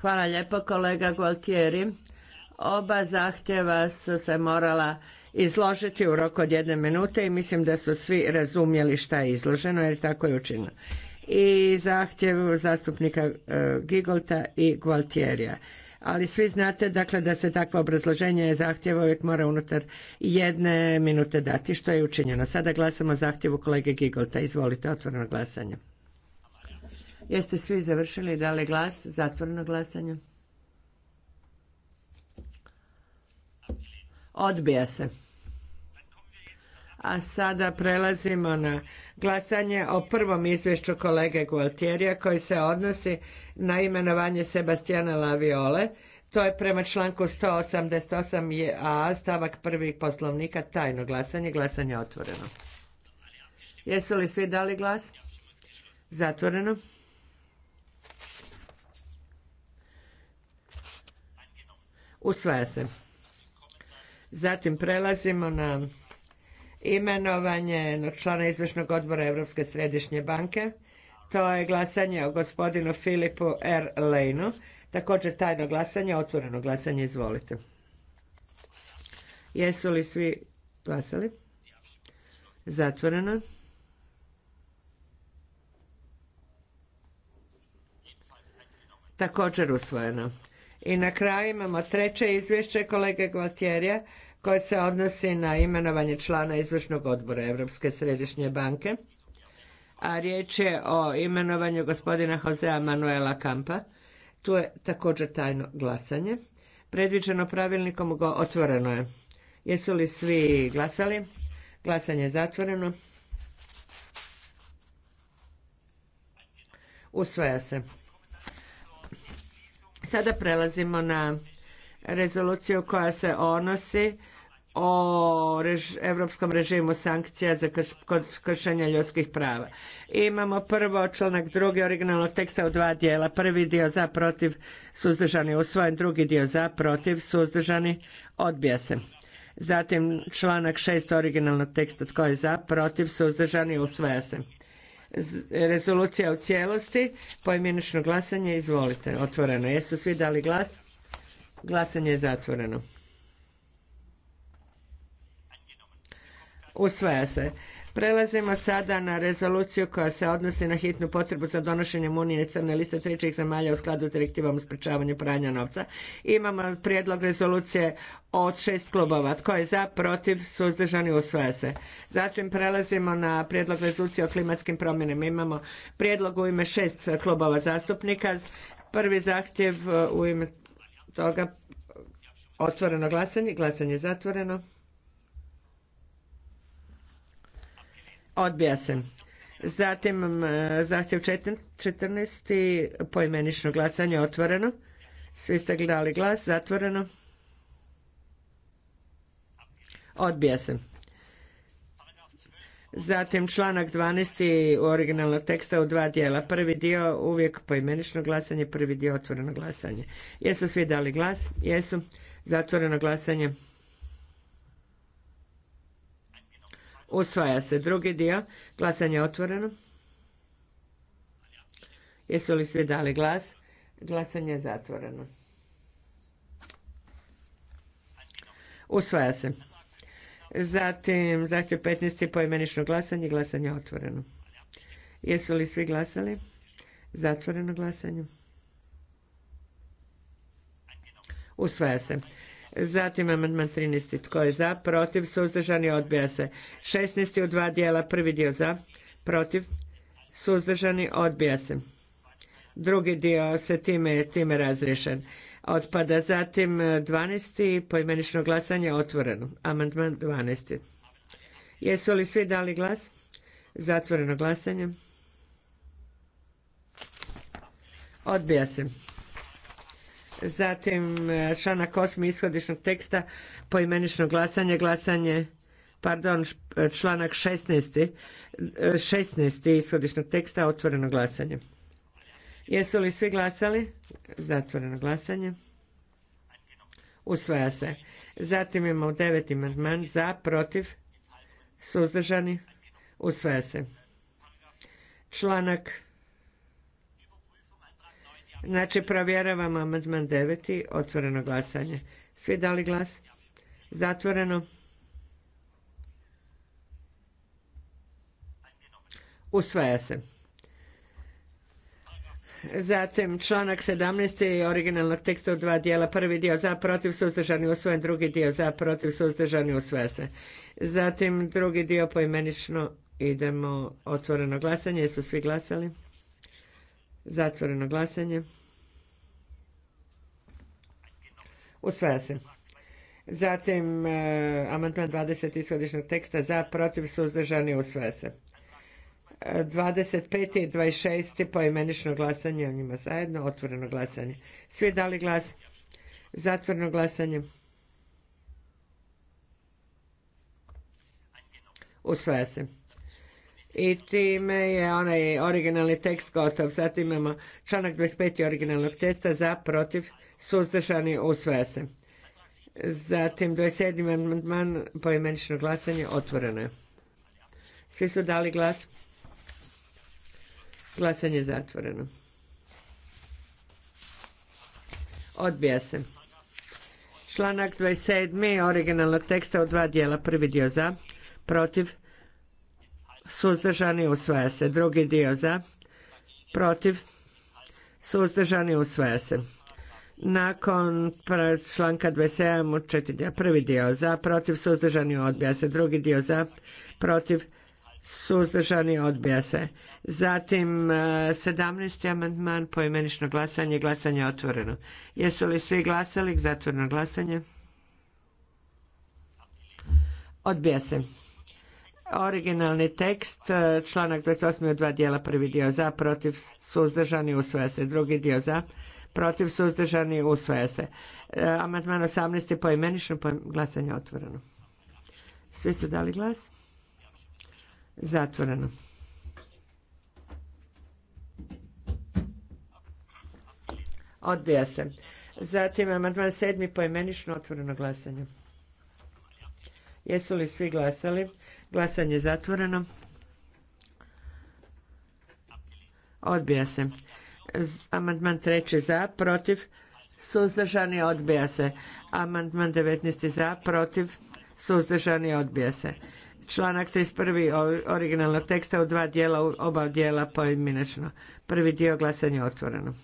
Hvala lijepo kolega Gualtieri. Oba zahtjeva su se morala izložiti u roku od jedne minute i mislim da su svi razumjeli šta je izloženo jer tako je učinjeno i zahtjev zastupnika e, Gigolta i Gualtierija. Ali svi znate dakle da se takvo obrazloženje zahtjeva uvijek mora unutar jedne minute dati što je učinjeno. Sada glasamo zahtjevu kolege Gigolta. Izvolite otvoreno glasanje. Jeste svi završili i dali glas? Zatvoreno glasanje. Odbija se. A sada prelazimo na glasanje o prvom izvješću kolege Gualtierija koji se odnosi na imenovanje Sebastijana Laviole. To je prema članku 188a stavak prvi poslovnika tajno glasanje. Glasanje je otvoreno. Jesu li svi dali glas? Zatvoreno. Usvaja se. Zatim prelazimo na imenovanje jednog člana izvršnog odbora Europske središnje banke. To je glasanje o gospodinu Filipu R. Lejnu. Također tajno glasanje, otvoreno glasanje, izvolite. Jesu li svi glasali? Zatvoreno. Također usvojeno. I na kraju imamo treće izvješće kolege Gvaltjerija koje se odnosi na imenovanje člana izvršnog odbora Europske središnje banke, a riječ je o imenovanju gospodina Josea Manuela Kampa. Tu je također tajno glasanje. Predviđeno pravilnikom go otvoreno je. Jesu li svi glasali? Glasanje je zatvoreno. Usvaja se. Sada prelazimo na rezoluciju koja se odnosi o evropskom europskom režimu sankcija za krš, kršenja ljudskih prava. Imamo prvo članak drugi originalnog teksta u dva dijela. Prvi dio za protiv suzdržani usvojen, drugi dio za protiv suzdržani odbija se. Zatim članak šest originalnog teksta tko je za protiv suzdržani usvaja se. Rezolucija u cijelosti, pojedinačno glasanje, izvolite, otvoreno. Jesu svi dali glas? Glasanje je zatvoreno. Usvaja se. Prelazimo sada na rezoluciju koja se odnosi na hitnu potrebu za donošenjem unije crne liste trećih zemalja u skladu s direktivom o sprečavanju pranja novca. Imamo prijedlog rezolucije od šest klubova. Tko je za, protiv, suzdržani, usvaja se. Zatim prelazimo na prijedlog rezolucije o klimatskim promjenama. Imamo prijedlog u ime šest klubova zastupnika. Prvi zahtjev uh, u ime toga otvoreno glasanje. Glasanje je zatvoreno. Odbija se. Zatim zahtjev 14. poimenično glasanje otvoreno. Svi ste gledali glas, zatvoreno. Odbija se. Zatim članak 12. originalnog teksta u dva dijela. Prvi dio uvijek poimenično glasanje, prvi dio otvoreno glasanje. Jesu svi dali glas? Jesu. Zatvoreno glasanje. Usvaja se. Drugi dio. Glasanje je otvoreno. Jesu li svi dali glas? Glasanje je zatvoreno. Usvaja se. Zatim zahtjev 15. poimenično glasanje. Glasanje je otvoreno. Jesu li svi glasali? Zatvoreno glasanje. Usvaja se. Zatim amandman 13. Tko je za? Protiv? Suzdržani? Odbija se. 16. u dva dijela. Prvi dio za? Protiv? Suzdržani? Odbija se. Drugi dio se time, time razriješen. Otpada zatim 12. poimenično glasanje otvoreno. Amandman 12. Jesu li svi dali glas? Zatvoreno glasanje. Odbija se. Zatim e, članak 8. ishodišnog teksta poimenično glasanje, glasanje pardon, e, članak 16. 16. E, ishodišnog teksta otvoreno glasanje. Jesu li svi glasali? Zatvoreno glasanje. Usvaja se. Zatim imamo deveti amandman za, protiv, suzdržani. Usvaja se. Članak Znači, provjeravamo amandman 9. Otvoreno glasanje. Svi dali glas? Zatvoreno. Usvaja se. Zatim članak 17. originalnog teksta u dva dijela. Prvi dio za protiv suzdržani usvojen, drugi dio za protiv suzdržani usvaja se. Zatim drugi dio poimenično idemo otvoreno glasanje. Jesu svi glasali? Zatvoreno glasanje. Usvaja se. Zatim, e, amandman 20 ishodišnog teksta za, protiv, suzdržani, usvaja se. 25. E, i 26. poimenično glasanje o njima zajedno, otvoreno glasanje. Svi dali glas, zatvoreno glasanje. Usvaja se i time je onaj originalni tekst gotov. Zatim imamo članak 25. originalnog testa za protiv suzdržani usvaja se. Zatim 27. amandman poimenično glasanje otvoreno je. Svi su dali glas. Glasanje je zatvoreno. Odbija se. Članak 27. originalnog teksta u dva dijela. Prvi dio za, protiv, suzdržani usvaja se. Drugi dio za, protiv, suzdržani usvaja se. Nakon članka 27. četiri prvi dio za, protiv, suzdržani odbija se. Drugi dio za, protiv, suzdržani odbija se. Zatim 17. E, amandman poimenično glasanje, glasanje je otvoreno. Jesu li svi glasali? Zatvoreno glasanje. Odbija se. Originalni tekst, e, članak 28. osam dva dijela, prvi dio za, protiv, suzdržani, usvaja se. Drugi dio za, protiv, suzdržani, usvaja se. E, amandman 18. poimenično glasanje otvoreno. Svi ste dali glas? Zatvoreno. Odbija se. Zatim amandman sedam poimenično otvoreno glasanje. Jesu li svi glasali? Glasanje je zatvoreno. Odbija se. Amandman treći za, protiv, suzdržani, odbija se. Amandman 19. za, protiv, suzdržani, odbija se. Članak 31. originalnog teksta u dva dijela, oba dijela pojedinačno. Prvi dio glasanje je otvoreno.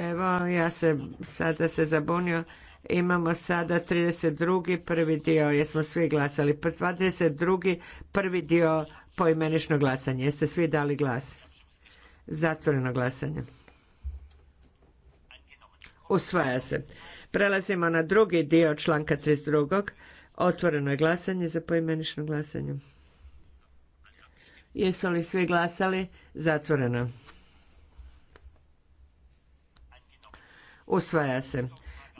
Evo, ja se sada se zabunio. Imamo sada 32. prvi dio, jesmo svi glasali. 22. Pa prvi dio poimenično glasanje. Jeste svi dali glas? Zatvoreno glasanje. Usvaja se. Prelazimo na drugi dio članka 32. Otvoreno je glasanje za poimenično glasanje. Jesu li svi glasali? Zatvoreno. Usvaja se.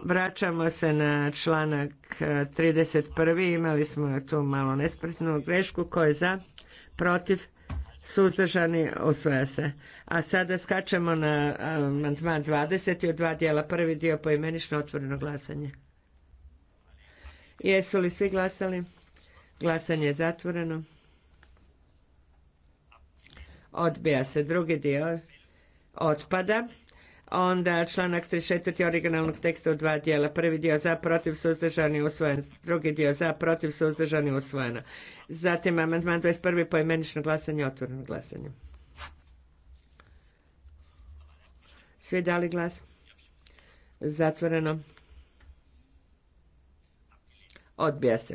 Vraćamo se na članak 31. E, Imali smo tu malo nespretnu grešku. Ko je za? Protiv? Suzdržani? Usvaja se. A sada skačemo na e, amandman 20. od dva dijela. Prvi dio poimenično otvoreno glasanje. Jesu li svi glasali? Glasanje je zatvoreno. Odbija se drugi dio. Otpada. Onda članak 34. originalnog teksta u dva dijela. Prvi dio za, protiv, suzdržani, usvojen. Drugi dio za, protiv, suzdržani, usvojeno. Zatim amandman 21. poimenično glasanje, otvoreno glasanje. Svi dali glas? Zatvoreno. Odbija se.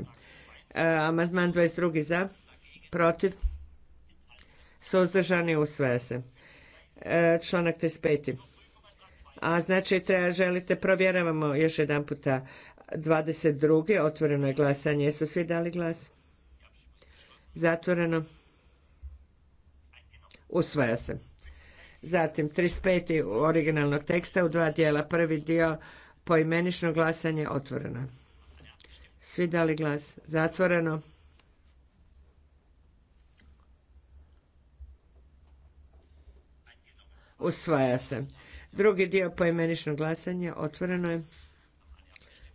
E, amandman 22. za, protiv, suzdržani, usvaja se. E, članak 35 a znači treba, želite, provjeravamo još jedan puta 22. otvoreno je glasanje. Jesu svi dali glas? Zatvoreno. Usvaja se. Zatim 35. originalnog teksta u dva dijela. Prvi dio poimenično glasanje otvoreno. Svi dali glas? Zatvoreno. Usvaja se. Drugi dio poimeničnog glasanja otvoreno je.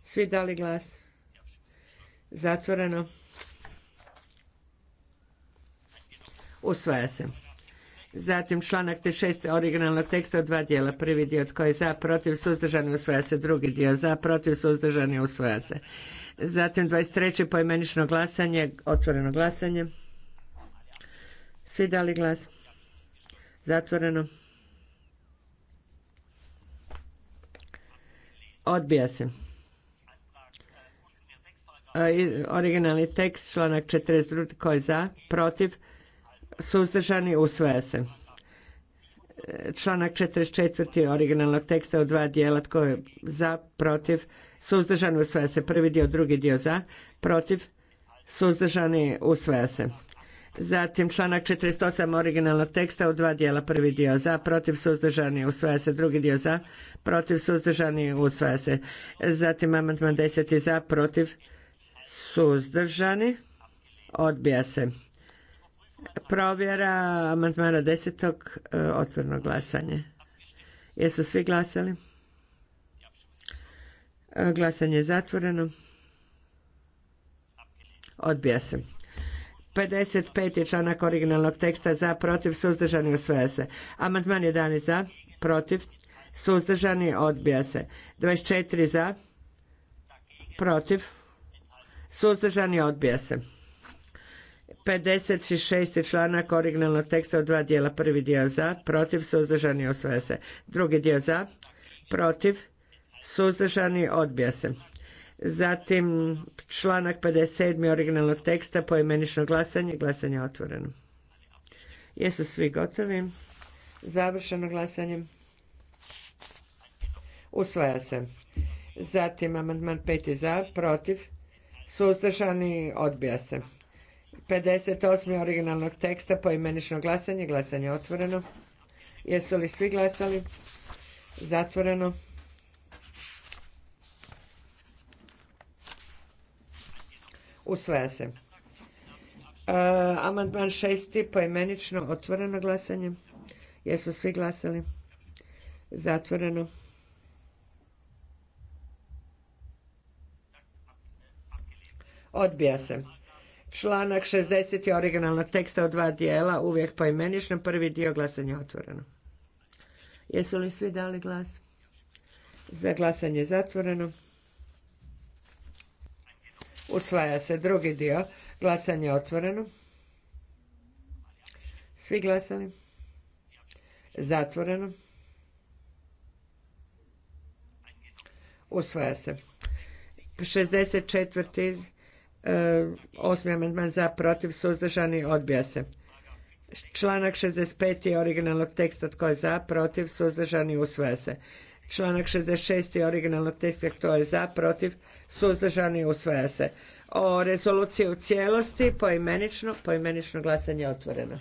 Svi dali glas. Zatvoreno. Usvaja se. Zatim članak te šest originalnog teksta od dva dijela. Prvi dio tko je za, protiv, suzdržani, usvaja se. Drugi dio za, protiv, suzdržani, usvaja se. Zatim 23. poimenično glasanje, otvoreno glasanje. Svi dali glas. Zatvoreno. Odbija se. E, originalni tekst, članak 42. Ko je za? Protiv? Suzdržani? Usvaja se. E, članak 44. originalnog teksta u dva dijela. Tko je za? Protiv? Suzdržani? Usvaja se. Prvi dio, drugi dio za? Protiv? Suzdržani? Usvaja se. Zatim članak 48 originalnog teksta u dva dijela. Prvi dio za, protiv suzdržani usvaja se. Drugi dio za, protiv suzdržani usvaja se. Zatim amandman 10 za, protiv suzdržani odbija se. Provjera amandmana 10. E, otvorno glasanje. Jesu svi glasali? E, glasanje je zatvoreno. Odbija se. 55 je članak originalnog teksta za, protiv, suzdržani, usvaja se. Amandman 11 za, protiv, suzdržani, odbija se. 24 za, protiv, suzdržani, odbija se. 56. članak originalnog teksta od dva dijela. Prvi dio za, protiv, suzdržani, osvaja se. Drugi dio za, protiv, suzdržani, odbija se. Zatim članak 57. originalnog teksta, poimenično glasanje, glasanje otvoreno. Jesu svi gotovi? Završeno glasanje. Usvaja se. Zatim amandman 5 za, protiv, suzdržani, odbija se. 58. originalnog teksta, poimenično glasanje, glasanje otvoreno. Jesu li svi glasali? Zatvoreno. Usvaja se. E, amandman šesti, poimenično otvoreno glasanje. Jesu svi glasali? Zatvoreno. Odbija se. Članak 60. originalna teksta u dva dijela, uvijek poimenično, prvi dio glasanja otvoreno. Jesu li svi dali glas? Za glasanje zatvoreno. Usvaja se drugi dio. Glasanje otvoreno. Svi glasali? Zatvoreno. Usvaja se. 64. četiri e, osmi amandman za, protiv, suzdržani, odbija se. Članak 65. je originalnog teksta tko je za, protiv, suzdržani, usvaja se. Članak 66. je originalnog teksta tko je za, protiv, suzdržani, usvaja se. O rezoluciji u cijelosti, poimenično, poimenično glasanje je otvoreno.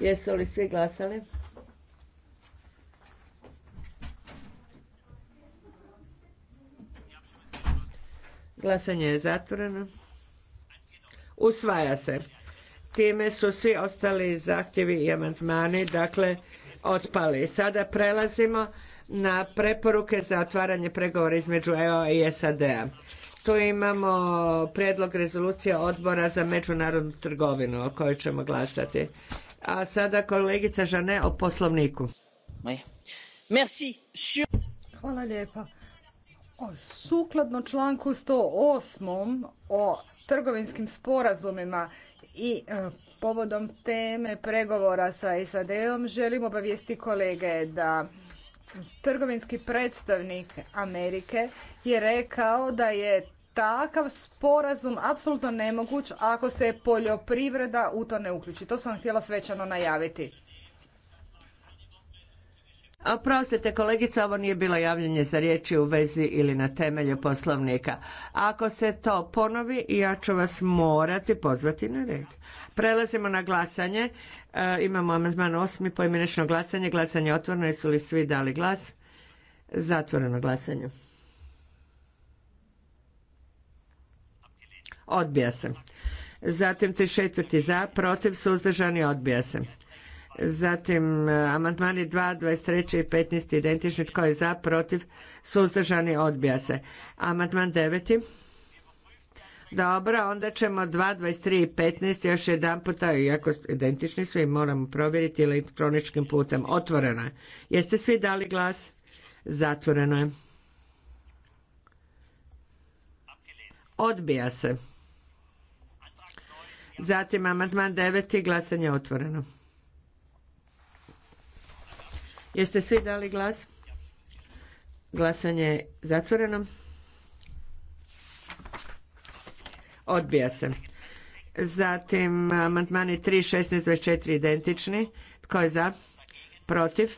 Jesu li svi glasali? Glasanje je zatvoreno. Usvaja se. Time su svi ostali zahtjevi i amandmani, dakle, otpali. Sada prelazimo na preporuke za otvaranje pregovora između EU i SAD-a. Tu imamo prijedlog rezolucije odbora za međunarodnu trgovinu o kojoj ćemo glasati. A sada kolegica Žane o poslovniku. Hvala lijepa. Sukladno članku 108. o trgovinskim sporazumima i e, povodom teme pregovora sa SAD-om želim obavijesti kolege da trgovinski predstavnik Amerike je rekao da je takav sporazum apsolutno nemoguć ako se poljoprivreda u to ne uključi. To sam htjela svečano najaviti. Oprostite kolegica, ovo nije bilo javljanje za riječi u vezi ili na temelju poslovnika. Ako se to ponovi, ja ću vas morati pozvati na red. Prelazimo na glasanje. E, imamo amandman osmi, pojedinačno glasanje. Glasanje je otvoreno. Jesu li svi dali glas? Zatvoreno glasanje. Odbija se. Zatim četvrti za, protiv, suzdržani, odbija se. Zatim e, amandmani 2, 23 i 15 identični. Tko je za, protiv, suzdržani, odbija se. Amandman deveti. Dobro, onda ćemo 2, 23 15 još jedan puta, iako identični su i moramo provjeriti elektroničkim putem. Otvoreno je. Jeste svi dali glas? Zatvoreno je. Odbija se. Zatim amandman 9. Glasanje otvoreno. Jeste svi dali glas? Glasanje je zatvoreno. Odbija se. Zatim amandmani 3, 16, 24 identični. Tko je za? Protiv?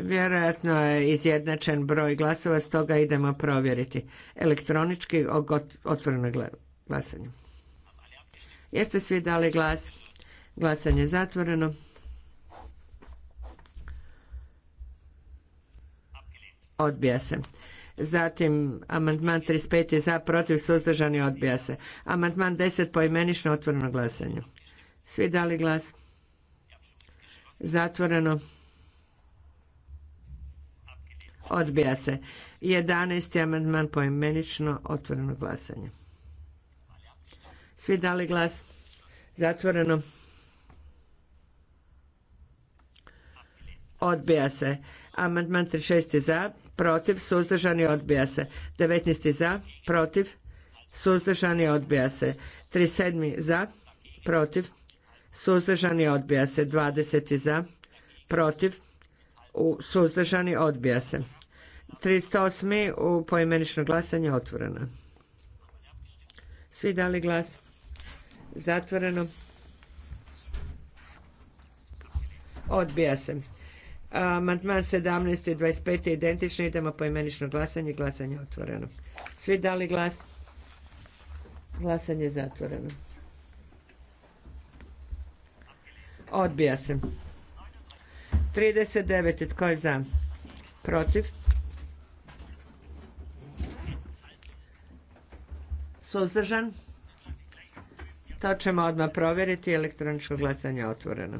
Vjerojatno je izjednačen broj glasova, stoga idemo provjeriti. Elektronički otvoreno glasanje. Jeste svi dali glas? Glasanje je zatvoreno. Odbija se. Zatim, amandman 35 je za, protiv, suzdržani, odbija se. Amandman 10 poimenično otvoreno glasanje. Svi dali glas? Zatvoreno. Odbija se. 11. amandman poimenično otvoreno glasanje. Svi dali glas? Zatvoreno. Odbija se. Amandman 36 je za, protiv, suzdržani, odbija se. 19. za, protiv, suzdržani, odbija se. 37. za, protiv, suzdržani, odbija se. 20. za, protiv, suzdržani, odbija se. 308. u poimenično glasanje otvoreno. Svi dali glas. Zatvoreno. Odbija se. Amandman 17 i 25 je identični. Idemo po imenično glasanje. Glasanje je otvoreno. Svi dali glas? Glasanje je zatvoreno. Odbija se. 39. Tko je za? Protiv? Suzdržan? To ćemo odmah provjeriti. Elektroničko glasanje je otvoreno.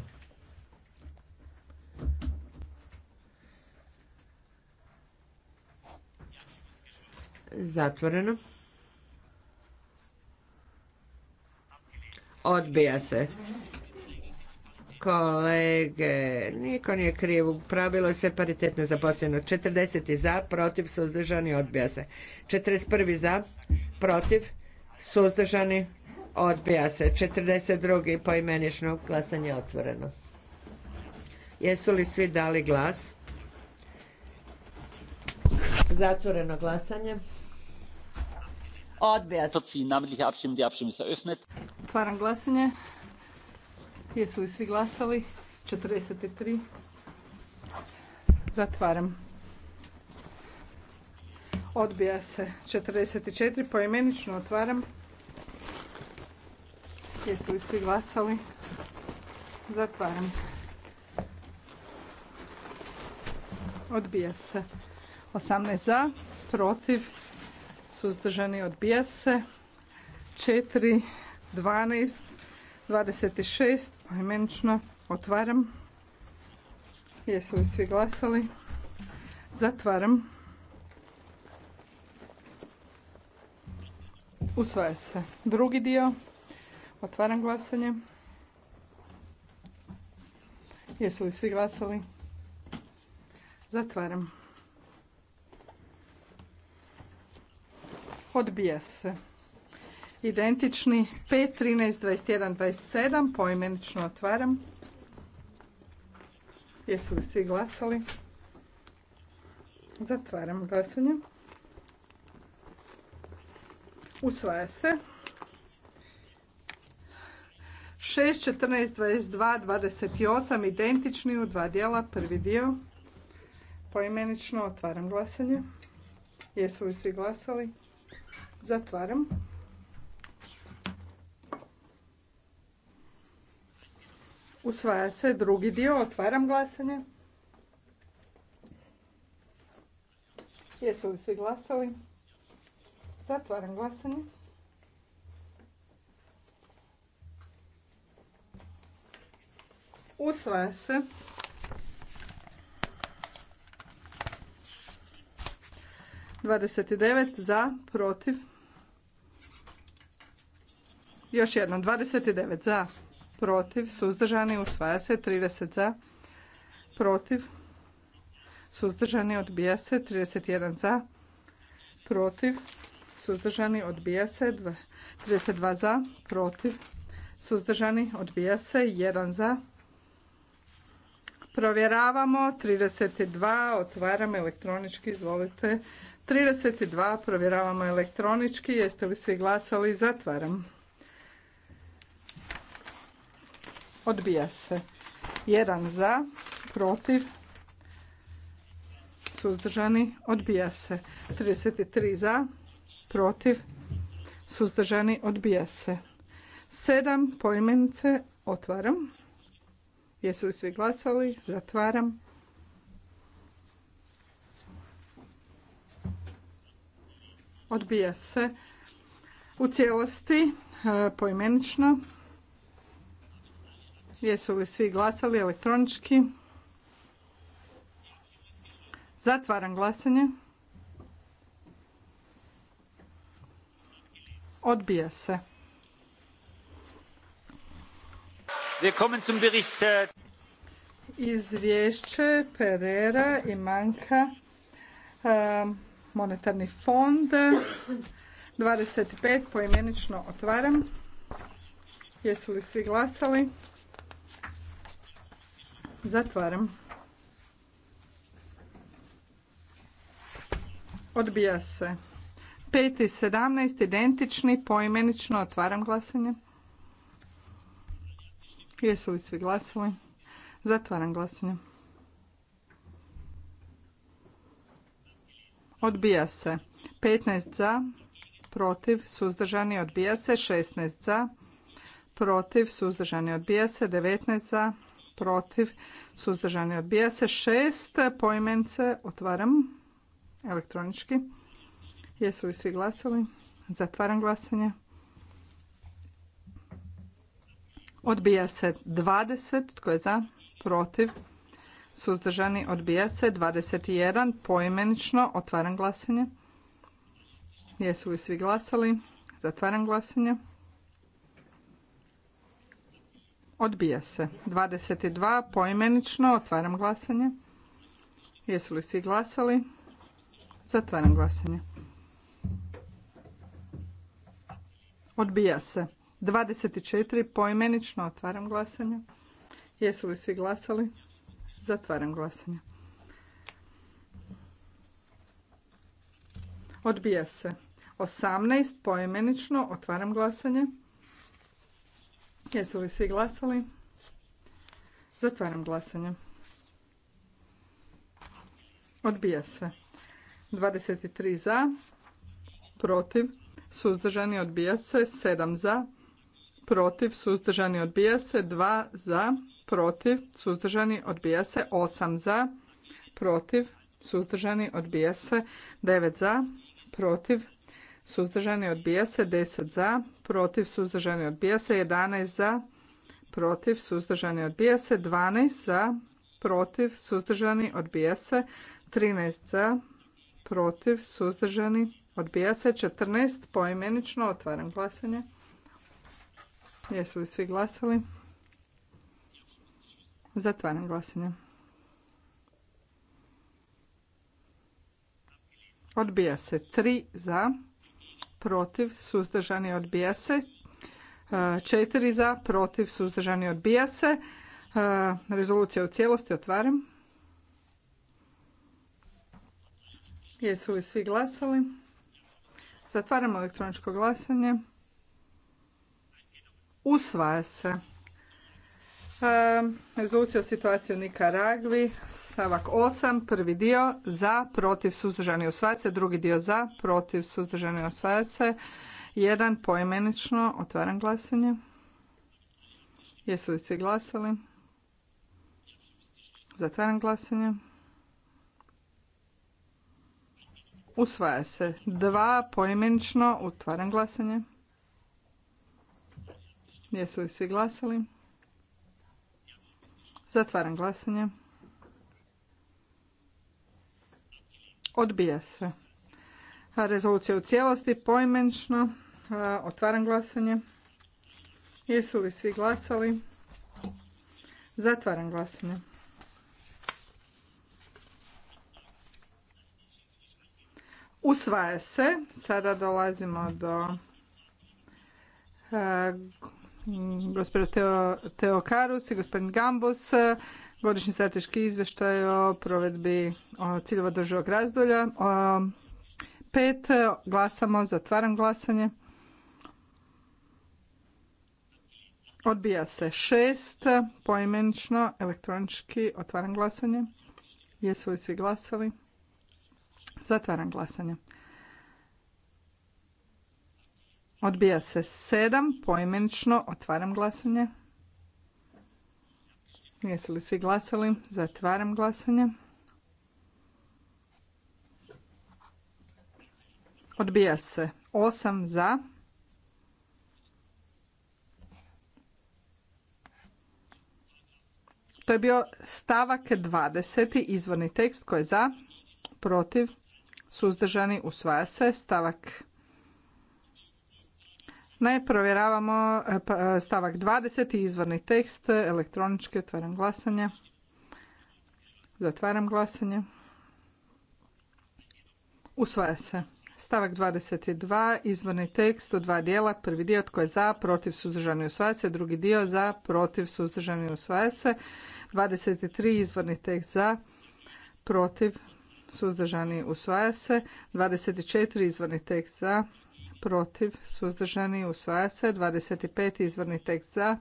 Zatvoreno. Odbija se. Kolege, niko nije kriv. Pravilo se paritetno zaposleno. 40 za, protiv, suzdržani, odbija se. 41 za, protiv, suzdržani, odbija se. 42 poimenično glasanje otvoreno. Jesu li svi dali glas? Zatvoreno glasanje. Odbija se. Otvaram glasanje. Jesu li svi glasali? 43. Zatvaram. Odbija se 44. Poimenično otvaram. Jesu li svi glasali? Zatvaram. Odbija se. 18 za, protiv, suzdržani, odbija se. 4, 12, 26, poimenično otvaram. Jesu li svi glasali? Zatvaram. Usvaja se. Drugi dio. Otvaram glasanje. Jesu li svi glasali? Zatvaram. odbija se. Identični 5, 13, 21, 27, poimenično otvaram. Jesu li svi glasali? Zatvaram glasanje. Usvaja se. 6, 14, 22, 28, identični u dva dijela, prvi dio. Poimenično otvaram glasanje. Jesu li svi glasali? Zatvaram. Usvaja se drugi dio. Otvaram glasanje. Jesu li svi glasali? Zatvaram glasanje. Usvaja se. Dvadeset devet za protiv još jednom, 29 za, protiv, suzdržani, usvaja se, 30 za, protiv, suzdržani, odbija se, 31 za, protiv, suzdržani, odbija se, 32 za, protiv, suzdržani, odbija se, 1 za. Provjeravamo, 32, otvaram elektronički, izvolite, 32, provjeravamo elektronički, jeste li svi glasali, zatvaram. odbija se. 1 za, protiv, suzdržani, odbija se. 33 za, protiv, suzdržani, odbija se. 7 poimenice otvaram. Jesu li svi glasali? Zatvaram. Odbija se u cijelosti e, poimenično. Jesu li svi glasali elektronički? Zatvaram glasanje. Odbija se. Äh, Izvješće Perera i Manka e, Monetarni fond 25 poimenično otvaram. Jesu li svi glasali? Zatvaram. Odbija se. 5 i 17 identični, poimenično otvaram glasanje. Jesu li svi glasali? Zatvaram glasanje. Odbija se. 15 za, protiv, suzdržani, odbija se. 16 za, protiv, suzdržani, odbija se. 19 za, protiv, suzdržani odbija se. šest poimence otvaram elektronički. Jesu li svi glasali? Zatvaram glasanje. Odbija se 20. Tko je za? Protiv. Suzdržani odbija se 21. Poimenično otvaram glasanje. Jesu li svi glasali? Zatvaram glasanje. Odbija se. 22 poimenično. Otvaram glasanje. Jesu li svi glasali? Zatvaram glasanje. Odbija se. 24 poimenično. Otvaram glasanje. Jesu li svi glasali? Zatvaram glasanje. Odbija se. 18 poimenično. Otvaram glasanje. Jesu li svi glasali? Zatvaram glasanje. Odbija se. 23 za, protiv, suzdržani odbija se, 7 za, protiv, suzdržani odbija se, 2 za, protiv, suzdržani odbija se, 8 za, protiv, suzdržani odbija se, 9 za, protiv, suzdržani odbija se, 10 za, protiv, suzdržani, odbija se. 11 za, protiv, suzdržani, odbija se. 12 za, protiv, suzdržani, odbija se. 13 za, protiv, suzdržani, odbija se. 14 poimenično, otvaram glasanje. Jesu li svi glasali? Zatvaram glasanje. Odbija se 3 za, protiv, suzdržani, odbija se. E, četiri za, protiv, suzdržani, odbija se. E, rezolucija u cijelosti otvaram. Jesu li svi glasali? Zatvaram elektroničko glasanje. Usvaja se. Ehm, rezolucija o situaciji u Nikaragvi, stavak 8, prvi dio za, protiv, suzdržani osvajace. se, drugi dio za, protiv, suzdržani usvaja se, jedan poimenično, otvaram glasanje. Jesu li svi glasali? Zatvaram glasanje. Usvaja se. Dva poimenično, otvaram glasanje. Jesu li svi glasali? Zatvaram glasanje. Odbija se. rezolucija u cijelosti poimenčno. Otvaram glasanje. Jesu li svi glasali? Zatvaram glasanje. Usvaja se. Sada dolazimo do Mm, gospodin Teo, Karus i gospodin Gambos, godišnji strateški izvještaj o provedbi ciljeva državog razdolja. Pet, glasamo, zatvaram glasanje. Odbija se šest, poimenično, elektronički, otvaram glasanje. Jesu li svi glasali? Zatvaram glasanje. Odbija se sedam poimenično, otvaram glasanje. Jesu li svi glasali? Zatvaram glasanje. Odbija se 8 za. To je bio stavak 20. izvorni tekst koji je za, protiv, suzdržani, usvaja se. Stavak ne, provjeravamo e, pa, e, stavak 20. izvorni tekst, elektronički otvaram glasanje. Zatvaram glasanje. Usvaja se. Stavak 22. Izvorni tekst u dva dijela. Prvi dio tko je za, protiv, suzdržani, usvaja se. Drugi dio za, protiv, suzdržani, usvaja se. 23. Izvorni tekst za, protiv, suzdržani, usvaja se. 24. Izvorni tekst za, protiv, suzdržani, usvaja se. 25. izvorni tekst za,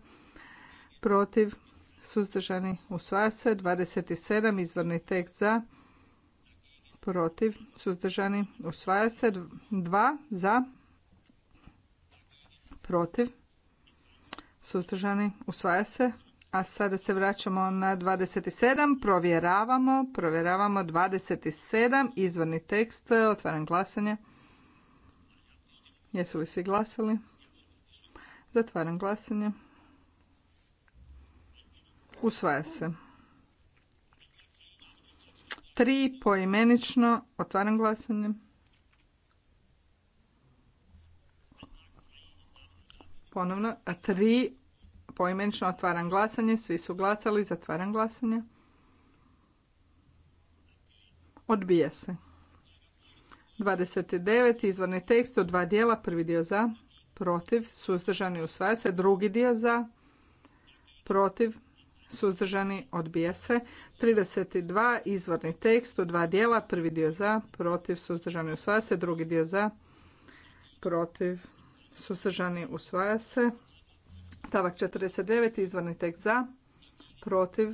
protiv, suzdržani, usvaja se. 27. izvorni tekst za, protiv, suzdržani, usvaja se. 2 za, protiv, suzdržani, usvaja se. A sada se vraćamo na 27, provjeravamo, provjeravamo 27, izvorni tekst, otvaram glasanje. Jesu li svi glasali? Zatvaram glasanje. Usvaja se. Tri poimenično. Otvaram glasanje. Ponovno. A tri poimenično. Otvaram glasanje. Svi su glasali. Zatvaram glasanje. Odbija se. 29. Izvorni tekst u dva dijela. Prvi dio za, protiv, suzdržani usvaja se. Drugi dio za, protiv, suzdržani odbija se. 32. Izvorni tekst u dva dijela. Prvi dio za, protiv, suzdržani usvaja se. Drugi dio za, protiv, suzdržani usvaja se. Stavak 49. Izvorni tekst za, protiv,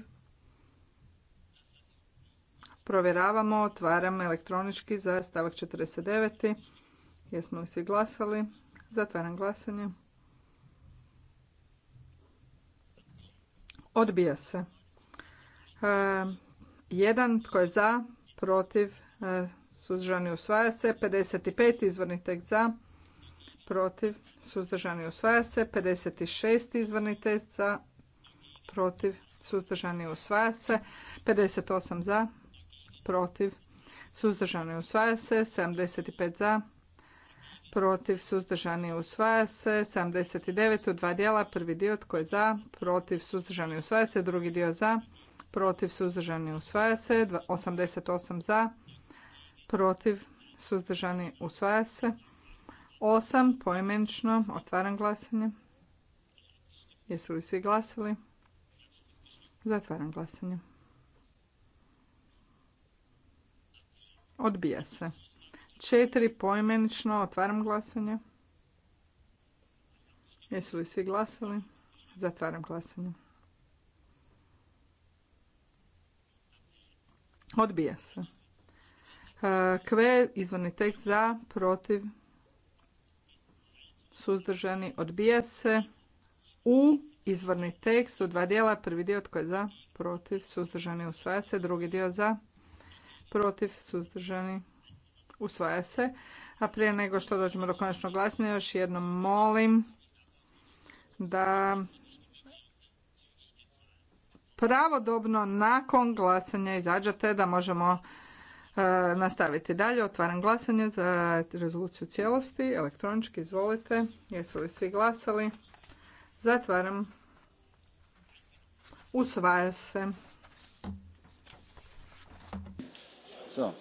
Provjeravamo, otvaram elektronički za stavak 49. Jesmo li svi glasali? Zatvaram glasanje. Odbija se. E, jedan tko je za, protiv, e, suzdržani usvaja se. 55 izvorni tekst za, protiv, suzdržani usvaja se. 56 izvorni tekst za, protiv, suzdržani usvaja se. 58 za, protiv, suzdržani usvaja se, 75 za, protiv, suzdržani usvaja se, 79 u dva dijela, prvi dio tko je za, protiv, suzdržani usvaja se, drugi dio za, protiv, suzdržani usvaja se, 88 za, protiv, suzdržani usvaja se, 8 poimenično, otvaram glasanje. Jesu li svi glasali? Zatvaram glasanje. Odbija se. Četiri poimenično. Otvaram glasanje. Jesu li svi glasali? Zatvaram glasanje. Odbija se. E, Kve, izvorni tekst za, protiv, suzdržani, odbija se. U, izvorni tekst u dva dijela, prvi dio tko je za, protiv, suzdržani, usvaja se, drugi dio za, protiv, suzdržani, usvaja se. A prije nego što dođemo do konačnog glasanja, još jednom molim da pravodobno nakon glasanja izađete da možemo e, nastaviti dalje. Otvaram glasanje za rezoluciju cijelosti. Elektronički izvolite. Jesu li svi glasali? Zatvaram. Usvaja se. so.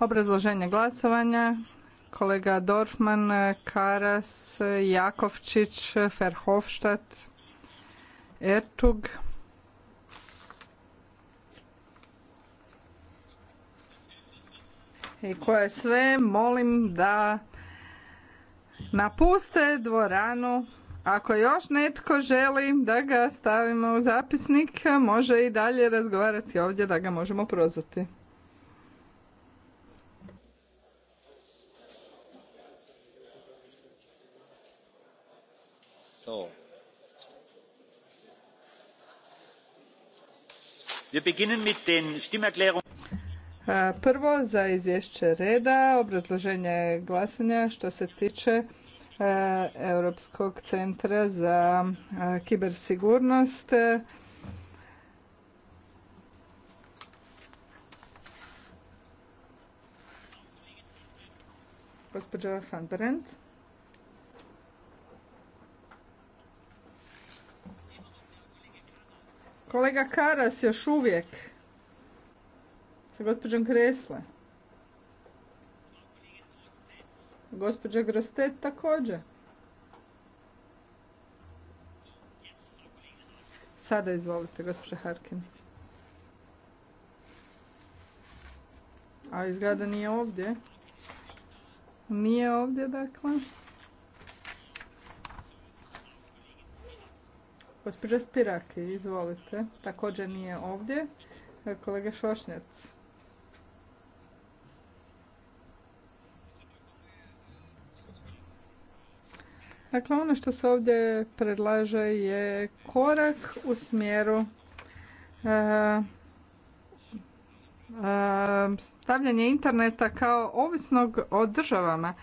Obrazloženje glasovanja. Kolega Dorfman, Karas, Jakovčić, Ferhofstadt, Ertug. I koje sve molim da napuste dvoranu. Ako još netko želi da ga stavimo u zapisnik, može i dalje razgovarati ovdje da ga možemo prozvati. Prvo za izvješće reda, obrazloženje glasanja što se tiče E, Europskog centra za e, kibersigurnost. Gospođa Van Brent. Kolega Karas još uvijek sa gospođom Kresle. Gospođa Grostet također. Sada izvolite, gospođa Harkin. A izgleda nije ovdje. Nije ovdje, dakle. Gospođa Spiraki, izvolite. Također nije ovdje. Kolega Šošnjac. Dakle, ono što se ovdje predlaže je korak u smjeru e, e, stavljanje interneta kao ovisnog o državama.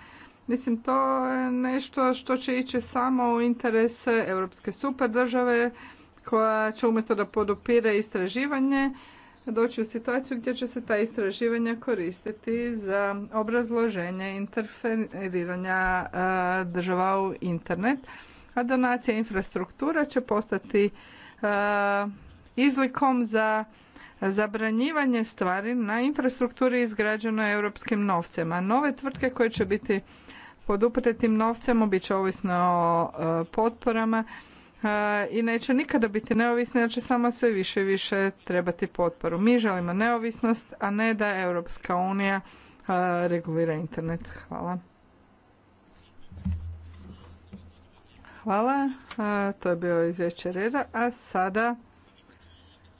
Mislim, to je nešto što će ići samo u interese europske superdržave koja će umjesto da podupire istraživanje, doći u situaciju gdje će se ta istraživanja koristiti za obrazloženje interferiranja e, država u internet, a donacija infrastruktura će postati e, izlikom za zabranjivanje stvari na infrastrukturi izgrađenoj europskim novcima. Nove tvrtke koje će biti pod upretim novcem bit će o e, potporama i neće nikada biti neovisni, jer će samo sve više i više trebati potporu. Mi želimo neovisnost, a ne da Europska unija regulira internet. Hvala. Hvala. To je bio izvješće reda. A sada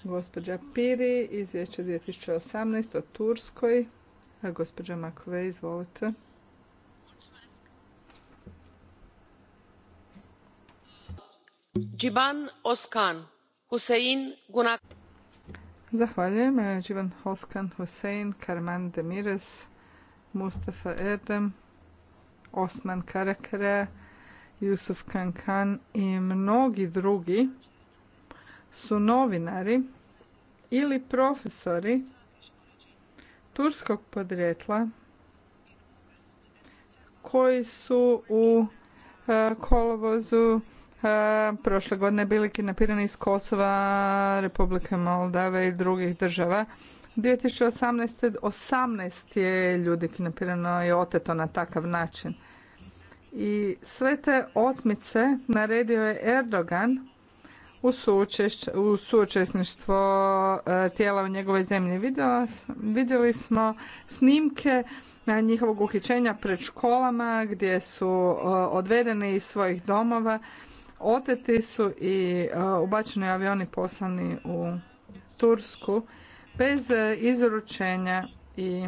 gospođa Piri, izvješće 2018 o Turskoj. Gospođa Makove, izvolite. Džiban Oskan, Husein Gunak. Zahvaljujem. E, Džiban Oskan, Husein, Karman Demirez, Mustafa Erdem, Osman Karakara, Jusuf Kankan i mnogi drugi su novinari ili profesori turskog podrijetla koji su u e, kolovozu E, prošle godine bili kinapirani iz Kosova, Republike Moldave i drugih država. 2018. 18 je ljudi kinapirano i oteto na takav način. I sve te otmice naredio je Erdogan u, sučeš, u e, tijela u njegovoj zemlji. Vidjela, vidjeli smo snimke e, njihovog uhićenja pred školama gdje su odvedeni iz svojih domova Oteti su i ubačeni avioni poslani u Tursku bez e, izručenja i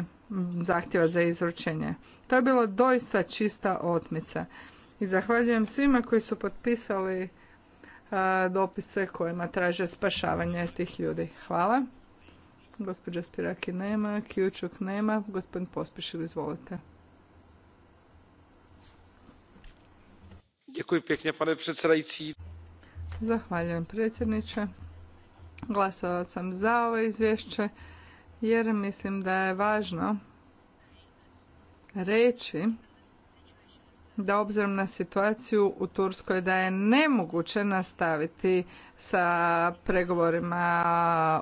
zahtjeva za izručenje. To je bilo doista čista otmica. I zahvaljujem svima koji su potpisali dopise kojima traže spašavanje tih ljudi. Hvala. Gospođa Spiraki nema, Kjučuk nema, gospodin Pospišil, izvolite. pane zahvaljujem predsjedniče glasovao sam za ovo izvješće jer mislim da je važno reći da obzirom na situaciju u Turskoj da je nemoguće nastaviti sa pregovorima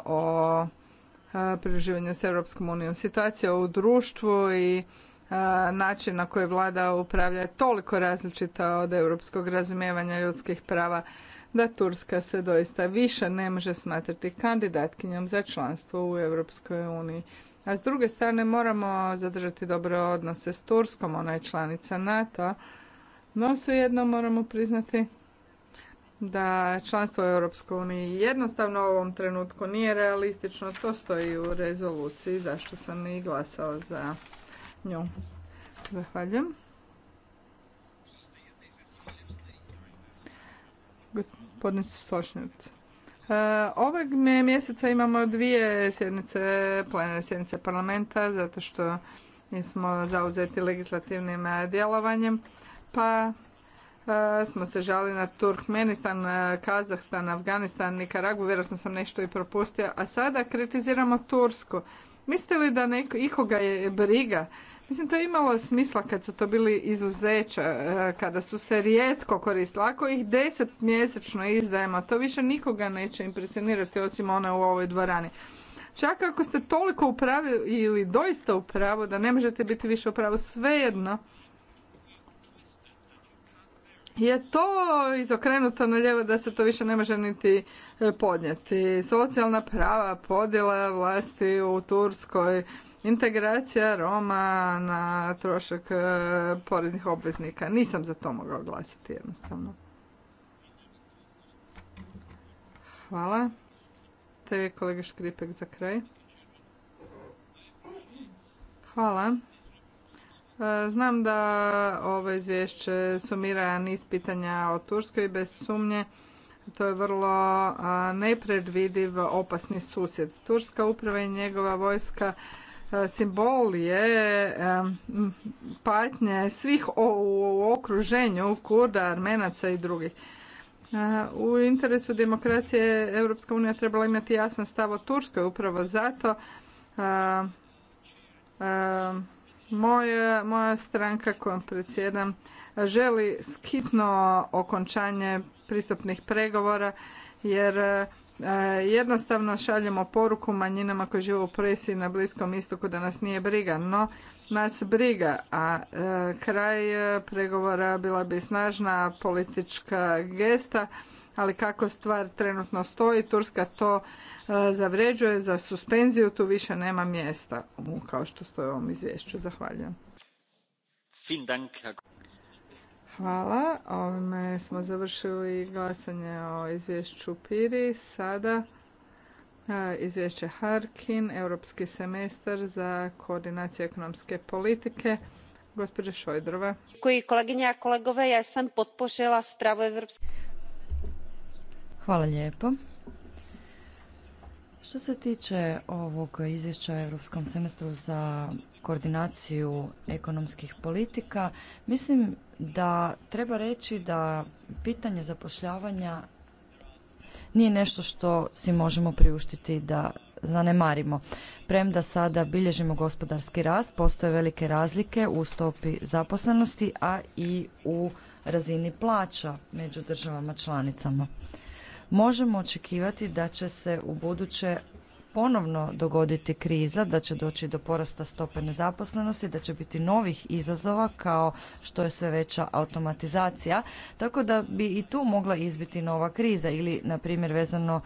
o pridruživanju s Europskom unijom. Situacija u društvu i način na koji vlada upravlja toliko različita od europskog razumijevanja ljudskih prava da Turska se doista više ne može smatrati kandidatkinjom za članstvo u Europskoj uniji. A s druge strane moramo zadržati dobre odnose s Turskom, ona je članica NATO, no svejedno moramo priznati da članstvo u Europskoj uniji jednostavno u ovom trenutku nije realistično, to stoji u rezoluciji zašto sam i glasao za nju. Zahvaljujem. Gospodin Sošnjac. E, ovog mjeseca imamo dvije sjednice, plenarne sjednice parlamenta, zato što smo zauzeti legislativnim e, djelovanjem, pa e, smo se žali na Turkmenistan, Kazahstan, Afganistan, Nikaragu, vjerojatno sam nešto i propustio, a sada kritiziramo Tursku. Mislite li da nekoga ikoga je briga Mislim, to je imalo smisla kad su to bili izuzeća, e, kada su se rijetko koristili. Ako ih deset mjesečno izdajemo, to više nikoga neće impresionirati osim one u ovoj dvorani. Čak ako ste toliko u pravu ili doista u pravu da ne možete biti više u pravu, svejedno je to izokrenuto na ljevo da se to više ne može niti e, podnijeti. Socijalna prava, podjela vlasti u Turskoj, integracija Roma na trošak e, poreznih obveznika. Nisam za to mogao glasiti jednostavno. Hvala. Te kolega Škripek za kraj. Hvala. E, znam da ovo izvješće sumira niz pitanja o Turskoj bez sumnje to je vrlo e, nepredvidiv opasni susjed. Turska uprava i njegova vojska E, simbol je e, patnje svih u okruženju kurda, armenaca i drugih. E, u interesu demokracije Europska unija trebala imati jasan stav o Turskoj, upravo zato moja, moja stranka kojom predsjedam želi skitno okončanje pristupnih pregovora jer E, jednostavno šaljemo poruku manjinama koji žive u presiji na Bliskom istoku da nas nije briga, no nas briga, a e, kraj e, pregovora bila bi snažna politička gesta, ali kako stvar trenutno stoji, Turska to zavređuje za suspenziju, tu više nema mjesta, kao što stoji u ovom izvješću. Zahvaljujem. Hvala. Ovime smo završili glasanje o izvješću Piri. Sada e, izvješće Harkin, Europski semestar za koordinaciju ekonomske politike. Gospođa Šojdrova. Koji koleginja kolegove, ja sam potpožela spravu Evropske... Hvala lijepo. Što se tiče ovog izvješća o Europskom semestru za koordinaciju ekonomskih politika, mislim da treba reći da pitanje zapošljavanja nije nešto što si možemo priuštiti da zanemarimo. Premda sada bilježimo gospodarski rast, postoje velike razlike u stopi zaposlenosti, a i u razini plaća među državama članicama. Možemo očekivati da će se u buduće ponovno dogoditi kriza, da će doći do porasta stope nezaposlenosti, da će biti novih izazova kao što je sve veća automatizacija, tako da bi i tu mogla izbiti nova kriza ili na primjer vezano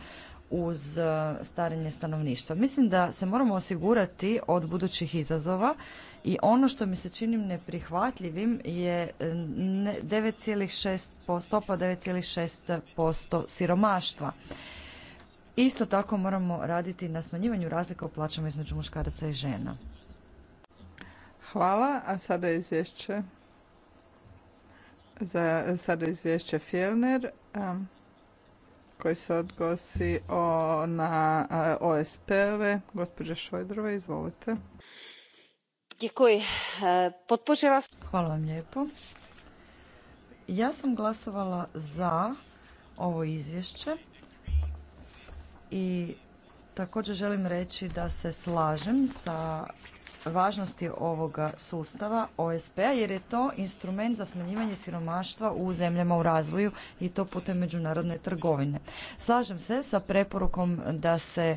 uz e, starenje stanovništva. Mislim da se moramo osigurati od budućih izazova i ono što mi se čini neprihvatljivim je 9,6 e, stopa 9,6% siromaštva. Isto tako moramo raditi na smanjivanju razlika u plaćama između muškaraca i žena. Hvala, a sada izvješće za sada izvješće Fjellner koji se odgosi o, na OSP-ove. Gospođa Šojdrova, izvolite. E, Hvala vam lijepo. Ja sam glasovala za ovo izvješće i također želim reći da se slažem sa važnosti ovoga sustava OSP-a jer je to instrument za smanjivanje siromaštva u zemljama u razvoju i to putem međunarodne trgovine. Slažem se sa preporukom da se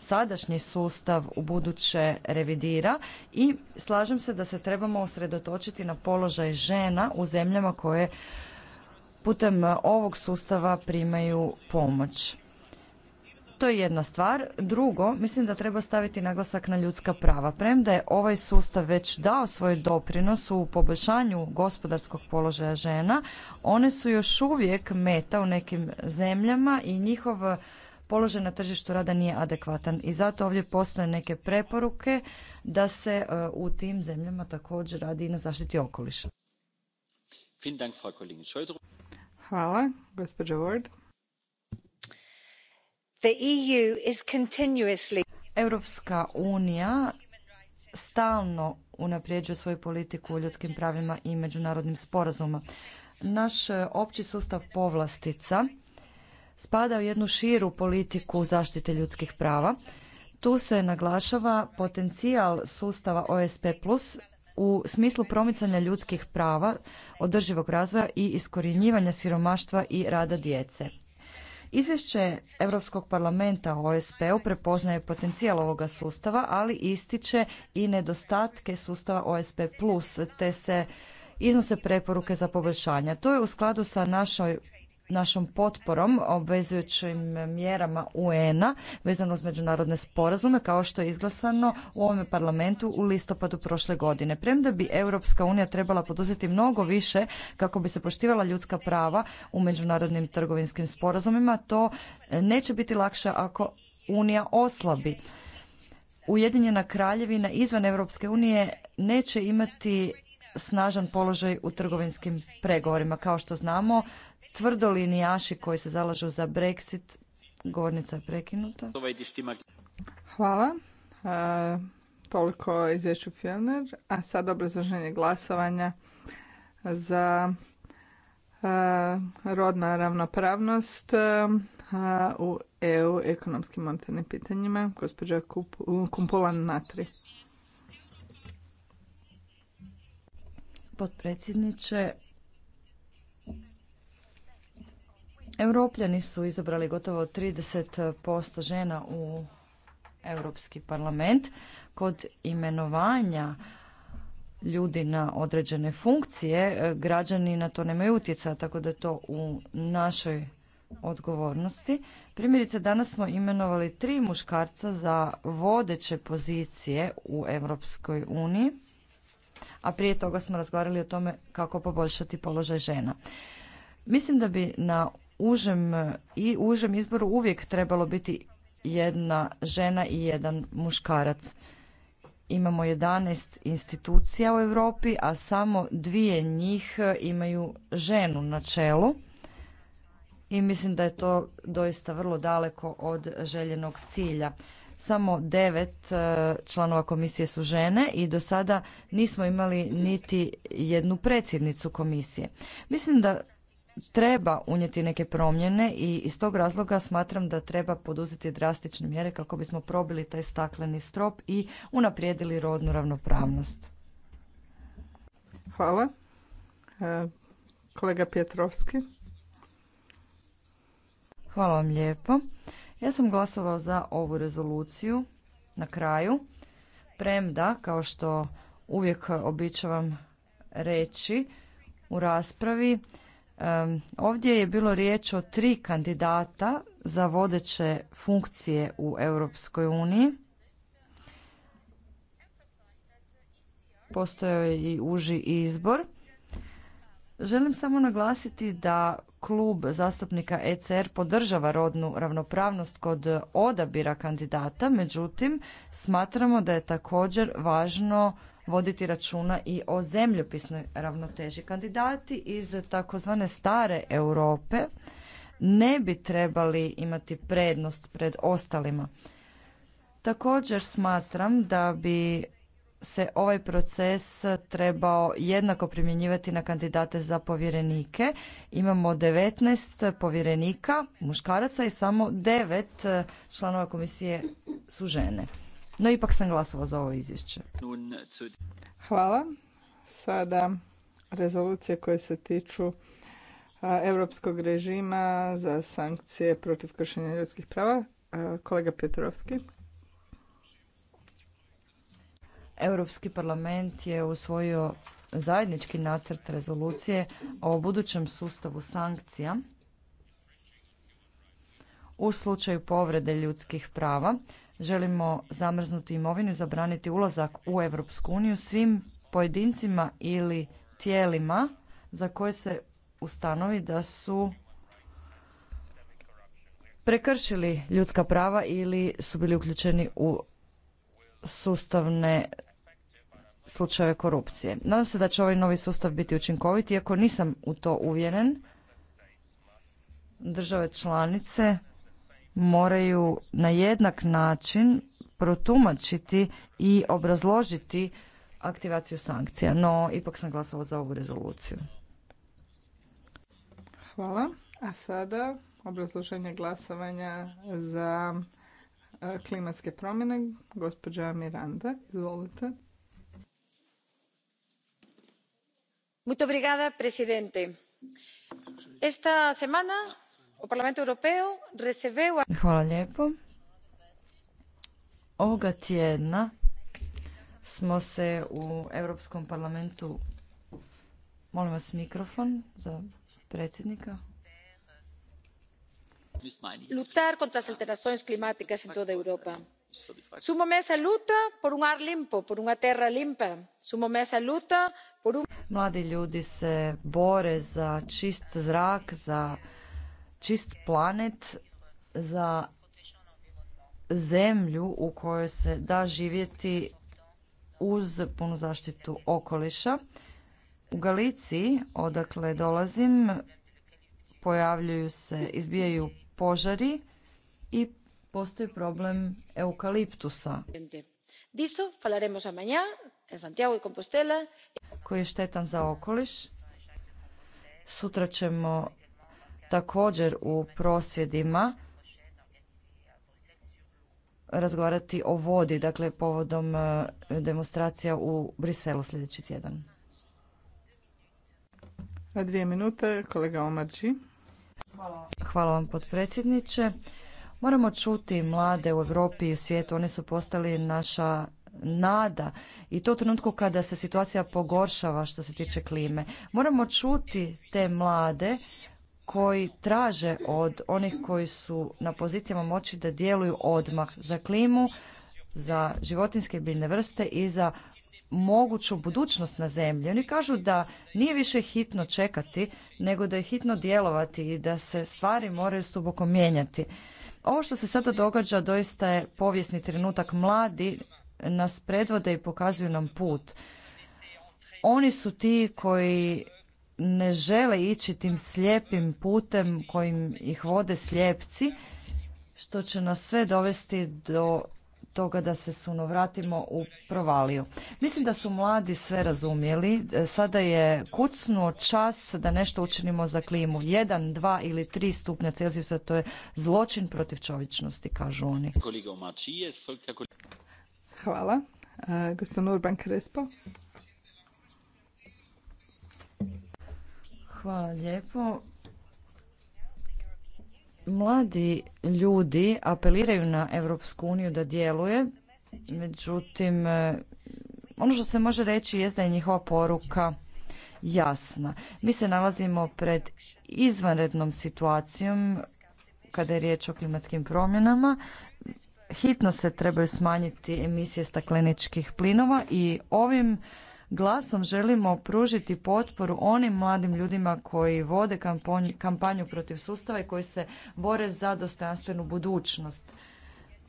sadašnji sustav u buduće revidira i slažem se da se trebamo osredotočiti na položaj žena u zemljama koje putem ovog sustava primaju pomoć. To je jedna stvar. Drugo, mislim da treba staviti naglasak na ljudska prava. Premda je ovaj sustav već dao svoj doprinos u poboljšanju gospodarskog položaja žena, one su još uvijek meta u nekim zemljama i njihov položaj na tržištu rada nije adekvatan. I zato ovdje postoje neke preporuke da se e, u tim zemljama također radi i na zaštiti okoliša. Hvala, gospođo Ward. E Europska unija stalno unapređuje svoju politiku u ljudskim pravima i međunarodnim sporazuma. Naš e, opći sustav povlastica spada u jednu širu politiku zaštite ljudskih prava. Tu se naglašava potencijal sustava OSP plus u smislu promicanja ljudskih prava, održivog razvoja i iskorjenjivanja siromaštva i rada djece. Izvješće Europskog parlamenta o OSP-u prepoznaje potencijal ovoga sustava, ali ističe i nedostatke sustava OSP+, te se iznose preporuke za poboljšanja. To je u skladu sa našoj našom potporom obvezujućim mjerama UN-a vezano uz međunarodne sporazume kao što je izglasano u ovom parlamentu u listopadu prošle godine. Premda bi Europska unija trebala poduzeti mnogo više kako bi se poštivala ljudska prava u međunarodnim trgovinskim sporazumima, to neće biti lakše ako unija oslabi. Ujedinjena kraljevina izvan Europske unije neće imati snažan položaj u trgovinskim pregovorima. Kao što znamo, tvrdolinijaši koji se zalažu za Brexit. Govornica je prekinuta. Hvala. E, toliko izvješću Fjellner. A sad obrazloženje glasovanja za e, rodna ravnopravnost e, u EU ekonomskim monetarnim pitanjima. Gospođa Kup, Kumpulan Natri. Potpredsjedniče, Europljani su izabrali gotovo 30% žena u Europski parlament. Kod imenovanja ljudi na određene funkcije, e, građani na to nemaju utjecaja, tako da to u našoj odgovornosti. Primjerice, danas smo imenovali tri muškarca za vodeće pozicije u Europskoj uniji, a prije toga smo razgovarali o tome kako poboljšati položaj žena. Mislim da bi na užem i užem izboru uvijek trebalo biti jedna žena i jedan muškarac. Imamo 11 institucija u Europi, a samo dvije njih e, imaju ženu na čelu. I mislim da je to doista vrlo daleko od željenog cilja. Samo devet e, članova komisije su žene i do sada nismo imali niti jednu predsjednicu komisije. Mislim da treba unijeti neke promjene i iz tog razloga smatram da treba poduzeti drastične mjere kako bismo probili taj stakleni strop i unaprijedili rodnu ravnopravnost. Hvala. E, kolega Pietrovski. Hvala vam lijepo. Ja sam glasovao za ovu rezoluciju na kraju. Premda, kao što uvijek običavam reći u raspravi, Ovdje je bilo riječ o tri kandidata za vodeće funkcije u Europskoj uniji. Postojao je i uži izbor. Želim samo naglasiti da klub zastupnika ECR podržava rodnu ravnopravnost kod odabira kandidata, međutim smatramo da je također važno voditi računa i o zemljopisnoj ravnoteži. Kandidati iz takozvane stare Europe ne bi trebali imati prednost pred ostalima. Također smatram da bi se ovaj proces trebao jednako primjenjivati na kandidate za povjerenike. Imamo 19 povjerenika, muškaraca i samo 9 članova komisije su žene. No ipak sam glasovao za ovo izvješće. Hvala. Sada rezolucije koje se tiču europskog režima za sankcije protiv kršenja ljudskih prava. Kolega Petrovski. Europski parlament je usvojio zajednički nacrt rezolucije o budućem sustavu sankcija u slučaju povrede ljudskih prava Želimo zamrznuti imovinu i zabraniti ulazak u Europsku uniju svim pojedincima ili tijelima za koje se ustanovi da su prekršili ljudska prava ili su bili uključeni u sustavne slučajeve korupcije. Nadam se da će ovaj novi sustav biti učinkovit, iako nisam u to uvjeren. Države članice moraju na jednak način protumačiti i obrazložiti aktivaciju sankcija. No, ipak sam glasala za ovu rezoluciju. Hvala. A sada obrazloženje glasovanja za e, klimatske promjene. Gospođa Miranda, izvolite. Muito obrigada, presidente. Esta semana Hvala lijepo. Ovoga tjedna smo se u Europskom parlamentu, molim vas mikrofon za predsjednika. Lutar contra las alterações climáticas em toda a Europa. mesa luta por un ar limpo, por una terra limpa. Sumomesa luta por un... Mladi ljudi se bore za čist zrak, za čist planet za zemlju u kojoj se da živjeti uz punu zaštitu okoliša. U Galiciji, odakle dolazim, pojavljuju se, izbijaju požari i postoji problem eukaliptusa koji je štetan za okoliš. Sutra ćemo također u prosvjedima razgovarati o vodi, dakle povodom e, demonstracija u Briselu sljedeći tjedan. Na dvije minute, kolega Omarđi. Hvala. Hvala vam potpredsjedniče. Moramo čuti mlade u Europi i u svijetu, oni su postali naša nada i to u trenutku kada se situacija pogoršava što se tiče klime. Moramo čuti te mlade koji traže od onih koji su na pozicijama moći da djeluju odmah za klimu, za životinske biljne vrste i za moguću budućnost na zemlji. Oni kažu da nije više hitno čekati, nego da je hitno djelovati i da se stvari moraju suboko mijenjati. Ovo što se sada događa doista je povijesni trenutak. Mladi nas predvode i pokazuju nam put. Oni su ti koji ne žele ići tim slijepim putem kojim ih vode slijepci, što će nas sve dovesti do toga da se vratimo u provaliju. Mislim da su mladi sve razumjeli. Sada je kucnuo čas da nešto učinimo za klimu. Jedan, dva ili tri stupnja Celsijusa to je zločin protiv čovječnosti, kažu oni. Hvala. E, gospodin Urban Krespo. Hvala lijepo. Mladi ljudi apeliraju na Europsku uniju da djeluje, međutim, e, ono što se može reći je da je njihova poruka jasna. Mi se nalazimo pred izvanrednom situacijom kada je riječ o klimatskim promjenama. Hitno se trebaju smanjiti emisije stakleničkih plinova i ovim glasom želimo pružiti potporu onim mladim ljudima koji vode kampanju protiv sustava i koji se bore za dostojanstvenu budućnost.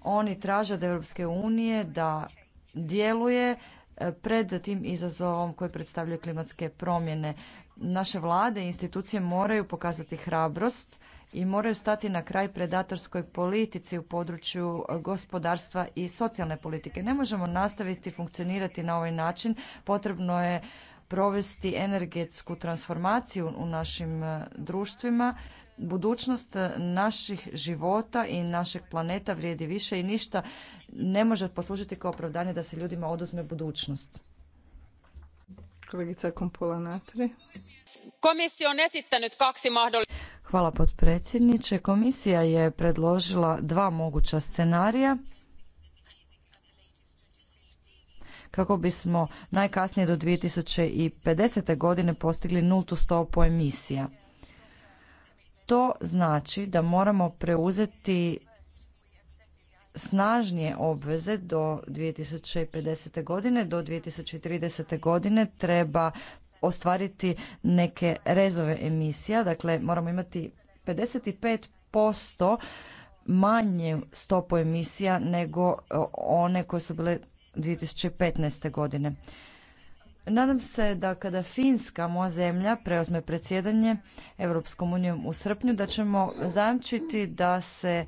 Oni traže od Europske unije da djeluje e, pred tim izazovom koji predstavljaju klimatske promjene. Naše vlade i institucije moraju pokazati hrabrost i moraju stati na kraj predatorskoj politici u području e, gospodarstva i socijalne politike. Ne možemo nastaviti funkcionirati na ovaj način. Potrebno je provesti energetsku transformaciju u našim e, društvima. Budućnost e, naših života i našeg planeta vrijedi više i ništa ne može poslužiti kao opravdanje da se ljudima oduzme budućnost. Hvala potpredsjedniče. Komisija je predložila dva moguća scenarija kako bismo najkasnije do 2050. godine postigli nultu stopu emisija. To znači da moramo preuzeti snažnije obveze do 2050. godine, do 2030. godine treba ostvariti neke rezove emisija, dakle moramo imati 55% manje stopu emisija nego e, one koje su bile 2015. godine. Nadam se da kada Finska, moja zemlja, preozme predsjedanje Europskom unijom u srpnju, da ćemo zajamčiti da se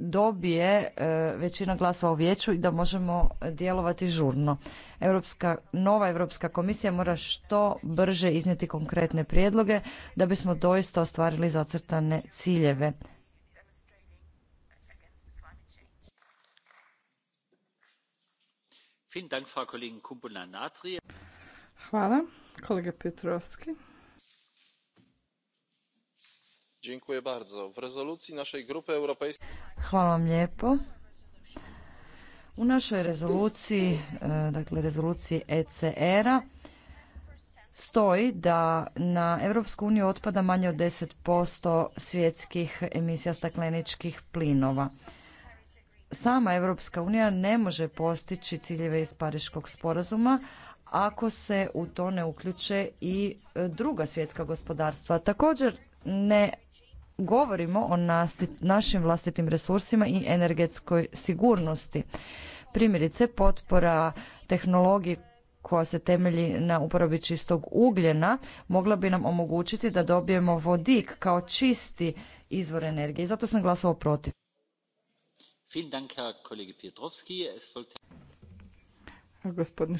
dobije e, većina glasova u vijeću i da možemo djelovati žurno. nova Europska komisija mora što brže iznijeti konkretne prijedloge da bismo doista ostvarili zacrtane ciljeve. Hvala, kolega Petrovski. W rezolucji Hvala vam lijepo. U našoj rezoluciji, e, dakle rezoluciji ECR-a, stoji da na Europsku uniju otpada manje od 10% svjetskih emisija stakleničkih plinova. Sama Europska unija ne može postići ciljeve iz Pariškog sporazuma ako se u to ne uključe i druga svjetska gospodarstva. Također ne govorimo o našim vlastitim resursima i energetskoj sigurnosti. Primjerice, potpora tehnologiji koja se temelji na uporabi čistog ugljena mogla bi nam omogućiti da dobijemo vodik kao čisti izvor energije. I zato sam glasao protiv. Gospodin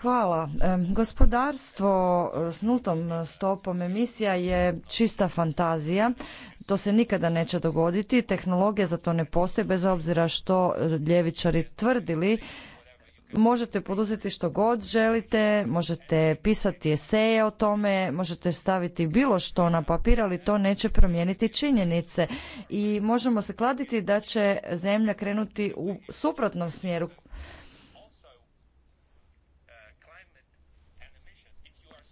Hvala. Gospodarstvo e, s nultom stopom emisija je čista fantazija. To se nikada neće dogoditi. Tehnologija za to ne postoji, bez obzira što ljevičari tvrdili. Možete poduzeti što god želite, možete pisati eseje o tome, možete staviti bilo što na papir, ali to neće promijeniti činjenice. I možemo se kladiti da će zemlja krenuti u suprotnom smjeru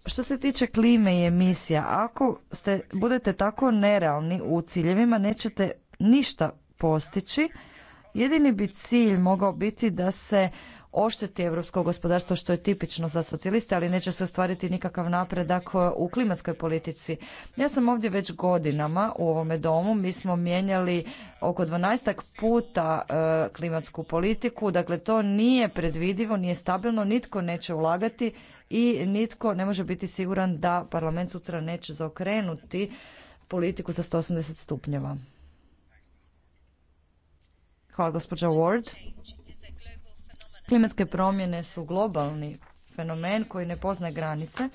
Što se tiče klime i emisija, ako ste, budete tako nerealni u ciljevima, nećete ništa postići. Jedini bi cilj mogao biti da se ošteti europsko gospodarstvo što je tipično za socijaliste, ali neće se ostvariti nikakav napredak e, u klimatskoj politici. Ja sam ovdje već godinama u ovome domu, mi smo mijenjali oko 12 puta e, klimatsku politiku, dakle to nije predvidivo, nije stabilno, nitko neće ulagati i nitko ne može biti siguran da parlament sutra neće zaokrenuti politiku za 180 stupnjeva. Hvala gospođa Ward. Klimatske promjene su globalni fenomen koji ne poznaje granice.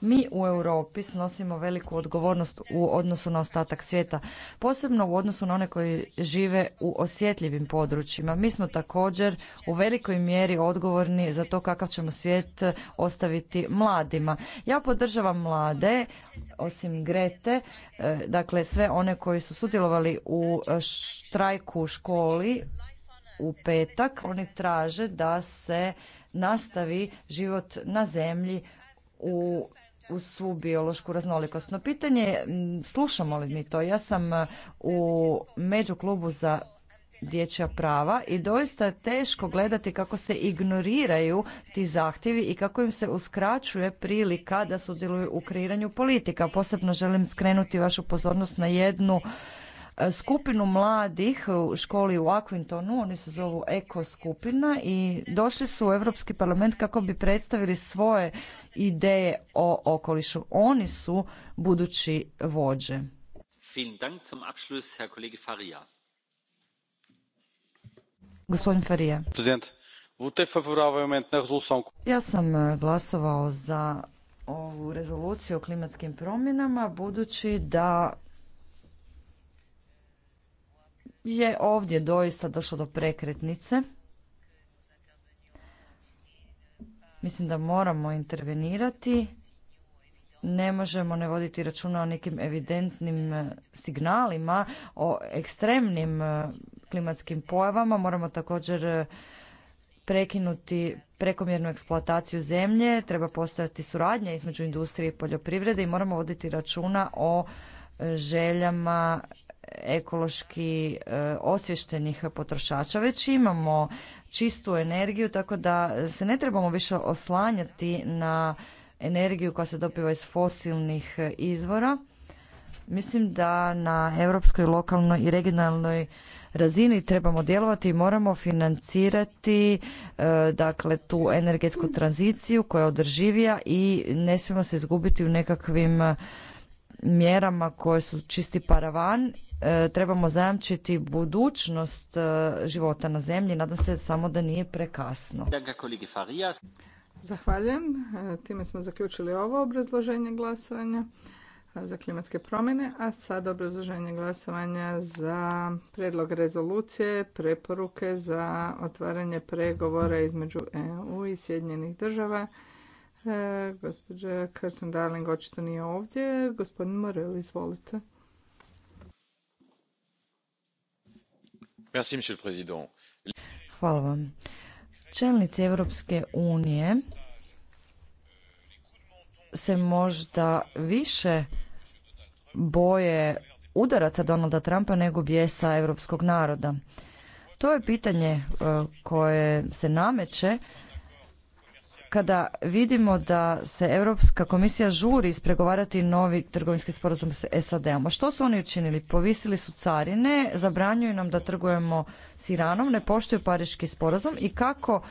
Mi u Europi snosimo veliku odgovornost u odnosu na ostatak svijeta, posebno u odnosu na one koji žive u osjetljivim područjima. Mi smo također u velikoj mjeri odgovorni za to kakav ćemo svijet ostaviti mladima. Ja podržavam mlade, osim Grete, e, dakle sve one koji su sudjelovali u štrajku u školi u petak. Oni traže da se nastavi život na zemlji u u svu biološku raznolikost. No pitanje je, slušamo li mi to? Ja sam e, u međuklubu za dječja prava i doista je teško gledati kako se ignoriraju ti zahtjevi i kako im se uskraćuje prilika da sudjeluju u kreiranju politika. Posebno želim skrenuti vašu pozornost na jednu E, skupinu mladih u školi u Aquintonu, oni se zovu Eko skupina i došli su u Europski parlament kako bi predstavili svoje ideje o okolišu. Oni su budući vođe. Gospodin Ja sam e, glasovao za ovu rezoluciju o klimatskim promjenama budući da je ovdje doista došlo do prekretnice. Mislim da moramo intervenirati. Ne možemo ne voditi računa o nekim evidentnim e, signalima, o ekstremnim e, klimatskim pojavama. Moramo također e, prekinuti prekomjernu eksploataciju zemlje, treba postojati suradnja između industrije i poljoprivrede i moramo voditi računa o željama ekološki e, osvještenih potrošača, već imamo čistu energiju, tako da se ne trebamo više oslanjati na energiju koja se dobiva iz fosilnih e, izvora. Mislim da na europskoj, lokalnoj i regionalnoj razini trebamo djelovati i moramo financirati e, dakle tu energetsku tranziciju koja je održivija i ne smijemo se izgubiti u nekakvim mjerama koje su čisti paravan E, trebamo zajamčiti budućnost e, života na zemlji. Nadam se samo da nije prekasno. Zahvaljujem. E, time smo zaključili ovo obrazloženje glasovanja za klimatske promjene, a sad obrazloženje glasovanja za predlog rezolucije, preporuke za otvaranje pregovora između EU i Sjedinjenih država. E, gospođa očito nije ovdje. Gospodin Morel, izvolite. Hvala vam. Čelnici Europske unije se možda više boje udaraca Donalda Trumpa nego bijesa europskog naroda. To je pitanje e, koje se nameće kada vidimo da se Europska komisija žuri ispregovarati novi trgovinski sporazum s SAD-om. A što su oni učinili? Povisili su carine, zabranjuju nam da trgujemo s Iranom, ne poštuju pariški sporazum i kako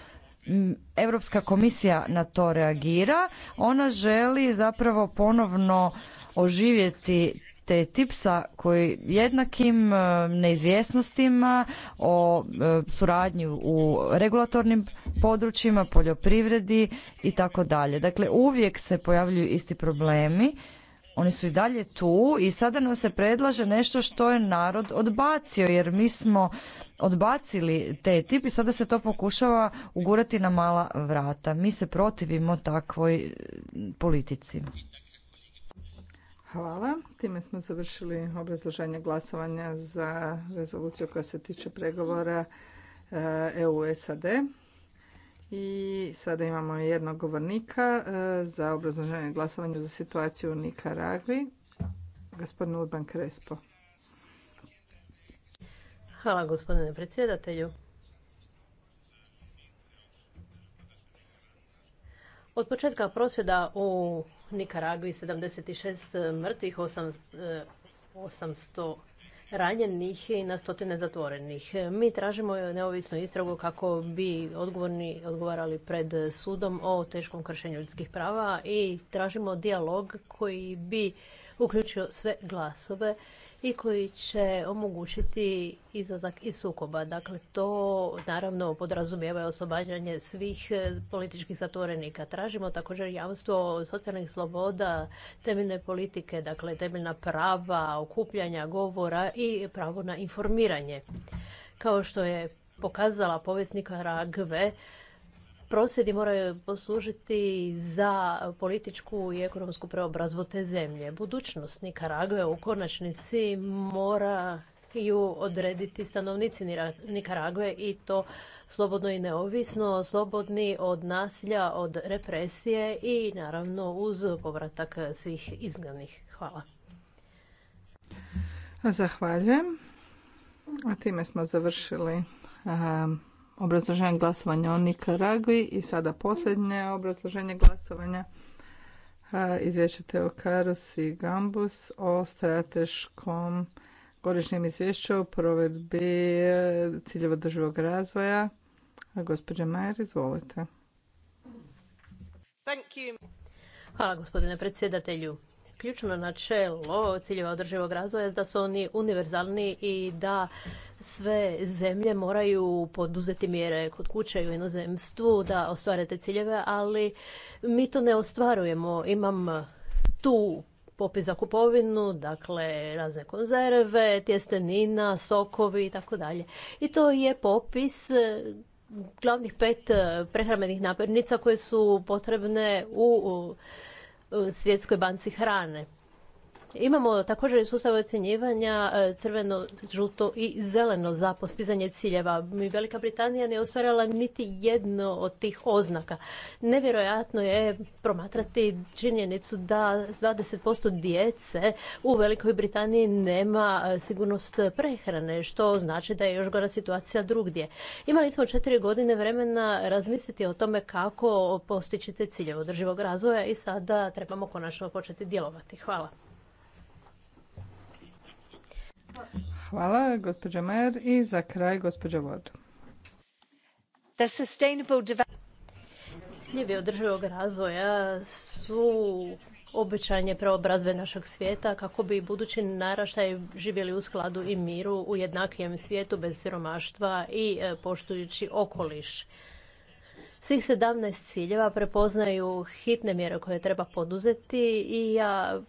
Europska komisija na to reagira, ona želi zapravo ponovno oživjeti te tipsa koji jednakim neizvjesnostima o suradnju u regulatornim područjima, poljoprivredi i tako dalje. Dakle, uvijek se pojavljuju isti problemi. Oni su i dalje tu i sada nam se predlaže nešto što je narod odbacio jer mi smo odbacili te tip i sada se to pokušava ugurati na mala vrata. Mi se protivimo takvoj politici. Hvala. Time smo završili obrazloženje glasovanja za rezoluciju koja se tiče pregovora e, EU-SAD. I sada imamo jednog govornika e, za obrazloženje glasovanja za situaciju u Nikaragvi, gospodin Urban Krespo. Hvala gospodine predsjedatelju. Od početka prosvjeda u Nikaragvi 76 mrtvih, 800 e, ranjenih i na stotine zatvorenih. Mi tražimo neovisnu istragu kako bi odgovorni odgovarali pred sudom o teškom kršenju ljudskih prava i tražimo dijalog koji bi uključio sve glasove i koji će omogućiti izlazak iz sukoba. Dakle, to naravno podrazumijeva oslobađanje svih e, političkih zatvorenika. Tražimo također javstvo socijalnih sloboda, temeljne politike, dakle temeljna prava, okupljanja govora i pravo na informiranje. Kao što je pokazala povjesnika Ragve, prosvjedi moraju poslužiti za političku i ekonomsku preobrazbu te zemlje. Budućnost Nikaragve u konačnici mora ju odrediti stanovnici Nikaragve i to slobodno i neovisno, slobodni od nasilja, od represije i naravno uz povratak svih izgnanih. Hvala. Zahvaljujem. A time smo završili obrazloženje glasovanja o Nikaragvi i sada posljednje obrazloženje glasovanja e, izvješće Teo Karus i Gambus o strateškom godišnjem izvješću o provedbi ciljeva održivog razvoja. Gospođa Majer, izvolite. Thank you. Hvala gospodine predsjedatelju. Ključno načelo ciljeva održivog razvoja je da su oni univerzalni i da sve zemlje moraju poduzeti mjere kod kuće i u inozemstvu da ostvare te ciljeve, ali mi to ne ostvarujemo. Imam tu popis za kupovinu, dakle razne konzerve, tjestenina, sokovi i tako dalje. I to je popis e, glavnih pet e, prehrambenih namirnica koje su potrebne u Svjetskoj banci hrane. Imamo također sustav ocjenjivanja e, crveno, žuto i zeleno za postizanje ciljeva. Velika Britanija ne ostvarila niti jedno od tih oznaka. Nevjerojatno je promatrati činjenicu da 20% djece u Velikoj Britaniji nema e, sigurnost prehrane, što znači da je još gora situacija drugdje. Imali smo četiri godine vremena razmisliti o tome kako postići te ciljeve održivog razvoja i sada trebamo konačno početi djelovati. Hvala. Hvala, gospođa Majer. I za kraj, gospođa Vod. Ciljevi održivog razvoja su običajne preobrazbe našeg svijeta kako bi budući naraštaj živjeli u skladu i miru u jednakijem svijetu bez siromaštva i e, poštujući okoliš. Svih sedamnaest ciljeva prepoznaju hitne mjere koje treba poduzeti i ja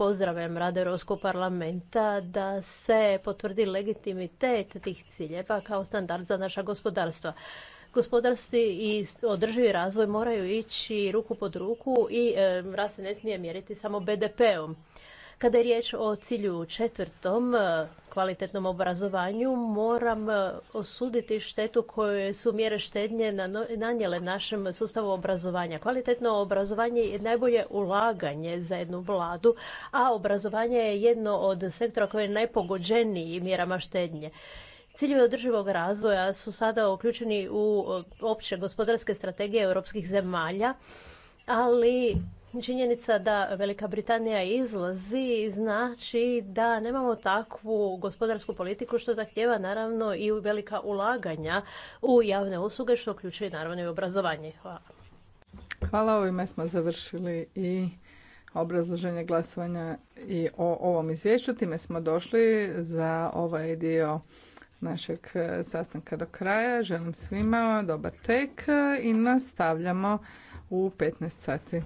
pozdravljam rad Europskog parlamenta da se potvrdi legitimitet tih ciljeva kao standard za naša gospodarstva. Gospodarski i održivi razvoj moraju ići ruku pod ruku i eh, rast se ne smije mjeriti samo BDP-om. Kada je riječ o cilju četvrtom, e, kvalitetnom obrazovanju, moram e, osuditi štetu koje su mjere štednje nanijele našem sustavu obrazovanja. Kvalitetno obrazovanje je najbolje ulaganje za jednu vladu, a obrazovanje je jedno od sektora koje je najpogođeniji mjerama štednje. Ciljevi održivog razvoja su sada uključeni u e, opće gospodarske strategije europskih zemalja, ali Činjenica da Velika Britanija izlazi znači da nemamo takvu gospodarsku politiku što zahtjeva naravno i velika ulaganja u javne usluge što uključuje naravno i obrazovanje. Hvala. Hvala, ovime smo završili i obrazloženje glasovanja i o ovom izvješću. Time smo došli za ovaj dio našeg e, sastanka do kraja. Želim svima dobar tek i nastavljamo u 15 sati.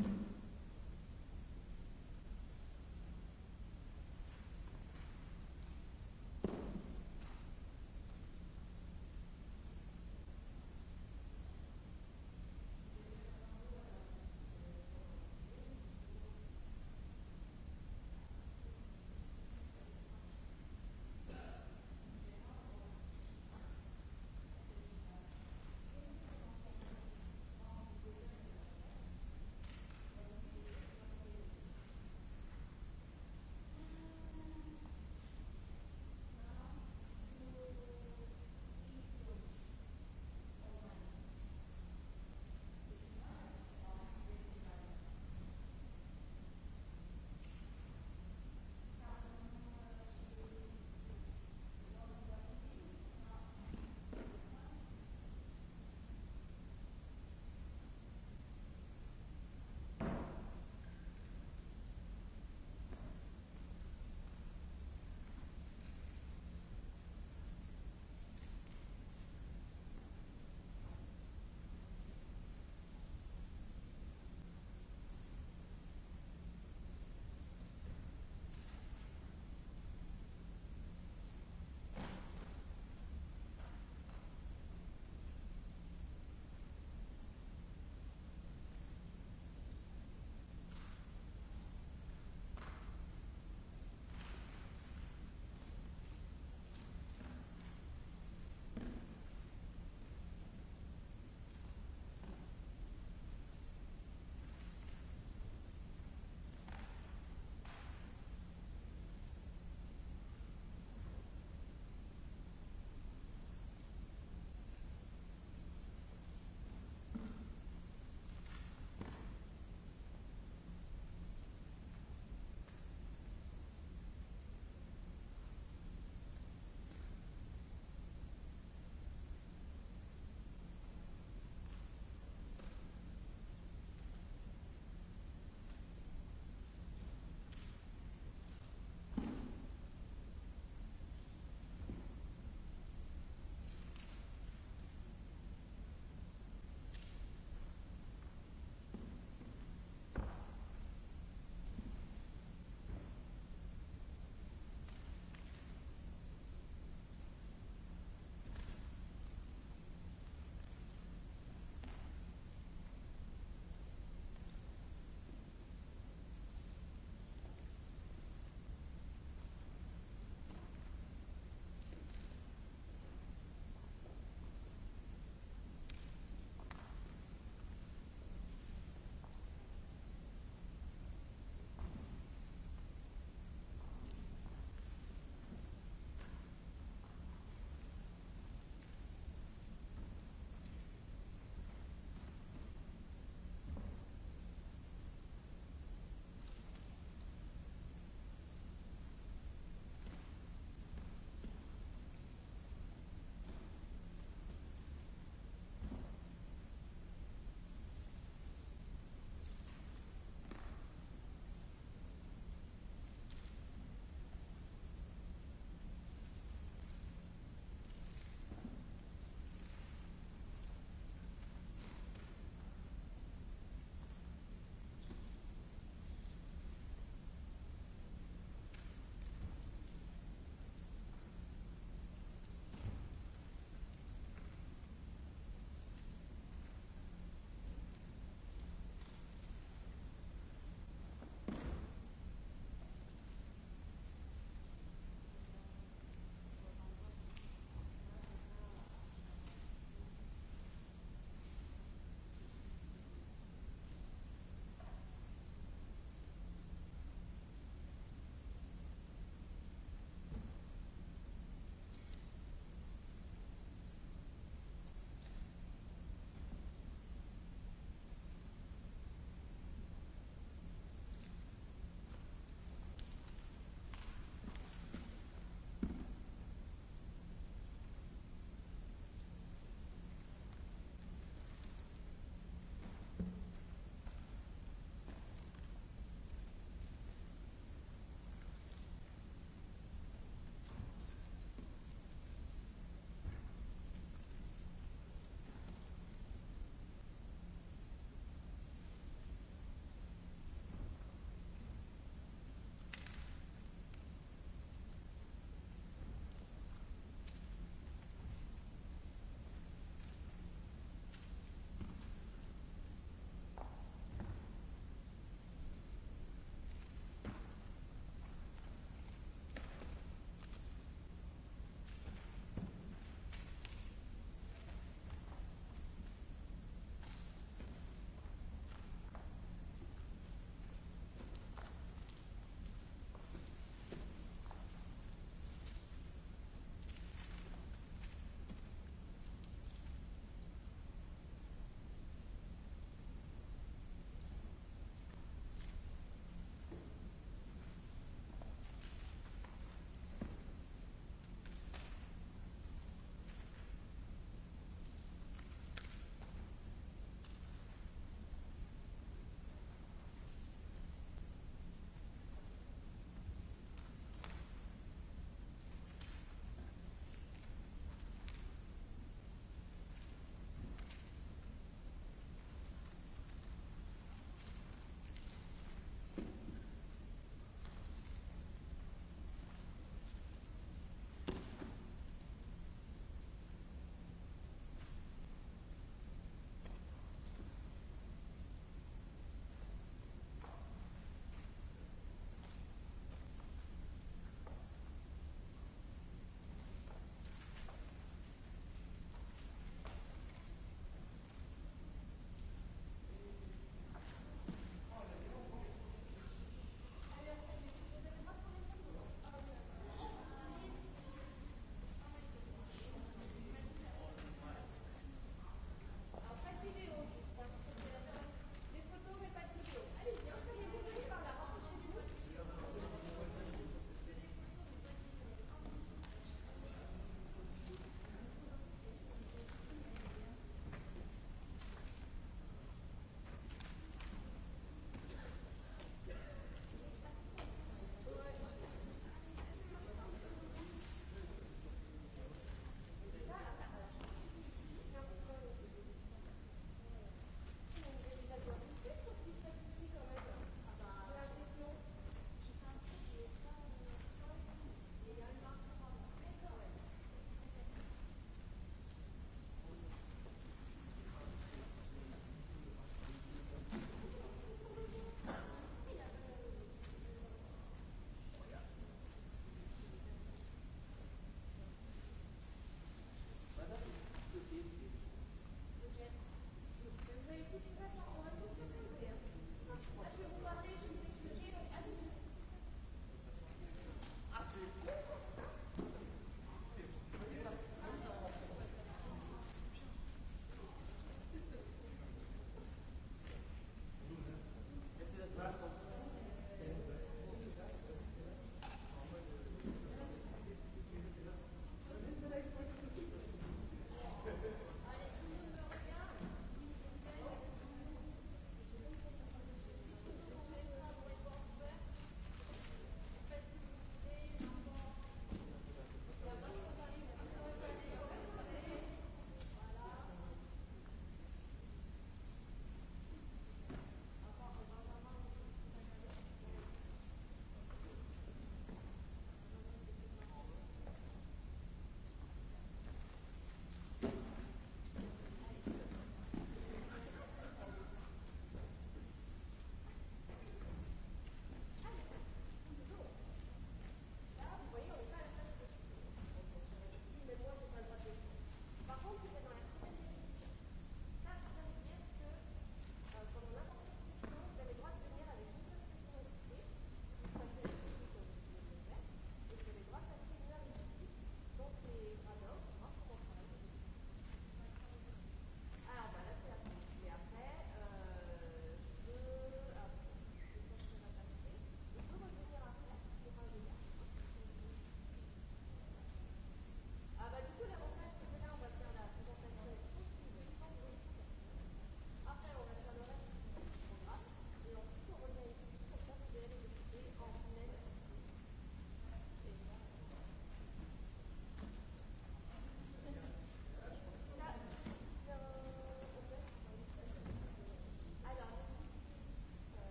Hvala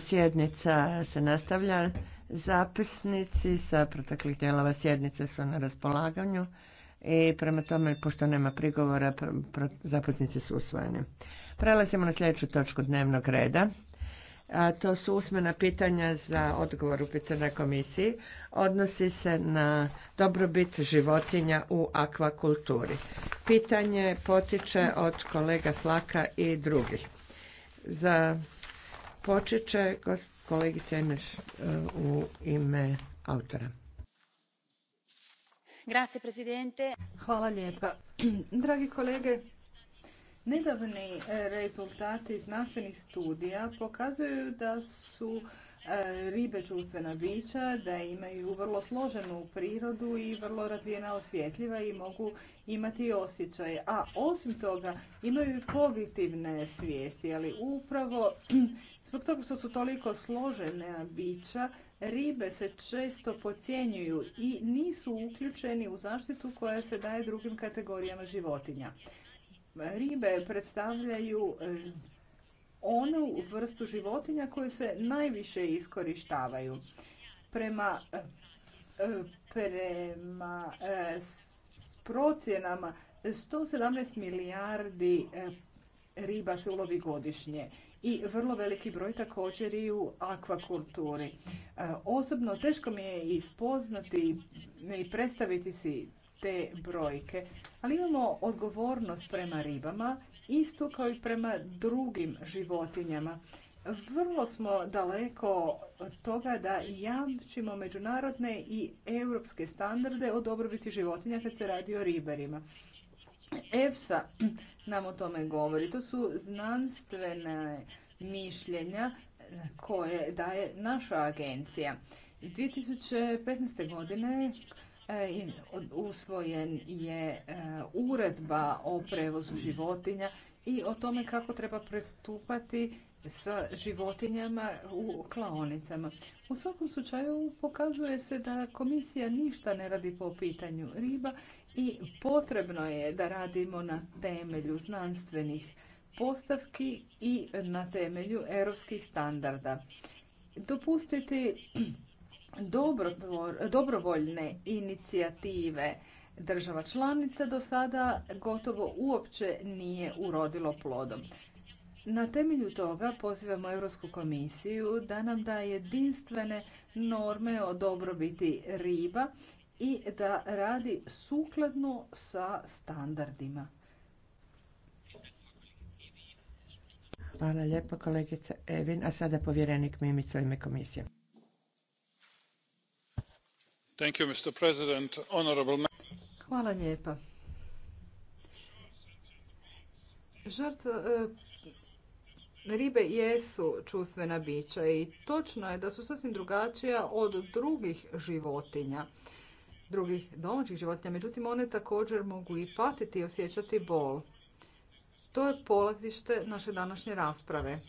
sjednica se nastavlja zapisnici sa proteklih dijelova sjednice su na raspolaganju i prema tome pošto nema prigovora zapisnici su usvojeni prelazimo na sljedeću točku dnevnog reda a to su usmena pitanja za odgovor u na komisiji, odnosi se na dobrobit životinja u akvakulturi. Pitanje potiče od kolega Flaka i drugih. Za počet će kolegica e, u ime autora. Grazie, Hvala lijepa. Dragi kolege, Nedavni e, rezultati znanstvenih studija pokazuju da su e, ribe čustvena bića, da imaju vrlo složenu prirodu i vrlo razvijena osvjetljiva i mogu imati osjećaj. A osim toga imaju i kognitivne svijesti, ali upravo zbog toga što su toliko složene bića, ribe se često pocijenjuju i nisu uključeni u zaštitu koja se daje drugim kategorijama životinja ribe predstavljaju e, onu vrstu životinja koje se najviše iskorištavaju. Prema, e, prema e, procjenama 117 milijardi riba se ulovi godišnje i vrlo veliki broj također i u akvakulturi. Osobno teško mi je ispoznati i predstaviti si te brojke, ali imamo odgovornost prema ribama, isto kao i prema drugim životinjama. Vrlo smo daleko od toga da jamčimo međunarodne i europske standarde o dobrobiti životinja kad se radi o ribarima. EFSA nam o tome govori. To su znanstvene mišljenja koje daje naša agencija. 2015. godine E, usvojen je e, uredba o prevozu životinja i o tome kako treba prestupati sa životinjama u klaonicama. U svakom slučaju pokazuje se da komisija ništa ne radi po pitanju riba i potrebno je da radimo na temelju znanstvenih postavki i na temelju europskih standarda. Dopustiti dobrovoljne inicijative država članica do sada gotovo uopće nije urodilo plodom. Na temelju toga pozivamo Europsku komisiju da nam da jedinstvene norme o dobrobiti riba i da radi sukladno sa standardima. Hvala lijepo kolegice Evin, a sada povjerenik Mimica u ime komisije. Mr. President. Žrtve e, ribe jesu čustvena bića i točno je da su sasvim drugačija od drugih životinja, drugih domaćih životinja. Međutim, one također mogu i patiti i osjećati bol. To je polazište naše današnje rasprave.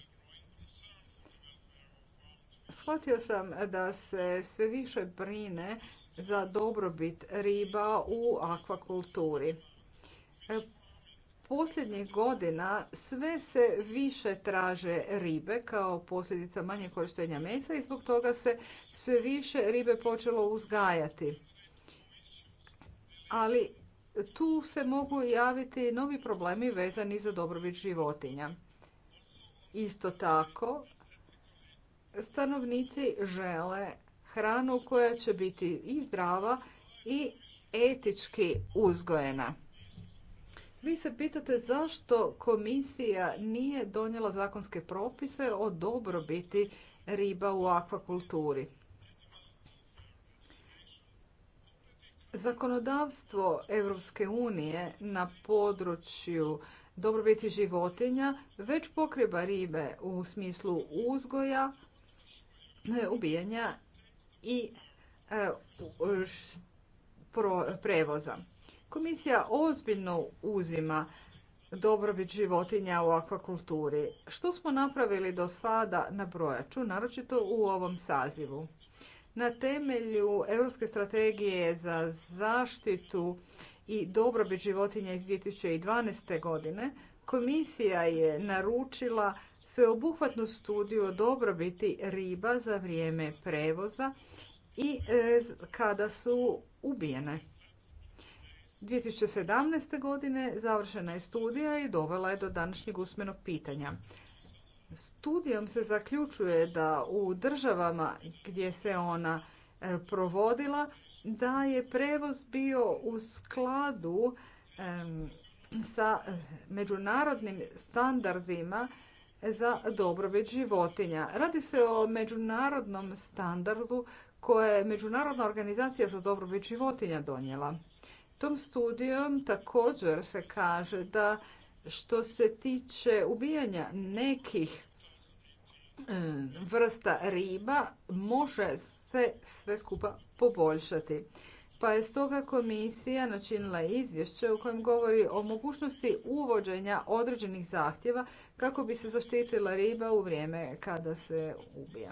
Shvatio sam da se sve više brine za dobrobit riba u akvakulturi. E, posljednjih godina sve se više traže ribe kao posljedica manje korištenja mesa i zbog toga se sve više ribe počelo uzgajati. Ali tu se mogu javiti novi problemi vezani za dobrobit životinja. Isto tako, stanovnici žele hranu koja će biti i zdrava i etički uzgojena. Vi se pitate zašto komisija nije donijela zakonske propise o dobrobiti riba u akvakulturi. Zakonodavstvo Europske unije na području dobrobiti životinja već pokriva ribe u smislu uzgoja, ubijanja i e, prevoza. Komisija ozbiljno uzima dobrobit životinja u akvakulturi. Što smo napravili do sada na brojaču, naročito u ovom sazivu? Na temelju Europske strategije za zaštitu i dobrobit životinja iz 2012. godine, komisija je naručila sveobuhvatnu studiju o dobrobiti riba za vrijeme prevoza i e, kada su ubijene. 2017. godine završena je studija i dovela je do današnjeg usmenog pitanja. Studijom se zaključuje da u državama gdje se ona e, provodila da je prevoz bio u skladu sa međunarodnim standardima za dobrobit životinja. Radi se o međunarodnom standardu koje je Međunarodna organizacija za dobrobit životinja donijela. Tom studijom također se kaže da što se tiče ubijanja nekih e, vrsta riba može se sve skupa poboljšati pa je stoga komisija načinila izvješće u kojem govori o mogućnosti uvođenja određenih zahtjeva kako bi se zaštitila riba u vrijeme kada se ubija.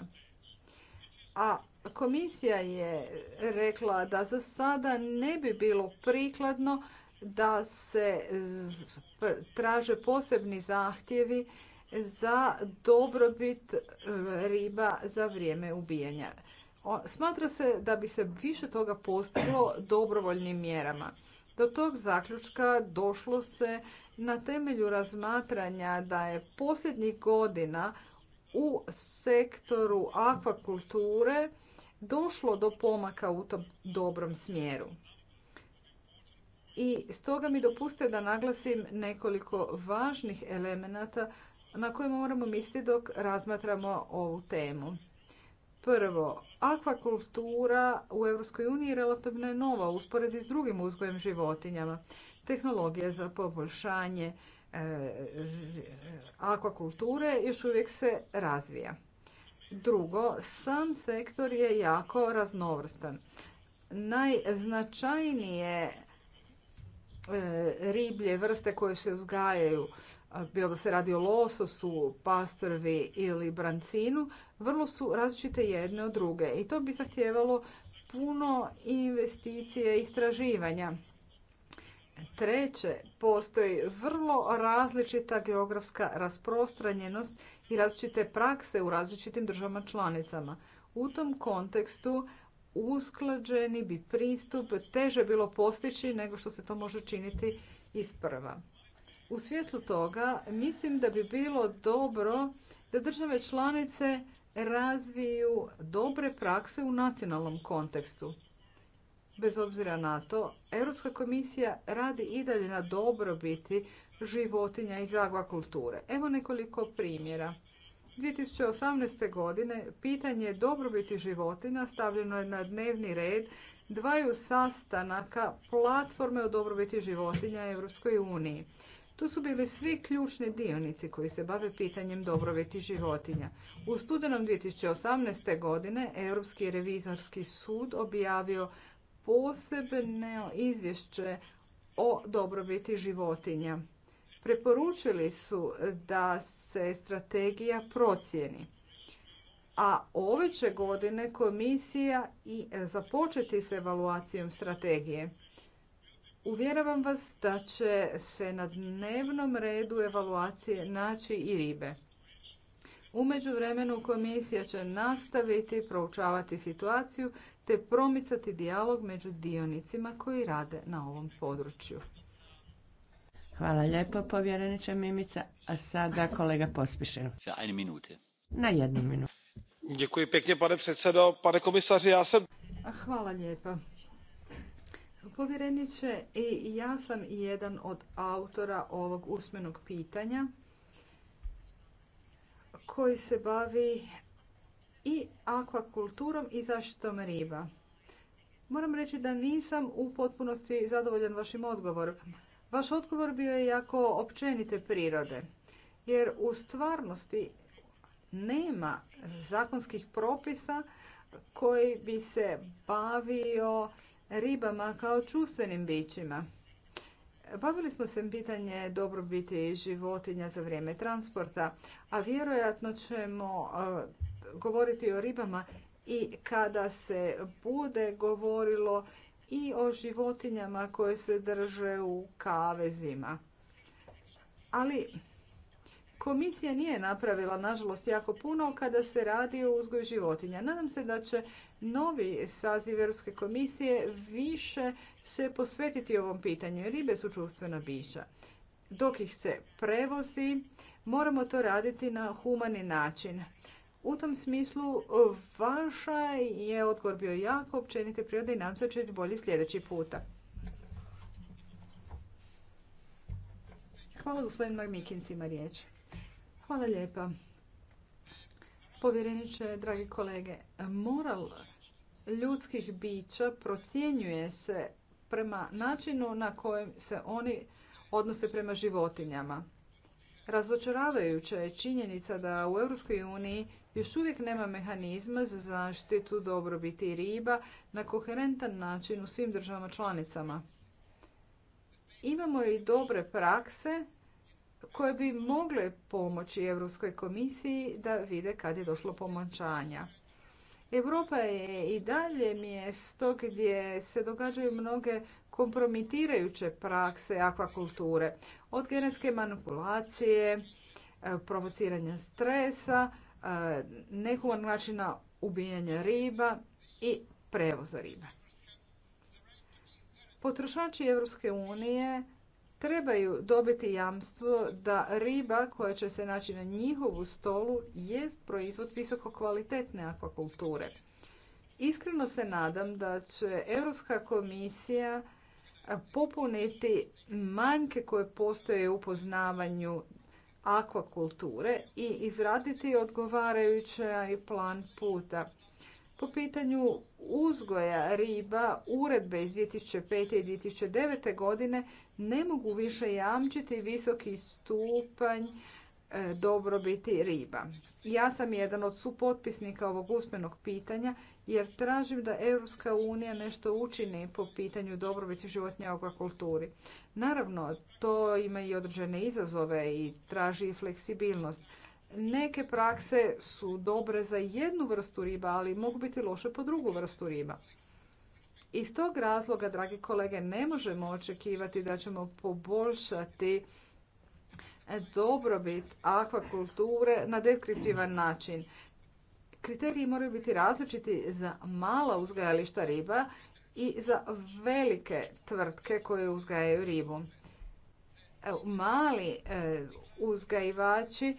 A komisija je rekla da za sada ne bi bilo prikladno da se traže posebni zahtjevi za dobrobit riba za vrijeme ubijanja. Smatra se da bi se više toga postiglo dobrovoljnim mjerama. Do tog zaključka došlo se na temelju razmatranja da je posljednjih godina u sektoru akvakulture došlo do pomaka u tom dobrom smjeru. I stoga mi dopuste da naglasim nekoliko važnih elemenata na koje moramo misliti dok razmatramo ovu temu. Prvo, akvakultura u EU relativno je nova usporedi s drugim uzgojem životinjama. Tehnologija za poboljšanje e, akvakulture još uvijek se razvija. Drugo, sam sektor je jako raznovrstan. Najznačajnije e, riblje vrste koje se uzgajaju bilo da se radi o lososu, pastrvi ili brancinu, vrlo su različite jedne od druge i to bi zahtijevalo puno investicije istraživanja. Treće, postoji vrlo različita geografska rasprostranjenost i različite prakse u različitim državama članicama. U tom kontekstu usklađeni bi pristup teže bilo postići nego što se to može činiti isprva. U svjetlu toga mislim da bi bilo dobro da države članice razviju dobre prakse u nacionalnom kontekstu. Bez obzira na to, Europska komisija radi i dalje na dobrobiti životinja iz agvakulture. Evo nekoliko primjera. 2018. godine pitanje dobrobiti životinja stavljeno je na dnevni red dvaju sastanaka platforme o dobrobiti životinja Europskoj uniji. Tu su bili svi ključni dionici koji se bave pitanjem dobrobiti životinja. U studenom 2018. godine Europski revizorski sud objavio posebno izvješće o dobrobiti životinja. Preporučili su da se strategija procijeni. A ove će godine komisija i započeti s evaluacijom strategije. Uvjeravam vas da će se na dnevnom redu evaluacije naći i ribe. Umeđu vremenu komisija će nastaviti proučavati situaciju te promicati dijalog među dionicima koji rade na ovom području. Hvala lijepo, povjereniče Mimica. A sada kolega Pospišen. Na jednu minutu. Děkuji pěkně, pane předsedo. Pane Hvala lijepa. Povjereniče, i ja sam jedan od autora ovog usmenog pitanja koji se bavi i akvakulturom i zaštitom riba. Moram reći da nisam u potpunosti zadovoljan vašim odgovorom. Vaš odgovor bio je jako općenite prirode, jer u stvarnosti nema zakonskih propisa koji bi se bavio ribama kao čustvenim bićima. Bavili smo se pitanje dobrobiti životinja za vrijeme transporta, a vjerojatno ćemo govoriti o ribama i kada se bude govorilo i o životinjama koje se drže u kavezima. Ali Komisija nije napravila, nažalost, jako puno kada se radi o uzgoju životinja. Nadam se da će novi saziv Europske komisije više se posvetiti ovom pitanju. Ribe su čustvena bića. Dok ih se prevozi, moramo to raditi na humani način. U tom smislu, vaša je odgovor bio jako općenite prirode i nam se će biti bolji sljedeći puta. Hvala gospodin Magmikinci ima riječ. Hvala lijepa. Povjereniče, dragi kolege, moral ljudskih bića procjenjuje se prema načinu na kojem se oni odnose prema životinjama. Razočaravajuća je činjenica da u EU još uvijek nema mehanizma za zaštitu dobrobiti riba na koherentan način u svim državama članicama. Imamo i dobre prakse koje bi mogle pomoći Europskoj komisiji da vide kad je došlo pomoćanja. Europa je i dalje mjesto gdje se događaju mnoge kompromitirajuće prakse akvakulture. Od genetske manipulacije, e, provociranja stresa, e, nekog načina ubijanja riba i prevoza riba. Potrošači Europske unije trebaju dobiti jamstvo da riba koja će se naći na njihovu stolu jest proizvod visokokvalitetne akvakulture. Iskreno se nadam da će Europska komisija popuniti manjke koje postoje u poznavanju akvakulture i izraditi odgovarajući plan puta. Po pitanju uzgoja riba, uredbe iz 2005. i 2009. godine ne mogu više jamčiti visoki stupanj e, dobrobiti riba. Ja sam jedan od supotpisnika ovog usmenog pitanja jer tražim da Europska unija nešto učini po pitanju dobrobiti životinja u akvakulturi. Naravno, to ima i određene izazove i traži fleksibilnost, Neke prakse su dobre za jednu vrstu riba, ali mogu biti loše po drugu vrstu riba. Iz tog razloga, dragi kolege, ne možemo očekivati da ćemo poboljšati dobrobit akvakulture na deskriptivan način. Kriteriji moraju biti različiti za mala uzgajališta riba i za velike tvrtke koje uzgajaju ribu. Mali e, uzgajivači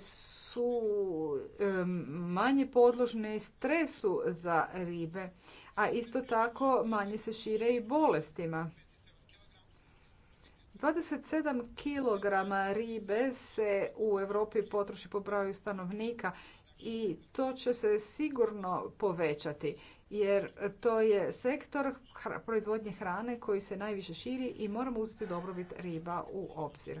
su manje podložne stresu za ribe, a isto tako manje se šire i bolestima. 27 kg ribe se u Europi potroši po broju stanovnika i to će se sigurno povećati jer to je sektor proizvodnje hrane koji se najviše širi i moramo uzeti dobrobit riba u obzir.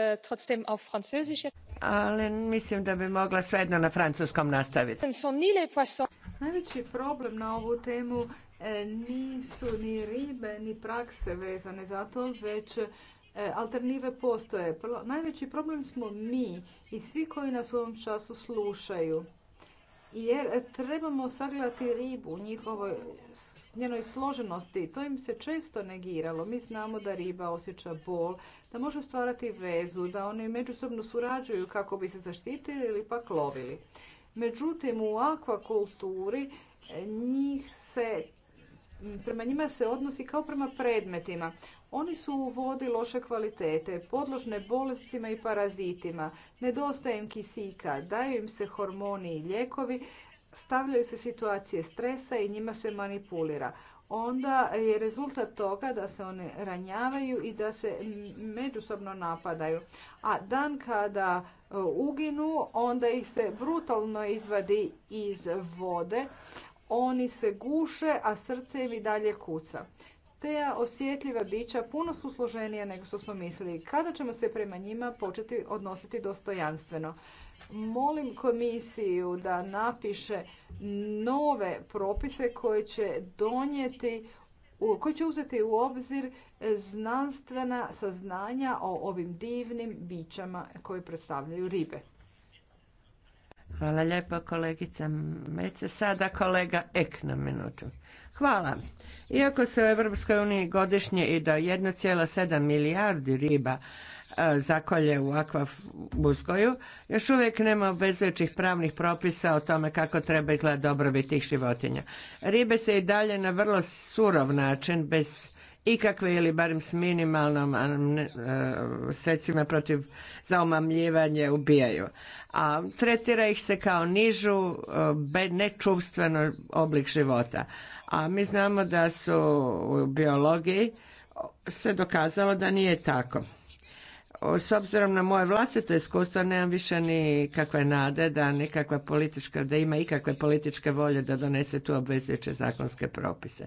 E, ali mislim da bi mogla svejedno na francuskom nastaviti. Najveći problem na ovu temu e, nisu ni ribe ni prakse vezane za to, već e, alternative postoje. Najveći problem smo mi i svi koji nas u ovom času slušaju. Jer trebamo sagledati ribu u njihovoj njenoj složenosti. To im se često negiralo. Mi znamo da riba osjeća bol, da može stvarati vezu, da oni međusobno surađuju kako bi se zaštitili ili pak lovili. Međutim, u akvakulturi e, njih se prema njima se odnosi kao prema predmetima. Oni su u vodi loše kvalitete, podložne bolestima i parazitima, nedostaje im kisika, daju im se hormoni i lijekovi, stavljaju se situacije stresa i njima se manipulira. Onda je rezultat toga da se one ranjavaju i da se međusobno napadaju. A dan kada e, uginu, onda ih se brutalno izvadi iz vode. Oni se guše, a srce im i dalje kuca. Te osjetljiva bića puno su složenija nego što smo mislili. Kada ćemo se prema njima početi odnositi dostojanstveno? Molim komisiju da napiše nove propise koje će donijeti koji će uzeti u obzir znanstvena saznanja o ovim divnim bićama koje predstavljaju ribe. Hvala lijepo kolegica Mece. Sada kolega Ek na minutu. Hvala. Iako se u EU godišnje i do 1,7 milijardi riba E, zakolje u akvabuzgoju, još uvijek nema obvezujućih pravnih propisa o tome kako treba izgledati dobrobit tih životinja. Ribe se i dalje na vrlo surov način, bez ikakve ili barem s minimalnom e, sredstvima protiv zaumamljivanje ubijaju. A tretira ih se kao nižu, e, nečuvstveno oblik života. A mi znamo da su u biologiji se dokazalo da nije tako. S obzirom na moje vlastito iskustvo nemam više nikakve nade da nikakva politička, da ima ikakve političke volje da donese tu obvezujuće zakonske propise.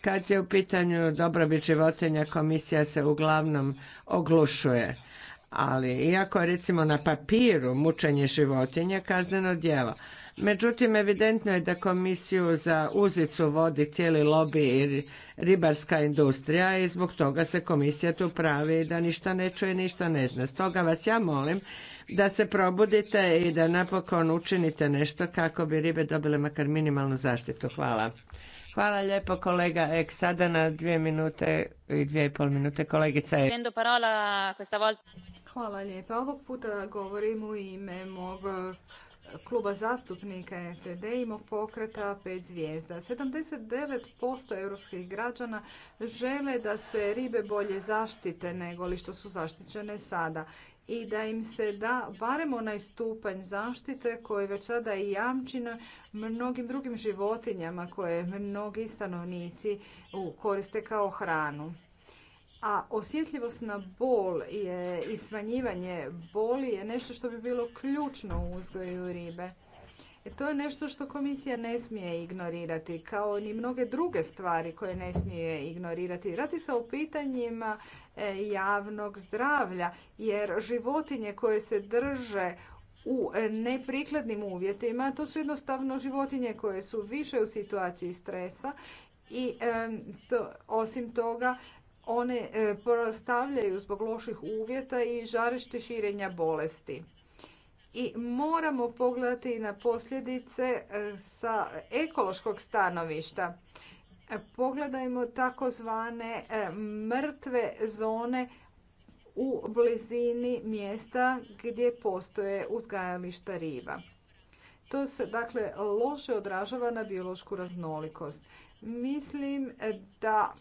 Kad je u pitanju dobrobit životinja, komisija se uglavnom oglušuje. Ali, iako recimo na papiru mučenje životinja kazneno djelo, Međutim, evidentno je da komisiju za uzicu vodi cijeli lobby i ribarska industrija i zbog toga se komisija tu pravi da ništa ne čuje, ništa ne zna. Stoga vas ja molim da se probudite i da napokon učinite nešto kako bi ribe dobile makar minimalnu zaštitu. Hvala. Hvala lijepo kolega Ek. Sada na dvije minute i dvije i pol minute kolegica Ek. Hvala lijepo. Ovog puta govorim u ime mog kluba zastupnika FTD i mog pokreta 5 zvijezda. 79% europskih građana žele da se ribe bolje zaštite nego li što su zaštićene sada i da im se da barem onaj stupanj zaštite koji već sada i jamči na mnogim drugim životinjama koje mnogi stanovnici koriste kao hranu. A osjetljivost na bol je, i smanjivanje boli je nešto što bi bilo ključno u uzgoju ribe. E, to je nešto što komisija ne smije ignorirati, kao ni mnoge druge stvari koje ne smije ignorirati. Radi se o pitanjima e, javnog zdravlja, jer životinje koje se drže u e, neprikladnim uvjetima, to su jednostavno životinje koje su više u situaciji stresa i to, osim toga one e, prostavljaju zbog loših uvjeta i žarište širenja bolesti. I moramo pogledati na posljedice e, sa ekološkog stanovišta. E, pogledajmo takozvane mrtve zone u blizini mjesta gdje postoje uzgajališta riba. To se dakle loše odražava na biološku raznolikost. Mislim da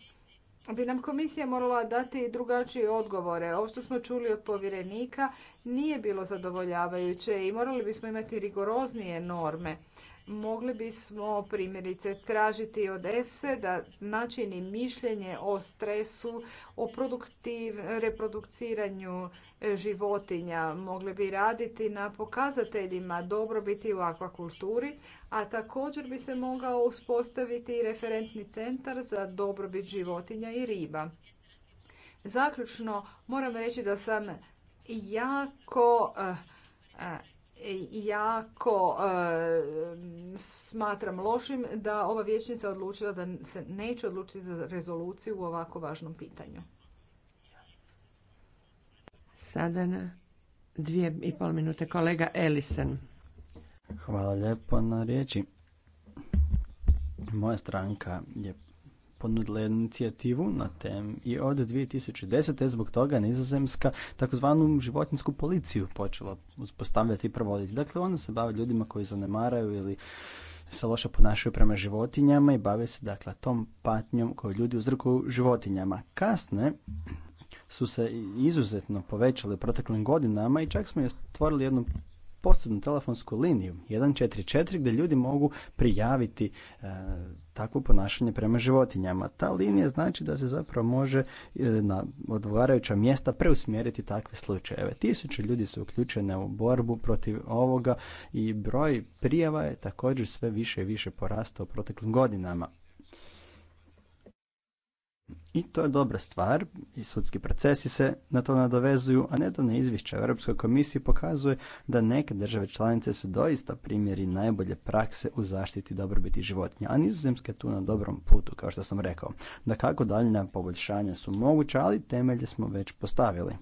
bi nam komisija morala dati drugačije odgovore. Ovo što smo čuli od povjerenika nije bilo zadovoljavajuće i morali bismo imati rigoroznije norme mogli bismo primjerice tražiti od EFSE da načini mišljenje o stresu, o produktiv, reproduciranju e, životinja, mogli bi raditi na pokazateljima dobrobiti u akvakulturi, a također bi se mogao uspostaviti referentni centar za dobrobit životinja i riba. Zaključno moram reći da sam jako e, e, jako eh, smatram lošim da ova vijećnica odlučila da se neće odlučiti za rezoluciju u ovako važnom pitanju. Sada na dvije i pol minute kolega Ellison. Hvala lijepo na riječi. Moja stranka je ponudila inicijativu na tem i od 2010. zbog toga nizozemska takozvanu životinsku policiju počela uspostavljati i provoditi. Dakle, ona se bavi ljudima koji zanemaraju ili se loše ponašaju prema životinjama i bave se dakle tom patnjom koju ljudi uzrokuju životinjama. Kasne su se izuzetno povećali proteklim godinama i čak smo stvorili jednu posebnu telefonsku liniju 144 gdje ljudi mogu prijaviti e, takvo ponašanje prema životinjama. Ta linija znači da se zapravo može e, na odgovarajuća mjesta preusmjeriti takve slučajeve. Tisuće ljudi su uključene u borbu protiv ovoga i broj prijava je također sve više i više porastao u proteklim godinama. I to je dobra stvar i sudski procesi se na to nadovezuju, a nedavno izvješće Europskoj komisiji pokazuje da neke države članice su doista primjeri najbolje prakse u zaštiti dobrobiti životinja, a nizozemska je tu na dobrom putu, kao što sam rekao. Da kako daljna poboljšanja su moguća, ali temelje smo već postavili.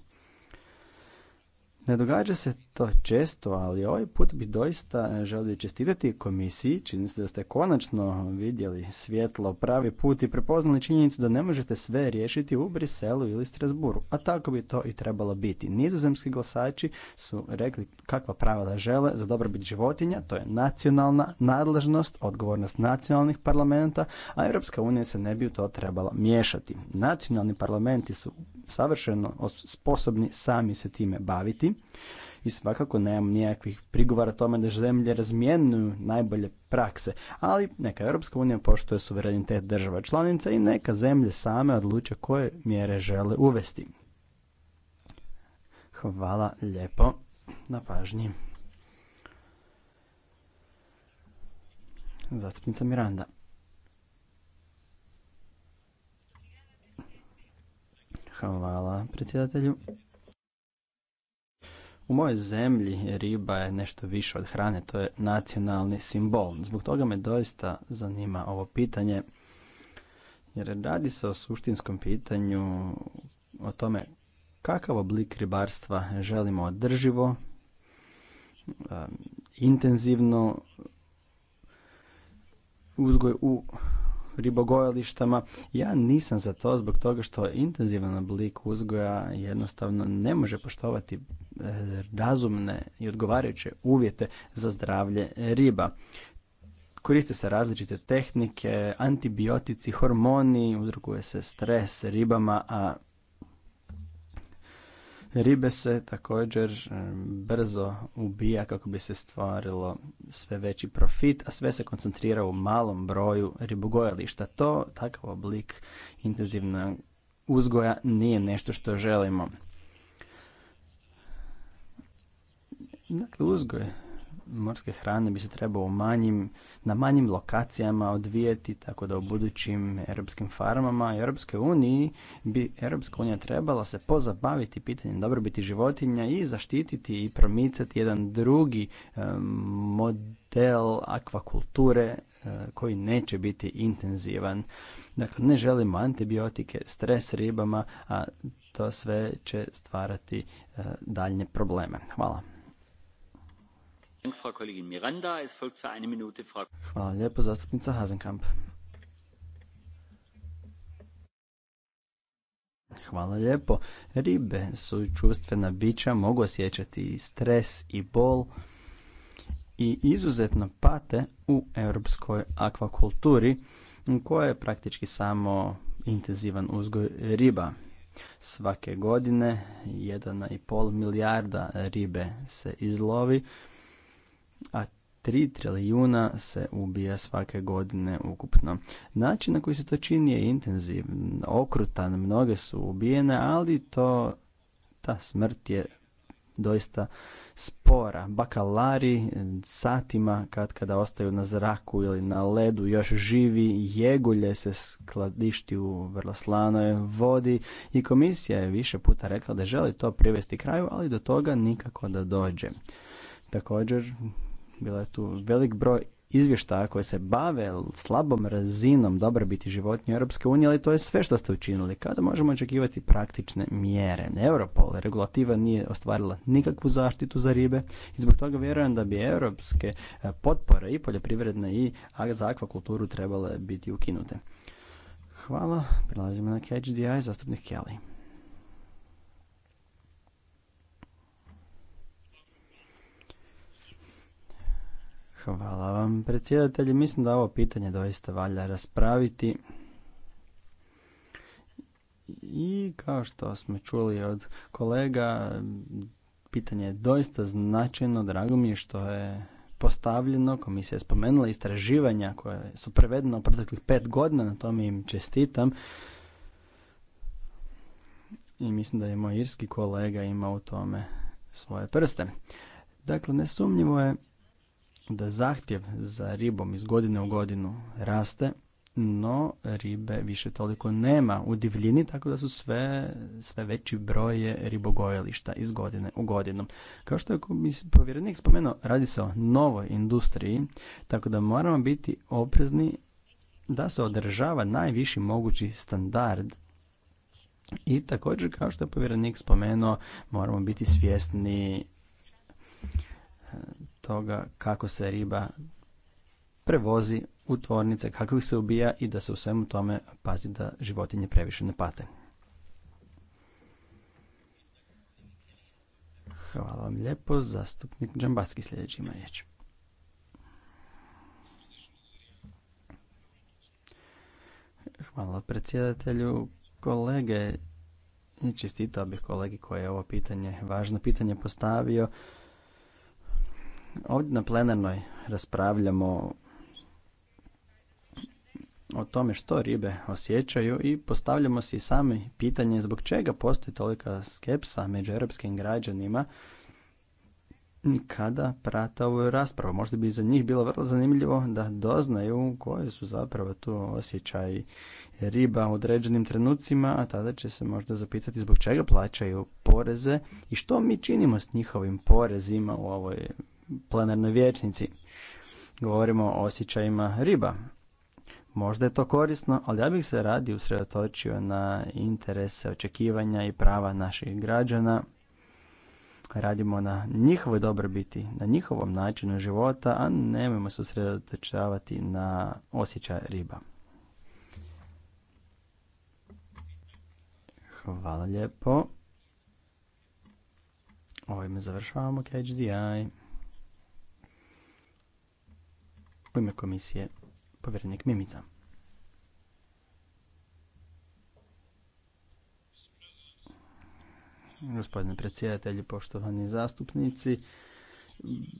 Ne događa se to često, ali ovaj put bi doista želio čestitati komisiji. Čini se da ste konačno vidjeli svjetlo pravi put i prepoznali činjenicu da ne možete sve riješiti u Briselu ili Strasburu. A tako bi to i trebalo biti. Nizozemski glasači su rekli kakva pravila žele za dobrobit životinja. To je nacionalna nadležnost, odgovornost nacionalnih parlamenta, a Europska unija se ne bi u to trebala miješati. Nacionalni parlamenti su savršeno sposobni sami se time baviti i svakako nemam nijakvih prigovara tome da zemlje razmijenuju najbolje prakse, ali neka Europska unija poštuje suverenitet država članica i neka zemlje same odluče koje mjere žele uvesti. Hvala lijepo na pažnji. Zastupnica Miranda. Hvala predsjedatelju. U mojoj zemlji riba je nešto više od hrane, to je nacionalni simbol. Zbog toga me doista zanima ovo pitanje, jer radi se o suštinskom pitanju, o tome kakav oblik ribarstva želimo održivo, intenzivno uzgoj u ribogojalištama. Ja nisam za to zbog toga što intenzivan oblik uzgoja jednostavno ne može poštovati e, razumne i odgovarajuće uvjete za zdravlje riba. Koriste se različite tehnike, antibiotici, hormoni, uzrokuje se stres ribama, a Ribe se također brzo ubija kako bi se stvarilo sve veći profit, a sve se koncentrira u malom broju ribogojališta. To, takav oblik intenzivnog uzgoja nije nešto što želimo. Dakle, uzgoj morske hrane bi se trebao u manjim, na manjim lokacijama odvijeti, tako da u budućim europskim farmama i Europskoj uniji bi Europska unija trebala se pozabaviti pitanjem dobrobiti životinja i zaštititi i promicati jedan drugi eh, model akvakulture eh, koji neće biti intenzivan. Dakle, ne želimo antibiotike, stres ribama, a to sve će stvarati eh, daljnje probleme. Hvala. Hvala lijepo, zastupnica Hazenkamp. Hvala lijepo. Ribe su čustvena bića, mogu osjećati i stres i bol i izuzetno pate u europskoj akvakulturi koja je praktički samo intenzivan uzgoj riba. Svake godine 1,5 milijarda ribe se izlovi, a 3 trilijuna se ubija svake godine ukupno. Način na koji se to čini je intenzivan, okrutan, mnoge su ubijene, ali to, ta smrt je doista spora. Bakalari satima kad kada ostaju na zraku ili na ledu još živi, jegulje se skladišti u vrlo slanoj vodi i komisija je više puta rekla da želi to privesti kraju, ali do toga nikako da dođe. Također, bilo je tu velik broj izvještaja koje se bave slabom razinom dobrobiti životinja Europske unije, ali to je sve što ste učinili. Kada možemo očekivati praktične mjere? Europol regulativa nije ostvarila nikakvu zaštitu za ribe i zbog toga vjerujem da bi europske e, potpore i poljoprivredne i za akvakulturu trebale biti ukinute. Hvala. Prelazimo na Catch zastupnih zastupnik Kelly. Hvala vam, predsjedatelji. Mislim da ovo pitanje doista valja raspraviti. I kao što smo čuli od kolega, pitanje je doista značajno. Drago mi je što je postavljeno, komisija je spomenula istraživanja koje su prevedena u proteklih pet godina, na tome im čestitam. I mislim da je moj irski kolega ima u tome svoje prste. Dakle, nesumnjivo je da zahtjev za ribom iz godine u godinu raste, no ribe više toliko nema u divljini, tako da su sve, sve veći broje ribogojališta iz godine u godinu. Kao što je povjerenik spomenuo, radi se o novoj industriji, tako da moramo biti oprezni da se održava najviši mogući standard i također, kao što je povjerenik spomenuo, moramo biti svjesni toga kako se riba prevozi u tvornice, kako ih se ubija i da se u svemu tome pazi da životinje previše ne pate. Hvala vam lijepo. Zastupnik Džambatski sljedeći ima riječ. Hvala predsjedatelju. Kolege, čestitao bih kolegi koji je ovo pitanje, važno pitanje postavio. Ovdje na plenarnoj raspravljamo o tome što ribe osjećaju i postavljamo si sami pitanje zbog čega postoji tolika skepsa među europskim građanima kada prate ovu raspravu. Možda bi za njih bilo vrlo zanimljivo da doznaju koje su zapravo tu osjećaj riba u određenim trenucima, a tada će se možda zapitati zbog čega plaćaju poreze i što mi činimo s njihovim porezima u ovoj plenarnoj vječnici. Govorimo o osjećajima riba. Možda je to korisno, ali ja bih se radi usredotočio na interese, očekivanja i prava naših građana. Radimo na njihovoj dobrobiti, na njihovom načinu života, a nemojmo se usredotočavati na osjećaj riba. Hvala lijepo. Ovime završavamo KHDI. U ime komisije povjerenik Mimica. Gospodine predsjedatelji, poštovani zastupnici,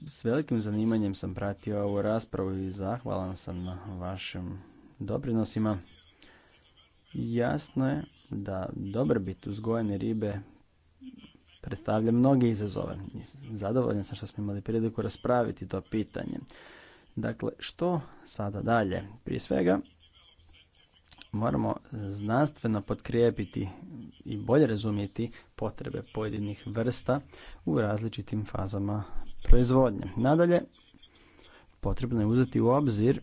s velikim zanimanjem sam pratio ovu raspravu i zahvalan sam na vašim doprinosima. Jasno je da dobrobit uzgojene ribe predstavlja mnoge izazove. Zadovoljan sam što smo imali priliku raspraviti to pitanje. Dakle, što sada dalje? Prije svega, moramo znanstveno potkrijepiti i bolje razumjeti potrebe pojedinih vrsta u različitim fazama proizvodnje. Nadalje, potrebno je uzeti u obzir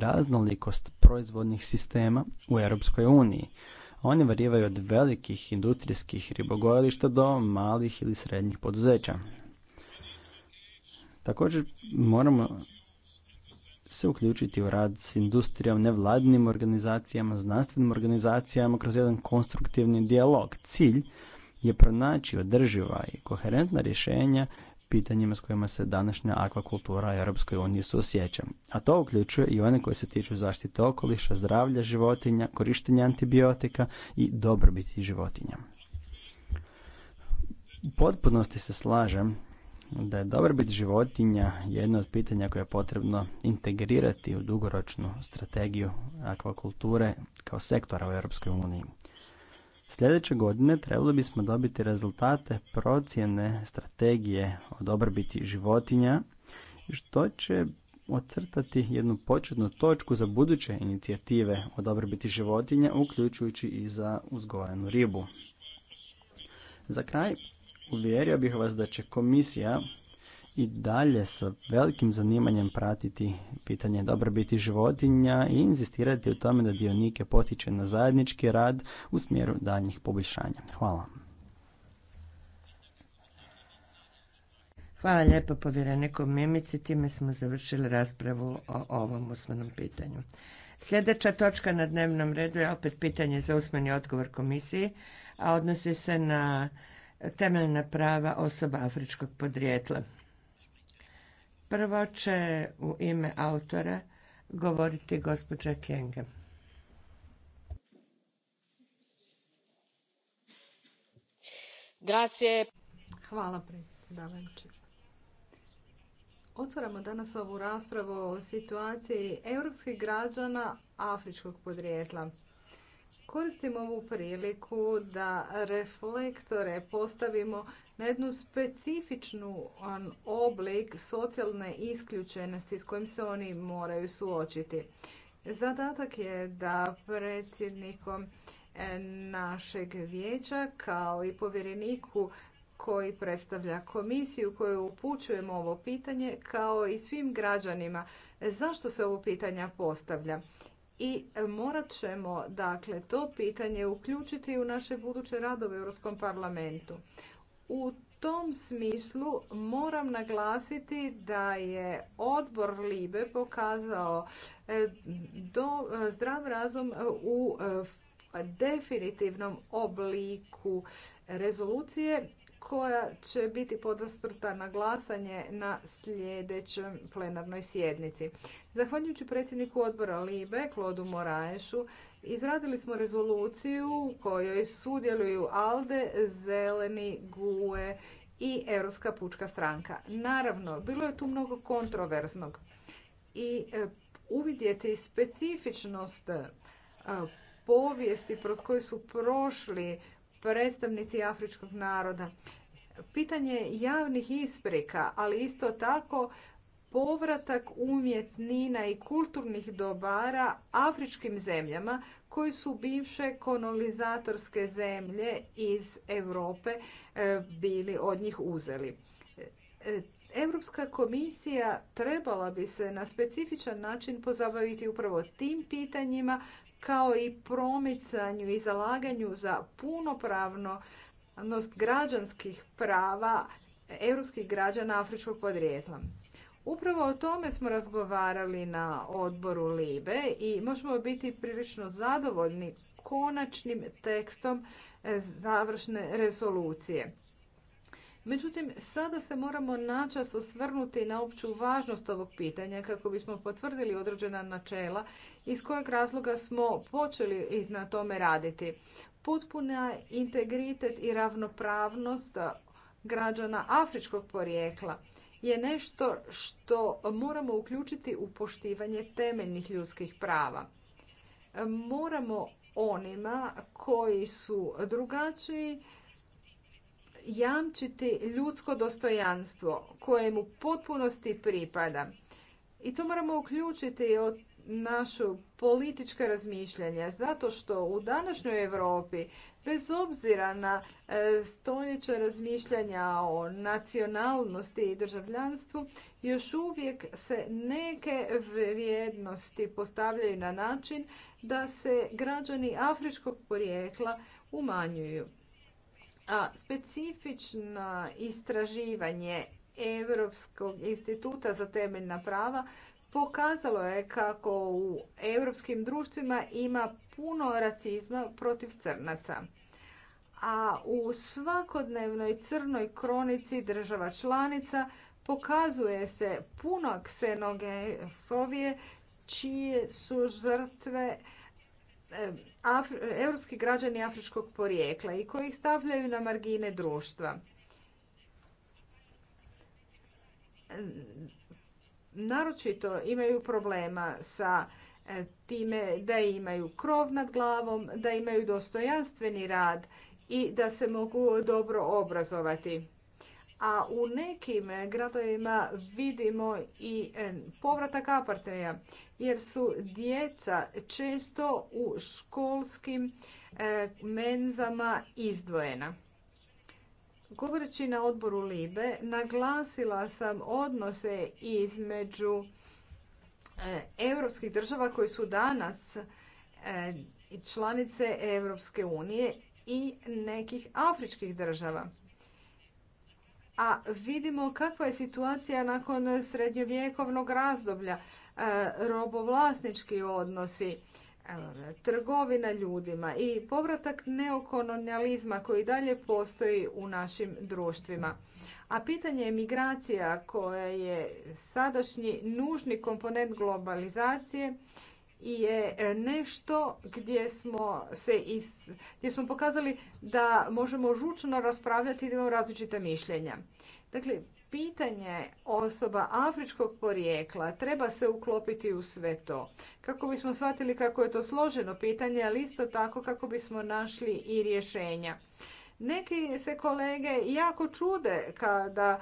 raznolikost proizvodnih sistema u Europskoj uniji. Oni variraju od velikih industrijskih ribogojališta do malih ili srednjih poduzeća. Također moramo se uključiti u rad s industrijom, nevladnim organizacijama, znanstvenim organizacijama kroz jedan konstruktivni dijalog. Cilj je pronaći održiva i koherentna rješenja pitanjima s kojima se današnja akvakultura Europskoj uniji suosjeća. A to uključuje i one koje se tiču zaštite okoliša, zdravlja životinja, korištenja antibiotika i dobrobiti životinja. U potpunosti se slažem da je dobrobit životinja jedno od pitanja koje je potrebno integrirati u dugoročnu strategiju akvakulture kao sektora u Europskoj uniji. Sljedeće godine trebali bismo dobiti rezultate procjene strategije o dobrobiti životinja, što će ocrtati jednu početnu točku za buduće inicijative o dobrobiti životinja, uključujući i za uzgojenu ribu. Za kraj, uvjerio bih vas da će komisija i dalje sa velikim zanimanjem pratiti pitanje dobrobiti životinja i inzistirati u tome da dionike potiče na zajednički rad u smjeru daljnjih poboljšanja. Hvala. Hvala lijepo povjereniku Mimici, time smo završili raspravu o ovom usmenom pitanju. Sljedeća točka na dnevnom redu je opet pitanje za usmeni odgovor komisiji, a odnosi se na temeljna prava osoba afričkog podrijetla. Prvo će u ime autora govoriti gospođa Kenge. Grazie. Hvala Otvaramo danas ovu raspravu o situaciji europskih građana afričkog podrijetla. Koristim ovu priliku da reflektore postavimo na jednu specifičnu oblik socijalne isključenosti s kojim se oni moraju suočiti. Zadatak je da predsjednikom e, našeg vijeća kao i povjereniku koji predstavlja komisiju koju upućujemo ovo pitanje kao i svim građanima. Zašto se ovo pitanja postavlja? i e, morat ćemo dakle to pitanje uključiti u naše buduće radove u Europskom parlamentu. U tom smislu moram naglasiti da je odbor Libe pokazao e, do, e, zdrav razum u definitivnom obliku rezolucije koja će biti podastrta na glasanje na sljedećem plenarnoj sjednici. Zahvaljujući predsjedniku odbora Libe, Klodu Moraešu, izradili smo rezoluciju u kojoj sudjeluju ALDE, Zeleni, GUE i Europska pučka stranka. Naravno, bilo je tu mnogo kontroverznog i e, uvidjeti specifičnost e, povijesti kroz koju su prošli predstavnici afričkog naroda. Pitanje javnih isprika, ali isto tako povratak umjetnina i kulturnih dobara afričkim zemljama koji su bivše kolonizatorske zemlje iz Europe e, bili od njih uzeli. E, Europska komisija trebala bi se na specifičan način pozabaviti upravo tim pitanjima kao i promicanju i zalaganju za punopravnost građanskih prava europskih građana afričkog podrijetla. Upravo o tome smo razgovarali na odboru Libe i možemo biti prilično zadovoljni konačnim tekstom završne rezolucije. Međutim, sada se moramo načas osvrnuti na opću važnost ovog pitanja kako bismo potvrdili određena načela iz kojeg razloga smo počeli na tome raditi. Potpuna integritet i ravnopravnost građana afričkog porijekla je nešto što moramo uključiti u poštivanje temeljnih ljudskih prava. Moramo onima koji su drugačiji jamčiti ljudsko dostojanstvo koje mu potpunosti pripada. I to moramo uključiti od našu politička razmišljanja, zato što u današnjoj Europi, bez obzira na e, stoljeća razmišljanja o nacionalnosti i državljanstvu, još uvijek se neke vrijednosti postavljaju na način da se građani afričkog porijekla umanjuju. A specifično istraživanje Europskog instituta za temeljna prava pokazalo je kako u europskim društvima ima puno racizma protiv crnaca. A u svakodnevnoj crnoj kronici država članica pokazuje se puno ksenogefovije čije su žrtve europski građani afričkog porijekla i koji ih stavljaju na margine društva. Naročito imaju problema sa e, time da imaju krov nad glavom, da imaju dostojanstveni rad i da se mogu dobro obrazovati. A u nekim gradovima vidimo i e, povratak aparteja jer su djeca često u školskim e, menzama izdvojena. Govoreći na odboru Libe, naglasila sam odnose između e, europskih država koji su danas e, članice Europske unije i nekih afričkih država. A vidimo kakva je situacija nakon srednjovjekovnog razdoblja. E, robovlasnički odnosi, e, trgovina ljudima i povratak neokolonijalizma koji dalje postoji u našim društvima. A pitanje migracija koja je sadašnji nužni komponent globalizacije je nešto gdje smo, se is, gdje smo pokazali da možemo žučno raspravljati i imamo različita mišljenja. Dakle, pitanje osoba afričkog porijekla treba se uklopiti u sve to. Kako bismo shvatili kako je to složeno pitanje, ali isto tako kako bismo našli i rješenja. Neki se kolege jako čude kada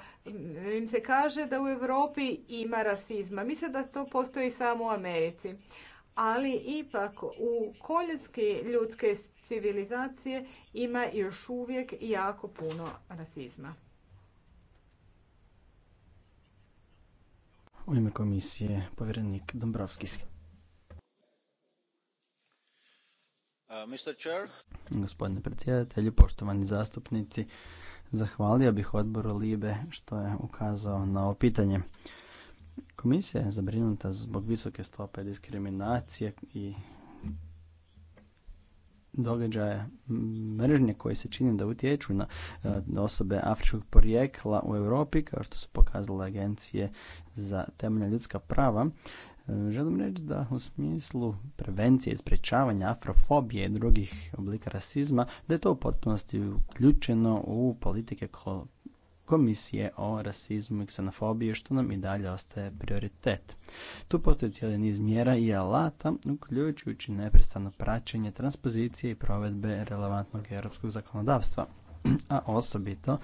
im se kaže da u Europi ima rasizma. Misle da to postoji samo u Americi. Ali ipak u koljenske ljudske civilizacije ima još uvijek jako puno rasizma. U ime komisije, povjerenik Dombrovskis. Uh, Gospodine predsjedatelju, poštovani zastupnici, zahvalio bih odboru Libe što je ukazao na ovo pitanje. Komisija je zabrinuta zbog visoke stope diskriminacije i događaje mm, mržnje koji se čini da utječu e, na osobe afričkog porijekla u Europi, kao što su pokazale agencije za temeljna ljudska prava, e, Želim reći da u smislu prevencije i sprečavanja afrofobije i drugih oblika rasizma, da je to u potpunosti uključeno u politike komisije o rasizmu i ksenofobiji, što nam i dalje ostaje prioritet. Tu postoji cijeli niz mjera i alata, uključujući neprestano praćenje transpozicije i provedbe relevantnog europskog zakonodavstva, a osobito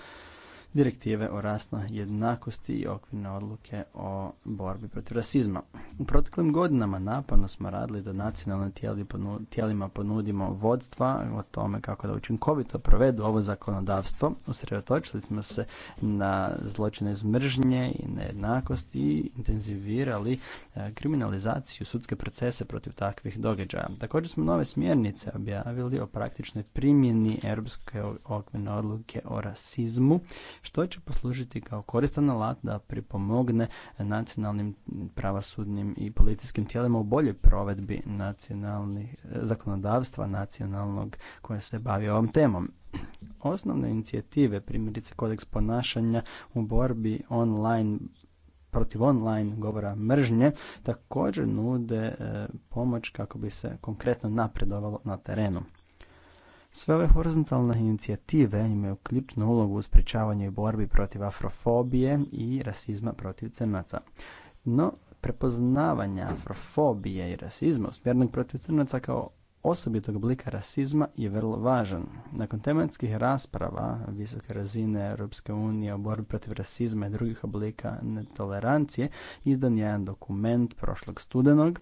direktive o rasnoj jednakosti i okvirne odluke o borbi protiv rasizma. U proteklim godinama naporno smo radili da nacionalnim tijelima ponudimo vodstva o tome kako da učinkovito provedu ovo zakonodavstvo. Usredotočili smo se na zločine iz i nejednakosti i intenzivirali e, kriminalizaciju sudske procese protiv takvih događaja. Također smo nove smjernice objavili o praktičnoj primjeni Europske okvirne odluke o rasizmu što će poslužiti kao koristan alat da pripomogne nacionalnim pravosudnim i policijskim tijelima u boljoj provedbi nacionalnih eh, zakonodavstva nacionalnog koje se bavi ovom temom. Osnovne inicijative, primjerice kodeks ponašanja u borbi online protiv online govora mržnje također nude eh, pomoć kako bi se konkretno napredovalo na terenu. Sve ove horizontalne inicijative imaju ključnu ulogu u sprečavanju i borbi protiv afrofobije i rasizma protiv crnaca. No, prepoznavanja afrofobije i rasizma usmjernog protiv crnaca kao osobitog oblika rasizma je vrlo važan. Nakon tematskih rasprava visoke razine Europske unije o borbi protiv rasizma i drugih oblika netolerancije izdan je jedan dokument prošlog studenog,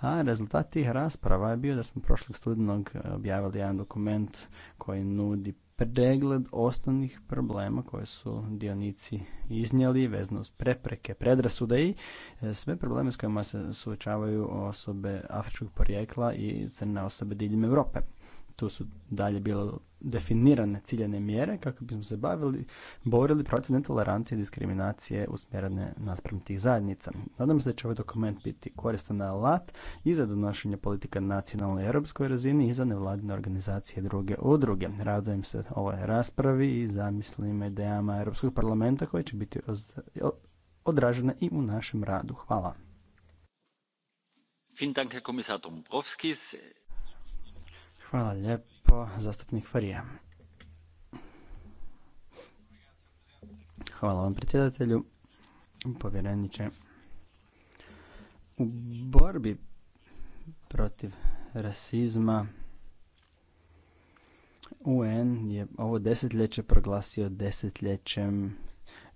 a rezultat tih rasprava je bio da smo prošlog studenog objavili jedan dokument koji nudi pregled osnovnih problema koje su dionici iznijeli vezano uz prepreke, predrasude i e, sve probleme s kojima se suočavaju osobe afričkog porijekla i crne osobe diljem Europe. Tu su dalje bile definirane ciljene mjere kako bismo se bavili, borili protiv netolerancije i diskriminacije usmjerene naspram tih zajednica. Nadam se da će ovaj dokument biti koristan alat i za donošenje politika nacionalnoj i europskoj razini i za nevladine organizacije i druge udruge. Radujem se ovoj raspravi i zamislim idejama Europskog parlamenta koje će biti odražene i u našem radu. Hvala. Vielen Dank, Herr Kommissar Dombrovskis. Hvala lijepo, zastupnik Farija. Hvala vam predsjedatelju, povjereniče. U borbi protiv rasizma UN je ovo desetljeće proglasio desetljećem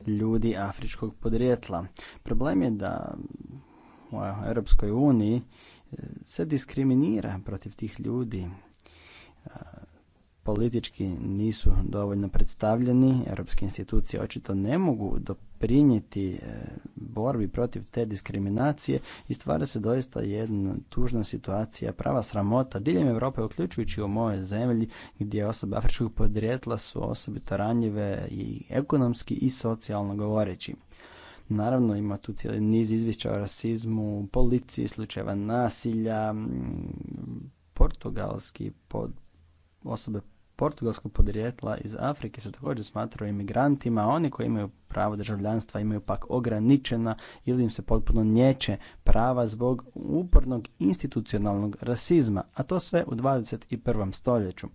ljudi afričkog podrijetla. Problem je da u Europskoj uniji se diskriminira protiv tih ljudi politički nisu dovoljno predstavljeni, europske institucije očito ne mogu doprinijeti e, borbi protiv te diskriminacije i stvara se doista jedna tužna situacija, prava sramota diljem Europe, uključujući u moje zemlji gdje osobe afričkog podrijetla su osobito ranjive i ekonomski i socijalno govoreći. Naravno ima tu cijeli niz izvješća o rasizmu, policiji, slučajeva nasilja, portugalski pod osobe portugalskog podrijetla iz Afrike se također smatraju imigrantima, a oni koji imaju pravo državljanstva imaju pak ograničena ili im se potpuno nječe prava zbog upornog institucionalnog rasizma, a to sve u 21. stoljeću.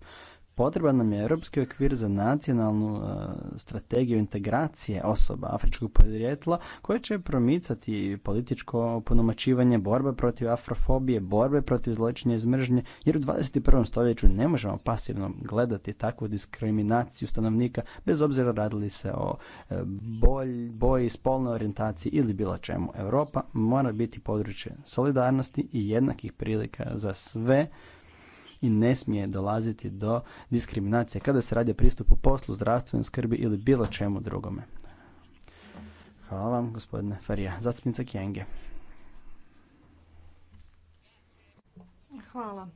Potreban nam je europski okvir za nacionalnu e, strategiju integracije osoba afričkog podrijetla koje će promicati političko ponomačivanje, borbe protiv afrofobije, borbe protiv zločinja iz mržnje, jer u 21. stoljeću ne možemo pasivno gledati takvu diskriminaciju stanovnika bez obzira radili se o e, bolj, boji, spolnoj orijentaciji ili bilo čemu. Europa mora biti područje solidarnosti i jednakih prilika za sve i ne smije dolaziti do diskriminacije kada se radi o pristupu poslu, zdravstvenoj skrbi ili bilo čemu drugome. Hvala vam, gospodine Farija. Zastupnica Kjenge. Hvala.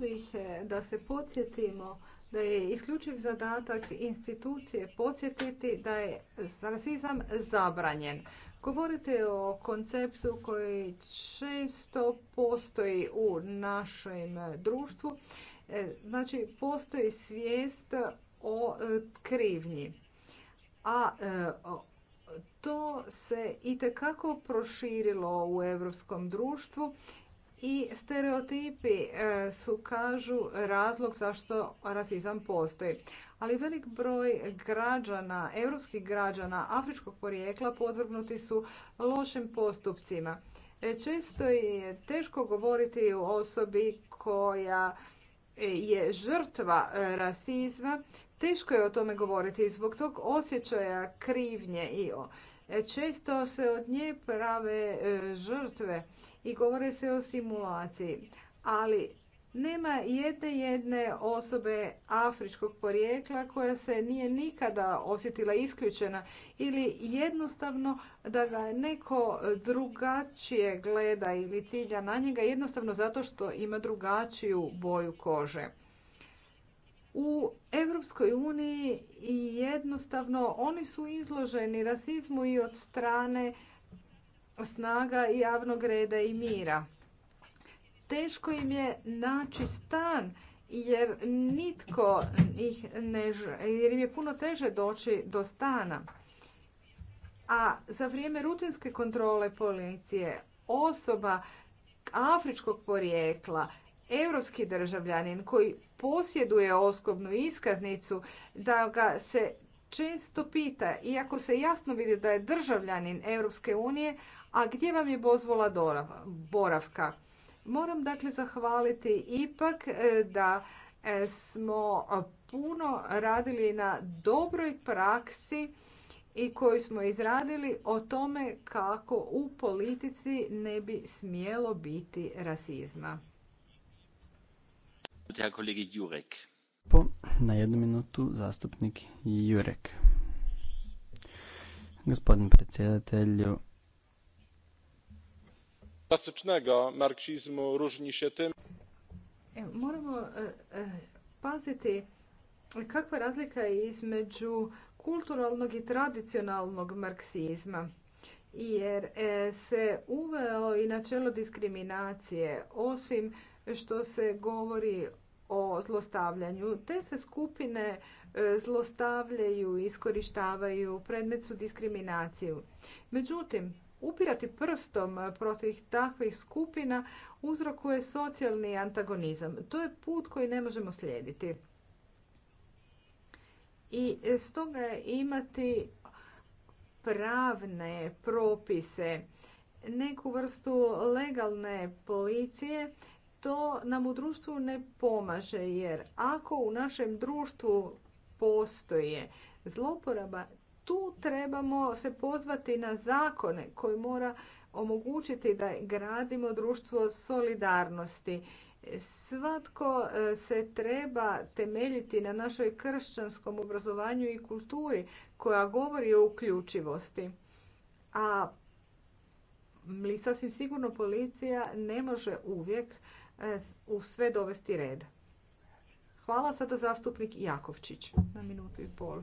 bih e, da se podsjetimo da je isključiv zadatak institucije podsjetiti da je rasizam zabranjen. Govorite o konceptu koji često postoji u našem društvu. E, znači, postoji svijest o e, krivnji. A e, to se itekako proširilo u europskom društvu i stereotipi su, kažu, razlog zašto rasizam postoji ali velik broj građana, europskih građana afričkog porijekla podvrgnuti su lošim postupcima. E, često je teško govoriti o osobi koja e, je žrtva e, rasizma, teško je o tome govoriti zbog tog osjećaja krivnje i o Često se od nje prave žrtve i govore se o simulaciji. Ali nema jedne jedne osobe afričkog porijekla koja se nije nikada osjetila isključena ili jednostavno da ga neko drugačije gleda ili cilja na njega jednostavno zato što ima drugačiju boju kože. U Europskoj uniji jednostavno oni su izloženi rasizmu i od strane snaga javnog reda i mira teško im je naći stan jer nitko ih ne, jer im je puno teže doći do stana. A za vrijeme rutinske kontrole policije osoba afričkog porijekla, europski državljanin koji posjeduje oskobnu iskaznicu, da ga se često pita, iako se jasno vidi da je državljanin Europske unije, a gdje vam je dozvola boravka? Moram dakle zahvaliti ipak e, da e, smo puno radili na dobroj praksi i koju smo izradili o tome kako u politici ne bi smjelo biti rasizma. Jurek. Na jednu minutu zastupnik Jurek. Gospodin predsjedatelju, klasycznego marksizmu różni się e, Moramo e, e, paziti kakva razlika između kulturalnog i tradicionalnog marksizma jer se uveo i načelo diskriminacije osim što se govori o zlostavljanju. Te se skupine zlostavljaju, iskorištavaju, predmet su diskriminaciju. Međutim, upirati prstom protiv takvih skupina uzrokuje socijalni antagonizam. To je put koji ne možemo slijediti. I stoga imati pravne propise, neku vrstu legalne policije, to nam u društvu ne pomaže jer ako u našem društvu postoje zloporaba tu trebamo se pozvati na zakone koji mora omogućiti da gradimo društvo solidarnosti. Svatko e, se treba temeljiti na našoj kršćanskom obrazovanju i kulturi koja govori o uključivosti. A sasvim sigurno policija ne može uvijek e, u sve dovesti red. Hvala sada zastupnik Jakovčić na minutu i pol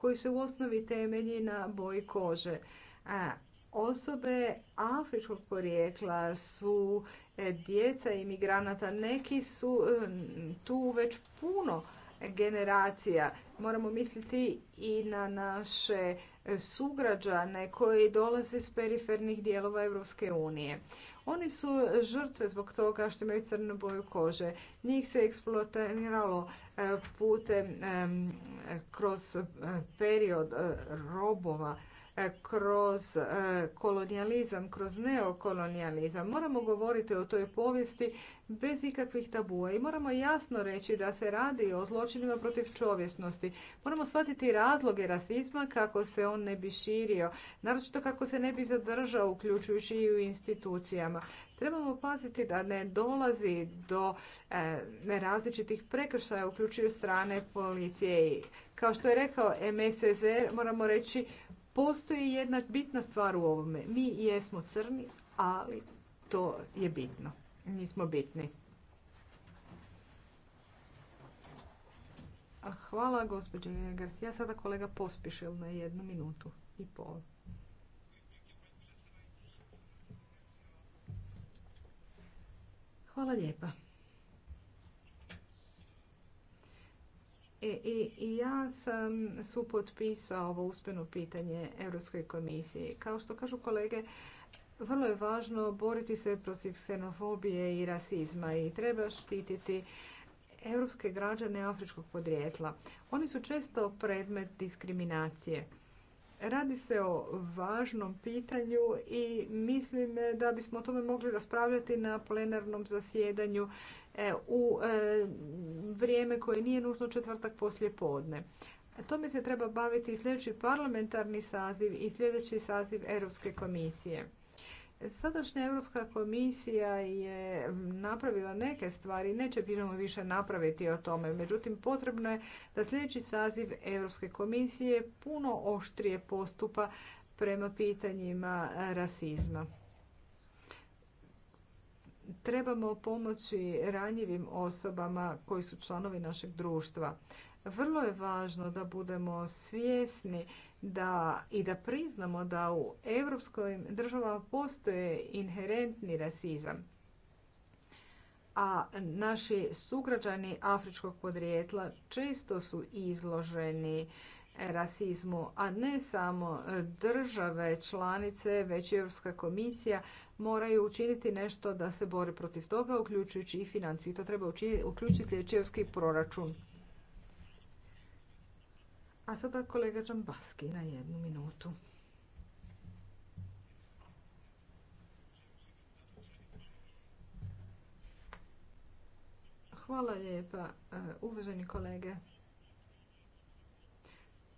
koji se u osnovi temelji na boji kože. E, osobe afričkog porijekla su e, djeca imigranata, neki su e, tu već puno generacija. Moramo misliti i na naše sugrađane koji dolaze iz perifernih dijelova Europske unije. Oni su žrtve zbog toga što imaju crnu boju kože. Njih se eksploatiralo eh, putem kroz eh, period eh, robova kroz e, kolonijalizam, kroz neokolonijalizam. Moramo govoriti o toj povijesti bez ikakvih tabua i moramo jasno reći da se radi o zločinima protiv čovječnosti. Moramo shvatiti razloge rasizma kako se on ne bi širio, naročito kako se ne bi zadržao uključujući i u institucijama. Trebamo paziti da ne dolazi do e, različitih prekršaja uključuju strane policije. Kao što je rekao MSZ, moramo reći Postoji jedna bitna stvar u ovome. Mi jesmo crni, ali to je bitno. Nismo bitni. Hvala gospođe Ja Sada kolega pospišem na jednu minutu i pol. Hvala lijepa. I, ja sam su ovo uspjeno pitanje Europskoj komisiji. Kao što kažu kolege, vrlo je važno boriti se protiv ksenofobije i rasizma i treba štititi europske građane afričkog podrijetla. Oni su često predmet diskriminacije. Radi se o važnom pitanju i mislim da bismo o tome mogli raspravljati na plenarnom zasjedanju E, u e, vrijeme koje nije nužno četvrtak poslije podne. E, tome se treba baviti i sljedeći parlamentarni saziv i sljedeći saziv Europske komisije. Sadašnja Europska komisija je napravila neke stvari, neće bitno više napraviti o tome. Međutim, potrebno je da sljedeći saziv Europske komisije puno oštrije postupa prema pitanjima rasizma trebamo pomoći ranjivim osobama koji su članovi našeg društva. Vrlo je važno da budemo svjesni da i da priznamo da u evropskoj državama postoje inherentni rasizam. A naši sugrađani afričkog podrijetla često su izloženi rasizmu, a ne samo države, članice, već i Europska komisija moraju učiniti nešto da se bori protiv toga, uključujući i financije. To treba učiniti, uključiti sljedeći europski proračun. A sada kolega Džambaski na jednu minutu. Hvala lijepa, e, uvaženi kolege.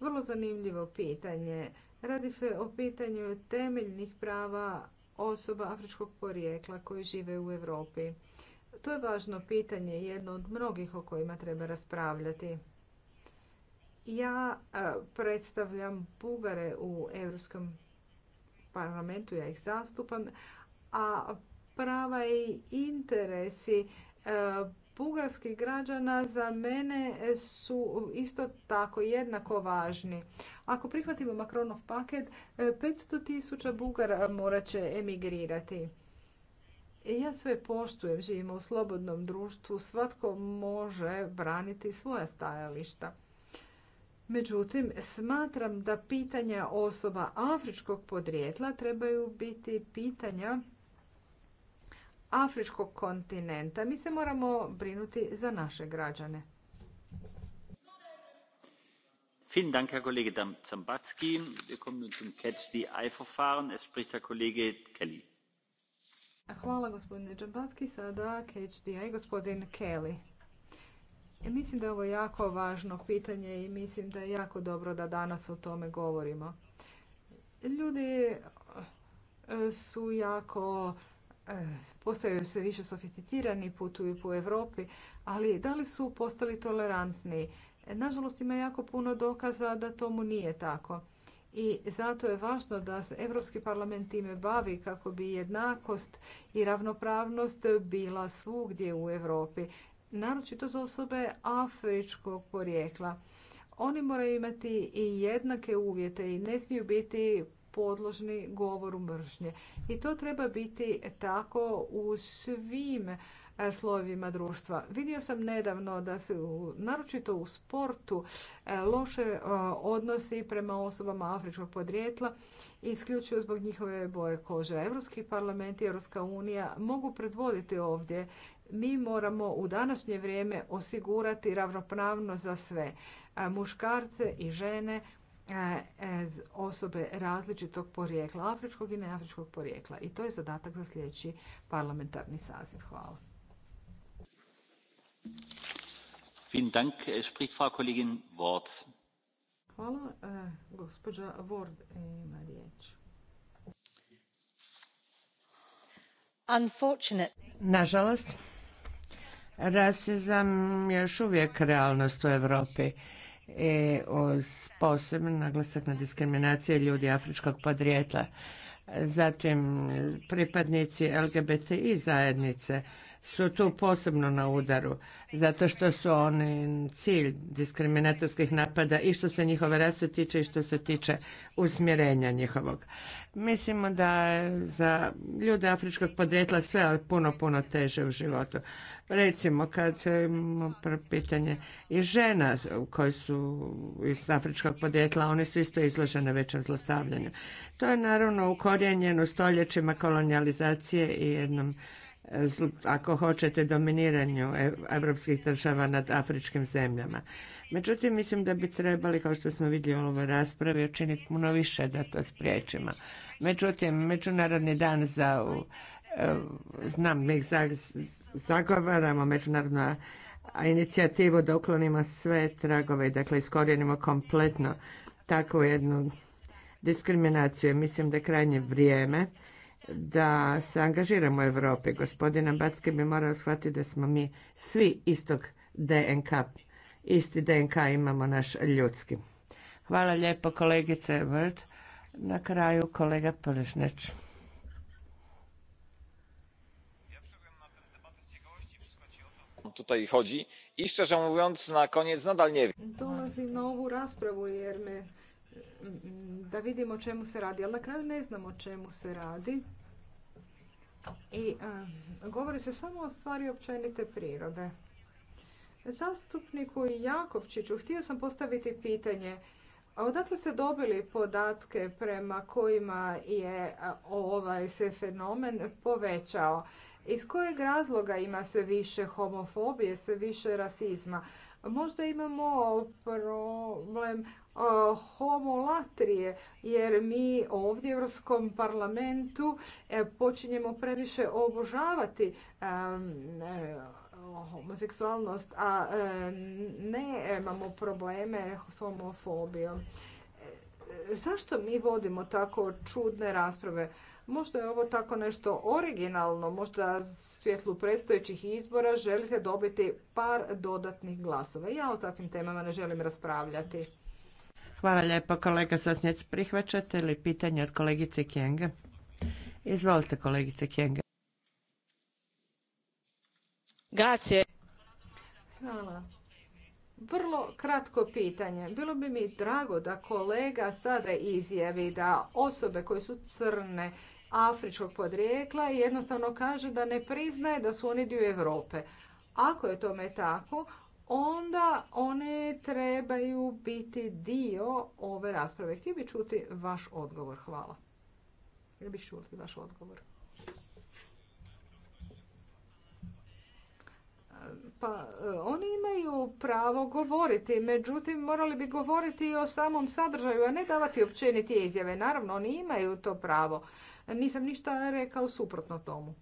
Vrlo zanimljivo pitanje. Radi se o pitanju temeljnih prava osoba afričkog porijekla koji žive u Europi. To je važno pitanje, jedno od mnogih o kojima treba raspravljati. Ja e, predstavljam Bugare u Europskom parlamentu, ja ih zastupam, a prava i interesi e, bugarskih građana za mene su isto tako jednako važni. Ako prihvatimo Macronov paket, 500 e, tisuća Bugara morat će emigrirati. Ja sve poštujem, živimo u slobodnom društvu, svatko može braniti svoja stajališta. Međutim, smatram da pitanja osoba afričkog podrijetla trebaju biti pitanja afričkog kontinenta. Mi se moramo brinuti za naše građane. Vielen Dank, Herr Kollege Zambatski. Wir kommen nun zum Catch the Eye-Verfahren. Es spricht der Kollege Kelly. Hvala gospodine Zambatski. Sada Catch the Eye, gospodin Kelly. E, mislim da je ovo jako važno pitanje i mislim da je jako dobro da danas o tome govorimo. Ljudi e, su jako Eh, postaju sve više sofisticirani, putuju po Europi, ali da li su postali tolerantni? Nažalost, ima jako puno dokaza da tomu nije tako. I zato je važno da se Europski parlament time bavi kako bi jednakost i ravnopravnost bila svugdje u Europi, naročito za osobe afričkog porijekla. Oni moraju imati i jednake uvjete i ne smiju biti podložni govoru mržnje. I to treba biti tako u svim e, slovima društva. Vidio sam nedavno da se naročito u sportu e, loše e, odnosi prema osobama afričkog podrijetla isključivo zbog njihove boje kože. Europski parlament i Europska unija mogu predvoditi ovdje. Mi moramo u današnje vrijeme osigurati ravnopravnost za sve muškarce i žene E, e, osobe različitog porijekla, afričkog i neafričkog porijekla. I to je zadatak za sljedeći parlamentarni saziv. Hvala. Äh, Hvala. E, gospođa Ward ima riječ. Nažalost, rasizam je još uvijek realnost u Evropi e uz posebno naglasak na diskriminacije ljudi afričkog podrijetla. Zatim pripadnici i zajednice su tu posebno na udaru, zato što su oni cilj diskriminatorskih napada i što se njihove rase tiče i što se tiče usmjerenja njihovog. Mislimo da je za ljude afričkog podrijetla sve puno, puno teže u životu. Recimo, kad imamo pitanje i žena koje su iz afričkog podjetla, one su isto izložene većem zlostavljanju. To je naravno ukorijenjeno stoljećima kolonializacije i jednom e, ako hoćete, dominiranju e- evropskih država nad afričkim zemljama. Međutim, mislim da bi trebali, kao što smo vidjeli u ovoj raspravi, učiniti puno više da to spriječimo. Međutim, Međunarodni dan za e, znam, za zagovaramo međunarodnu inicijativu da uklonimo sve tragove i dakle iskorijenimo kompletno takvu jednu diskriminaciju. Mislim da je krajnje vrijeme da se angažiramo u Europi. Gospodina Ambatski bi morao shvatiti da smo mi svi istog DNK, isti DNK imamo naš ljudski. Hvala lijepo kolegice Vrt. Na kraju kolega Polišneć. tutaj chodzi i szczerze mówiąc na koniec nadal nie wiem. Dolazim na ovu raspravu jer da vidimo o čemu se radi, ali na kraju ne znamo o čemu se radi. I a, govori se samo o stvari općenite prirode. Zastupniku Jakovčiću htio sam postaviti pitanje. A odakle ste dobili podatke prema kojima je ovaj se fenomen povećao? Iz kojeg razloga ima sve više homofobije, sve više rasizma? Možda imamo problem e, homolatrije, jer mi ovdje u Europskom parlamentu e, počinjemo previše obožavati e, homoseksualnost, a ne imamo probleme s homofobijom. Zašto mi vodimo tako čudne rasprave? Možda je ovo tako nešto originalno, možda svjetlu predstojećih izbora želite dobiti par dodatnih glasova. Ja o takvim temama ne želim raspravljati. Hvala lijepo kolega Sosnjec. Prihvaćate li pitanje od kolegice Kjenga? Izvolite kolegice Kjenga. Gacije. Hvala. Vrlo kratko pitanje. Bilo bi mi drago da kolega sada izjavi da osobe koje su crne afričkog podrijekla i jednostavno kaže da ne priznaje da su oni dio Europe. Ako je tome tako, onda one trebaju biti dio ove rasprave. Htio bi čuti vaš odgovor. Hvala. Htio bih čuti vaš odgovor. Pa oni imaju pravo govoriti, međutim morali bi govoriti i o samom sadržaju, a ne davati općenitije izjave. Naravno, oni imaju to pravo. Nisam ništa rekao suprotno tomu.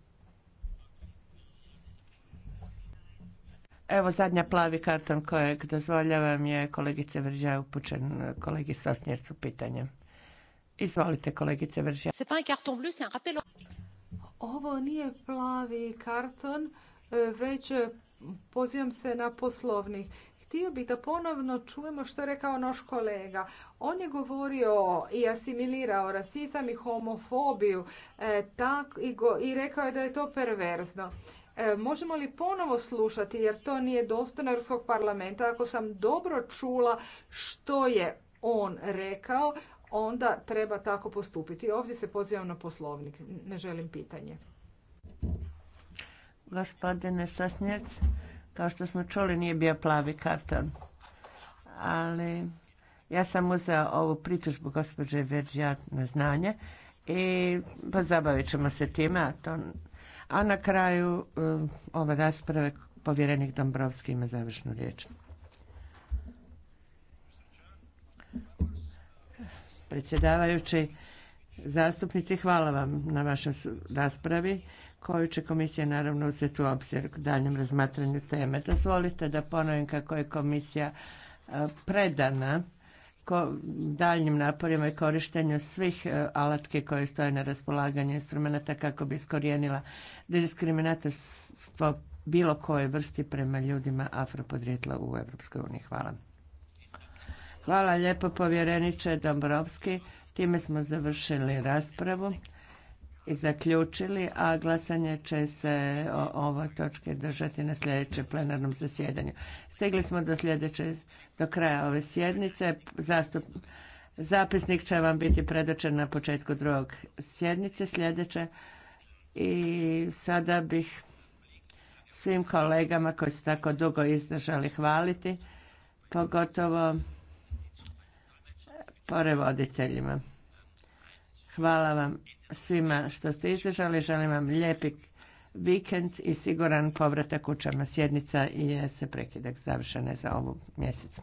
Evo zadnja plavi karton kojeg dozvoljavam je kolegice Vržja upućen kolegi Sosnjercu pitanjem. Izvolite kolegice Vržja. Ovo nije plavi karton, e, već pozivam se na poslovnik. Htio bih da ponovno čujemo što je rekao naš kolega. On je govorio i asimilirao rasizam i homofobiju e, i, rekao je da je to perverzno. E, možemo li ponovo slušati jer to nije dostojno Europskog parlamenta. Ako sam dobro čula što je on rekao, onda treba tako postupiti. Ovdje se pozivam na poslovnik. Ne želim pitanje. Gospodine kao što smo čuli, nije bio plavi karton. Ali ja sam uzeo ovu pritužbu gospođe Verđa na znanje i pozabavit ćemo se time. A, to, na kraju um, ove rasprave povjerenik Dombrovski ima završnu riječ. Predsjedavajući, zastupnici, hvala vam na vašem raspravi koju će komisija naravno uzeti u obzir u daljem razmatranju teme. Dozvolite da ponovim kako je komisija e, predana daljnjim naporima i korištenju svih e, alatke koje stoje na raspolaganju instrumenta kako bi iskorijenila diskriminatorstvo bilo koje vrsti prema ljudima afropodrijetla u EU. Hvala. Hvala lijepo povjereniče Dombrovski. Time smo završili raspravu i zaključili, a glasanje će se o ovoj točki držati na sljedećem plenarnom zasjedanju. Stigli smo do sljedeće, do kraja ove sjednice. Zastup, zapisnik će vam biti predočen na početku drugog sjednice sljedeće. I sada bih svim kolegama koji su tako dugo izdržali hvaliti, pogotovo po Hvala vam svima što ste izdržali. Želim vam lijepi vikend i siguran povratak kućama. Sjednica je se prekidak završene za ovu mjesec.